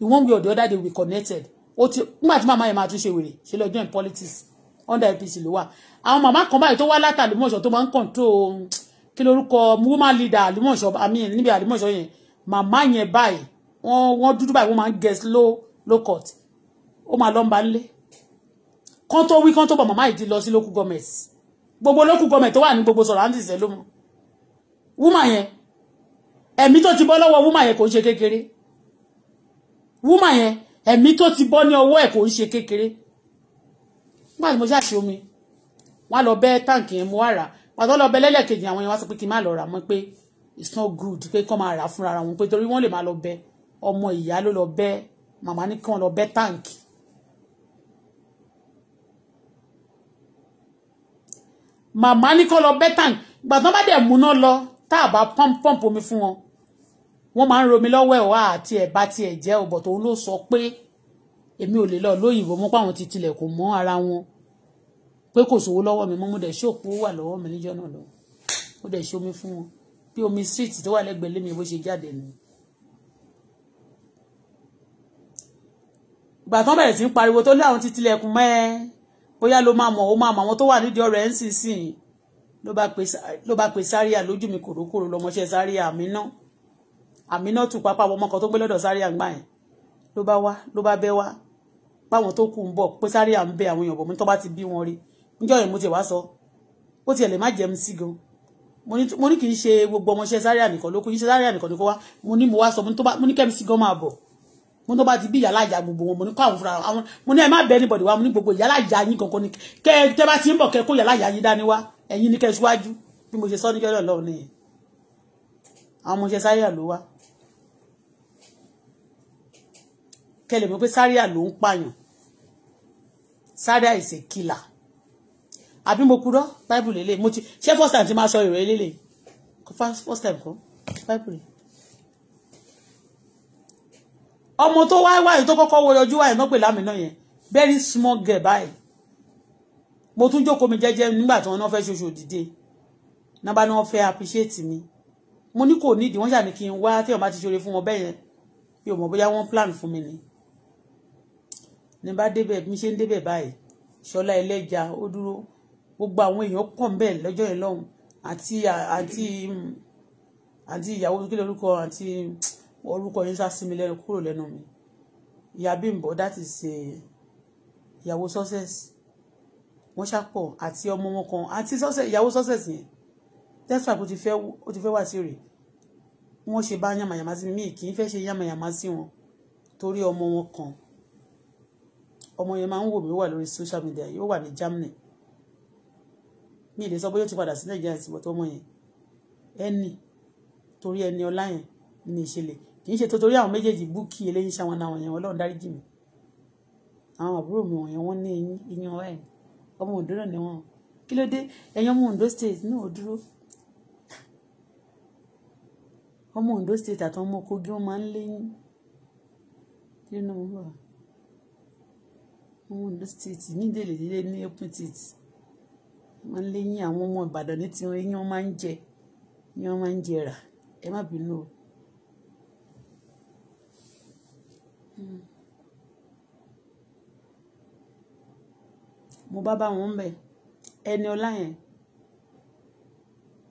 in one way or the other they will be connected ó ti nígbà tí màmá yẹn máa tún ṣe wèrè ṣe lọ́jọ́ in politics under APC ló wà àwọn màmá kan báyìí tó wá láti àlùmọ̀ṣọ́ tó máa ń control kí lorúkọ woman leader àlùmọ̀ṣọ́ àmì níbi àlùmọ̀ṣọ́ yẹn màmá yẹn báyìí wọ́n wọ́n dúdú báyìí wọ́n máa ń get low low cut ó máa lọ ń ba nílé kán tó wí kán tó bọ̀ màmá yìí ti lọ sí local government gbogbo local government tó wà ní gbogbo surroundings ẹ̀ ló mọ̀ woman yẹn ẹ̀mí tó ti bọ́ lọ́wọ́ woman yẹn kò ń ṣe kékeré woman yẹn ẹ̀mí tó ti bọ́ ní ọwọ́ ẹ̀ kò ń ṣe kékeré nígbà tí mo ṣáà ṣe omi wọ́n á lọ bẹ́ táǹkì yẹn mo wá rà pàtó lọ bẹ lẹ́lẹ́kejì àwọn yẹn wá sọ pé kí n má lọ rà mọ́ pé it's not good pé kọ́ máa rà fúnra wọn pé torí wọ́n lè máa lọ bẹ ọmọ ìyá ló lọ bẹ màmá ní kí wọ́n lọ bẹ táǹkì. màmá ní kọ́ lọ bẹ táǹkì gbàtàn bá dẹ̀ múná lọ tá a bá pọ́ǹpọ́ǹpù omi fún wọn wọ́n máa ń romi lọ́wọ́ ẹ̀ wá àti ẹ̀ bá tiẹ̀ jẹ́ ọ̀bọ̀ tòun ló sọ pé èmi ò lè lọ lóyìnbó mọ́ pé àwọn ti tilẹ̀kùn mọ́ ara wọn pé kò sówó lọ́wọ́ mi mọ́ mo dẹ̀ ṣòpó wà lọ́wọ́ mi níjọ́ náà lọ mo dẹ̀ ṣomi fún wọn bí omi street tó wà lẹ́gbẹ̀ẹ́ lé mi bó ṣe jáde ni. ìgbà tán bẹ̀rẹ̀ sí ń pariwo tó lé àwọn ti tilẹ̀kùn mọ́ ẹ bóyá ló máa mọ̀ ó máa mọ̀ àwọn tó wà nídìí ọ̀rọ̀ ń sìn sìn ló bá pe sáríà lójú mi kòrókòrò lọmọṣẹ́ sáríà àmínà àmínà tù pápá ọmọ kan tó gbé lọ́dọ̀ sáríà gbà yẹn ló bá wá ló bá bẹ́ wá páwọn tó kù ń bọ̀ pé sáré à ń bẹ àwọn èèyàn bọ̀ mo ní tó bá ti bí wọn rí níjọ́ yẹn mo ti wá sọ ó tiẹ̀ lè má jẹ́ mi sí gan mo ní kì í ṣe gbogbo ọmọọṣẹ́ sáré ànìkan ló kù yín ṣe sáré ànìkan ló kó wá mo ní mo wá sọ mo ní kẹ́mi sí gan máa bọ̀ mo tó bá ti bí ìyálà ìyá gbogbo wọn mo ní kó àwọn fúnra àwọn mo ní ẹ má bẹ anybody wá mo ní gbogbo ìyálà ìyá yín kankan ni kẹ tẹ bá ti ń bọ̀ kẹ kó ìyálà ìyá yín dání wá ẹ̀yin ní kẹ síwájú bí mo ṣe sọ níjọ́ lọ́wọ́ nìyẹn àwọn ọmọọṣẹ́ sáré àlówá kẹlẹ̀ mọ́ pé Zaria ló ń pààyàn Zaria is a killer àbí mo kúrò bible lélẹ̀ mo ti ṣé first time ti máa sọ ìròyìn lélẹ̀ first time kọ́ bible ọmọ tó wáyé wáyé tó kọ́kọ́ wọ ọjọ́ wáyé náà pè lámìnà yẹn very small girl báyìí mo tún jókòó mi jẹ́jẹ́ nígbà tí wọ́n náà fẹ́ ṣoṣo dìde nàbà ni wọ́n fẹ́ appreciate mi mo ní kò nídìí wọ́n ṣàní kí n wá tí wọ́n bá ti ṣoore fún wọn bẹ́ẹ̀ yẹn mi mọ̀ bóyá wọ́n plan fún mi ni ní bá débẹ̀ mi ṣe ń débẹ̀ báyìí ṣọlá ẹlẹ́ja ó dúró gbogbo àwọn èèyàn pọ̀ ńbẹ̀ lọ́jọ́ yẹn lọ́hùn àti àti àti ìyàwó kí lórúkọ àti orúkọ yẹn sá sí lẹ́nu kúrò lẹ́nu mi ìyá bímbọ that is ìyàwó success wọ́n ṣàpọ̀ àti ọmọ wọn kan àti ìyàwó success yẹn that's why ó ti fẹ́ ó ti fẹ́ wà sí rè wọ́n ṣe bá yàmàyàmá sí mi mi kì í fẹ́ ṣe yàmàyàmá sí wọn torí ọmọ wọn kan ọmọ yẹn máa ń wò mí wà lórí social media yìí ó wà ní Germany mi ì lè sọ bóyá ó ti padà sí Nàìjíríà sí bọ́tọ́ ọmọ yẹn ẹni torí ẹni ọlá yẹn ní ìṣẹ̀lẹ̀ kì í ṣe tó torí àwọn méjèèjì búkì eléyìí ṣàwọn àwọn yẹn Ọlọ́run dáríjì mi àwọn àbúrò mi wọ̀nyẹn wọ́n ní iyán ẹ̀ ọmọ Oǹdó náà ni wọ́n kí ló dé ẹ̀yin ọmọ Oǹdó state náà ò dúró ọmọ Oǹdó state àtọmọ Kogi wọ́n máa ń léyìn nínú wọn wọ́n ń lose teeth ní délé lílé ní open teeth wọ́n lé yín àwọn ọmọ Ìbàdàn ní tiwọn yín wọ́n máa ń jẹ yín wọ́n máa ń jẹ rà ẹ má bínú o. Hmm. mo bá bá wọn bẹ ẹni ọlá yẹn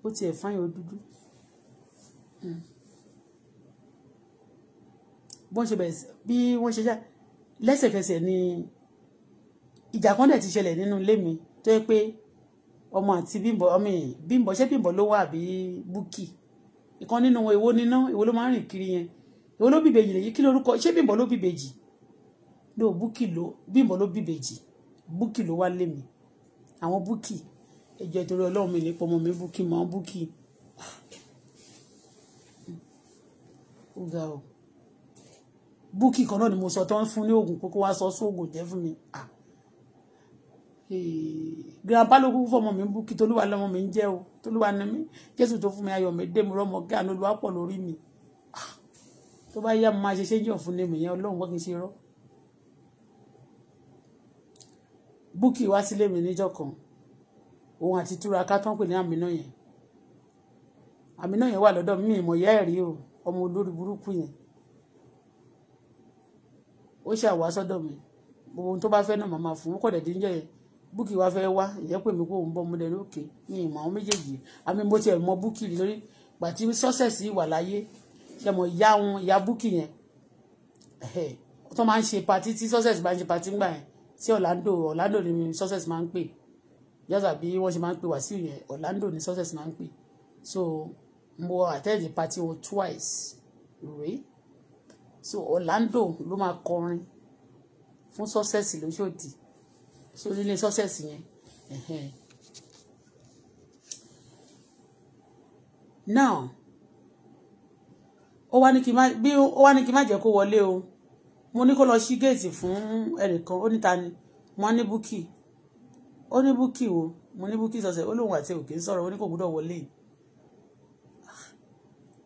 ó tiẹ̀ fáyọ̀ ó dúdú hmm. bọ́n ṣe bẹ̀rẹ̀ bí wọ́n ṣe ṣá lẹ́sẹ̀kẹsẹ̀ ni ìjà kan dẹ̀ ti ṣẹlẹ̀ nínú ilé mi tó yẹ pé ọmọ àti bímbọ ọmọ yẹn bímbọ ṣé bímbọ ló wà bí búkì ìkan nínú èwo níná èwo ló máa ń rìn kiri yẹn èwo ló bìbèjì lèyí kí lórúkọ ṣé bímbọ ló bìbèjì ló búkì ló bímbọ ló bìbèjì búkì ló wá lé mi àwọn búkì ẹjọ ìtorí Ọlọ́run mi nípa ọmọ mi búkì mọ búkì búkì kan náà ni mo sọ tán fún ní oògùn kókó wá sọ sóògùn jẹ fún mi ah grandpa ló fọmọ mi ń bú kí lọmọ mi ń o tolúwa ni mí jésù tó fún mi ayọ̀ mi dé mi rọ́mọ gá ní olúwa pọ̀ lórí mi ah! tó bá yá mo máa ṣe ṣéjọ́ fún lèmi yẹn ọlọ́run wọ́n kì í ṣe rọ́ búkì wá sílé mi níjọ́ kan òun àti túraká tó ń pè ní àmínà yẹn àmínà yẹn wà lọ́dọ̀ mi ìmọ̀ ìyá ẹ̀rí o ọmọ olórí burúkú yẹn ó ṣàwá sọ́dọ̀ mi gbogbo ohun tó bá fẹ́ náà màmá fún un kọ̀dẹ̀ díjọ́ yẹn búkì wa fẹ́ wá ìyẹn pè mí kó ń bọ́ mo lẹ́nu òkè ní ìmọ̀ àwọn méjèèjì àmì mo tiẹ̀ mọ búkì lórí pàtí sọ́sẹ̀sì wà láyé ṣe mọ̀ ìyá wọn ìyá búkì yẹn tó máa ń ṣe patí tí sọ́sẹ̀sì máa ń ṣe patí ńgbà yẹn sí Orlando Orlando ni sọ́sẹ̀sì máa ń pè yàtọ̀ bí wọ́n ṣe máa ń pè Wàsíù yẹn Orlando ni sọ́sẹ̀sì máa ń pè so mo attend the party wọn twice rèé so Orlando ló máa kọrin fún sọ́sẹ̀sì lóṣòdì sórí ilé sọ́sẹ̀sì yẹn now ó wá ní kí n má jẹ́ kó wọlé o mo ní kó lọ sí géètì fún ẹnìkan ó níta ni mo ní búkì ó ní búkì o mo ní búkì sọ̀sẹ̀ ó lóun àti òkè ń sọ̀rọ̀ ó ní kò gbúdọ̀ wọlé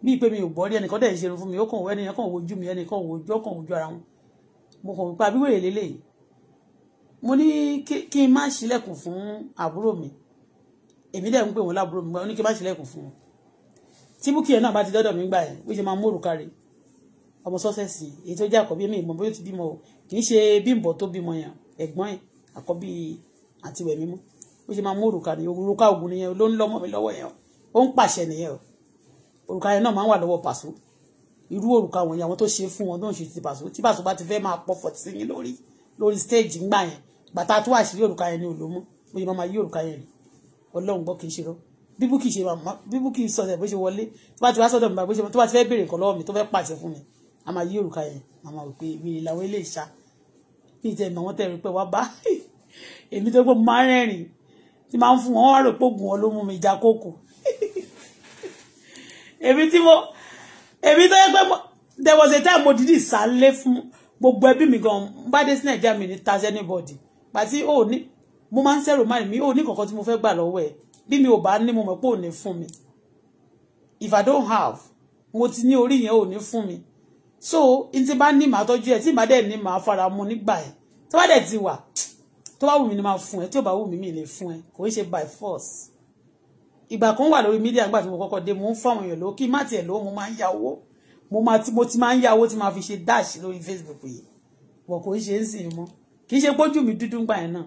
bí pé mi ò gbọ́ rí ẹnìkan dẹ̀ ń ṣerun fún mi ó kàn wọ ẹnìkan wojú mi ẹnìkan wojú ọkàn wojú ara wọn mo kàn wípé abíwèrè lélẹ́yìí mo ní kí n má ṣílẹ̀kùn fún àbúrò mi èmi dẹ̀ ń pè wọ́n lábúrò mi gbà wọ́n ní kí n má ṣílẹ̀kùn fún wọn tí búkì yẹn náà bá ti dọ́dọ̀ mi gbà yẹn bó ṣe máa mú òrùka rẹ̀ ọmọ sọ́sẹ̀sì èyí tó jẹ́ àkọ́bí mi ìmọ̀ bóyá ti bímọ o kì í ṣe bímbọ̀ tó bímọ yẹn ẹ̀gbọ́n ẹ̀ àkọ́bí àti ìwẹ̀ mímú bó ṣe máa mú òrùka nìyẹn òrùka ògùn nìyẹn ló ń lọ́mọ mi lọ́wọ́ ń pàṣẹ stage ńgbà yẹn bàtà tó àṣírí òrùka yẹn ni ò ló mú bóyá máa máa yí òrùka yẹn ni ọlọ́run gbọ́ kì í ṣe rọ bíbú kì í ṣe màmá bíbú kì í sọ̀tẹ̀ bó ṣe wọlé tó bá ti wá sọ̀tẹ̀ mi bó ṣe tó bá ti fẹ́ béèrè nǹkan lọ́wọ́ mi tó fẹ́ pàṣẹ fún mi a máa yí òrùka yẹn màmá rò pé ìbéèrè làwọn ilé ìṣá bíi tẹ̀ mọ̀ wọ́n tẹ̀ rí pé wá bá èmi tó gbọ́ máa rẹ́rìn tí máa ń fún wọn wá rò pé ògùn wọn mi mo there was a time mo dìdí sálé fún gbogbo ẹbí mi gan bá dé sí nàìjíríà mi ní taz anybody pàtí ò ní mo máa ń sẹ́rù máa mi ò oh, ní kankan tí mo fẹ́ gbà lọ́wọ́ ẹ̀ bí mi ò bá ní mo mọ̀ pé ò ní fún mi if i don't have mo ti ní orí yẹn ò ní fún mi so n ti bá ní màá tọ́jú ẹ̀ tí màá dẹ̀ ní màá fara mu nígbà ẹ̀ tó bá dẹ̀ ti wà tó bá wù mí ni máa fún ẹ tí ò bá wù mí mi lè fún ẹ kò í ṣe by force ìgbà kan wà lórí mídíà nígbà tí mo kọ́kọ́ dé mo ń fáwọn èèyàn lówó kí má tiẹ̀ lówó mo máa ń yáwó mo ti máa ń yáwó tí máa fi ṣe dash lórí Facebook yìí wọ̀ kò ń ṣe ń sìn mọ́ kì í ṣe pójú mi dúdú gbà yẹn náà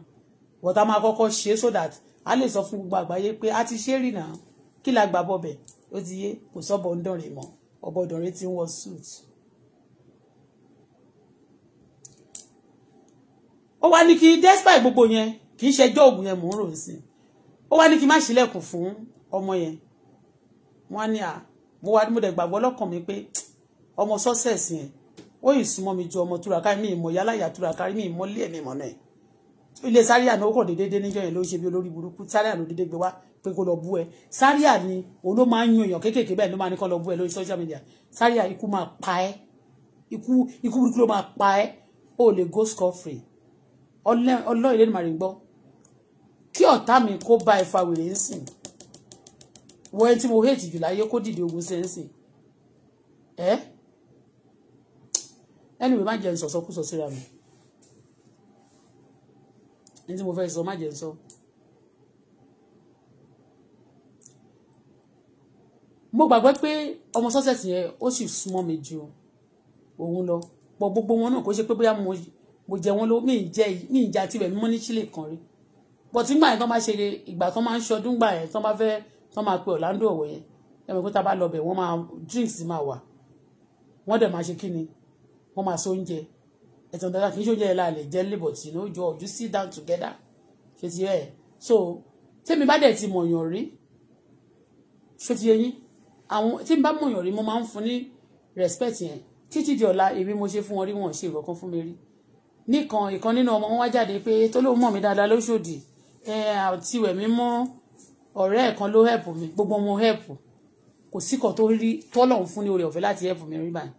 but a máa kọ́kọ́ ṣe so that a lè sọ fún gbogbo àgbáyé pé a ti ṣe rìnà kí la gbà bọ̀bẹ̀ ó ti yé kò sọ́bọ̀ ń dọ̀rẹ̀ mọ́ ọbọ̀ dọ̀rẹ̀ ti ń wọ suit. ó wá ní kí despite gbogbo yẹn kì í ṣẹjọ́ òògùn yẹn mò ń rò sí ó wá ní kí má ṣílẹ̀kùn fún ọmọ yẹn wọ́n á ní à mo wá mo dẹ̀ gbàgbọ́ lọ́kàn mi pé ọmọ success yẹn ó yìí súnmọ́ mi ju ọmọ túraká mi ìmọ̀ yálàyà túraká mi ìmọ̀ lé ẹ̀mí ìmọ̀ náà ilé sáríà náà ó kàn déédéé níjọ́ yẹn ló ń ṣe bí olórí burúkú sáríà ló déédéé gbé wá pé kó lọ bú ẹ sáríà ni òun máa ń yan kéékèèké bẹ́ẹ̀ ló máa ní kó lọ bú ẹ lórí social media sáríà ikú máa pa ẹ́ ikú ikú burúkú ló máa pa ẹ́ ó lè go score free ọlọ́ọ̀ ilé ni màá rí gbọ́ kí ọ̀tá mi kó bá ẹ fa wèrè ń sìn wọ́n ẹ tí mo hate jù láyé kó dìde ogun sẹ́ńsìn ẹ́ eh? anyway má jẹ́ n sọ̀sọ́ kú sọ síra mi ní tí mo fẹ́ sọ má jẹ́ n sọ. mo gbàgbọ́ pé ọmọ sọ́sẹ̀sì yẹn ó sì súnmọ́ mi ju òun lọ pọ̀ gbogbo wọn náà kó ṣe pé bóyá mo jẹ wọn ló mi jẹ mi ìjà tirẹ̀ mímọ́ ní chile kan rí bọ̀ tí gbà yẹn tán bá ṣe ìgbà tán máa ń ṣọdún gbà yẹn tán bá fẹ́ tán máa pe Orlando ọ̀wọ̀ yẹn ẹ̀mí pé tá a bá lọ bẹ̀ wọ́n máa drinks máa wà wọ́n dẹ̀ máa ṣe kí ni wọ́n máa so oúnjẹ ẹ̀sìn ọ̀dọ́dá kì í ṣe oúnjẹ yẹn láàlẹ̀ jẹ́ lébọ̀ tí ló jọ ojú sit down together ṣe ti ẹ̀ so tèmi bá dẹ̀ ti mọ̀yàn rí ṣe ti yẹn àwọn tèmi bá mọ̀yàn rí mo máa ń fún ní respect yẹn títí di ọ̀la èmi mo ṣe fún wọn rí wọn ṣe ìkọ̀kan fún mi rí nìkan ìkan nínú ọmọ wọn wá jáde pé tó lóun mọ̀ mí dáadáa lóṣòdì ẹ àti ìwẹ̀ mi mọ́ ọ̀rẹ́ ẹ̀kan ló help mi gbogbo wọn help kò sí kan tó rí tọ́lọ̀ ń fún ní oore ọ̀fẹ́ láti help mi rí báyìí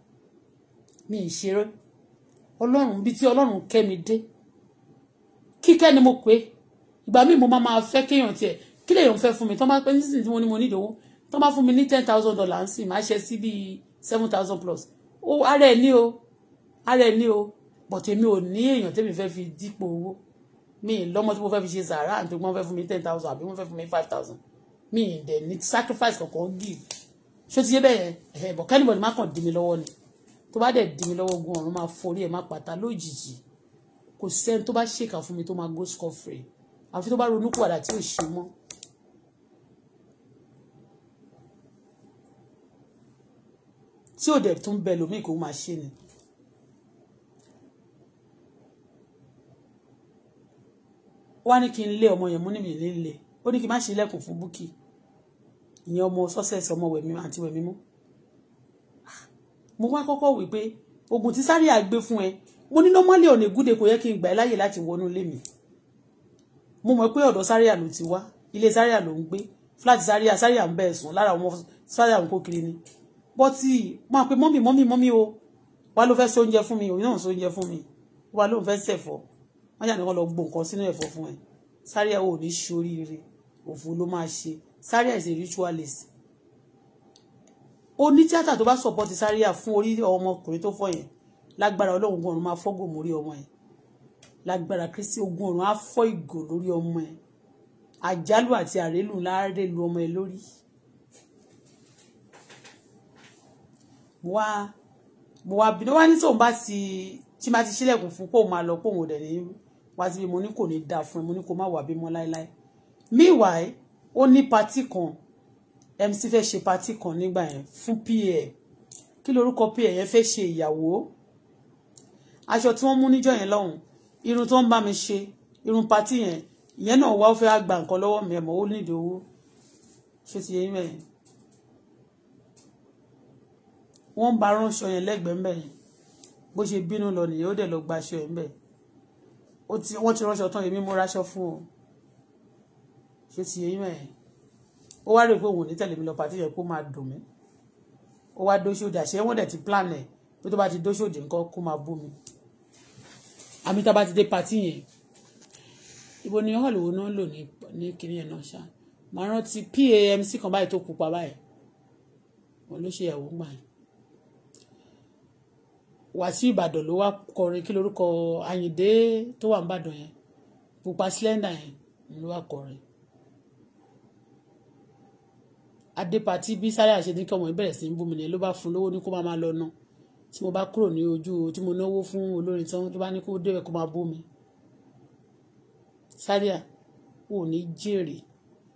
mi ì ṣeré ọlọ́run bíi tí ọlọ́run kẹ́ mi dé kíkẹ́ ni mo pé ìgbà míì mo máa máa fẹ́ kéèyàn tiẹ̀ kí lèèyàn fẹ́ fún mi tó máa pẹ́ nísinsìnyí tí mo ní mo ní ìdòwò tó máa fún mi ní ten thousand dollars nsìn máa ṣe sí bíi seven thousand plus ó ara ẹ̀ ní o ara ẹ̀ ní o but èmi ò ní èèyàn tẹ́mi fẹ́ fi dípò owó mi ì lọ́mọ tí mo fẹ́ fi ṣe sàárà àti mo fẹ́ fún mi ten thousand àbí mo fẹ́ fún mi five thousand mi ì dẹ̀ ní sacrifice kankan give ṣó ti yé bẹ́ẹ̀ ẹ̀ bọ̀ kẹ́nìbọ̀dì má kàn dí mi lọ́wọ́ ni tó bá dẹ̀ dì mí lọ́wọ́ ogun ọ̀run máa forí ẹ̀ máa pàtà lójijì kò sẹ́ni tó bá ṣèkà fún mi tó máa go score free àfi tó bá ronú padà tí ò ṣe mọ́. tí ò dẹ̀ tún bẹ lómi kò máa ṣe ni. wá ní kí n lé ọmọ yẹn mú níbi ìlé ńlẹ ó ní kí n má ṣe ilẹ̀kùn fún búkì ìyẹn ọmọ sọ́sẹ̀sì ọmọ wẹ̀mí àti wẹ̀mí mo wá kọ́kọ́ wí pé oògùn tí sáré àgbé fún ẹ mo ní normally on a good day kò yẹ kí n gbà ẹ́ láyè láti wọnú ilé mi mo mọ̀ pé ọ̀dọ̀ sáré àlò ti wá ilé sáré àlò ń gbé fúláàtì sáré àsáré à ń bẹ̀ sùn lára ọmọ sáré àwọn kókiri ni bọ́tì máa pe mọ́mì mọ́mì mọ́mì o wá ló fẹ́ sóúnjẹ fún mi òun náà sóúnjẹ fún mi wá ló ń fẹ́ sẹ̀fọ́ wọ́n yà ní wọ́n lọ gbó nǹkan sínú ẹ̀fọ́ fún ẹ sáré àwọn ò ní ṣoríire òfò ló máa ṣe sáré àìsè ritualist oní tíátà tó bá sọ̀pọ̀tì Zaria fún orí ọmọkùnrin tó fọ́ yẹn lágbára ọlọ́run ogun ọ̀run máa fọ́gò mórí ọmọ yẹn lágbára kristi ogun ọ̀run á fọ́ ìgò lórí ọmọ yẹn àjálù àti àrélù láàárẹ̀ lu ọmọ yẹn lórí. mo wá mo wá bínú wá ní tóun bá ti tí má ti sílẹ̀kùn fún pòun máa lọ pòun ò dẹ̀ ní wá síbi mo ní kò ní dáa fún ẹ mo ní kó má wà bímọ láéláé meanwhile ó ní patí kan MC fẹ́ ṣe patí kan nígbà yẹn fún pa kí lorúkọ pa yẹn fẹ́ ṣe ìyàwó aṣọ tí wọ́n mú níjọ́ yẹn lọ́hùn irun tó ń bá mi ṣe irun patí yẹn ìyẹn náà wá fẹ́ gba nǹkan lọ́wọ́ mi ẹ̀mọ́ ó nídìí owó ṣé ti yẹ yín mẹ́yìn wọ́n ń ba ránṣọ yẹn lẹ́gbẹ̀ẹ́ mẹ́yìn bó ṣe bínú lọ nìyẹn ó dẹ̀ lọ gba aṣọ yẹn mẹ́ẹ̀ wọ́n ti ránṣọ tán yẹn mímú ráṣọ fún ọ ṣé ti yẹ yín mẹ́yìn ó wá rò pé òun ò ní tẹ̀lé mi lọ pàtí yẹn kó máa dùn mí ó wá dóṣòdì àṣẹ wọn dẹ̀ ti plan ẹ̀ pé tó bá ti dóṣòdì nǹkan kó máa bú mi àmì tá a bá ti dé pàtí yẹn ibo ni hall wo náà lò ní kinní yẹn náà ṣá màá rántí PAMC kan báyìí tó pupa báyìí wọn ló ṣe ìyàwó gbà yẹn Wàsíù Ìbàdàn ló wá kọrin kí lorúkọ Àyìndé tó wà ń bàdàn yẹn pupa slender yẹn ló wá kọrin adépatí bí sáyà ṣe ní kí ọmọ yìí bẹ̀rẹ̀ sí ń bú mi lé ló bá fún lówó ní kó máa máa lọ ná tí mo bá kúrò ní ojú tí mo náwó fún olórin tán tó bá ní kó débẹ̀ kó máa bú mi sáyà ò ní jèrè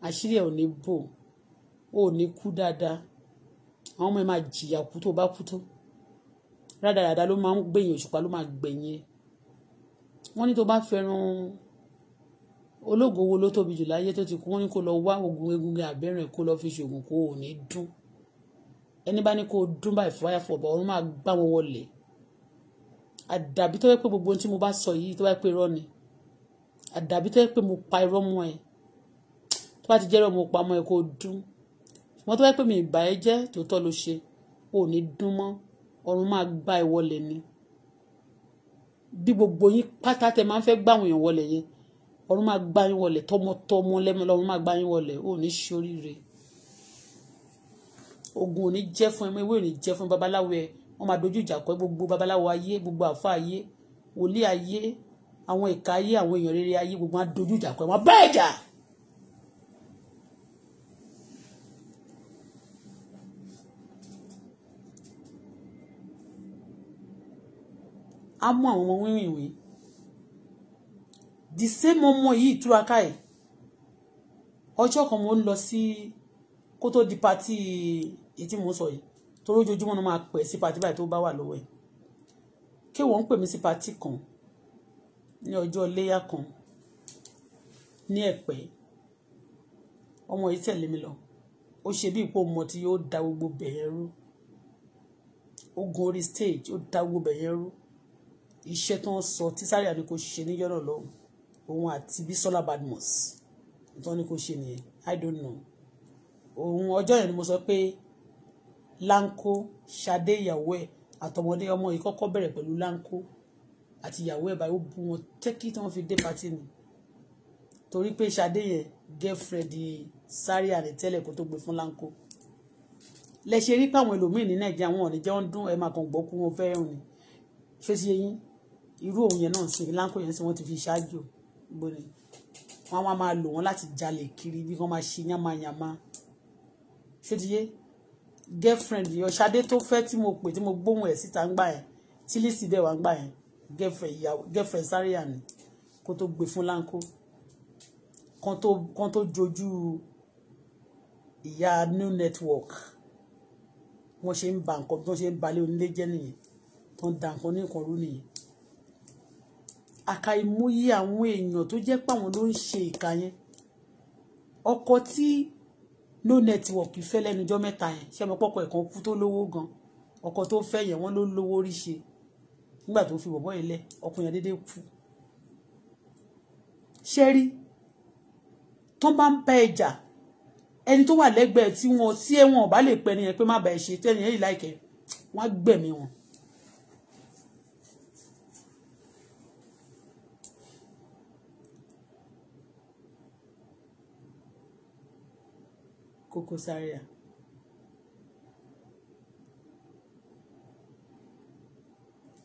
àṣírí ẹ̀ ò ní bò ò ní kú dáadáa àwọn ọmọ ẹ̀ máa jìyà kú tó bá kú tó rádaràda ló máa ń gbẹ̀yìn òṣùpá ló máa gbẹ̀yìn ẹ̀ wọ́n ní tó bá fẹ́ràn ológo wo ló tóbi jù láyé tó ti kú wọn ni kó lọ wá oògùn egungun abẹ́rìn kó lọ fi ṣoògùn kó ò ní dún ẹni bá ní kó dún báyìí fọwọ́ fọ ọ̀bọ̀ ọ̀run máa gbá wọn wọlé àdàbí tó yẹ pé gbogbo ohun tí mo bá sọ yìí tó bá pé irọ́ ni àdàbí tó yẹ pé mo pa irọ́ mọ́ ẹ tó bá ti jẹ́ irọ́ mo pa mọ́ ẹ kó dún ṣùgbọ́n tó bá yẹ pé mi ìbà ẹ jẹ́ tòótọ́ ló ṣe ò ní dún mọ́ ọ̀run máa gbá ẹ wọlé ni bí gbogbo yín pátá tẹ máa ń fẹ́ gbá àwọn èèyàn wọlé yẹn ọ̀run máa gbá yín wọlẹ̀ tọmọtọmọ lẹ́mọ lọ́run máa gbá yín wọlẹ̀ ò ní ṣoríire ogun ò ní jẹ́ fún ẹmọ ewé ò ní jẹ́ fún babaláwo ẹ wọ́n máa dojú ìjà kọ́ gbogbo babaláwo ayé gbogbo àfa ayé wòlíì ayé àwọn ìka ayé àwọn èèyàn rere ayé gbogbo máa dojú ìjà kọ́ ẹ wọ́n bá ẹ̀jà. a mú àwọn ọmọ wíwìnwín the same ọmọ yìí túraká ẹ̀ ọjọ́ kan mo ń lọ sí kó tó di pati ètí mo sọ yìí torí ojoojúmọ́ ni máa pẹ̀ sí pati báyìí tó bá wà lọ́wọ́ ẹ̀ kí wọ́n ń pè mí sí pati kan ní ọjọ́ léyà kan ní ẹ̀pẹ́ ọmọ yìí tẹ̀lé mi lọ ó ṣe bí ipò mọ̀ tí ó da gbogbo bẹ̀yẹ rú ó gun orí stage ó da gbogbo bẹ̀yẹ rú iṣẹ́ tó ń sọ tí sáré àbí kò ṣe níjọ́ náà lọ́hùn òun àti Bisola Badmus tó ní kó ṣe nìyẹn I don't know òun ọjọ́ yẹn ni mo sọ pé Lanko Ṣadé ìyàwó ẹ̀ àtọmọdé ọmọ yìí kọ́kọ́ bẹ̀rẹ̀ pẹ̀lú Lanko àti ìyàwó ẹ̀ báyìí ó bu wọn tẹ́kí tí wọ́n fi dé pàtí ni torí pé Ṣadé yẹn girlfriend sáré àrẹ tẹ́lẹ̀ kó tó gbé fún Lanko lẹ ṣe rí pàwọn ẹlòmíì ní Nàìjíríà wọn ò ní jẹ́ wọ́n dún ẹ máa kàn gbọ́ kú wọn fẹ́ràn ni ṣé ti yẹ irú òun yẹn náà sí Lanko yẹn sí wọ́n ti fi ṣáájú bóni wọn máa máa lò wọn láti jalè kiri bí wọn máa ṣe yánmayànmá ṣé girlfriend yọ ṣadé tó fẹ́ tí mo pè tí mo gbóhùn ẹ̀ síta ń gbà yẹn tí lisi dẹ̀ wá ń gbà yẹn girlfriend ìyàwó girlfriend sáríyà ni kó tó gbé fún láńkó kan tó jojú ìyá new network wọ́n ṣe ń ba nǹkan bí wọ́n ṣe ń balẹ̀ onílé jẹ́ nìyẹn tó ń da nǹkan ní nǹkan rú nìyẹn àkàìmọye àwọn èèyàn tó jẹ́ pé àwọn ló ń ṣe ìka yẹn ọkọ tí no network fẹ́ lẹ́nujọ́ mẹ́ta yẹn ṣé ọmọ pọ́kọ ẹ̀kan kú tó lówó gan ọkọ tó fẹ́ yẹn wọ́n ló lówó rí ṣe nígbà tó fi bọ̀bọ́ yẹn lẹ̀ ọkùnrin yẹn déédéé kú ṣé rí tó bá ń bá ẹjà ẹni tó wà lẹ́gbẹ̀ẹ́ tí wọ́n tí ẹ̀wọ̀n ò lè pẹ́ nìyẹn pé má bàa ẹ̀ ṣe tẹ́niyẹn yìí láìkẹ́ wọ́n á gbẹ̀mí wọn Koko Zaria.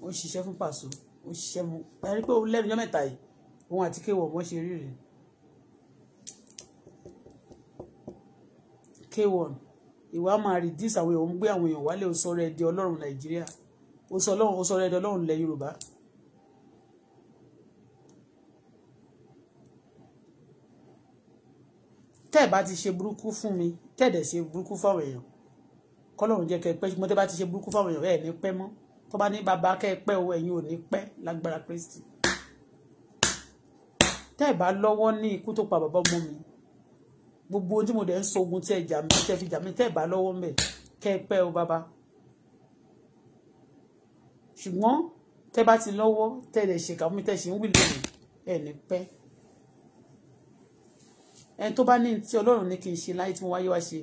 ó ń ṣiṣẹ́ fún pàṣọ ó ń ṣiṣẹ́ mu ẹni o lẹ́nu ọjọ́ mẹ́ta yìí òun àti kéwọ̀ wọ́n ṣe rí k1 ìwà máa reduce àwọn èèyàn ń gbé àwọn èèyàn wálé ó sọ rẹ di ọlọ́run nàìjíríà o sọ o ó sọ rẹ di ọlọ́run ilẹ̀ yorùbá. tẹ́ ẹ̀ bá ti ṣe burúkú fún mi tẹ̀dẹ̀ ṣe burúkú fáwọn èèyàn kọ́lọ́run jẹ́ kẹ́ ẹ pẹ́ ṣùgbọ́n tẹ́ bá ti ṣe burúkú fáwọn èèyàn ẹ̀ ní pẹ́ mọ́ tó bá ní bàbá kẹ́ ẹ pẹ́ o ẹ̀yin ò ní pẹ́ lágbára Kristi tẹ́ ẹ̀ bá lọ́wọ́ ní ikú tó pa bàbá ọmọ mi gbogbo ohun tí mo dẹ̀ ń sogun tí ẹ jà mí tẹ́ fi jà mí tẹ́ ẹ̀ bá lọ́wọ́ mẹ́ kẹ́ ẹ pẹ́ o bàbá ṣùgbọ́n tẹ́ bá ti lọ́wọ́ tẹ́ ẹ̀ ṣèkà fún mi tẹ́ ṣe ń wí lónìí ẹ̀ ní pẹ́ ẹni tó bá ní tí ọlọ́run ní kí n ṣe láyé tí mo wáyé wá ṣe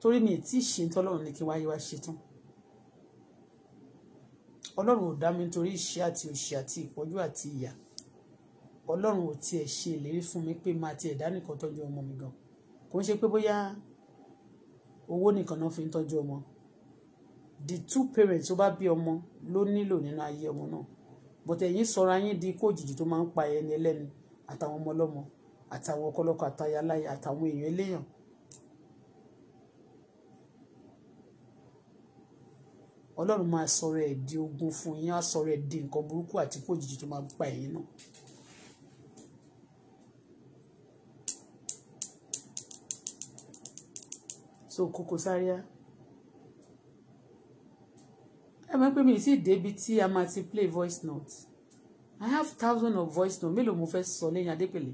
torí mi tí ì ṣe tí ọlọ́run ní kí n wáyé wá ṣe tán ọlọ́run ò dá mi nítorí ìṣẹ́ àti òṣì àti ìpọ́jú àti ìyà ọlọ́run ò tiẹ̀ ṣe ìlérí fún mi pé máa tiẹ̀ dá tọ́jú ọmọ mi gan kò ń ṣe pé bóyá owó nìkan náà fi ń tọ́jú ọmọ the two parents tó bá bí ọmọ ló nílò nínú ayé ọmọ náà bọ̀tẹ̀yìn sọra yín di kó òjijì tó máa ń pa ẹni ẹlẹ́ni àtàwọn ọmọ ọlọ́mọ àtàwọn ọkọlọkọ àtayáláyà àtàwọn èèyàn eléyàn ọlọ́run máa sọ̀rọ̀ ẹ̀ di ogun fún yín á sọ̀rọ̀ ẹ̀ di nǹkan burúkú àti kó òjijì tó máa pa ẹ̀yìn náà. so Koko Zaria ẹ máa ń pè mí sí débi tí a máa ti play voice note I have thousands of voice note mélòó mo fẹ́ sọ lẹ́yìn Adépèlé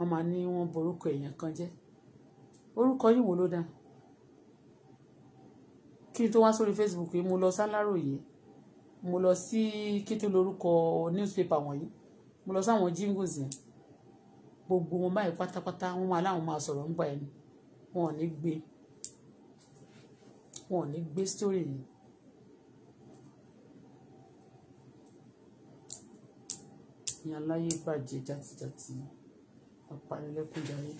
wọ́n máa ní wọ́n borúkọ èèyàn kan jẹ́ orúkọ yìí wo ló dáa kí n tó wá sórí Facebook yìí mo lọ sáláròyé mo lọ sí kí tó lórúkọ newspaper wọ̀nyí mo lọ sáwọn jingles yẹn gbogbo wọn báyìí pátápátá wọn máa láwọn máa sọ̀rọ̀ nípa ẹni wọn ò ní gbé wọn ò ní gbé story yìí ìyàn bàjẹ́ játijáti apanilẹ́kùnjayé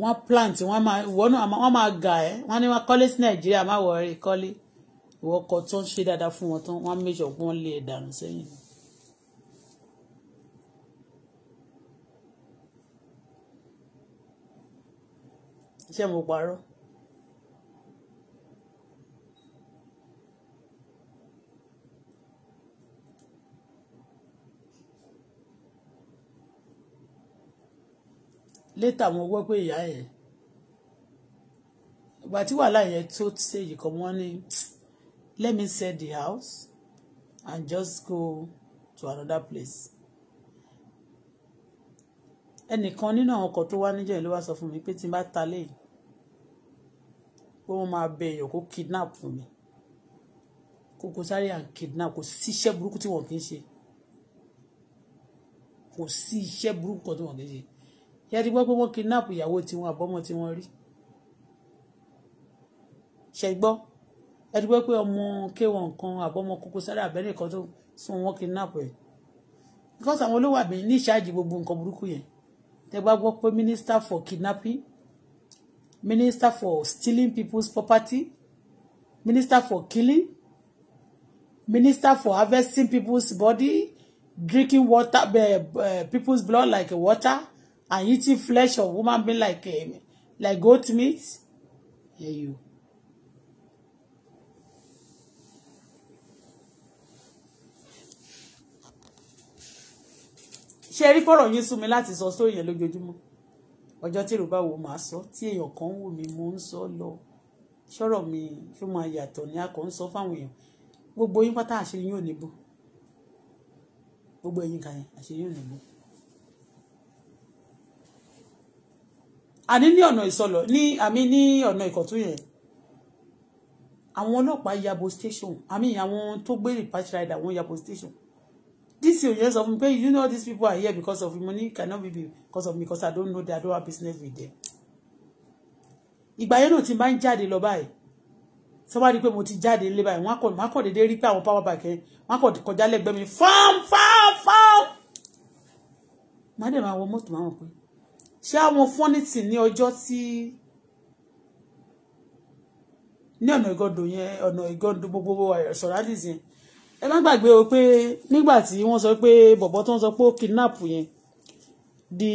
wọ́n plant wọ́n máa ìwọ náà wọ́n máa gà ẹ́ wọ́n ní wọ́n kọ́lé sí nàìjíríà má wọ̀ọ́rẹ́ kọ́lé ìwọ ọkọ̀ tó ń ṣe dáadáa fún wọn tán wọ́n á méjọ pé wọ́n lé ẹ̀ dànù sẹ́yìn. ṣé mo parọ́? létà mo gbọ́ pé ìyá yẹn ìgbà tí wàhálà yẹn tó ṣe yìí kan wọ́n ní let me sell the house and just go to another place ẹnìkan nínú àwọn ọkọ̀ tó wá níjọ́ yìí ló wá sọ fún mi pé tí n bá ta lẹ́yìn pé wọ́n máa bẹ èèyàn kó kidnap fún mi Koko Zaria and kidnap kò sí iṣẹ́ burúkú tí wọ́n kì í ṣe kò sí iṣẹ́ burúkú kan tí wọ́n kì í ṣe ṣé ti gbọ́ pé wọ́n kidnap ìyàwó tiwọn àbọ́mọ tí wọ́n rí ṣe gbọ́ ẹ ti gbọ́ pé ọmọ kéwọn kan àbọ́mọ kókó sára àbẹ́rẹ́ kan tó sún wọn kidnap ẹ̀ because àwọn olówó àbí ní ìṣáàjì gbogbo nǹkan burúkú yẹn tẹ gbọ́ pé minister for kidnapping minister for stealing people's property minister for killing minister for harvesting people's body drinking water uh, uh, people's blood like water and eating flesh of woman being like um, like goat meat. Yeah, you. Sherry, rí pọ̀rọ̀ yín sún mi láti sọ sórí yẹn lójoojúmọ́ ọjọ́ tí yorùbá wo máa sọ tí èèyàn kan wù mí mò ń sọ lọ sọ̀rọ̀ mi tó máa yàtọ̀ ni a kò ń sọ fáwọn èèyàn gbogbo yín pátá àṣírí yín ò níbò gbogbo ẹ̀yin kàyẹn àṣírí yín níbò. àní ní ọ̀nà ìsọlọ̀ ni àmì ní ọ̀nà ìkọ̀tún yẹn àwọn ọlọ́pàá yabo station àmì àwọn tó gbé dispatch rider wọ́n yabo station this year yẹn sọ fún mi pé you know these people are here because of money cannot be because of me because I don't know their I business with them ìgbà yẹn náà ti máa ń jáde lọ báyìí tí wọ́n bá rí i pé mo ti jáde nílé báyìí wọ́n á kọ̀ wọ́n á déédéé rí pé àwọn power bank yẹn wọ́n á kọ̀ kọjá lẹ́gbẹ̀ẹ́ mi fáàm fáàm fáàm. màá dẹ̀ máa wọ mọ́tò pé ṣé àwọn fọ́nìtì ní ọjọ́ tí ní ọ̀nà ìgọ́dọ̀ yẹn ọ̀nà ìgọ́dọ̀ gbogbo ṣọ̀rádìs yẹn ẹ má gbàgbé o pé nígbà tí wọ́n sọ pé bọ̀bọ̀ tó ń sọ pé ó kidnap yẹn di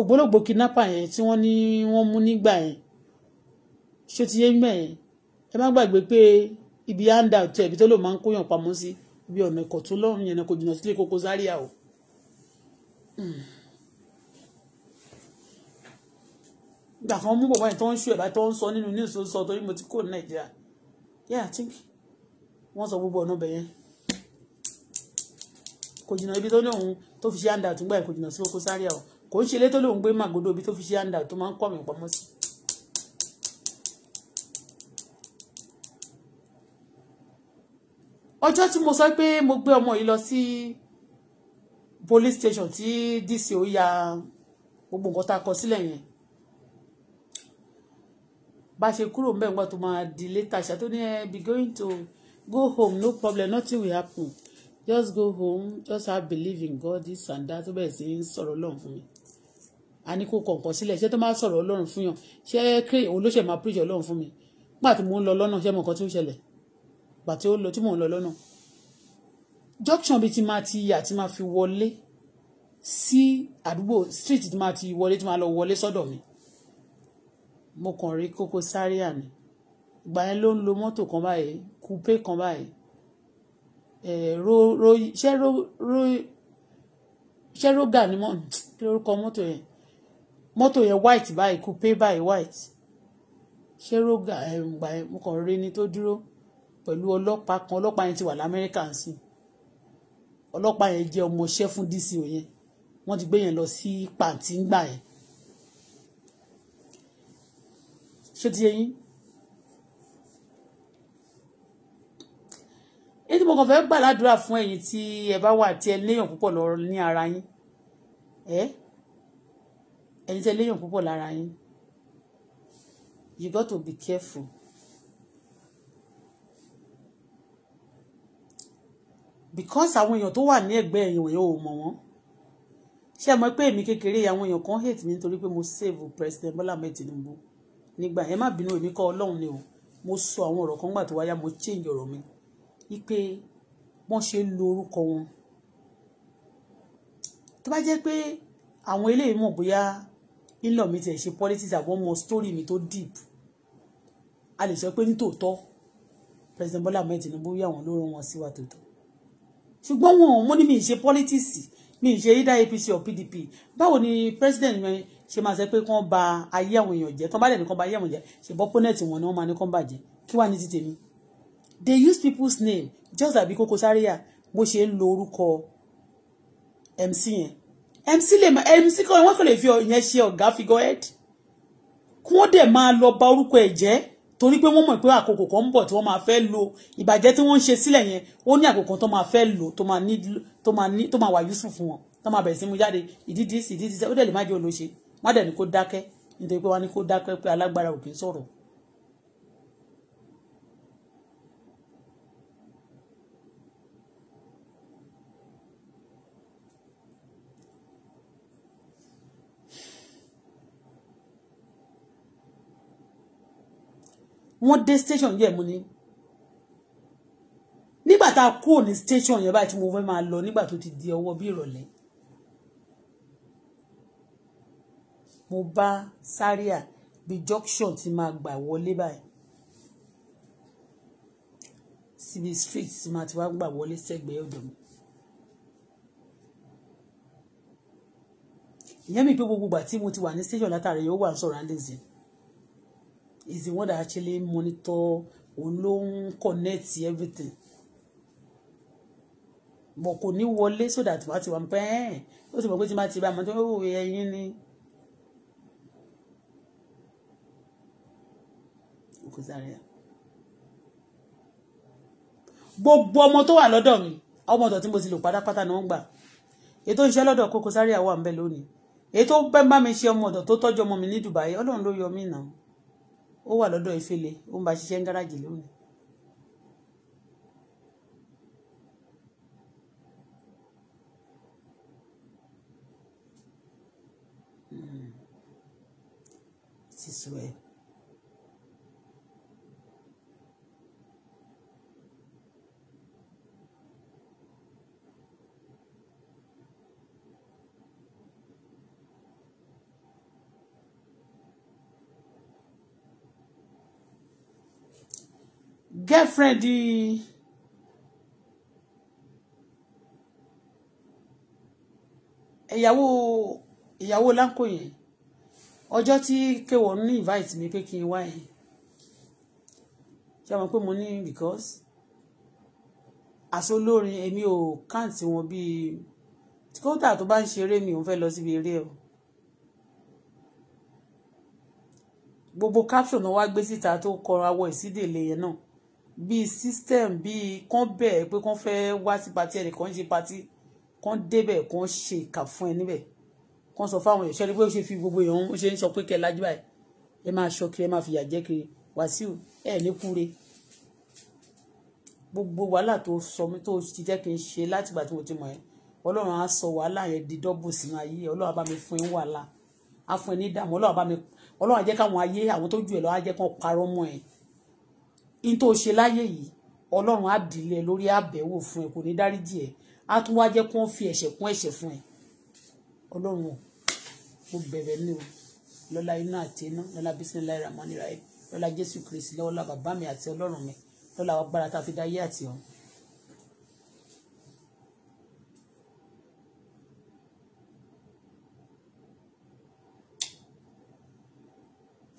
ògbólógbò kidnapper yẹn tí wọ́n ní wọ́n mú nígbà yẹn ṣé ti yé mẹ́ yẹn ẹ má gbàgbé pé ibi yáǹda tó ẹ̀bí tó lò máa ń kóyàn pamọ́ sí ibi ọ̀nà ìkọ̀tún lọ́rùn yẹn kò jìnnà sílé Koko Zaria o. Mm. ìgbà kan mú bàbá yìí tó ń ṣú ẹ̀ tó ń sọ nínú news tó sọ torí mo ti kó nàìjíríà yeah i think wọ́n sọ gbogbo ọ̀nà bẹ̀yẹn kò jìnnà ibi tó ní òun tó fi ṣe handout gbà kò jìnnà sí Koko Zaria o kò ń ṣe ilé tó lóun gbé màgòdò ibi tó fi ṣe handout tó máa ń kọ́ mi pamọ́ sí. ọjọ́ tí mo sọ pé mo gbé ọmọ yìí lọ sí police station tí dc ó ya gbogbo nǹkan tá a kọ sílẹ̀ yẹn bá ṣe kúrò ń bẹ̀ ńgbà tó máa di later ṣá tó ní ẹ eh, be going to go home no problem nothing will happen just go home just have belief in God this and that tó bẹ̀rẹ̀ sí ń sọ̀rọ̀ Ọlọ́run fún mi a ní kó kọ̀ọ̀kan sílẹ̀ ṣé tó máa sọ̀rọ̀ Ọlọ́run fún yàn ṣé kí òun ló ṣe máa preach Ọlọ́run fún mi nígbà tí mò ń lọ lọ́nà ṣé mo kàn tó ń ṣẹlẹ̀ gbà tí ó lọ tí mò ń lọ lọ́nà junction bíi ti máa ti yà ti máa fi wọlé sí àdúgbò street ti máa ti wọlé ti máa lọ wọlé sọ́dọ̀ mi mo kàn rí Koko Zaria ni ìgbà yẹn ló ń lo mọ́tò kan báyìí kúpé kan báyìí ṣé ṣé roga ni mọ́ kí lórúkọ mọ́tò yẹn mọ́tò yẹn white báyìí kúpé báyìí white ṣé roga ìgbà yẹn mo kàn rí ni tó dúró pẹ̀lú ọlọ́pàá kan ọlọ́pàá yẹn ti wà lamẹ́ríkà ń sìn ọlọ́pàá yẹn jẹ́ ọmọọṣẹ́ fún DCO yẹn wọ́n ti gbé yẹn lọ sí pàǹtí ńgbà yẹn ṣó ti yé yín. ètò mo kàn fẹ́ gbà ládùúrà fún ẹ̀yin tí ẹ bá wà tí ẹ léèyàn púpọ̀ lọ ní ara yín ẹ ẹ̀yin tí ẹ léèyàn púpọ̀ lára yín you got to be careful. because àwọn èèyàn tó wà ní ẹ̀gbẹ́ ẹ̀yin wọ̀nyẹn ò mọ̀ wọ́n ṣé ẹ mọ̀ pé èmi kékeré àwọn èèyàn kan hate mi nítorí pé mo save President Bola Ahmed Tinubu nígbà ẹ má bínú èmi kọ́ ọlọ́run ni o mo sọ àwọn ọ̀rọ̀ kan gbà tó wáyá mo change ọ̀rọ̀ mi wípé wọ́n ṣe ń lo orúkọ wọn tó bá jẹ́ pé àwọn eléyìí mọ̀ bóyá ńlọ mi tẹ̀ ṣe politics àbọ̀ mọ story mi tó deep a lè sọ pé nítòótọ́ president Bola Ahmed Tinubu yà wọ́n ló rán wọn sí wa tòótọ́ ṣùgbọ́n wọn ò ní mi ṣe politics mi ṣe either APC or PDP báwo ni president mi ṣe máa sọ pé kán ba ayé àwọn èèyàn jẹ́ tán bá dẹ̀ ní kán ba ayé àwọn èèyàn jẹ́ ṣe bọ́ pọ́nẹ́ẹ̀tì wọn ni wọ́n máa ní kán bàjẹ́ kí wàá ní ti tèmi. they use people's name just like Koko Zaria bó ṣe ń lo orúkọ MC yẹn MC lè máa MC kan wọ́n kò lè fi ìyẹn ṣe ọ̀gá figure head kí wọ́n dẹ̀ máa lọ ba orúkọ ẹ̀ jẹ́ torí pé wọ́n mọ̀ pé àkókò kan ń bọ̀ tí wọ́n máa fẹ́ lo ìbàjẹ́ tí wọ́n ń ṣe sílẹ̀ yẹn ó ní àkókò tó máa fẹ́ lo tó máa ní tó máa wà yusuf fún wọn tó máa bẹ̀rẹ̀ sí mú jáde ìdí dísì ìdí dísì ó dẹ̀ lè má jẹ́ olóṣèlú wọ́n dẹ̀ ní kó dákẹ́ nítorí pé wọ́n ní kó dákẹ́ pé alágbára ò kì í sọ̀rọ̀. wọ́n dé station yẹn mo ní nígbà tá a kúrò ní station yẹn báyìí tí mo fẹ́ máa lọ nígbà tó ti di ọwọ́ bí ìrọ̀lẹ́ mo bá Zaria bí junction ti máa gbà wọlé báyìí síbi street ti máa ti wá gbà wọlé sẹ́gbẹ̀ẹ́ ọ̀dọ̀ mi. ìyẹn mi pé gbogbo ìgbà tí mo ti wà ní station látàrí yóò wà surroundings yẹn is the one that actually monitor òun ló ń connect everything bọ̀ kò ní wọlé so that wàá ti wà pẹ́ẹ́n ó sì mọ̀ pé tí máa ti bá a mọ̀ tó oh, ẹ̀yìn ni. Oko gbogbo ọmọ tó wà lọ́dọ̀ mi ọmọ ọ̀dọ̀ tí mo ti lò pátápátá ni wọ́n gbà ètò ìṣe lọ́dọ̀ Oko Zaria wà ń lónìí ètò bẹ́ẹ̀ bá mi ṣe ọmọ ọ̀dọ̀ tó tọ́jú ọmọ mi ní Dubai ọlọ́run ló yọ Ifele ó ń girlfriend eh? ìyàwó ìyàwó láńkò yẹn ọjọ́ tí kéwọ̀ ní invite mi pé kí n wá yẹn ṣé wọn pé mo ní because àsolórin èmi ò káǹtì wọn bíi tíkọ́tà tó bá ń ṣeré mi ò ń fẹ́ lọ síbi eré o gbogbo caption náà wá gbé síta tó kọra wọ ìsídèlè yẹn náà bíi system bíi kán bẹ́ẹ̀ pé kán fẹ́ wá sí pati ẹnìkan ń ṣe pati kán débẹ̀ kán ṣe ìkà fún ẹ níbẹ̀ kán sọ fáwọn èèyàn ṣẹ́ni pé ó ṣe fi gbogbo èèyàn ó ṣe ń sọ pé kẹ́ lájú báyìí ẹ máa ṣọ kiri ẹ máa fìyà jẹ kiri wàsíù ẹ ní kúre gbogbo wàhálà tó sọ mí tó ti jẹ́ kí n ṣe láti ìgbà tí mo ti mọ̀ ẹ́ ọlọ́run á sọ wàhálà yẹn di dọ́bù sínú ayé ọlọ́run á bá mi fún ẹ wàhálà á fún ẹ ní ìdààmú ọlọ́run á bá mi ayé àwọn tó jù ẹ lọ á jẹ́ kán ẹ in tó ṣe láyé yìí ọlọ́run á dìlẹ̀ lórí àbẹ̀wò fún ẹ kò ní dáríjì ẹ á tún wá jẹ́ kó ń fi ẹ̀ṣẹ̀ kún ẹ̀ṣẹ̀ fún ẹ ọlọ́run o mo bẹ̀rẹ̀ ní o lọ́lá iná àti iná lọ́lá bísí láì rà mọ́nira ẹ lọ́lá jésù kristi lọ́lá bàbá mi àti ọlọ́run mi lọ́lá agbára tá a fi dá ayé àti ọ̀run.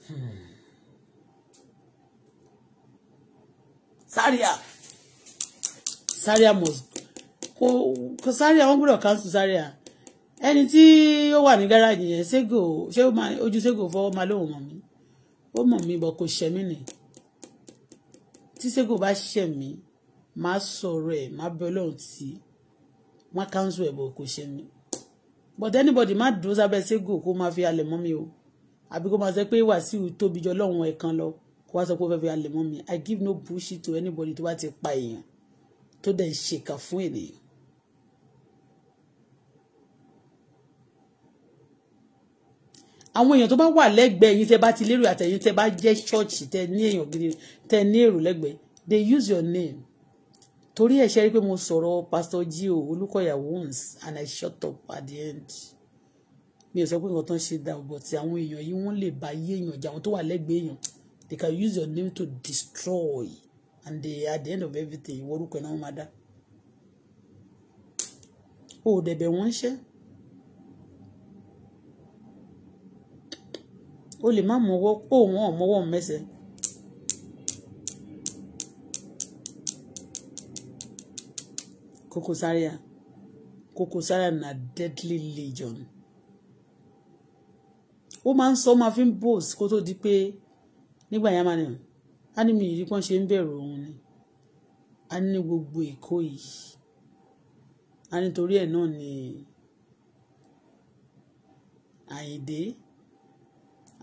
Hmm. Zaria Zaria must kò kò Zaria wọ́n gbọ́dọ̀ cancel Zaria ẹni tí ó wà ní gáràjì yẹn ségò ṣé ojú ségò fọwọ́ máa lóun mọ̀ mí ó mọ̀ mí bọ̀ kò ṣẹ̀ mí nì tí ségò bá ṣẹ̀ mí máa sọ̀rọ̀ ẹ̀ máa bẹ ọlọ́run tí wọ́n cancel ẹ̀ bọ̀ kò ṣẹ̀ mí but anybody má dúró sábẹ́ ségò kó máa fi alẹ̀ mọ́ mi o àbí kó máa sọ pé Wàsíù tóbi jọ lọ́hùn ẹ̀ kan lọ kó wá sọ pé ó fẹ́ fi alẹ̀ mọ́ mi i give no bullshit to anybody tó bá ti pa èèyàn tó dẹ̀ ń ṣèkà fún ènìyàn. àwọn èèyàn tó bá wà lẹ́gbẹ̀ẹ́ yín tẹ́ bá ti lérò àtẹ̀yìn tẹ́ bá jẹ́ ṣọ́ọ̀ṣì tẹ́ ní èèyàn gidi tẹ́ ní èrò lẹ́gbẹ̀ẹ́ they use your name torí ẹ̀ ṣe rí pé mo sọ̀rọ̀ pastor gio olùkọ́yà once and i shut up at the end mi ò sọ pé nǹkan tán ṣe dà ọ̀gbọ̀ tí àwọn èèyàn yìí wọ́n lè bá yé èèyàn jà àwọn tó wà lẹ́gbẹ̀ẹ́ èèyàn they can use your name to destroy and they, at the end of everything ìwọ orúkọ ẹ̀ náà wọ́n máa dá o ò dẹ̀bẹ̀ wọ́n ṣẹ́ o lè má mọwọ́ o wọ́n ò mọwọ́ mẹ́sẹ̀. Koko Zaria na deadly legion ó máa ń sọ máa fi ń bòs kó tó di pé nígbà yẹn máa ní á ní mi ìrí pọ́n ṣe ń bẹ̀rù òun ni á ní gbogbo èkó yìí á nítorí ẹ̀ náà ni àyèdè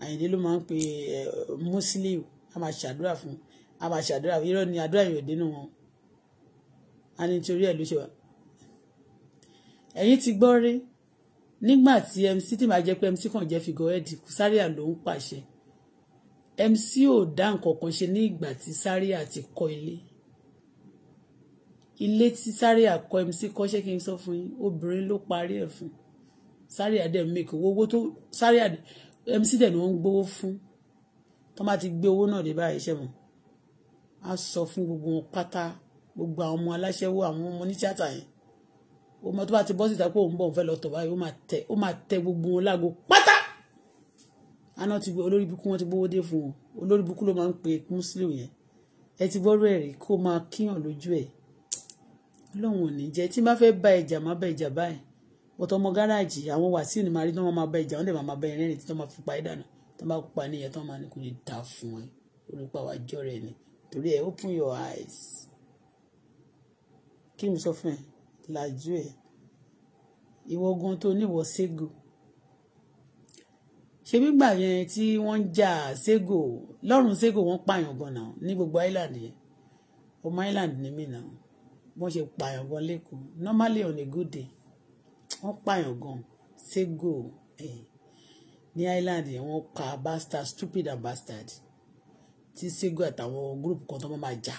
àyèdè ló máa ń pe ẹ muslim a máa ṣàdúrà fún a máa ṣàdúrà fún irọ́ ni àdúrà yóò dénú wọn á nítorí ẹ̀ ló ṣe wà ẹ̀yin ti gbọ́ rí nígbà tí mc tí màá jẹ́ pé mc kàn jẹ́ fìgọ́ ẹ̀dì sáré àlò ń pàṣẹ MC ò dá nǹkan kan ṣe ní ìgbà tí Zaria ti kọ́ ilé ilé tí Zaria kọ́ MC kọ́ṣẹ́ kí n sọ fún yín obìnrin ló parí ẹ̀ fún Zaria dẹ̀ make owó owó tó Zaria MC dẹ̀ ni wọ́n ń gbowó fún tó má ti gbé owó náà dé báyìí ṣẹ́ wọn á sọ fún gbogbo wọn pátá gbogbo àwọn ọmọ aláṣẹwó àwọn ọmọ onítíátà yẹn ọmọ tó bá ti bọ́ síta pé òun bọ̀ òun fẹ́ lọ tọ̀ báyìí ó máa tẹ gbogbo wọn láago pátá aná ti gbé olórí ibùkún wọn ti gbówó dé fún wọn olórí ibùkún ló máa ń pe muslim yẹn ẹ ti gbọ́rọ̀ ẹ̀rí kó máa kíyàn lójú ẹ̀ ọlọ́run ò ní jẹ́ tí n bá fẹ́ bá ìjà má bá ìjà báyìí bọ́tọ̀ ọmọ gáràjì àwọn wàsíù ni màá rí tí wọ́n máa bá ìjà wọ́n lè máa bá ẹ̀rẹ́rìn tí wọ́n máa fi pa ẹ́ tí wọ́n bá pa níyẹn tí wọ́n máa ní kò ní dà fún ẹ olùpa wàá rẹ ni torí ẹ open your eyes kí ni sọ fún ẹ làjú ẹ ìwọ gan tó níwọ ségo ṣe gbígbà yẹn tí wọ́n ń jà ségò lọ́rùn ségò wọ́n pààyàn gan náà ní gbogbo island yẹn ọmọ island ní mí náà wọ́n ṣe pààyàn gan lẹ́kọ̀ọ́ normally on a good day wọ́n pààyàn gan ségò ẹ̀ ní island yẹn wọ́n pa bastard stupid and bastard tí ségò àtàwọn group kan tó máa jà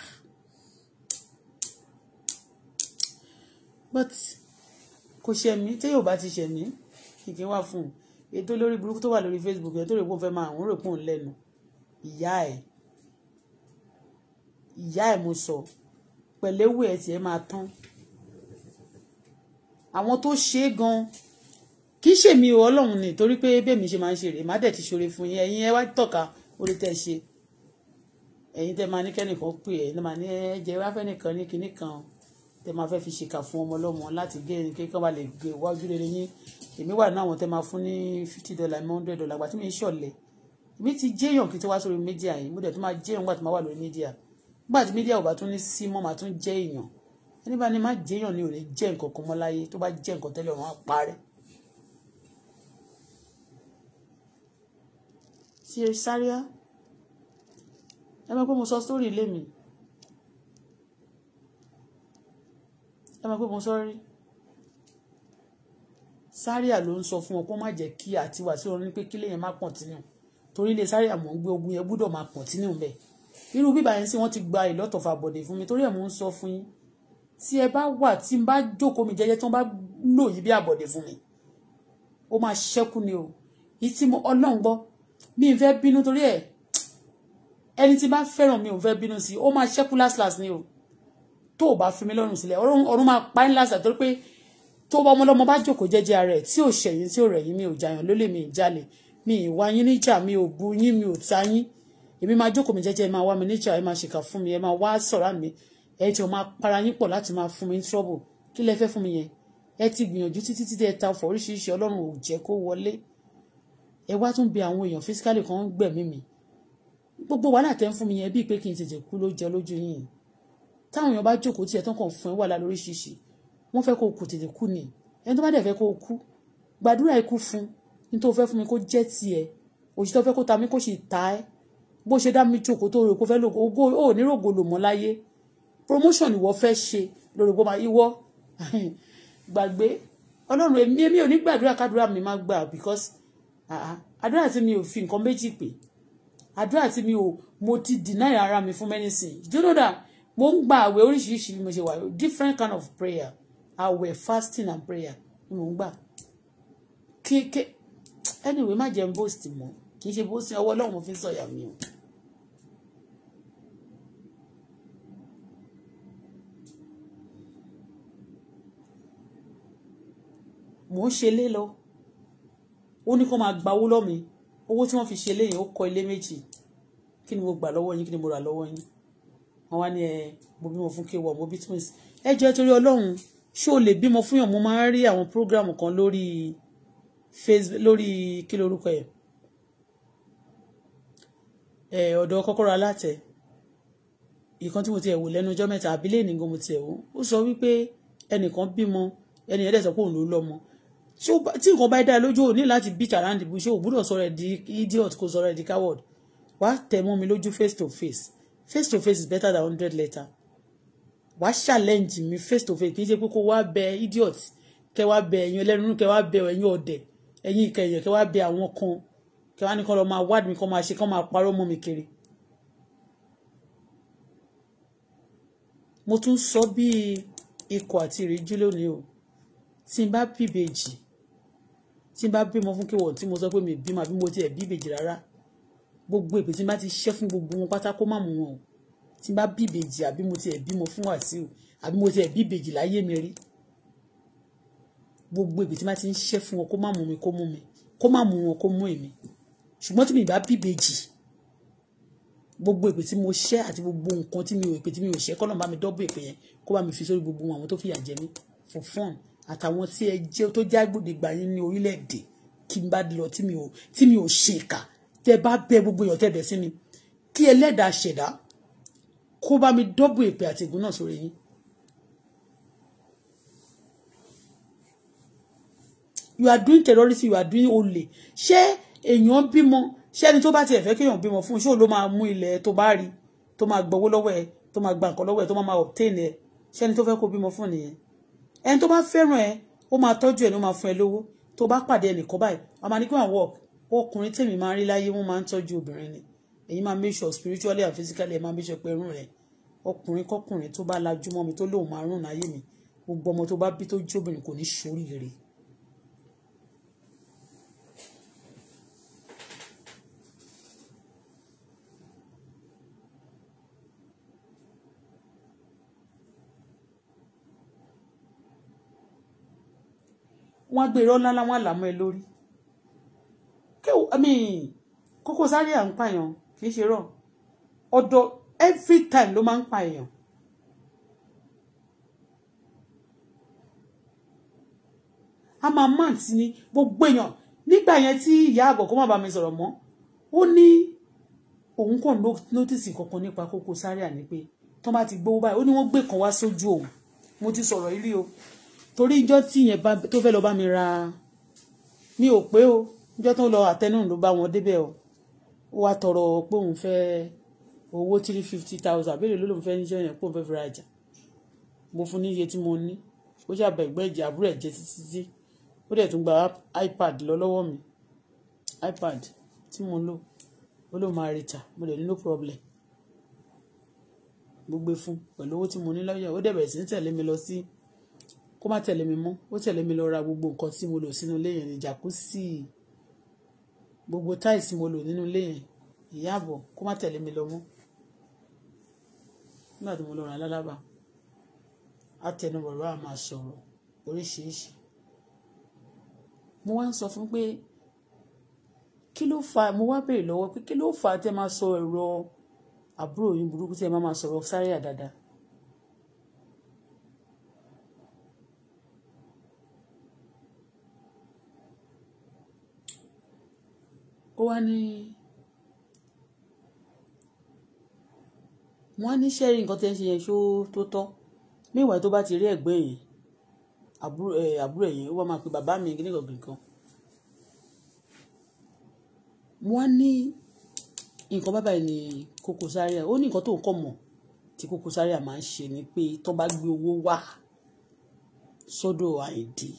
but kò ṣe mí téèyàn bá ti ṣe mí kìkì wà fún un ètò lórí burúkú tó wà lórí Facebook ẹ̀ tó rè pò fẹ́ máa àwọn rè pò ń lẹ́nu ìyá ẹ̀ ìyá ẹ̀ mo sọ pẹ̀lẹ́wù ẹ̀ tiẹ̀ máa tán àwọn tó ṣe é gan kì í ṣèmi o ọlọ́run ni torí pé bẹ́ẹ̀ mi ṣe máa ń ṣe rè má dẹ̀ ti ṣoore fún yín ẹ̀yin ẹ wá tọ̀ka orí tẹ́ ṣe ẹ̀yin tẹ́ máa ní kẹ́nìkan pè ẹ̀ ní máa ní ẹ̀jẹ̀ wá fẹ́ nìkan ní kinní kan tẹ́ máa fẹ́ fi ṣèkà fún ọmọ ọlọ́mọ láti gé ẹni kékeré wá lè gbé wájú rere yín èmi wà ní àwọn tẹ́ máa fún ní fifty dollar mi hundred dollar àgbà tí mi ń ṣọ̀lẹ̀ èmi ti jẹ́yàn kí n ti wá sórí mídíà yìí mo dẹ̀ tó máa jẹ́yàn gbà tó máa wà lórí mídíà gbà tí mídíà ò bá tún ní sí mọ́ máa tún jẹ́ èèyàn ẹni bá ní má jẹ́yàn ni ò ní jẹ́ nǹkan kan mọ́ láyé tó bá jẹ́ nǹkan tẹ́lẹ̀ ọ̀run á parẹ́. ṣe sáríà ẹ mọ̀ pé mo sọ sórí ilé mi ẹ mọ̀ pé mo sọ rí. Zaria ló ń sọ fún wọn kó má jẹ́ kí àti wà sí wọn ní pé kílé yẹn má continue torí ilé Zaria mò ń gbé ogun yẹn gbúdọ̀ má continue bẹ́ẹ̀ irú bíbá yẹn sí wọ́n ti gba ìlọ́tọ̀ fàbọ̀dẹ̀ fún mi torí ẹ̀ mò ń sọ fún yín tí ẹ bá wà tí n bá jókòó mi jẹ́jẹ́ tí wọ́n bá lò yí bí àbọ̀dẹ̀ fún mi ó máa ṣẹ́kù ni o yìí tí mo ọlọ́run gbọ́ mi ì fẹ́ bínú torí ẹ̀ ẹni tí bá fẹ́ràn mi ò fẹ́ bínú sí ó máa ṣẹ́kù last ni o tó o bá fi mi lọ́rùn sílẹ̀ ọ̀run máa pa ẹ́ last torí pé tó bá ọmọlọ́mọ bá jókòó jẹ́jẹ́ ara ẹ̀ tí ò ṣẹ̀yìn tí ò rẹ̀yìn mi ò jàyàn lólè mi ì jalè mi ì wá yín níjà mi ò bu yín mi ò ta yín èmi máa jókòó mi jẹ́jẹ́ ẹ máa wá mi níjà ẹ máa ṣèkà fún mi ẹ máa wá sọ̀rọ̀ mi ẹ ti ọ̀ máa para yín pọ̀ láti máa fún mi ní trọ́bù kí lẹ fẹ́ fún mi yẹn ẹ ti gbìyànjú títí títí ẹ ta oríṣiríṣi ọlọ́run ò jẹ́ kó wọlé ẹ wá tún bi àwọn èèyàn fisikálì kan gbẹ̀mí mi gbogbo wàhálà tẹ́ ń fún mi yẹn bíi pé kí n tètè kú ló jẹ lójú yìnyín táwọn èèyàn bá jókòó tiẹ̀ tán kàn fún ẹ wà lá lóríṣiríṣi wọ́n fẹ́ kó kù tètè kú ni ẹni tó bá dẹ̀ fẹ́ kó kú gbàdúrà ikú fún ní tó fẹ́ fún mi kó jẹ́ tiẹ̀ òjì tó fẹ́ kó ta mí kó sì ta ẹ́ bó ṣe dá mi jòkó tó rò kó fẹ́ lògó ogó ò ní rògó lò mọ́ láyé promotion ìwọ fẹ́ ṣe lórí bó máa ìwọ gbàgbé ọlọ́run èmi èmi ò ní gbàdúrà kádúrà mi máa gbà because àdúrà tí mi ò fi nǹkan méjì pè àdúrà tí mi ò mo ti deny ara mi fún many things do you know that mo ń gba àwẹ̀ oríṣiríṣi bí mo ṣe wà different kind of prayer àwẹ̀ fasting and prayer ni mò ń gbà kéèké anyway má jẹun boost mọ́ kì í ṣe boost ọwọ́ ọlọ́run mo fi ń sọ̀yà mi o. mò ń ṣe lé lọ ó ní kó máa gba owó lọ́mi owó tí wọ́n fi ṣe léyìn ó kọ́ ilé méjì kí ni mo gbà lọ́wọ́ yín kí ni mo rà lọ́wọ́ yín wọ́n wá ní ẹ mo fún kéwọ́ mo bí twins ẹ jẹ́ torí ọlọ́run ṣé o lè bímọ fún yàn mo máa ń rí àwọn program kan lórí facebook lórí kí lorúkọ ẹ̀ ẹ ọ̀dọ̀ kọ́kọ́rọ́ alátẹ ìkan tí mo ti ẹ̀ wò lẹ́nu ọjọ́ mẹ́ta àbílẹ̀ ní gan mo ti ẹ̀ wò ó sọ wípé ẹnìkan bímọ ẹnì yẹn dẹ̀ sọ pé òun ló lọ́mọ tí nǹkan bá dá ẹ lójú òní láti beat around the bush o gbúdọ̀ sọ̀rọ̀ ẹ̀ di idiot kó sọ̀rọ̀ ẹ̀ di coward wàá tẹ̀ mọ́ mi lójú face to face face to face is better than hundred letter wàá challenge mi face to face kì í ṣe pé kó wá bẹ idiot kẹ wá bẹ ẹ̀yin ẹlẹ́nu kẹ wá bẹ ẹ̀yin ọ̀dẹ̀ ẹ̀yin ìkẹyìn kẹ wá bẹ àwọn kan kẹ wá ní kán lọ máa wádìí mi kán máa ṣe kán máa parọ́ mọ́ mi kiri. mo tún sọ bí ikọ̀ àti ìríjú lónìí o tí n bá bí ìbejì tí n bá bímọ fún kéwọ̀n tí mo sọ pé mi bímọ àbí mo tiẹ̀ bí rárá gbogbo èpè tí n bá ti ṣẹ́ fún gbogbo wọn pátá má mú wọn o tí n bá bí ìbejì àbí mo tiẹ̀ bímọ fún Wàsíù àbí mo tiẹ̀ bí ìbejì láyé mi rí gbogbo ìgbè tí má ti ń ṣiṣẹ́ fún wọn kó má mú mi kó mú mi kó má mú wọn kó mú èmi ṣùgbọ́n tí mi bá bí ìbejì gbogbo ìpè tí mo ṣẹ́ àti gbogbo nǹkan tí mi ò ìpè tí mi ò ṣẹ́ kọ́nà bá mi dọ́bù ìpè yẹn kó bá mi fi sórí gbogbo àwọn tó fìyà jẹ mí for fun àtàwọn tí ẹ jẹ́ tó já gbòdìgbà yín ní orílẹ̀-èdè kí n bá lọ tí mi ò tí mi ò ṣe ìkà tẹ bá bẹ gbogbo èèyàn tẹ bẹ sí mi kí ẹlẹ́dàá ṣẹ̀dá kó bá mi dọ́bù èpè àti ègún náà sórí yín. you are doing terrorism you are doing olè ṣé èèyàn bímọ ṣé ẹni tó bá tiẹ̀ fẹ́ kéèyàn bímọ fún un ṣé òun ló máa mú ilẹ̀ tó bá rí tó máa gbowó lọ́wọ́ ẹ̀ tó máa gba nǹkan lọ́wọ́ ẹ̀ tó máa obtain ẹ̀ ṣé ẹni tó fẹ́ kó bímọ fún nìyẹn ẹni tó bá fẹ́ràn ẹ ó máa tọ́jú ẹ̀ ló máa fún ẹ lówó tó bá pàdé ẹnìkan báyìí a máa ọkùnrin tèmi máa ń rí láyé wọ́n máa ń tọ́jú obìnrin ni ẹ̀yin máa make sure spiritually and physically ẹ̀ máa make sure pé rún rẹ̀ ọkùnrin kọkùnrin tó bá lajú mọ́ mi tó lóun máa rún láyé mi gbogbo ọmọ tó bá bí tó jóbìnrin kò ní ṣoríire. wọ́n gbé irọ́ ńlá láwọn àlámọ́ ẹ lórí kí I mean Koko Zaria ń pààyàn kì í ṣe rọ ọ̀dọ̀ every time ló máa ń pa èèyàn. a máa máa sí ni gbogbo èèyàn nígbà yẹn tí ìyá àgbọ̀ kó má bàa mi sọ̀rọ̀ mọ́ ó ní òun kò nọ́tìsì kankan nípa Koko Zaria ni pé tán bá ti gbowó báyìí ó ní wọ́n gbé kan wá sójú òun mo ti sọ̀rọ̀ ilé o torí ìjọ́ tí yẹn tó fẹ́ lọ bá mi ra mi ò pé o ìjọ́ tó lọ àtẹnu ló bá wọn débẹ̀ o ó wá tọrọ pé òun fẹ́ owó three fifty thousand àbẹ̀rẹ̀ ló lòun fẹ́ níṣẹ́ yẹn pé òun fẹ́ fi ra ìjà mo fún ní iye tí mo ní ó ṣàbẹ̀ ẹ̀gbẹ́ ìjà àbúrò ẹ̀ títí tí ó dẹ̀ tún gba ipad lọ lọ́wọ́ mi ipad tí mo lò ó ló máa retà mo dẹ̀ ní no problem mo gbé fún pẹ̀lú owó tí mo ní lọ́yọ̀ ó dẹ̀ bẹ̀rẹ̀ sí ń tẹ̀lé mi lọ sí kó má tẹ̀lé mi mọ́ ó tẹ̀lé mi lọ ra gbogbo nǹkan tí mo lò sínú ilé yẹn ní jàkúsì gbogbo táìsì mo lò nínú ilé yẹn ìyá àbọ̀ kó má tẹ̀lé mi lọ mọ́ nígbà tí mo lọ ràn lálábà àtẹnubọ̀rọ̀ àmà sọ̀rọ̀ oríṣiríṣi mo wá ń sọ fún pé kí ló fa mo wá béèrè lọ́wọ́ pé kí ló fa tẹ́ máa sọ ẹ̀rọ àbúrò yín burúkú tẹ́ máa máa sọ̀rọ̀ sáré àdáadáa ó wá ní wọ́n ní sẹ́rí nǹkan tẹ́ ń ṣe yẹn ṣó tó tọ́ míwàá tó bá ti rí ẹ̀gbẹ́ yẹn àbúrò ẹ̀yẹn ó wá máa pe bàbá mi gíníkan gíníkan wọ́n ní nǹkan bàbá yìí ní Koko Zaria ó ní nǹkan tó ń kọ́ mọ̀ tí Koko Zaria máa ń ṣe ni pé tó bá gbé owó wá sọ́dọ̀ àìdí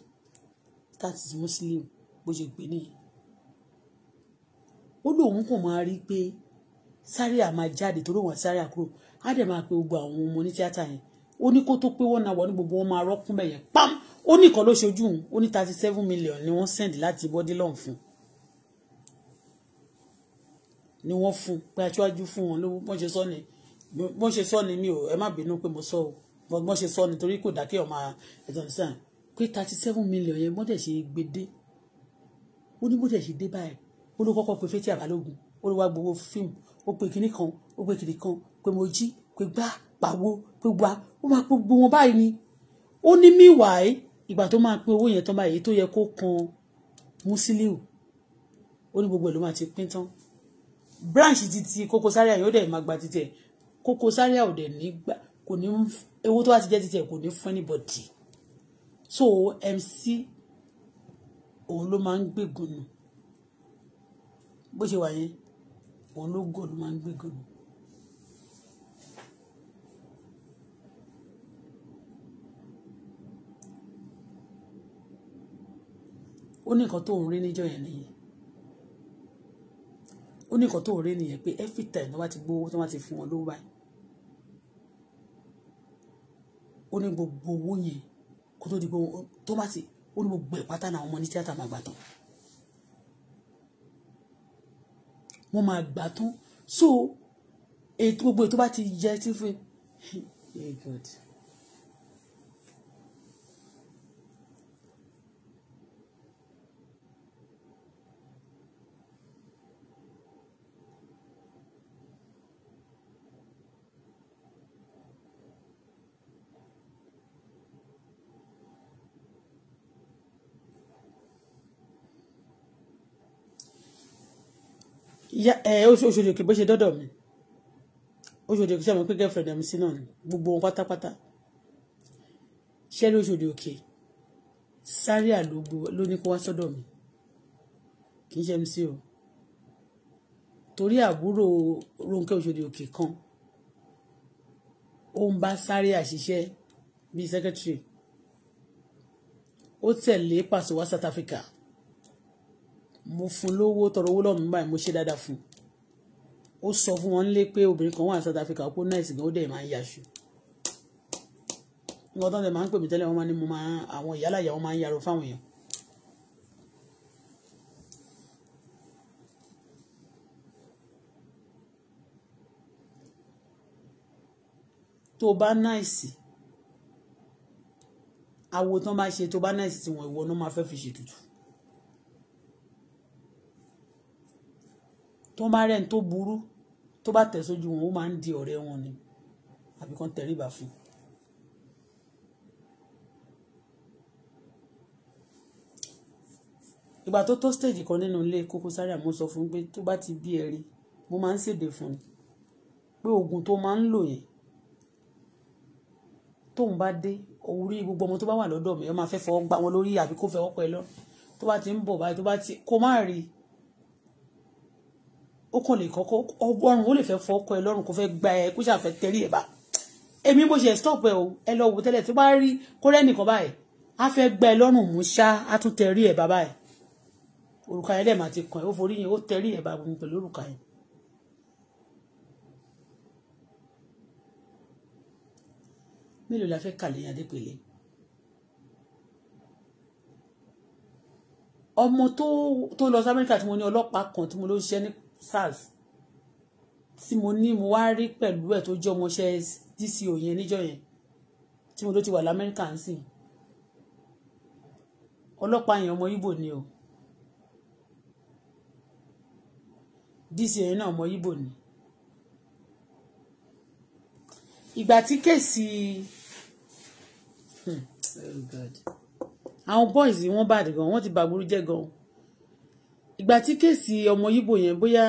that is muslim bó ṣe gbé nìyẹn ó lóun kò máa rí pé Zaria máa jáde torí wọn Zaria kúrò á dẹ̀ máa pe gbogbo àwọn ọmọ ní tíátà yẹn ó ní kó tó pé wọ́n náà wọ́n ní gbogbo wọn máa rọ́kún bẹ̀yẹn pam ó ní ìkan ló ṣojú òun ó ní thirty seven million ni wọ́n send láti bọ́dí lọ́n fún ni wọ́n fún pé aṣáájú fún wọn lówó bọ́n ṣe sọ ni bọ́n ṣe sọ ni mi ò ẹ má bínú pé mo sọ o bọ́n ṣe sọ ni torí kò dákẹ́ ọ̀ma ẹ̀tọ́ ní sàn pé thirty seven million yẹn bọ́n dẹ̀ ṣe gbede ó ní bó dẹ̀ ṣe dé báyìí ó ló kọ́kọ́ pe fétí àbálògùn ó ló wá gbowó fíìmù ó pe kinní kan ó pe kinní kan pé mo jí pé gbá pàwó pé gbá ó máa pe gbogbo wọn báyìí ni ó ní míwàá ìgbà tó máa pín owó yẹn tán báyìí tó yẹ kó kan Musiliu ó ní gbogbo ẹ̀ ló máa ti pín tán branch ti ti Koko Zaria yóò dẹ̀ máa gba títẹ̀ Koko Zaria ò dẹ̀ ní gbà kò ní owó tó wá ti jẹ́ títẹ̀ kò ní fún anybody so MC òun ló máa ń gbégun nù bó ṣe wà yẹn òun ló gòlù máa ń gbé gòlù. ó ní nǹkan tó ń rí níjọ́ yẹn nìyí ó ní nǹkan tó ń rí nìyẹn pé every time tó bá ti gbówó tó bá ti fún wọn lówó báyìí ó ní gbogbo owó yẹn kó tó di pé tó bá ti ó ní gbogbo ẹ̀ pátá náà ọmọ ní tíátà máa gbà tán. wọ́n máa gbà tán so ètò gbogbo ètò bá ti yẹ tí fún ẹ. ìyá ẹ oṣooṣù kì bó ṣe dọ́dọ̀ mi oṣooṣù kì sẹ́mi pé girlfriend mi sí náà ni gbogbo wọn pátápátá ṣẹ́rí oṣooṣù òkè sáré àlógbò ló ní kó wá sọ́dọ̀ mi kì í ṣe mi sí o torí àbúrò Rónkẹ́ oṣooṣù òkè kan ó ń bá sáré àṣìṣe bíi secretary ó tẹ̀lé Pasuma South Africa mo fún lówó tọrọ owó lọ́mú báyìí mo ṣe dáadáa fún un ó sọ fún wọn lé pé obìnrin kan wà ní South Africa kó náà ìsìnkú ó dẹ̀ máa ń yaṣu nǹkan tó ń tẹ̀ máa ń pè mí tẹ́lẹ̀ wọ́n máa ní mo máa àwọn ìyálàyà wọn máa ń yarọ fáwọn èèyàn tó bá náìsì awo tán bá ṣe tó bá náìsì tí wọn ìwọ náà máa fẹ́ fi ṣètùtù tó máa rẹ́ni tó burú tó bá tẹ̀ sójú wọn ó máa ń di ọ̀rẹ́ wọn ni àbí kan tẹríba fún. ìgbà tó tó stage kan nínú ilé Koko Zaria mo sọ fún un pé tó bá ti bí ẹrí mo máa ń ṣèdè fún ni pé oògùn tó máa ń lò yẹn tóun bá dé orí gbogbo ọmọ tó bá wà lọ́dọ̀ mi ọ máa fẹ́ fọwọ́ gbá wọn lórí àbí kó fẹ́ wọ́pẹ́ lọ tó bá ti ń bọ̀ báyìí tó bá ti kó má rí i ó kàn lè kọ́kọ́ ọgọ́rùn ó lè fẹ́ fọ́ ọkọ ẹ lọ́rùn kó fẹ́ gba ẹ kó ṣàfẹ́ tẹ̀rí ẹ bá èmi bó ṣe stop ẹ o ẹ lọ wò tẹ́lẹ̀ tó bá rí kó rẹ́nìkan báyìí á fẹ́ gba ẹ lọ́rùn mú ṣá á tún tẹ̀rí ẹ bàbá ẹ òrùka yẹn dẹ̀ ti kàn ẹ ó forí yẹn ó tẹ̀rí ẹ bàbá mi pẹ̀lú òrùka yẹn. mélòó la fẹ́ kàlẹ́ yẹn adépele ọmọ tó tó lọ sí Amẹ́ríkà tí mo ní ọlọ́pàá kan tí mo ló ṣiṣẹ́ SARS tí mo ní mo wá rí pẹ̀lú ẹ̀ tó jẹ́ ọmọọṣẹ́ DCO yẹn níjọ́ yẹn tí mo ló ti wà lamẹ́ríkà ń sìn ọlọ́pàá yẹn ọmọ Ìgbò ni o DCO yẹn náà ọmọ Ìgbò ni ìgbà tí kèsì hmm, oh àwọn boys wọ́n bàdì gan wọ́n ti bàgbórú jẹ́ gan-an ìgbà tí kéèsì ọmọ yíbo yẹn bóyá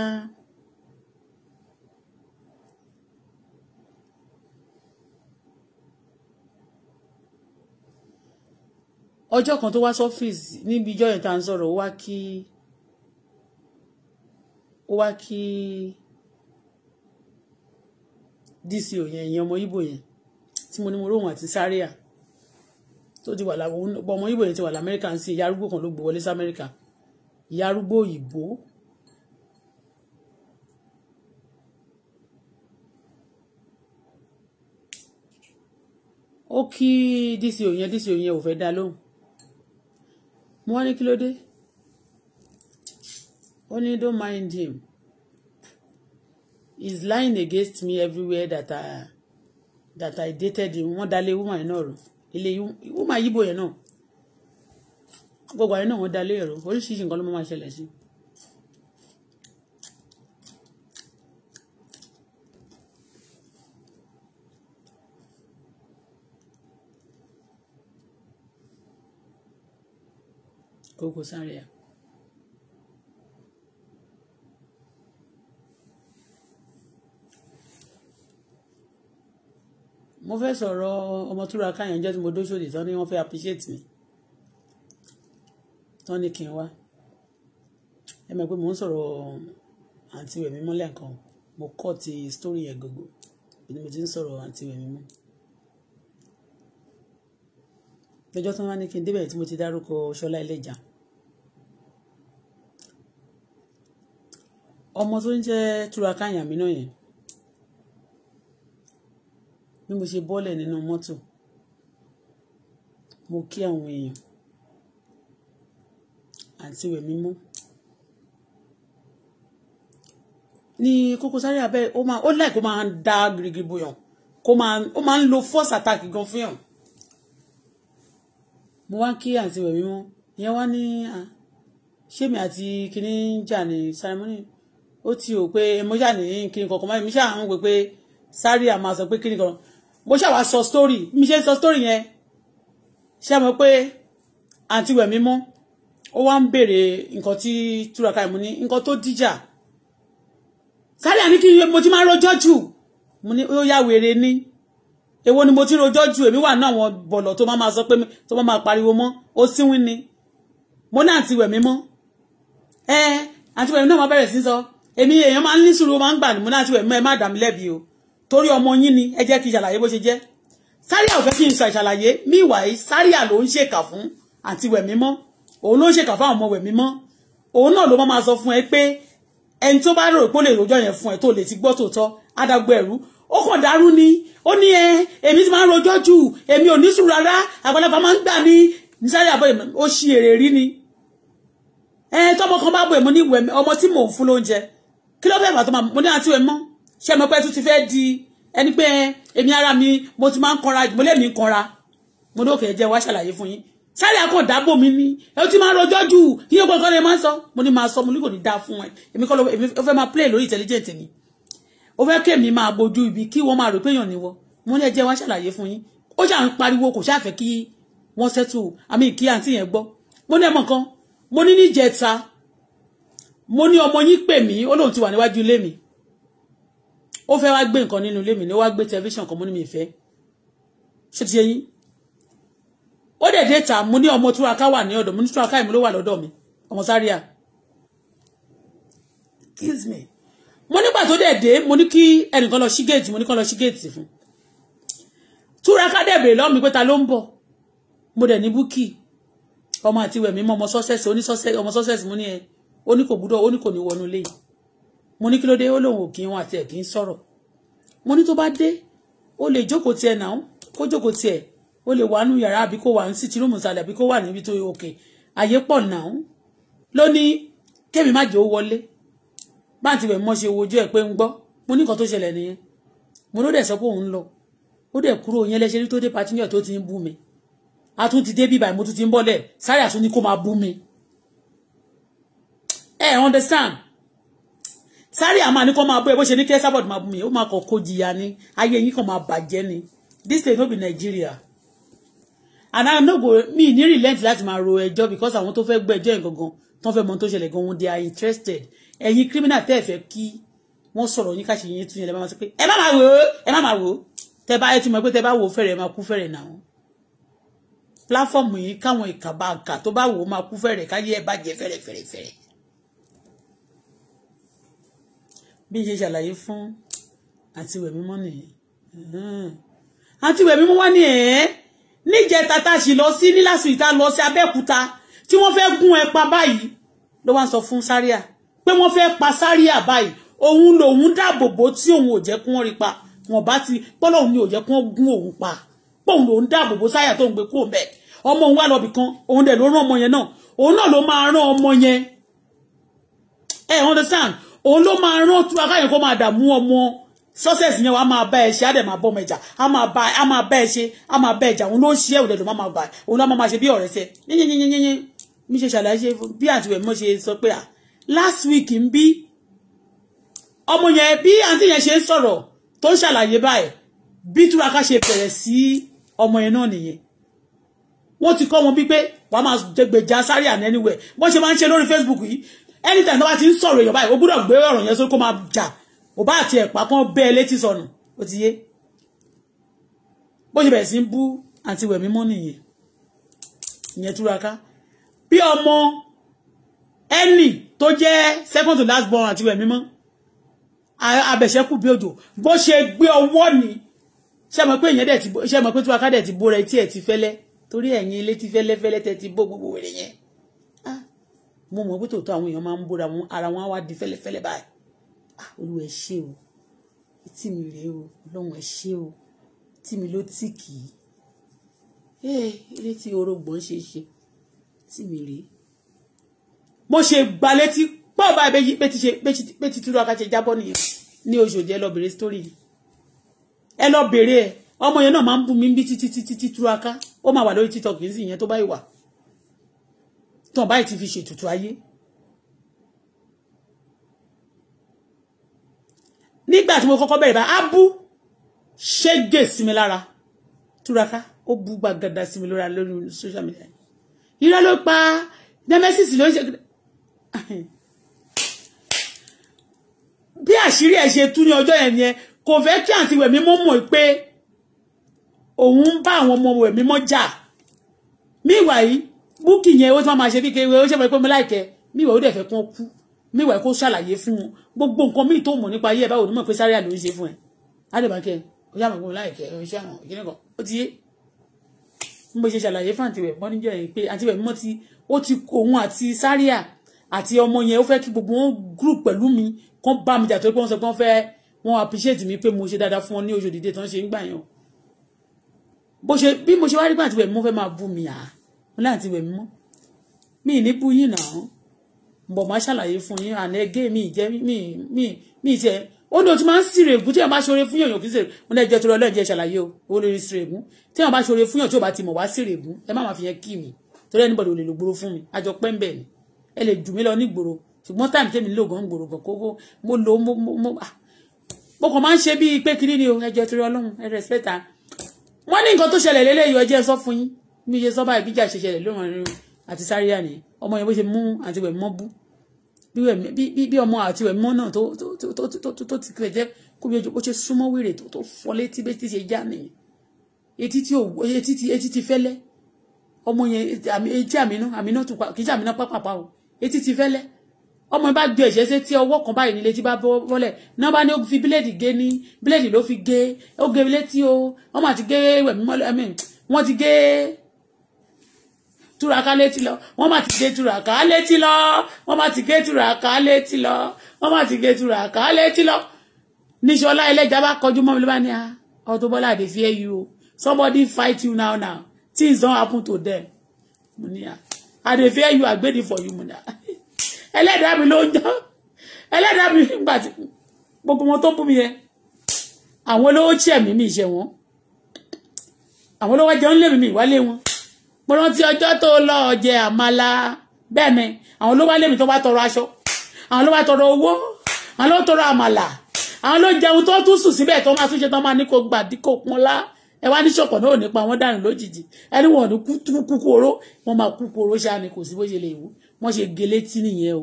ọjọ́ kan tó wá sọ́fíìsì níbi ìjọ yẹn tá à ń sọ̀rọ̀ ó wá kí ó wá kí dco yẹn ìyẹn ọmọ yíbo yẹn tí mo ní mo róhùn àti sáréà tó ti wà láwọn ọmọ yíbo yẹn ti wà lamẹ́ríkà ń sìn ìyá arúgbó kan ló gbé wọlé sí amẹ́ríkà ìyá arúgbó òyìnbó ó kí dísì òyìn dísì òyìn ò fẹ́ dá lóhùn mo wá ní kí ló dé ó ní don't mind him he is lying against me everywhere that I that I dated him wọ́n dalẹ̀ woman náà rò ilé woman yíbo yẹn náà gbogbo àyè náà wọ́n dalé ẹ̀rọ oríṣiríṣi nǹkan ló máa ṣẹlẹ̀ sí. Koko Zaria. mo fẹ́ sọ̀rọ̀ ọmọ túra káyọ̀ jẹ́ tí mo dóṣòdì tán ni wọ́n fẹ́ appreciate mi tán ní kí n wá ẹ mọ̀ pé mò ń sọ̀rọ̀ àǹtí rẹ̀ mímọ́ lẹ́ẹ̀kan mo kọ́ ti story yẹn gbogbo ìdí mo ti ń sọ̀rọ̀ àǹtí rẹ̀ mímọ́ lọ́jọ́ tó wá ní kí n débẹ̀ tí mo ti dárúkọ Ṣọlá Ẹlẹ́jà ọmọ tó ń jẹ́ túraká àyàmí náà yẹn bí mo ṣe bọ́ọ̀lẹ̀ nínú mọ́tò mo kí àwọn èèyàn àǹtí wẹ̀ mí mú ní Koko Zaria abẹ́ ó máa ó láì kó máa ń dá gírígírí bóyàn kó máa ó máa ń lo force attack gan fún mo wá kí àǹtí wẹ̀ mí ìyẹn wá ní ṣémi àti kìnní jà ní ceremony ó ti hò pé mo jà ní kìnní kankan máa mi ṣáà ń wò pé Zaria máa sọ pé kìnní kan mo ṣáà wá sọ story mi ṣe ń sọ story yẹn ṣé mo pé àǹtí wẹ̀ mí ó wá ń béèrè nǹkan tí túraká ìmú ní nǹkan tó díjà sáré àní kí mo ti máa ń rojọ́ jù mo ní ó yá wèrè ní èwo ni mo ti rojọ́ jù èmi wà náà wọn bọ̀lọ̀ tó máa sọ pé tó máa pariwo mọ́ ó síwín ni mo náà ti wẹ̀ mí mọ́ ẹ àti wẹ̀ mí náà máa bẹ̀rẹ̀ sí sọ èmi èèyàn máa ń ní sùúrù máa ń gbà ní mo náà ti wẹ̀ mí mọ́ ẹ má dà mí lẹ́bi o torí ọmọ yín ni ẹ jẹ́ kí ṣàlàyé bó ṣe jẹ́ sáré àwòfẹ́ kí n ṣàlàyé míwàá sáré àlò ń ṣèkà fún àti wẹ̀ mí mọ́ òun ló ṣèkà fáwọn ọmọ wẹ̀ mímọ́ òun náà ló máa sọ fún ẹ pé ẹni tó bá rò pé ó lè rojọ́ yẹn fún ẹ tó lè ti gbọ́ tòótọ́ adágbọ́ ẹ̀rú ó kàn dárú ni ó ní ẹ èmi ti máa ń rojọ́ jù èmi ò ní sùn rárá àgbàlagbà máa ń gbà ní nísàlẹ̀ àbọ̀ ó ṣi èrè rí ni ẹ tọmọ kan bá bọ̀ èmi ní ọmọ tí mò ń fún lóúnjẹ kí ló fẹ́ bàtọ́ mo ní àti ìwẹ̀ mọ́ ṣé mo pẹ́ tún ti fẹ́ di ẹni pé èmi ara mi mo ti máa ń kanra mo lé mi kanra mo lókè jẹ́ wá ṣàlàyé fún yín sáré akọ̀ dábò mi ni ẹ ti máa rọjọ́ jù yíyan kọ́kọ́ rẹ máa ń sọ mo ní máa sọ mo ní kò ní dáa fún ẹ èmi kọ́ ló èmi ó fẹ́ máa play lórí intelligent ni ó fẹ́ kémi máa bojú ibi kí wọ́n máa rò pé èèyàn ni wọ́n mo ní ẹjẹ́ wá ṣàlàyé fún yín ó ṣà ń pariwo kò ṣàfẹ́ kí wọ́n settle àmì kí àǹtí yẹn gbọ́ mo ní ẹ̀mọ̀ kan mo ní níjẹta mo ní ọmọ yín pè mí ó lóun ti wà níwájú ilé mi ó fẹ́ wá gbé nǹkan nínú ilé mi ni ó wá gbé tẹlifíṣàn kan mo ní mi ìfẹ́ ó dẹ̀ dé ta mo ní ọmọ túraká wà ní ọ̀dọ̀ mo ní túraká ìmú ló wà lọ́dọ̀ mi ọmọ sáríà excuse me mo nígbà tó dẹ̀ dé mo ní kí ẹnìkan lọ sí géètì mo ní kán lọ sí géètì fún túraká dẹ̀ bèrè lọ́mi pé ta ló ń bọ̀ mo dẹ̀ ní búkì ọmọ àti ìwẹ̀ mímọ́ ọmọ sọ́sẹ̀sì oní sọ́sẹ̀sì ọmọ sọ́sẹ̀sì mo ní ẹ ó kò gbúdọ̀ ó kò ní wọnú léyìí mo ní kí ló dé ó lòun ò kí wọn àti ẹ̀ kì í sọ̀rọ̀ mo ní tó bá dé ó lè jókòó tiẹ̀ náà kó jókòó tiẹ̀ ó lè wà nù yàrá àbí kó wà ní sítírùmù sàlẹ̀ àbí kó wà níbi tó òkè àyè pọ̀ náà ló ní kémi má jẹ́ ó wọlé bá àti ìwẹ̀ mọ́ ṣe wojú ẹ̀ pé ń gbọ́ mo ní nǹkan tó ṣẹlẹ̀ nìyẹn mo ló dẹ̀ sọ pé òun lọ ó dẹ̀ kúrò yẹn lẹ́ṣẹ́ tó dé patinio tó ti ń bú mi a tún ti dé bíbà mo tún ti ń bọ́lẹ̀ sáré àtún ní kó máa bú mi ẹ understand sáré àmà ní kó máa Bo ẹ bó ṣe ní kí ẹ sábọ̀dù máa bú mi ó máa kọ̀ kó ni ayé yín kàn máa bàjẹ́ ni this day no be Nigeria and i no go me ní relent láti máa ro ẹjọ́ because àwọn tó fẹ́ gbọ́ ẹjọ́ yẹn gangan tó fẹ́ mọ tó ṣẹlẹ̀ gan wọn they are interested ẹ̀yin criminal tẹ́ ẹ̀ fẹ́ kí wọ́n sọ̀rọ̀ yín káṣí yín tún yẹn lẹ́ máa sọ pé ẹ má máa wò ó ẹ má máa wò ó tẹ́ bá ẹ ti mọ̀ pé tẹ́ bá wò ó fẹ́rẹ̀ máa kú fẹ́rẹ̀ náà pláfọ́ọ̀mù yìí káwọn ìkàbàǹkà tó bá wò ó máa kú fẹ́rẹ̀ káyé ẹ bàjẹ́ fẹ́rẹ̀ fẹ́rẹ̀ fẹ́rẹ̀ bí n ṣe ṣàlàyé fún àtiwẹ̀mímọ́ nìyẹn àtiwẹ̀mímọ́ wá ní ẹ̀ẹ́ níjẹta tá a sì lọ sí ní last week tá a lọ sí Abẹ́òkúta tí wọ́n fẹ́ gún ẹ pa báyìí ló wá ń sọ fún Zaria pé wọ́n fẹ́ pa Zaria báyìí òun lòun dáàbòbò tí òun ò jẹ́ kí wọ́n rí pa wọn bá ti pọ́lọ́ òun ni ò jẹ́ kí wọ́n gún òun pa pọ́ùn lòun dáàbòbò sáyà tó ń gbé kúrò bẹ́ẹ̀ ọmọ òun wà lọ́bì kan òun dẹ̀ ló rán ọmọ yẹn náà òun náà ló máa rán ọmọ yẹn ẹ understand òun ló máa rán túraká yẹn kó máa dààmú ọmọ success yẹn wa máa a ẹ ṣe á dẹ̀ a bọ́ ọmọ ẹja á máa bá á máa bá ẹ ṣe á máa bá ẹja òun ló ń ṣe ẹ̀ òdẹ̀dọ̀ máa bá òun ló máa ṣe bí ọ̀rẹ́ sẹ yínyínyínyínyín mi ṣe ṣàlàyé bí àtiwẹ̀ mo ṣe sọ pé à ah, last week ń bí ọmọ yẹn bí àǹtí yẹn ṣe ń sọ̀rọ̀ tó ń ṣàlàyé báyìí bí túraká ṣe bẹ̀rẹ̀ sí ọmọ yẹn náà nìyẹn wọ́n ti kọ́ wọn bí pé wàá máa jẹgbẹ̀já sáré and anywhere bọ́n ṣe máa ń ṣe lórí Facebook yìí anytime tó bá ti ń sọ̀rọ̀ èèyàn báyìí ó gbúdọ̀ gbé ọ̀rọ̀ yẹn sórí kó máa jà ò bá àti ẹ̀pà kan bẹ́ẹ̀ létí sọnù ó ti yé bó ṣe bẹ̀rẹ̀ sí ń bú àǹtí wẹ̀mí mọ́ nìyẹn ìyẹn túraká bí ọmọ ẹnì tó jẹ́ second to last born àti wẹ̀mí mọ́ abẹ̀ṣẹ́kù bí òjò bó ṣe gbé ọwọ́ ni ṣe mọ̀ pé ìyẹn dẹ̀ ti bó ṣe mọ̀ pé túraká dẹ̀ ti bo re ti ẹ̀ ti fẹ́lẹ́ torí ẹ̀yin ilé ti fẹ́lẹ́fẹ́lẹ́ tẹ́ ti bo gbogbo wèrè yẹn ah, mo mọ̀ pé tòótọ́ àwọn èèyàn máa ń bóra ara wọn á wá di fẹ́lẹ́fẹ́lẹ́ báyìí Ah, olúwa ẹ ṣé o etí mi rèé o ọlọ́run ẹ ṣé o etí mi ló tì kì í ee eh, ilé tí orógbọ̀n ṣe ṣe etí mi rèé mo ṣe gbà létí bọ́ọ̀ bá ẹbẹ́ yí pé ti túrọ̀ akáṣe jábọ́ nìyẹn ní Òṣòdì ẹ lọ bèrè sítórì yìí ẹ ẹ ọmọ yẹn náà máa ń bú mi bí títí títí títú aká ó máa wà lórí TikTok yìí sì yẹn tó báyìí wà tán báyìí ti fi ṣètùtù ayé nígbà tí mo kọ́kọ́ bẹ̀rẹ̀ bá a bú ṣége sí mi lára túraká ó bú gbàgàdà sí mi lóra lórí social media irọ́ ló pa nemesis ló ń ṣe bí àṣírí ẹ̀ ṣe tú ní ọjọ́ yẹn yẹn kò fẹ́ kí àǹtí wẹ̀mí mọ́ mọ̀ pé òun ń bá àwọn ọmọ wẹ̀mí mọ́ jà míwàá yìí búkì yẹn ó ti máa ṣe bí kéwé ó ṣe pé mo láìkẹ́ míwàá ó dẹ̀ fẹ́ kán kú míwàá kó ṣàlàyé fún un gbogbo nǹkan míì tó mọ̀ nípa ayé ẹ̀ báwo ni mọ̀ pé sáré àlóyún ṣe fún ẹ adébákẹ́ ó yà máa gbọ́n láìkẹ́ ẹ̀ ṣé àwọn ìkíni kan ó ti yé mo ṣe ṣàlàyé fún àǹtí rẹ̀ mọ́ níjọ́ yẹn pé àǹtí rẹ̀ mọ́ ti ó ti òun àti sáré à àti ọmọ yẹn ó fẹ́ kí gbogbo wọn group pẹ̀lú mi kán bá mi jà tó pé wọ́n sọ pé wọ́n fẹ́ wọ́n appreciate mi pé mo ṣe dáadáa fún wọn ní oṣù dìde tán ṣe ń gbà yẹn bó ṣe bí mo ṣe wá rí pé àǹtí rẹ̀ mọ́ fẹ́ máa bú mi à mo láǹtí rẹ̀ mọ́ mi ì ní bú yín náà bọ̀ máa ṣàlàyé fún yín àná ẹgẹ́ mi ìjẹ́ mi mi mi ìtẹ́ ó ní o ti máa ń sire ègún tí wọn bá ṣoore fún yàn yàn kì í sire wọn náà jẹ torí Ọlọ́run jẹ ṣàlàyé o ó lè rí sire ègún tí wọn bá ṣoore fún yàn tí ò bá ti mọ̀ wá sire ègún ẹ má máa fi yẹn kí mi torí ẹni bọ̀dọ̀ ò lè lò gbòòrò fún mi àjọ pẹ́ ń bẹ̀ ni ẹ lè jù mí lọ ní gbòòrò ṣùgbọ́n táìmù tèmi lò gan gbòòrò gan kókó mo lò mo mo ah. mo kàn máa ń ṣe bíi pé kiri ni o ẹ jẹ tó ṣẹlẹ̀ lélẹ́yìí ẹ sọ fún àti sáríà ni ọmọ yẹn bó ṣe mú àti wẹ̀ mọ́ bú bí ọmọ àti wẹ̀ mọ́ náà tó ti kẹ̀ jẹ́ kó bí ojú bó ṣe súnmọ́ wèrè tó fọ́ létí bẹ́ẹ̀ ti ṣe já nìyẹn etí ti fẹ́lẹ́ ọmọ yẹn etí àmínú àmínú tó kì í ṣe àmínú pápápá o etí ti fẹ́lẹ́ ọmọ yẹn bá ju ẹ̀ṣẹ́ sí tí ọwọ́ kan báyìí nílé tí bá bọ́lẹ̀ náà bá ní ó fi bíléèdì gé ní bíléèdì ló fi gé ó gé létí o ọmọ àti gé wẹ̀mí mọ́lẹ́ wọ́n ti gé túraká létí lọ wọ́n má ti gé túraká létí lọ wọ́n má ti gé túraká létí lọ wọ́n má ti gé túraká létí lọ níṣọlá ẹlẹ́jà bá kọjú mọ́ mi ló bá ní ah, Auto Bola dey fear you o somebody fight you now now things don happen to them mo ní à ah, i dey fear you agbèdì for you mo ní à ah. ẹlẹ́dàá mi ló ń jọ ẹlẹ́dàá mi gbà tí gbogbo wọn tó bú mi yẹn àwọn olówó tiẹ̀ mi mi wọn àwọn olówó jẹun lé mi ìwálé wọn mo rántí ọjọ́ tó lọ jẹ àmàlà bẹ́ẹ̀ ni àwọn ló wá lèmi tó wá tọrọ aṣọ àwọn ló wá tọrọ owó àwọn ló tọrọ àmàlà àwọn ló jẹun tó tún sùn síbẹ̀ tó máa tún ṣe tó máa ní kó gbà dí pọn lá ẹ wá ní ṣọ̀pọ̀ náà nípa wọn dànù lójijì ẹni wọn ní kúkú oró wọn máa kúkú oró ṣáà ni kò sí bó ṣe lè wú wọn ṣe gelé tí nìyẹn o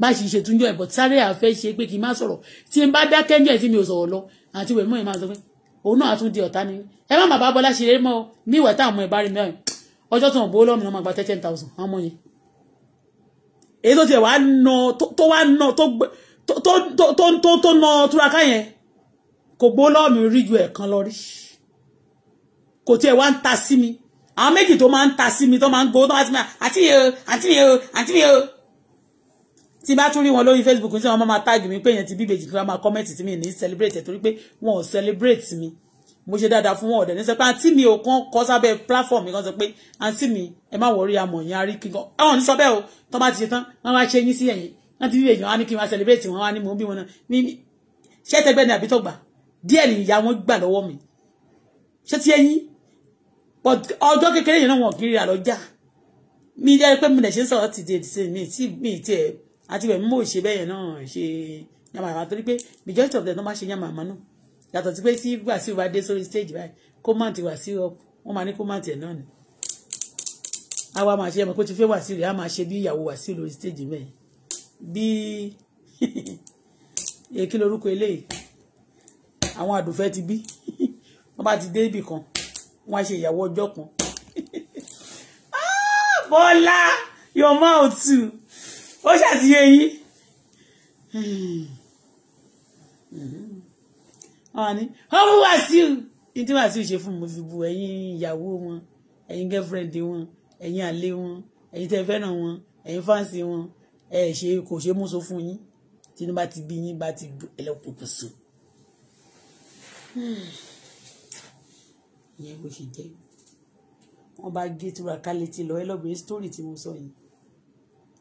má ṣe ṣètúnjọ ẹ̀bọ̀ sáré àfẹ́ ṣe pé kí n má sọ̀rọ̀ tí n bá dákẹ́jọ́ ẹ̀ tí mi ò sọ̀rọ̀ lọ àti wẹ̀mọ́ ẹ̀ máa sọ fún òun náà tún di ọ̀tá ni ẹ má bàbá bọ́lá ṣe eré mọ́ o mí ìwà táwọn ọmọ ẹ bá rí mẹ́rin ọjọ́ tó ń gbowó lọ́mìnira máa gba ten thousand àwọn ọmọ yẹn èyí tó tiẹ̀ wá nà tó wá nà tó tó nà túraká yẹn kò gbowó lọ́mìnira rí ju ẹ̀ẹ̀kan lọ rí kò tiẹ̀ wá ń ta sí mi àwọn méjì tó máa ń ta sí mi tó máa ń gbowó tó máa ti máa àti mi o àti mi o àti mi o tí bá tún rí wọn lórí facebook tí wọn máa tag mi pé èèyàn ti bíbèjì kí wọn máa comment tí mi ní celebrate torí pé wọn ò celebrate mi mo ṣe dáadáa fún wọn ọ̀dẹ̀ ní sọ pé àǹtí mi ò kàn kọ́ sábẹ́ platform mi kan sọ pé àǹtí mi ẹ má wọrí amọ̀yìn arí kíkan àwọn ò ní sọ bẹ́ẹ̀ o tọ́ bá ti ṣe tán wọ́n wá ṣe yín sí ẹ̀yìn wọ́n ti bíbèjì wọn á ní kí wọ́n celebrate wọn wá ní mò ń bí wọn náà ṣé tẹgbẹ́ ni àbí tọ̀gbà díẹ̀ ni ìyá wọn gbà lọ́wọ́ mi ṣé ti ẹyin ọjọ́ kékeré yẹn náà wọn kiri àlọ́jà mi jẹ́ pé mo lè ṣe ń sọ̀rọ̀ ti di èdè sí mi tí mi ti ẹ̀ àti bẹ̀ mímò ṣe bẹ́yẹn náà ṣe yamayama torí pé majority of them ló máa ṣe yamayama náà yàtọ̀ sí pé tí Wàsíù bá dé sórí stage báyìí kó máa ti Wàsíù up wọ́n máa ní kó máa tiẹ̀ náà ni àwa máa ṣe ẹ̀mọ́ kó ti fẹ́ Wàsíù rẹ̀ á máa ṣe bí ìyàwó Wàsíù lórí stage bẹ́ẹ̀ bí èkí lorúkọ eléyìí àwọn àdùfẹ́ ti bí wọ́n bá ti dé ibì kan wọ́n á ṣe ìyàwó ọjọ́ kan ah, Bọ́lá your mouth too ó ṣàtìyẹ yín hmm. wọn ni ọmọ Wàsíù ní tí Wàsíù ṣe fún mi fi bu ẹ̀yin ìyàwó wọn ẹ̀yin girlfriend wọn ẹ̀yin àlè wọn ẹ̀yin tẹ́ fẹ́ràn wọn ẹ̀yin fáǹsì wọn ẹ ṣe kò ṣe mú so fún yín tinubu ti bí yín bá ti ẹlẹ́kùnkùn sùn hmm. ìyẹn bó ṣe jẹ́ wọ́n bá gé túraká létí lọ ẹ lọ́bìnrin sítórì tí mo sọ yìí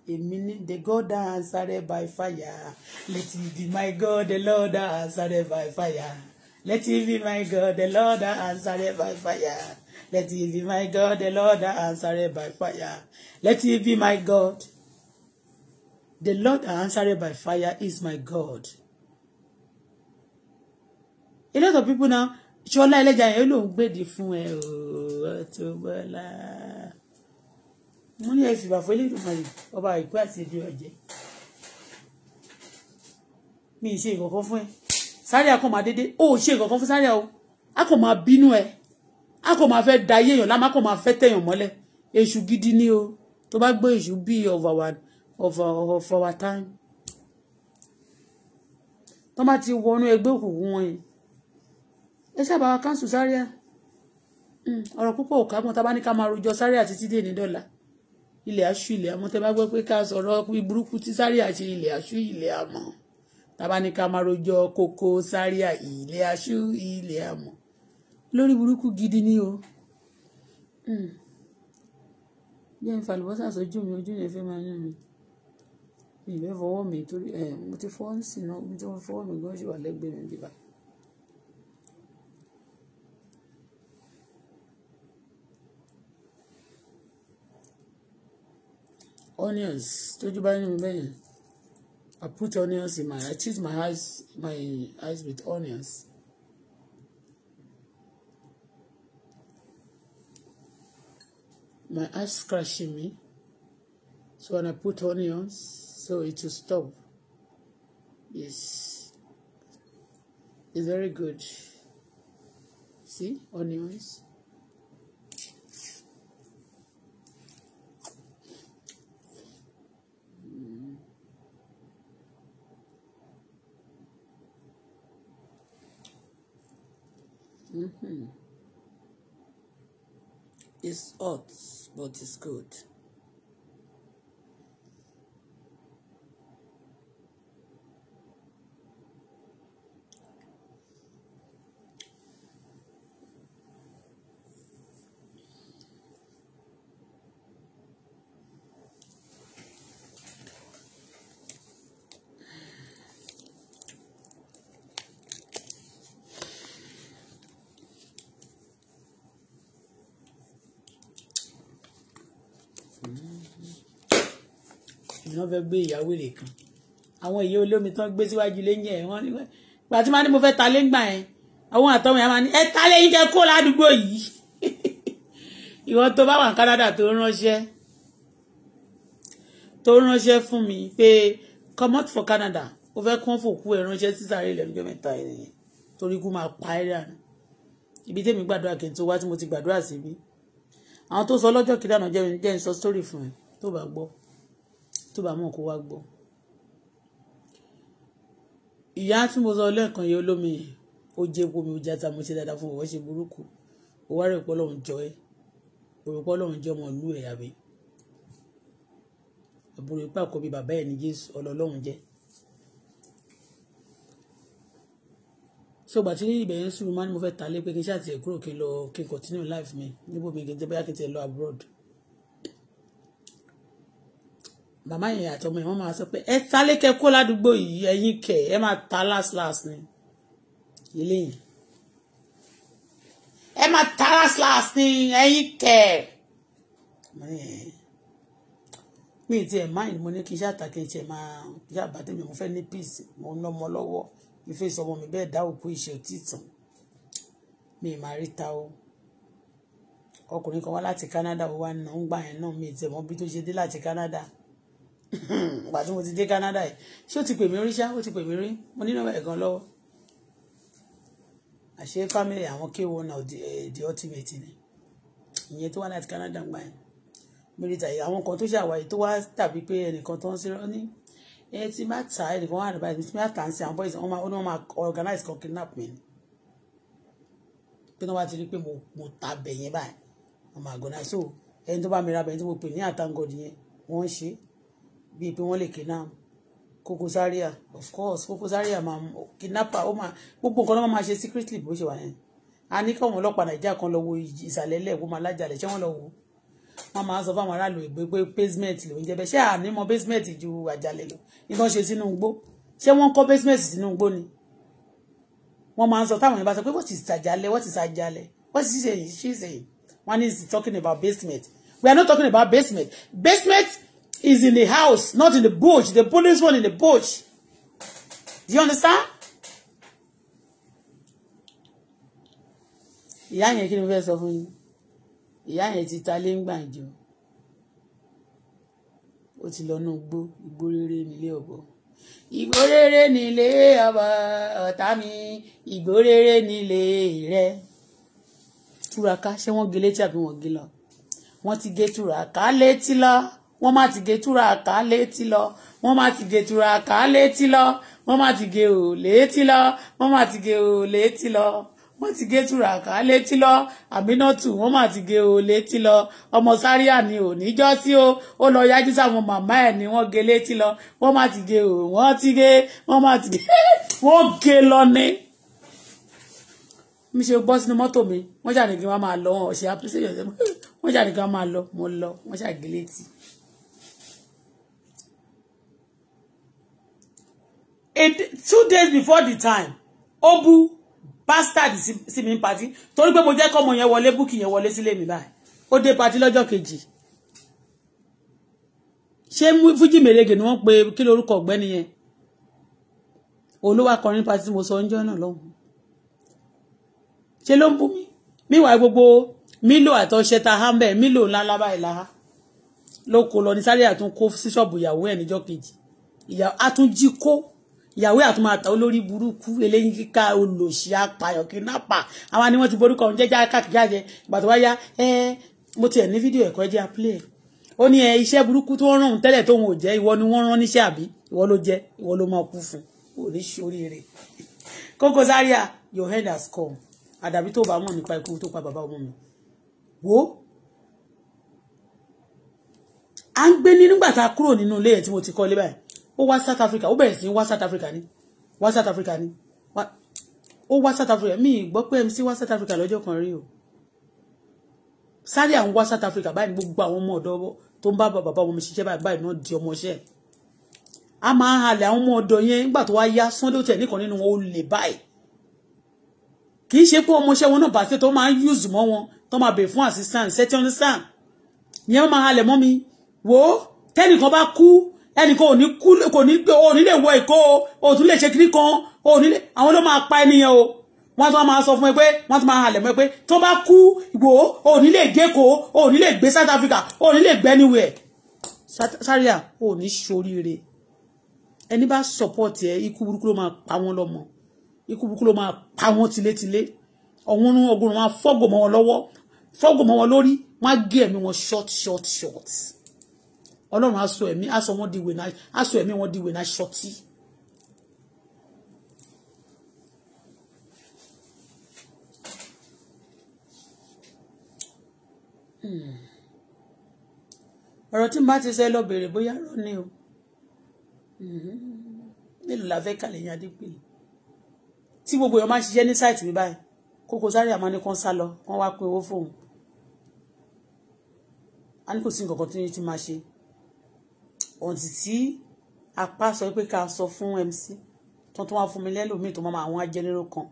èmi ní the God that answered by fire let it be my God the Lord that answered by fire let it be my God the Lord that answered by fire let it be my God the Lord that answered by fire let it be my God the Lord that answered by fire is my God a lot of people now ṣọlá ẹlẹ́jà yẹn ló ń gbèdì fún ẹ ooo Auto Bola mo ní ẹ̀sìn ìbàfọ́ elédùnmarè ọba àìkú àti èdè ọ̀jẹ́ mi ì ṣe ìkọ̀kọ́ fún ẹ sáré akọ máa dédé ó ṣe ìkọ̀kọ́ fún sáré o a kò máa bínú ẹ a kò máa fẹ́ da ayé èèyàn lámà kò máa fẹ́ tẹ̀yàn mọ́lẹ̀ èṣù gidi ni o tó bá gbé èṣù bí of our of our of our time tó bá ti wọnú ẹgbẹ́ òkùnkùn wọn yìí ẹ sábà wa káńsù sáré hmm, ọ̀rọ̀ púpọ̀ ò ká mọ́ tá bá ní ká máa rojọ́ sáré àti títí dé ilẹ̀ aṣú ilẹ̀ àmọ́ tẹ́ bá gbọ́ pé ká sọ̀rọ̀ pé burúkú tí Zaria ṣe ilẹ̀ aṣú ilẹ̀ àmọ́ tàbá ní ká máa rojọ́ kókó Zaria ilẹ̀ aṣú ilẹ̀ àmọ́ lórí burúkú gidi ni o jẹ́ hmm. ìfàlùbọ́sà sójú mi ojú yẹn fẹ́ máa yún mi ìbẹ́ fọwọ́ mi torí eh, mo ti fọ́ sí mo ti fọwọ́ mi gan ṣe wà lẹ́gbẹ̀ẹ́ mi bíbá. onions tójú bá nínú bẹ́yẹn I put onions in my I cheat my eyes my eyes with onions. my eyes scratching me so when I put onions so it will stop yes it's very good see onions. Mm-hmm. It's hot, but it's good. tí wọ́n fẹ́ gbé ìyàwó èrè kan àwọn ìyá olómi tí wọ́n gbé síwájú lẹ́yìn ẹ̀ wọ́n nígbà ìgbà tí wọ́n ní mo fẹ́ ta léǹgbà yẹn àwọn àtọ́wọ̀n yẹn máa ní ẹ ta lẹ́yìn kẹ́ kó ládùúgbò yìí ìwọ́n tó bá wà ní Canada tó ránṣẹ́ tó ránṣẹ́ fún mi pé comot for Canada ó fẹ́ kún fòkú ẹ̀ ránṣẹ́ sísàárè ilẹ̀ nígbà mẹ́ta ẹ̀yìn torí kú máa pa ẹ́ dànù ibi tèmi gbàdúrà kí n tó wá tí mo ti gbàdúrà síbí àwọn tó sọ lọ́jọ́ kí dànù jẹ́ ń sọ sórí fún ẹ tó bá gbọ́ tó bá mọ̀ kó wá gbọ́ ìyá tí mo sọ lẹ́ẹ̀kan yẹn olómi yẹn ó jẹ́ epo mi ó jẹ́ ata mo ṣe dáadáa fún ọ̀wọ́ ṣe burúkú ó wá rẹ̀ pọ́ lọ́hún jọ ẹ́ òrùpọ́ lọ́hún jẹ́ ọmọ ìlú ẹ̀ àbí àbúrò ipá àkọ́bí bàbá ẹ̀ ní Jésù ọlọ́lọ́hún jẹ́ sọgbà tí ibẹ̀ yẹn sùn mi máa ní mo fẹ́ ta lé pé kí n ṣàtìyẹ kúrò kí n lọ kí n continue life mi níbo mi kí n tẹ́ bóyá kí n tẹ́ lọ abroad màmá yẹn àtọmọ yẹn wọ́n máa sọ pé ẹ ta lékẹ kó ládùúgbò yìí ẹ̀yin kẹ ẹ máa ta last last ni ilé yìí ẹ máa ta last last ni ẹ̀yin kẹ mi ti ẹ máa mo ní kí n ṣáàtà kí n ṣe máa yàgbá tèmi mo fẹ́ ní peace mo ń lọ́mọ lọ́wọ́ ìfẹ́ ìsọmọ mi bẹ́ẹ̀ dá òkú ìṣe òtítàn mi ì máa rí ta o ọkùnrin kan wá láti Canada ó wá ń gbà yẹn náà mi ì tẹ̀ mọ́ bí tó ṣe dé láti Canada ìgbà tí mo ti dé Canada yìí ṣé ó ti pè mí rí ṣá ó ti pè mí rí mo ní nọ́mbà ẹ̀gàn lọ́wọ́ àṣé family àwọn kéwòn náà di ultimate ni ìyẹn tó wá láti Canada ń gbà yẹn mílítà yìí àwọn kan tó ṣàwáyé tó wá tàbí pé ẹnìkan tó ń ṣe rán ní ẹ ti má ta ẹnìkan wà nípa ìbísí má ta ń ṣe àwọn boys wọn máa wọn máa organize kan kidnap mi pé wọn bá ti rí pé mo ta bẹ̀yẹn báyìí wọn máa gọ́nà so ẹni tó bá mi ra bẹ̀yẹn tí mo pè ní àtàǹgọ̀dì yẹn wọ́n ń ṣe é bíi pé wọ́n lè kidnap Koko of course Koko Zaria máa kidnapper ó máa gbogbo nǹkan náà máa ṣe secretly bó ṣe wà yẹn a ní káwọn ọlọ́pàá nàìjíríà kan lọ wo ìsàlẹ̀ ilẹ̀ ìwọ́n máa lájàlẹ̀ ṣé wọ́n lọ wo wọ́n máa ń sọ fáwọn aráàlú ìgbégbé basement ló ń jẹ́ bẹ́ẹ̀ ṣé ànímọ́ basement ju àjàlẹ̀ lọ nígbà ṣe sínú igbó ṣé wọ́n kọ́ basement sínú igbó ni wọ́n máa ń sọ táwọn yẹn bá sọ pé wọ́n ti ṣàjàlẹ̀ wọ́n ti ṣàjàlẹ̀ wọ́n ti ṣe yìí ṣe yìí wọ́n ní talking about basement we are not talking about basement basement is in the house, not in the bush. The police one in the bush. Do you understand? Ìyá yẹn kí ni mo fẹ́ sọ fún yín? Ìyá yẹn ti ta lé ń gbàǹjo. Ó ti lọ nú igbó, igbó nílé ọ̀bọ. Igbó nílé ọ̀tá mi, igbó nílé rẹ̀. Túraká ṣé wọ́n gé létí àbí wọ́n gé lọ? Wọ́n ti gé túraká létí lọ wọ́n má ti gé túra àká létí lọ wọ́n má ti gé túra àká létí lọ wọ́n má ti gé ò létí lọ wọ́n má ti gé ò létí lọ wọ́n ti gé túra àká létí lọ àmínátù wọ́n má ti gé ò létí lọ ọmọ sáríà ni ò níjọ́ sí o ó lọ yájú sáwọn màmá ẹ̀ ni wọ́n gé létí lọ wọ́n má ti gé ò wọ́n ti gé wọ́n má ti gé wọ́n gé lọ ni mi ṣe bọ́ sínú mọ́tò mi wọ́n ṣàdìgí wọn máa lọ wọn ọ̀ṣẹ́ appreciation wọ́n ṣàdìgí wọn máa lọ mo lọ wọ́n ṣàgé létí two days before the time Obu bú bastard sí mi party. torí pé mo jẹ́ kọ́mọ yẹn wọlé búkì yẹn wọlé sílé mi báyìí ó dé pàtí lọ́jọ́ kejì ṣé fújì mèrègè ni wọ́n pe kí lórúkọ ọ̀gbẹ́ni yẹn olówó akọrin party mo sọ ọjọ́ náà lọ́hùn ṣe ló ń bú mi míwàá gbogbo mílò àtọṣẹ ta hambe mílò ńlá lábá ìlà ló kó lọ ní sáré àtúnkó sí ṣọ́ọ̀bù ìyàwó ẹ̀ níjọ́ kejì ìyàwó àtúnjí kó ìyàwó àtúmọ̀tà olórí burúkú eléyìí kíkà olòṣì apààyàn kidnapper àwọn ni wọ́n ti borúkọ ọ̀hún jẹ́jà káàkiri ìgbà tó wáyá ẹ mo tiẹ̀ ní fídíò ẹ̀kọ́ ẹ̀jẹ̀ àpilẹ̀ ó ní ẹ iṣẹ́ burúkú tó ń rán tẹ́lẹ̀ tóun ò jẹ́ ìwọ ni wọ́n rán níṣẹ́ àbí ìwọ ló jẹ́ ìwọ ló máa kú fún oríṣiríire Koko Zaria your head has come àdàbí tó bá mọ̀ nípa ikú tó pa bàbá ọmọ mi wo à ń gbé ní nígbà tá a kúrò nínú ilé ẹ̀ tí mo ti kọ́ ilé báyìí ó wá South Africa ó bẹ̀rẹ̀ sí wá South Africa ni wá South Africa ni ó wá South Africa mi gbọ́ pé MC wá South Africa lọ́jọ́ kan rí o sáré àwọn wá South Africa báyìí gbogbo àwọn ọmọ ọ̀dọ́ tó ń bá bàbá ọmọ mi ṣiṣẹ́ báyìí báyìí náà di ọmọ iṣẹ́ a máa ń halẹ̀ àwọn ọmọ ọ̀dọ́ yẹn nígbà tó wá yá Sunday tẹ̀ nìkan nínú wọn ó lè báyìí kì í ṣe pé ọmọọṣẹ́ wọn náà bá ṣe tó máa ń use mọ́ wọn tó máa bèè fún assistant second understand yẹn máa halẹ̀ mọ́ mi wò ó tẹ́nìkan bá kú ẹnì kan ò ní kú kò ní gbé ò ní lè wọ èkó o ò tún lè ṣe kiri kan o ò ní lè àwọn ló máa pa ènìyàn o wọ́n tún máa sọ fún ẹ pé wọ́n tún máa halẹ̀ mọ́ ẹ pé tó bá kú wò ó lè géko o ò lè gbé South Africa o ò lè gbé anywhere Zaria ò ní ṣoríire ẹni bá support ẹ ikú burúkú ló máa pa wọ́n lọ́mọ ikú burúkú ló máa pa wọ́n tilétilé ọ̀hún ọgùn wọn fọ́gò mọ́ wọn lọ́wọ́ fọ́gò mọ́ wọn lórí wọ́n á gé ẹ̀mí wọn short short short ọlọ́run á sọ ẹ̀mí á sọ wọ́n di wèna á sọ ẹ̀mí wọ́n di wèna ṣọtí. Hmm. ọ̀rọ̀ tí n bá ti sẹ́ lọ bèrè bóyá rọ ni o hmm. mélòó la fẹ́ kàlẹ́ yín adépèlé tí gbogbo èèyàn máa ń ṣiṣẹ́ ní sáìtì mi báyìí Koko Zaria àmọ́ ní kàn sá lọ wọ́n wá pín owó fóun a ní kò sí nǹkan kan tí máa ṣe ọ̀ǹtì tí apá sọ pé ká sọ fún MC tó tó wá fún mi lẹ́lòmíì tó máa àwọn ajẹnirò kan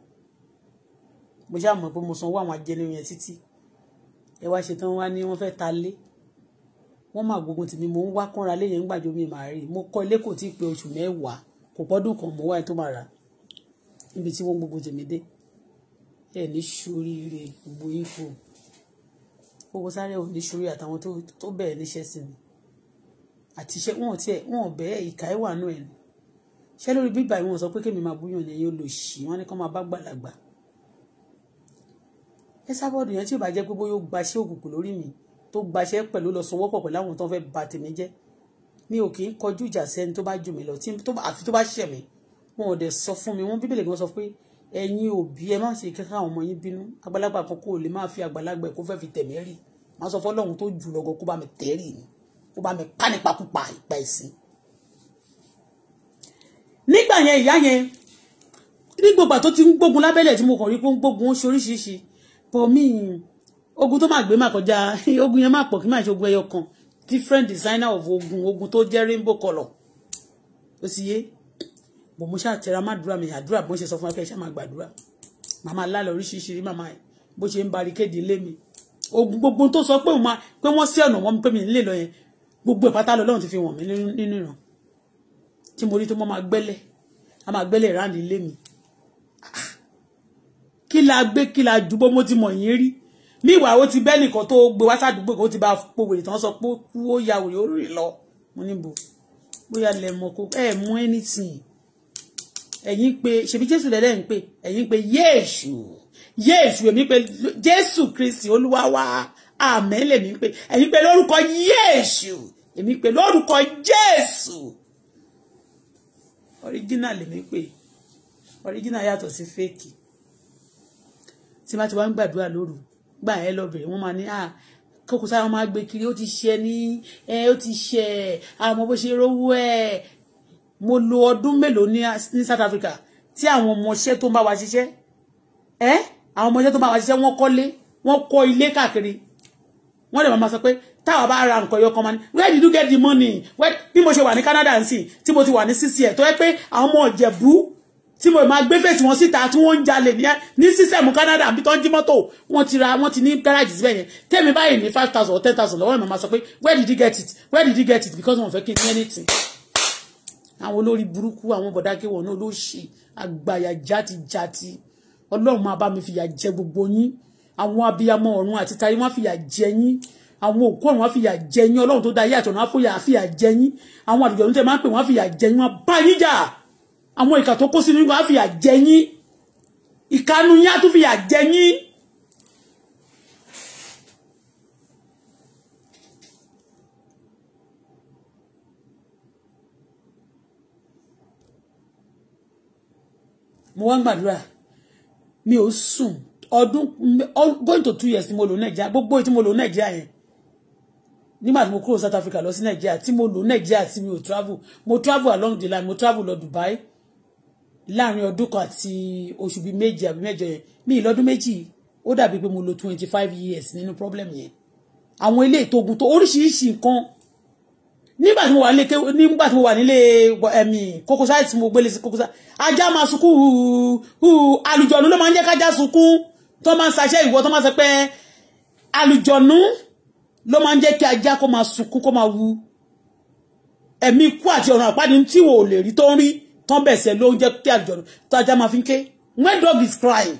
mo ṣáà mọ̀ pé mo sanwó àwọn ajẹnirò yẹn títí ẹ wá ṣe tán wá ní wọ́n fẹ́ ta lé wọ́n máa gbógun tì mí mò ń wá kọ́ra lẹ́yìn ńgbàjọ mi màá rí mo kọ́ ilé kò tí ì pé oṣù mẹ́wàá kò pọ́dún kan mo wá ẹni tó máa rà níbi tí wọ́n gbógun tì mí dé ẹ ní ṣoríire gbogbo yín fò owó sáré ò ní ṣorí àtàwọn tó bẹ̀rẹ̀ níṣẹ́ sí mi àti iṣẹ́ wọn tiẹ̀ wọn bẹ́ ìka ẹ̀ wà nù ẹ̀ nù ṣé lórí bíbá ìwọ̀n sọ pé kémi máa búyàn lẹ́yìn olóṣì wọn ni kán máa bá gbàlagbà ẹ sábọ́ọ̀dù yẹn tí ò bá jẹ́ pé bóyá ó gbaṣẹ́ òkùnkùn lórí mi tó gbaṣẹ́ pẹ̀lú lọ sanwó pọ̀ pẹ̀lú àwọn tó ń fẹ́ ba tèmi jẹ́ mi ò kì í kọjú ìjà sẹ́ni tó bá jù mí lọ àfi tó bá ṣẹ̀ mí wọn ò dẹ̀ sọ fún mi wọn bíbélì gan sọ pé ẹ̀yin òbí ẹ má ṣe kíkà àwọn ọmọ yín bínú àgbàlagbà kan kó o lè máa fi àgbàlagbà kó fẹ́ fi tẹ̀mí rì má sọ fọlọ́run tó jù lọ́gọ́ kó bá mi tẹ̀ ni kó bá mi pa nípakúpa ìgbà ìsìn nígbà yẹn ìyá yẹn ní gbogbo àtó ti ń gbógun lábẹ́lẹ̀ tí mo kàn rí pé ó ń gbógun ó ṣe oríṣiríṣi pọ̀ ogun tó máa gbé máa kọjá ogun yẹn máa pọ̀ kí máa ṣe ogun ẹyọ kan different designer of ogun ogun tó jẹ́ rainbow colour ó sì yé bò mo ṣáà tẹra má dúra mi àdúrà bó ṣe sọ fún wa kẹ́ ẹ ṣáà máa gbàdúrà màmá lálẹ́ oríṣiríṣi màmá bó ṣe ń barikéde ilé mi ogun gbogbo tó sọ pé wọ́n sí ọ̀nà wọn pé mi nílé lọ yẹn gbogbo ìpátá lọ́lọ́run ti fi wọ̀n mí nínú ìran tí mo rí tó mọ́ máa gbẹ́lẹ̀ a máa gbẹ́lẹ̀ ráàlì ilé mi kí la gbé kí la dùbọ́ mo ti mọ̀ yín rí ní ìwà ó ti bẹ́ nìkan tó gbé wá sádùúgbò kó ti bá po wèrè tán sọ pé kú ó ya wèrè ó rìn lọ mo níbo bóyá lẹ mọ kó ẹ mú anything ẹ̀yin pé ṣèbí jésù lẹ́lẹ́ ń pè ẹ̀yin pé yéèṣù yéèṣù èmi pé jésù kristi olúwa wa àmín lèmi pé ẹ̀yin pé lórúkọ yéèṣù èmi pè lórúkọ Jésù original èmi pè original yàtọ̀ sí fake tí bá ti wá ń gbàdúrà lóru gbà ẹ lọ wọ́n máa ní ah kókò sára máa gbé kiri ó ti ṣe ní ẹ ó ti ṣe àmọ́ bó ṣe rówó ẹ mo lo ọdún mélòó ní South Africa tí àwọn ọmọọṣẹ́ tó ń bá wa ṣiṣẹ́ ẹ àwọn ọmọọṣẹ́ tó ń bá wa ṣiṣẹ́ wọ́n kọ́lé wọ́n kọ́ ilé káàkiri wọ́n lè máa sọ pé táwa bá ra nǹkan yọkan máa where did you get the money bí mo ṣe wà ní Canada ń sìn mo ti wà ní six years tó yẹ pé àwọn ọmọ Ìjẹ̀bú tí mo máa gbé fèsì wọn síta tí wọ́n ń jalè ní sísẹ̀mù Canada àbí tó ń jí mọ́tò wọ́n ti ra wọ́n ti ní gáràjì síbẹ̀ yẹn tẹ́mi báyìí ní five or ten thousand lọ́wọ́ ìmọ̀ máa sọ where did you get it where did you get it because wọn fẹ́ kí n ní anything. àwọn olórí burúkú àwọn bọ̀dákẹ́ wọn náà ló ṣe àgbàyà játijàti ọlọ́run máa bá mi fìyà jẹ gbogbo yín àwọn abiyamọ ọ̀run àti tayé wọn fìyà jẹ yín àwọn òkú àwọn àfìyà jẹyìn ọlọ́run tó dá ayé àtọ̀nà àfòyà àfìyà jẹyìn àwọn àdìjọ́ níta máa ń pè wọ́n àfìyà jẹyìn wọn bá yín jà àwọn ìkà tó kó sínú yín wọn àfìyà jẹyìn ìkanu yín àtúfìyà jẹyìn. mo wá ń gbàdúrà mi ò sùn ọdún going to two years ni mo lò nàìjíríà gbogbo tí mo lò nàìjíríà yẹn nígbà tí mo kúrò South Africa lọ sí Nàìjíríà tí mo lò Nàìjíríà tí mi ò travel mo travel along the line mo travel lọ Dubai láàrin ọdún kan àti oṣù bíi méjì àbí mẹ́jọ yẹn mi ìlọdún méjì ó dàbí pé mo lò twenty five years nínú problem yẹn àwọn ilé ìtogun tó oríṣiríṣi nǹkan nígbà tí mo wà nílé nígbà tí mo wà nílé ẹmí kókósáì tí mo gbélé sí kókósáì ajá máa sunkún àlùjọ̀nù ló máa ń jẹ́ kájá sunkún tó máa ń ṣaṣẹ́ ìwọ tó máa ń sọ pé àlùjọ̀nù ló máa ń jẹ́ kí ajá kó máa sunkún kó máa wu ẹ̀mí ikú àti ọ̀run àpáni tí wò lè rí tó ń rí tán bẹ̀sẹ̀ ló ń jẹ́ kí àjọ tó ajá máa fi ń ké when dog is crying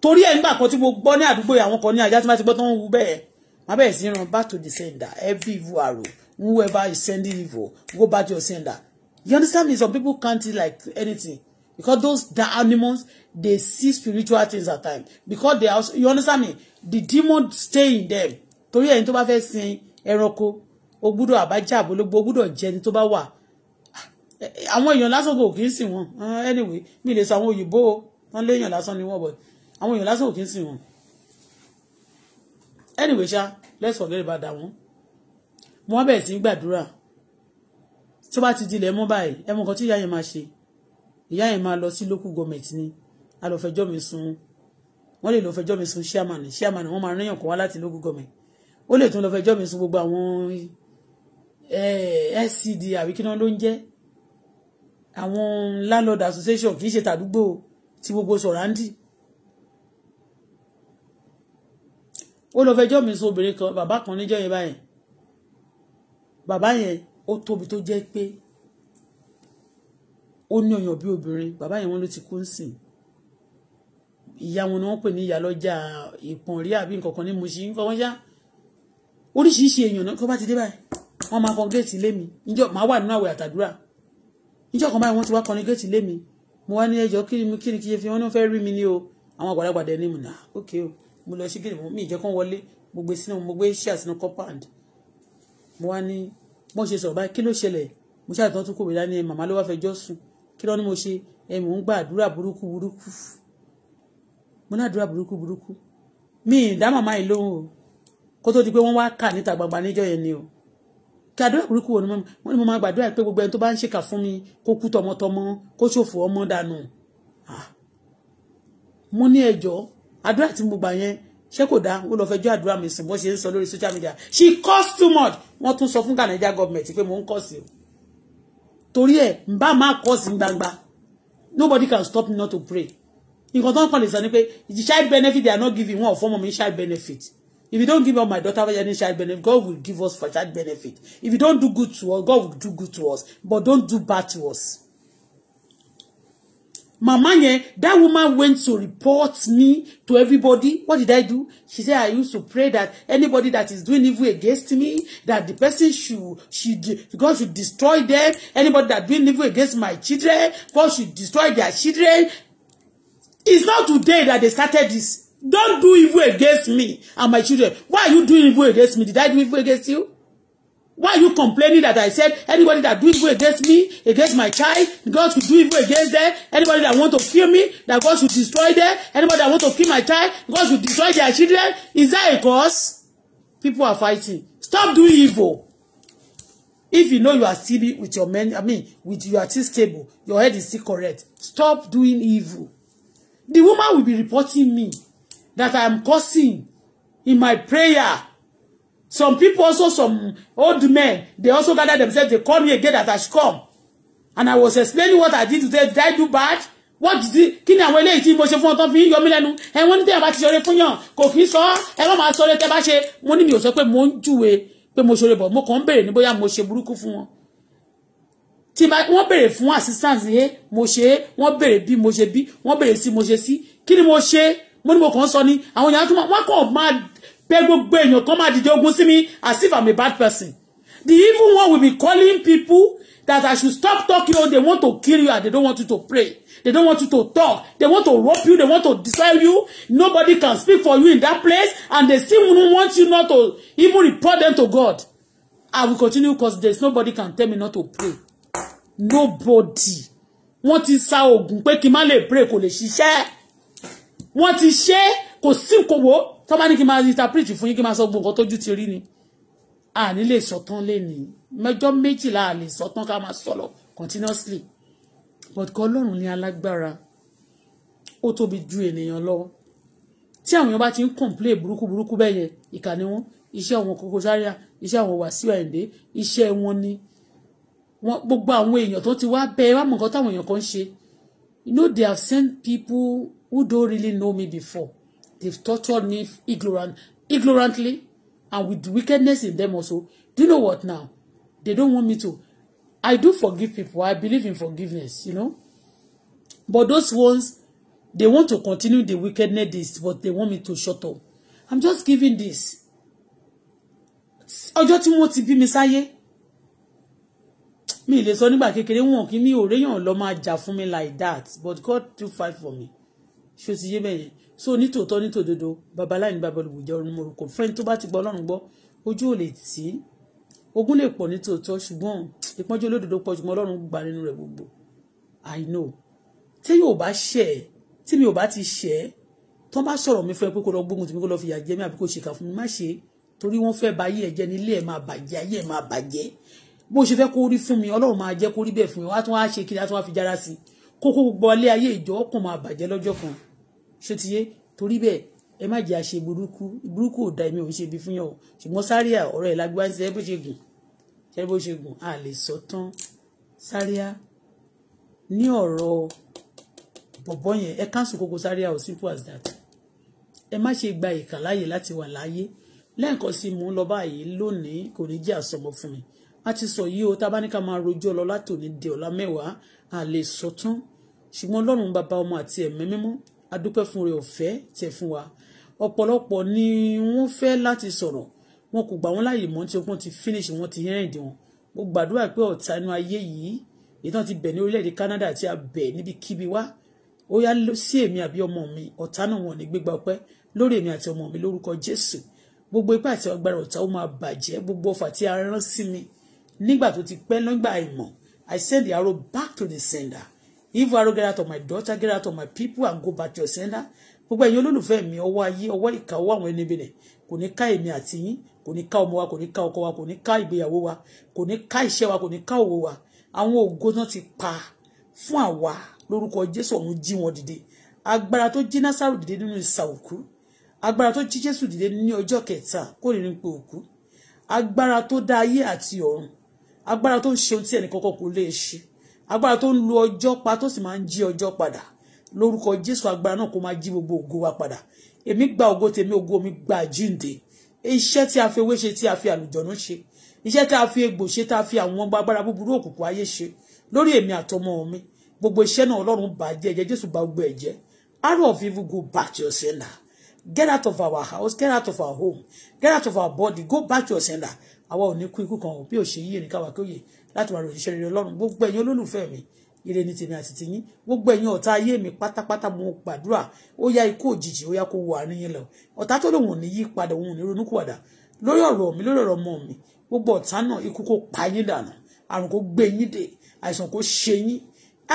torí ẹ̀ nígbà kan tí mo gbọ́ ní àdúgbò àwọn kan ní ajá tí wọ́n ti gbọ́ tó ń wu bẹ́ẹ̀ máa bẹ̀rẹ̀ sí í ran back to the sender every evil arrow whoever is sending evil go back to your sender you understand me some people can't see like anything because those the animals they see spiritual things at times because they also you understand me the demon stay in them torí ẹni tó bá fẹ́ sin ẹranko o gbúdọ̀ àbájá àbólógbò o gbúdọ̀ jẹ tó bá wà àwọn èèyàn lásán kò kí ń sìn wọn ah, anyway mi lè sọ àwọn òyìnbó wọn léèyàn lásán ni wọn bọ àwọn èèyàn lásán kò kí ń sìn wọn anyway ṣá let's forget about that one mo wá bẹ̀rẹ̀ sí í gbàdúrà tó bá ti dilẹ̀ mọ́ báyìí ẹ mọ nǹkan tí ìyá yẹn máa ṣe ìyá yẹn máa lọ sí local government ni a lọ fẹjọ́ mi sùn wọ́n lè lọ fẹjọ́ mi sùn chairman chairman wọ́n máa ríyàn kọ́ wá láti local government ó lè tún lọ fẹjọ́ mi sùn gbogbo àwọn eh, scd àbí kí náà ló ń jẹ́ àwọn landlord association kì í ṣe tàdúgbò tí gbogbo sọ̀ráǹdì ó lọ fẹjọ́ mi sùn obìnrin kan bàbá kan níjọ́ yẹn báyẹn bàbá yẹn ó tóbi tó jẹ́ pé ó ní ọyàn bí obìnrin bàbá yẹn wọn ló ti kú ń sìn ìyá wọn ni wọ́n pè ní ìyá lọ́jà ìpọ̀nrí àbí nǹkan kan ní mo ṣe ń fọwọ́n ṣáà oríṣiríṣi èèyàn náà tó bá ti dé báyìí wọ́n máa congregate ilé mi níjọ màá wà nínú àwẹ̀ àtàdúrà níjọ kan báyìí wọ́n ti wá congregate ilé mi mo wá ní ẹjọ́ kí ni kí ni kí ṣe fi wọ́n náà fẹ́ rí mi ní o àwọn àgbàlagbà dẹ ní mùnà ah, ok o mo lọ sí gèdè mi ìjẹ́ kan wọlé mo gbé sínú mo gbé ṣíà sínú compound mo wá ní bó ṣe sọ̀rọ̀ báyìí kí ló ṣẹlẹ̀ mo ṣáà tán tún kò wíra ní ẹ màmá ló wá fẹjọ́ sùn kí ló ní mo ṣe ẹ mò ń gba àdúrà burúkú burúkú mo ní àdúrà burúkú burúkú mi ì dá màmá yìí lóhùn o kó tó di pé wọ́n wá kà níta gbangba níjọ́ yẹn ni o kí àdúrà burúkú wo ni mo máa gbàdúrà pé gbogbo ẹni tó bá ń ṣèkà fún mi kó kú tọmọtọmọ kó ṣòfò ọmọ dànù ah. mo ní ẹjọ́ àdúrà tí mo gbà yẹn ṣé kò dáa ó lọ fẹjọ́ àdúrà mi sìn bó ṣe ń sọ lórí social media she cost too much wọ́n tún sọ fún Canada government pé mò ń kọ̀ sí o torí ẹ̀ ń bá máa kọ̀ sí gbangba nobody can stop me not to pray nǹkan tó ń kàn sọ ni pé child benefit they are not giving wọn ò fọmọ mi child benefit If you don't give up my daughter for any child benefit, God will give us for child benefit. If you don't do good to us, God will do good to us. But don't do bad to us. Mama that woman went to report me to everybody. What did I do? She said I used to pray that anybody that is doing evil against me, that the person should, should God should destroy them. Anybody that doing evil against my children, God should destroy their children. It's not today that they started this. Don't do evil against me and my children. Why are you doing evil against me? Did I do evil against you? Why are you complaining that I said anybody that do evil against me, against my child, God should do evil against them. Anybody that want to kill me, that God should destroy them. Anybody that want to kill my child, God should destroy their children. Is that a cause? People are fighting. Stop doing evil. If you know you are still with your men, I mean, with you are still stable, your head is still correct. Stop doing evil. The woman will be reporting me that I'm cursing in my prayer. Some people also, some old men, they also gather themselves, they call me again that I should come. And I was explaining what I did to them. Did I do bad? What did it? Kí ni mo ṣe fún ọ fi ń yọ mí lẹ́nu? Ẹ wọ́n ní ti ṣọ̀rẹ́ fún yàn, kò kí sọ ọ́, ẹ wọ́n máa ṣọ̀rẹ́ tẹ́ bá Mo ní mi ò sọ pé mo ń júwe mo ṣọ̀rẹ́ bọ̀, mo kàn ń béèrè ní bóyá mo ṣe burúkú fún wọn. Tí wọ́n béèrè fún assistance yẹn, mo ṣe é, wọ́n béèrè mo ṣe bí, wọ́n béèrè sí mo ṣe sí. Kí mo ṣe? mo ní mo kàn ń sọ ni àwọn èèyàn tún wọn kàn máa bẹ gbogbo èèyàn kan máa dìde ogun sí mi as if i'm a bad person the evil one will be calling people that i should stop talking on they want to kill you and they don't want you to pray they don't want you to talk they want to rope you they want to destroy you nobody can speak for you in that place and they still want you not to even report them to god i will continue because there's nobody can tell me not to pray nobody wọ́n ti sa oògùn pé kí n má lè pray kò lè ṣiṣẹ́ wọ́n ti ṣe kò sí kòwó tó bá ní kí n máa interpret fún yín kí n máa sọ gbogbo nǹkan tójú ti rí ni a ní lè sọtán lẹ́ni mẹ́jọ méjìlá a lè sọtán ká máa sọ̀rọ̀ continuously but kọ́ ọlọ́run ní alágbára ó tóbi ju ènìyàn lọ tí àwọn èèyàn bá ti ń complain burúkú burúkú bẹ́ẹ̀ yẹn ìkà ni wọ́n iṣẹ́ àwọn Koko Zaria iṣẹ́ àwọn Wàsíù Àyìndé iṣẹ́ wọn ni wọn gbogbo àwọn èèyàn tó ti wá bẹ́ẹ̀ wá mọ̀ nǹkan táwọn èèyàn kan ṣe you know they have sent people who don't really know me before. They've tortured me ignorant, ignorantly and with wickedness in them also. Do you know what now? They don't want me to. I do forgive people. I believe in forgiveness, you know. But those ones, they want to continue the wickedness, but they want me to shut up. I'm just giving this. Ọjọ́ tí wọ́n ti bí mi sáyé, mi lè sọ nígbà kékeré wọn kí mi ò réyàn lọ máa jà me like that, but God do fight for me ṣó ti yé bẹ́yẹn so nítòótọ́ nítòdodo babaláì ní baba olùwòjẹ́ ọ̀run mo rò kò fẹ́ni tó bá ti gba ọlọ́run gbọ́ ojú ò lè tì í ogun lè pọ̀ nítòótọ́ ṣùgbọ́n ìpọ́njú olódodo pọ̀ ṣùgbọ́n ọlọ́run gbà nínú rẹ̀ gbogbo i know tí yóò bá ṣẹ̀ tí mi ò bá ti ṣẹ̀ tó bá sọ̀rọ̀ mi fẹ́ pé kó lọ gbógun tí mi kó lọ fìyà jẹ mí àbí kó ṣèkà fún mi má ṣe torí wọ́n fẹ́ báyé ẹ̀jẹ̀ nílé ẹ̀ máa bàjẹ́ ayé ẹ̀ máa bàjẹ́ bó ṣe fẹ́ kó fún mi ọlọ́run máa jẹ́ kó bẹ́ẹ̀ fún mi wọ́n tún wá ṣe kiri á tún wá fi jára sí i kókó gbogbo alẹ́ ayé ìjọ ọkàn máa bàjẹ́ lọ́jọ́ kan ṣé ti yé torí bẹ́ẹ̀ ẹ má jẹ́ àṣe burúkú burúkú ò da èmi ò ń ṣe ibi fún yàn o ṣùgbọ́n Zaria ọ̀rọ̀ ẹ̀ lágbá ń ṣe bó ṣe gùn ṣe bó ṣe gùn a lè sọ tán Zaria ní ọ̀rọ̀ bọ̀bọ̀ yẹn ẹ káńsù Koko Zaria o simple as that ẹ má ṣe gba ìkà láti wà láàyè lẹ́ẹ̀kan sí mò lọ báyìí lónìí kò ní jẹ́ àsọmọ fún mi a ti sọ yìí o tá a bá ní ká máa rojú ọlọ látòní di ọ̀la mẹ́wàá a lè sọ tán ṣùgbọ́n ọlọ́run bàbá ọmọ àti ẹ̀mí mímọ́ a fún rẹ̀ ọ̀fẹ́ tẹ̀ fún wa ọ̀pọ̀lọpọ̀ ni wọ́n fẹ́ láti sọ̀rọ̀ wọn kò gbà wọ́n láàyè mọ́ tí wọ́n ti finish wọ́n ti yẹ́rìn dí wọn mo gbàdúrà pé ọ̀tá inú ayé yìí ìtàn ti bẹ̀ ní orílẹ̀ Canada àti abẹ̀ níbikíbi wá ó yá sí èmi àbí ọmọ mi ọ̀tá náà wọn ní gbégbá ọpẹ́ lórí èmi àti ọmọ mi lórúkọ Jésù gbogbo ipá àti agbára ọ̀tá ó máa bàjẹ́ gbogbo ọfà tí a rán sí mi nígbà tó ti pẹ́ nígbà ìmọ̀ I send the arrow back to the sender if arrow get out of my daughter get out of my people and go back to your sender gbogbo ẹ̀yin olólùfẹ́ mi ọwọ́ ayé ọwọ́ ìka ọwọ́ àwọn ẹni bìnrin kò ní ká èmi àti yín kò ní ká ọmọ wa kò ní ká ọkọ wa kò ní ká ìgbéyàwó wa kò ní ká iṣẹ́ wa kò ní ká òwò wa àwọn ògo náà ti pa fún àwa lórúkọ Jésù ọ̀run jí wọn dìde agbára tó jí Násárù dìde nínú ìsà agbára tó jí Jésù dìde ní ọjọ́ kẹta kó nínú ipò òkú agbára tó dá ayé àti ọ̀run agbára tó ń ṣe ohun tí ẹnìkankan kò lè ṣe agbára tó ń lu ọjọ́ pa tó sì máa ń jí ọjọ́ padà lórúkọ Jésù agbára náà kó máa jí gbogbo ògo wa padà èmi gba ògo tèmi ògo mi gba àjíǹde iṣẹ́ tí a fi ewé ṣe tí a fi àlùjọ̀nú ṣe iṣẹ́ tí a fi egbò ṣe tí a fi àwọn ọgbà agbára búburú òkùnkùn ayé ṣe lórí èmi àtọmọ mi gbogbo iṣẹ́ náà Ọlọ́run bàjẹ́ ẹ̀jẹ̀ Jésù bà gbogbo ẹ̀jẹ́ arrow of evil go back to your sender get out of our house get out of our home get out of our body go back to your sender àwa ò ní kú ikú kan bí ò ṣe yí ènìkà wà kóyè láti wà ròṣìṣẹ́ rere ọlọ́run gbogbo ẹ̀yin olólùfẹ́ mi ire ni tèmi àti tìyín gbogbo ẹ̀yin ọ̀tá ayé mi pátápátá mo gbàdúrà ó yá ikú òjijì ó yá kó wọ àárín yín lọ ọ̀tá tó lòun ò ní yí padà òun ò ní ronúkúwàdà lórí ọ̀rọ̀ mi lórí ọ̀rọ̀ ọmọ mi gbogbo ọ̀tá náà ikú kó pa yín dànù àrùn kó gbé yín dè àìsàn kó ṣe yín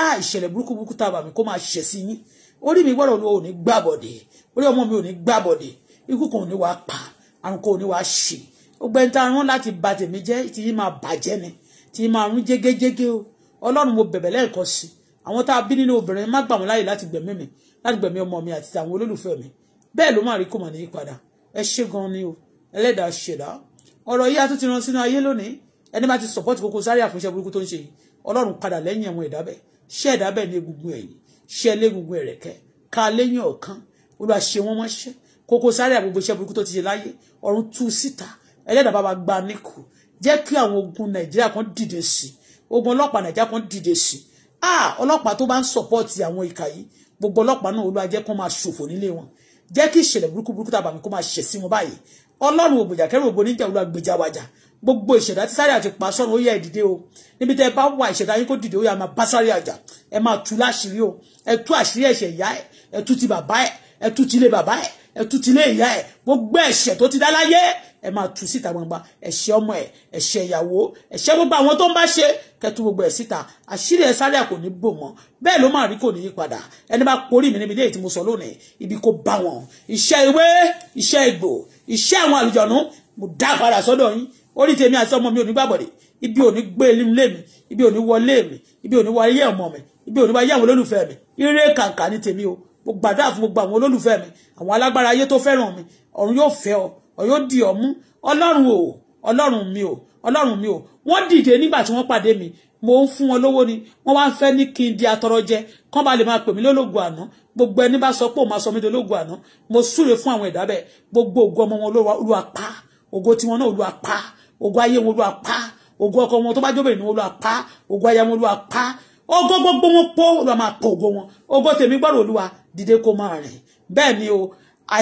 á ìṣẹ̀lẹ̀ burúkú burúkú tá a kó máa ṣẹ̀ sí yín orí mi gbọ́dọ̀ ò ní gbàbọ̀dè orí ọmọ mi ò ní gbàbọ̀dè ikú kan ò ní wàá pa àrùn kan ò ní wàá ṣe gbogbo ẹni tá a rán láti ba tèmi jẹ́ tí yìí máa bàjẹ́ ni tí yìí máa rún jégéjégé o ọlọ́run mo bẹ̀bẹ̀ lẹ́ẹ̀kan sí àwọn tá a bí nínú obìnrin má gbà wọ́n láyè láti gbẹ̀mí mi láti gbẹ̀mí ọmọ mi àti àwọn olólùfẹ́ mi bẹ́ẹ̀ ló máa rí kò mà ní padà ẹ ṣé gan ni o ẹlẹ́dàá ṣẹ̀dá ọ̀rọ̀ yìí a ti ran sínú ayé lónìí ẹni bá ti support Koko Zaria àfúnṣe burúkú tó ń ṣe yìí ọlọ́run padà lẹ́yìn àwọn ìdábẹ́ ṣé ìdábẹ́ ní egungun ẹ̀yìn ṣé ẹlẹ́gungun ẹ̀rẹ̀kẹ́ ká lẹ́yìn ọ̀kan olùwàṣẹ wọn mọ́ṣẹ́ Koko Zaria àgbègbè iṣẹ́ burúkú tó ti ṣe láyé ọ̀run tú síta ẹlẹ́dàá bàbá gba níkù jẹ́ kí àwọn ogun nàìjíríà kan dìde sí ogun ọlọ́pàá nàìjíríà kan dìde sí ah ọlọ́pàá tó bá ń sọ̀pọ́ọ̀tì àwọn ìkà yìí gbogbo ọlọ́pàá náà olúwa jẹ́ kó máa ṣòfò nílé wọn jẹ́ kí ìṣẹ̀lẹ̀ burúkú burúkú tàbí àmì kó máa ṣẹ̀ sí wọn báyìí ọlọ́run ògbèjà kẹrù ògbò níjà olúwa gbèjà wàjà gbogbo ìṣẹ̀dá tí sáré àti pa sọ́run ó yẹ ìdìde o níbi tẹ́ ẹ bá wà ìṣẹ̀dá yín kó dìde ó yà máa bá sáré àjà ẹ máa tú láṣìírí o ẹ tú àṣírí ẹ̀ṣẹ̀ ìyá ẹ ẹ tú ti bàbá ẹ ẹ tú ti ilé bàbá ẹ ẹ tú ti ilé ìyá ẹ gbogbo ẹ̀ṣẹ̀ tó ti dá láyé ẹ máa tú síta gbangba ẹ̀ṣẹ̀ ọmọ ẹ̀ ẹ̀ṣẹ̀ ìyàwó ẹ̀ṣẹ̀ gbogbo àwọn tó ń bá ṣe kẹtù gbogbo ẹ̀ síta àṣírí ẹ̀ sálẹ̀ kò ní bò mọ́ bẹ́ẹ̀ ló máa rí kò ní yí padà ẹni bá porí mi níbi léyìí tí mo sọ lónìí ibi kò bá wọn iṣẹ́ ewé iṣẹ́ egbò iṣẹ́ àwọn àlùjọ̀nú mo dá padà sọ́dọ̀ yín orí tèmi àti ọmọ mi ò ní gbàbọ̀dẹ̀ ibi ò ní gbé ilé mi ibi ò ní wọlé mi ibi ò ní wọ ayé ọmọ mi ibi ò ní wọ ayé àwọn olólùfẹ́ mi ire kàǹkà ní tèmi o mo gbàdá fún gbogbo àwọn olólùfẹ́ mi àwọn alágbára ayé tó fẹ́ràn mi ọ̀run yóò fẹ́ ọ or yóò di ọmú ọlọ́run o ọlọ́run mi o ọlọ́run mi o wọ́n dìde nígbà tí wọ́n pàdé mi mo ń fún wọn lówó ni wọ́n wá ń fẹ́ ní kí n di atọrọ jẹ kán ba lè máa pè mí lólógùn àná gbogbo ẹni bá sọ pé òun máa sọ mí lólógùn àná mo súre fún àwọn ẹ̀dá bẹ́ẹ̀ gbogbo ògo ọmọ wọn Olúwa pa ògo tiwọn náà Olúwa pa ògo ayé wọn Olúwa pa ògo ọkọ wọn tó bá jóbèrè ni Olúwa pa ògo aya wọn Olúwa pa ògo gbogbo wọn pọ̀ Olúwa máa pọ̀ ògo wọn ògo tèmi gbọ́dọ̀ Olúwa dìde kó máa rìn bẹ́ẹ̀ ni o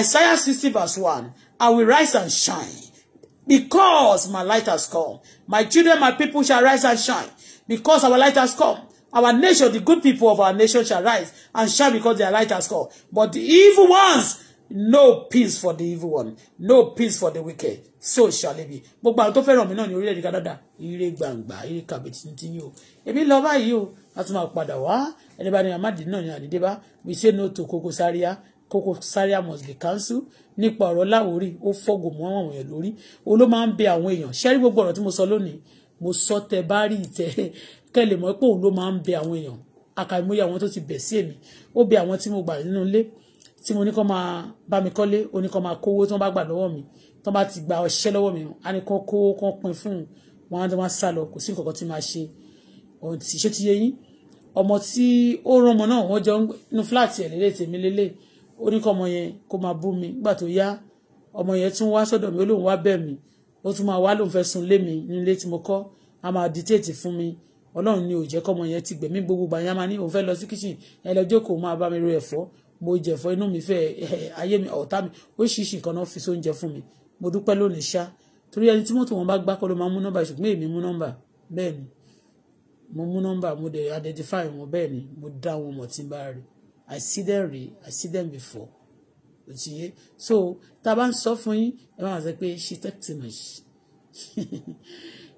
Isaiah sixty verse one I will rise and shine because my light has come. My children, my people shall rise and shine because our light has come. Our nation, the good people of our nation shall rise and shine because their light has come. But the evil ones, no peace for the evil one, no peace for the wicked. So shall it be. But by tó fẹ́ràn mi náà ní orílẹ̀-èdè Canada, ire gbangba, ire kàbẹ̀tì ní tiyín o. Èmi lọ báyìí o, a tún máa padà wá. Ẹni bá ní àmàdì náà we say no to Koko saria. Koko Zaria must be cancelled nípa ọ̀rọ̀ Láwórì ó fọ́gò mọ́ àwọn èèyàn lórí ó ló máa ń bẹ àwọn èèyàn ṣẹ́rí gbogbo ọ̀rọ̀ tí mo sọ lónìí mo sọ tẹ bá rí ìtẹ kẹlẹ̀ mọ́ pé òun ló máa ń bẹ àwọn èèyàn àkàìmọye àwọn tó ti bẹ̀ sí èmi ó bẹ àwọn tí mo gbà nínú ilé tí mo ní kó máa bá mi kọ́lé ó ní kó máa kówó tí wọ́n bá gbà lọ́wọ́ mi tí wọ́n bá ti gba ọṣẹ́ lọ́wọ́ mi á ní kó kówó kó pin fún wọn á wá sá lọ kò sí nǹkan kan tí máa ṣe ọ̀hún ti ṣé ti yẹ yín ọmọ tí ó rán ọmọ náà wọ́n jọ inú fúláàtì ẹ̀ lélẹ̀ tèmi lélẹ̀ ó ní kọ́ ọmọ yẹn kó máa bú mi nígbà tó yá ọmọ yẹn tún wá sọ́dọ̀ mi ó lóun wá bẹ̀ mí ó tún máa wá lóun fẹ́ sun lé mi nílé tí mo kọ́ a máa dìtẹ́ẹ̀tì fún mi ọlọ́run ni ò jẹ́ kọ́mọ yẹn ti gbẹ̀mí gbogbo gbàyàn máa ní òun fẹ́ lọ sí kíchìn ẹ lọ jókòó máa bá mi ro ẹ̀fọ́ mo jẹ̀fọ́ inú mi fẹ́ ayé mi ọ̀tá mi oríṣiríṣi nǹkan náà fi sóúnjẹ fún mi mo dúpẹ́ lónìí ṣá torí ẹni tí mọ́tò wọn bá gbá kọ́ máa mú nọ́mbà ṣùgbọ́n èmi mú nọ́mbà bẹ́ẹ̀ ni mo mú nọ́mbà mo dẹ̀ identify wọn bẹ́ẹ̀ ni mo dá wọn mọ̀ tí n bá rí i I see them re I see them before o ti yé so tá a bá ń sọ fún yín ẹ máa sọ pé she talk too much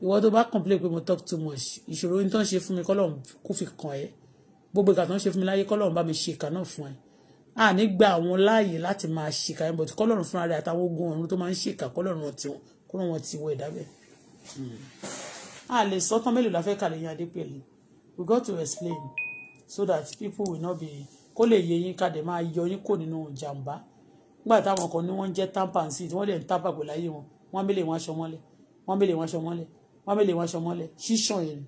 ìwọ tó bá complain pé mo talk too much ìṣòro ní tó ń ṣe fún mi kọ́lọ́run kó fi kàn ẹ́ gbogbo ìkà tó ń ṣe fún mi láyé kọ́lọ́run bá mi ṣe ìkà náà fún ẹ a ní gba àwọn láàyè láti máa ṣìkà yẹn bọ̀ tí kọ́lọ́run fúnra rẹ̀ àtàwọn ogun ọ̀run tó máa ń ṣìkà kọ́lọ́run ti wọn kọ́lọ́run wọn ti wọ ẹ̀dá bẹ́ẹ̀. a lè sọ tán mélòó la fẹ́ kàlẹ́ yín adépẹ̀lẹ́ we got to explain so that people will not be kó lè yẹ yín kadẹ̀ máa yọ yín kò nínú jàǹbá nígbà táwọn kan ní wọ́n ń jẹ́ tampansi tí wọ́n lè ń tábà pẹ̀lú ayé wọn wọ́n mélèé wọn aṣọ mọ́lẹ̀ wọ́n mélèé wọn aṣọ mọ́lẹ̀ wọ́n mélèé wọn aṣọ mọ́lẹ̀ ṣíṣàn yẹn ni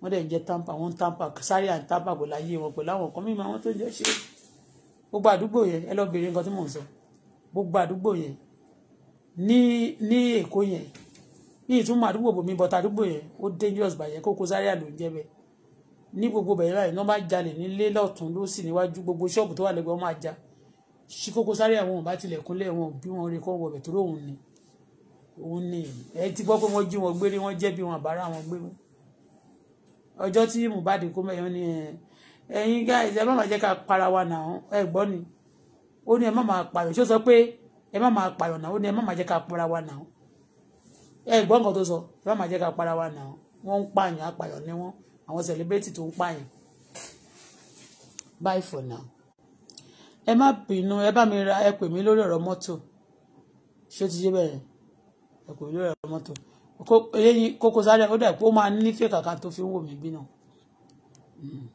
wọ́n dẹ̀ ń jẹ́ tampa wọ́n ń tampa sáré à ń tábà pẹ̀lú ayé wọn pẹ̀lú àwọn kan mímọ́ àwọn tó jẹ́ ṣe gbogbo àdúgbò yẹn ẹ lọ bèrè nǹkan tí mò ń sọ gbogbo àdúgbò yẹn ní ní Èkó yẹn ní ìtumọ̀ àdúgbò bòmí bọ́tà àdúgbò yẹn ó dangerous bàyẹn Koko Zaria ló ń jẹ́ bẹ́ẹ̀ ní gbogbo bẹ̀rẹ̀ báyìí wọ́n bá jalè nílé lọ́tún ló sì níwájú gbogbo ṣọ́ọ̀bù tó wà lẹ́gbẹ̀ẹ́ wọn máa ja ṣí kókó sáré àwọn òun bá tilẹ̀kúnlẹ̀ wọn bí wọn rí kọ́ wọ̀bẹ̀ tó lóun ni òun ni ẹ ti gbọ́ pé wọ́n jí wọn gbére wọ́n jẹ́ bí wọn àbára wọn gbé wọn ọjọ́ tí Mohbad kó mẹ́yàn ni ẹ̀yin guys ẹ má máa jẹ́ ká para wa nà ẹ gbọ́ ni ó ní ẹ má máa pààyàn ṣó sọ pé ẹ má máa pààyàn nà ó ní ẹ má máa jẹ́ ká para wa nà ẹ gbọ́ nǹkan tó sọ ẹ má máa jẹ́ ká para wa nà wọ́n ń pààyàn apààyàn ni wọ́n àwọn celebrity tó ń pààyàn bye for now ẹ má bínú ẹ bá mi ra ẹ pè mí lórí ọ̀rọ̀ mọ́tò ṣé ti yé bẹ́ẹ̀ ẹ pè mí lórí ọ̀rọ̀ mọ́tò eléyìí Koko Zaria ó dà pé ó máa ní fẹ́ kàkà tó fi ń wò mí bí náà. Hmm.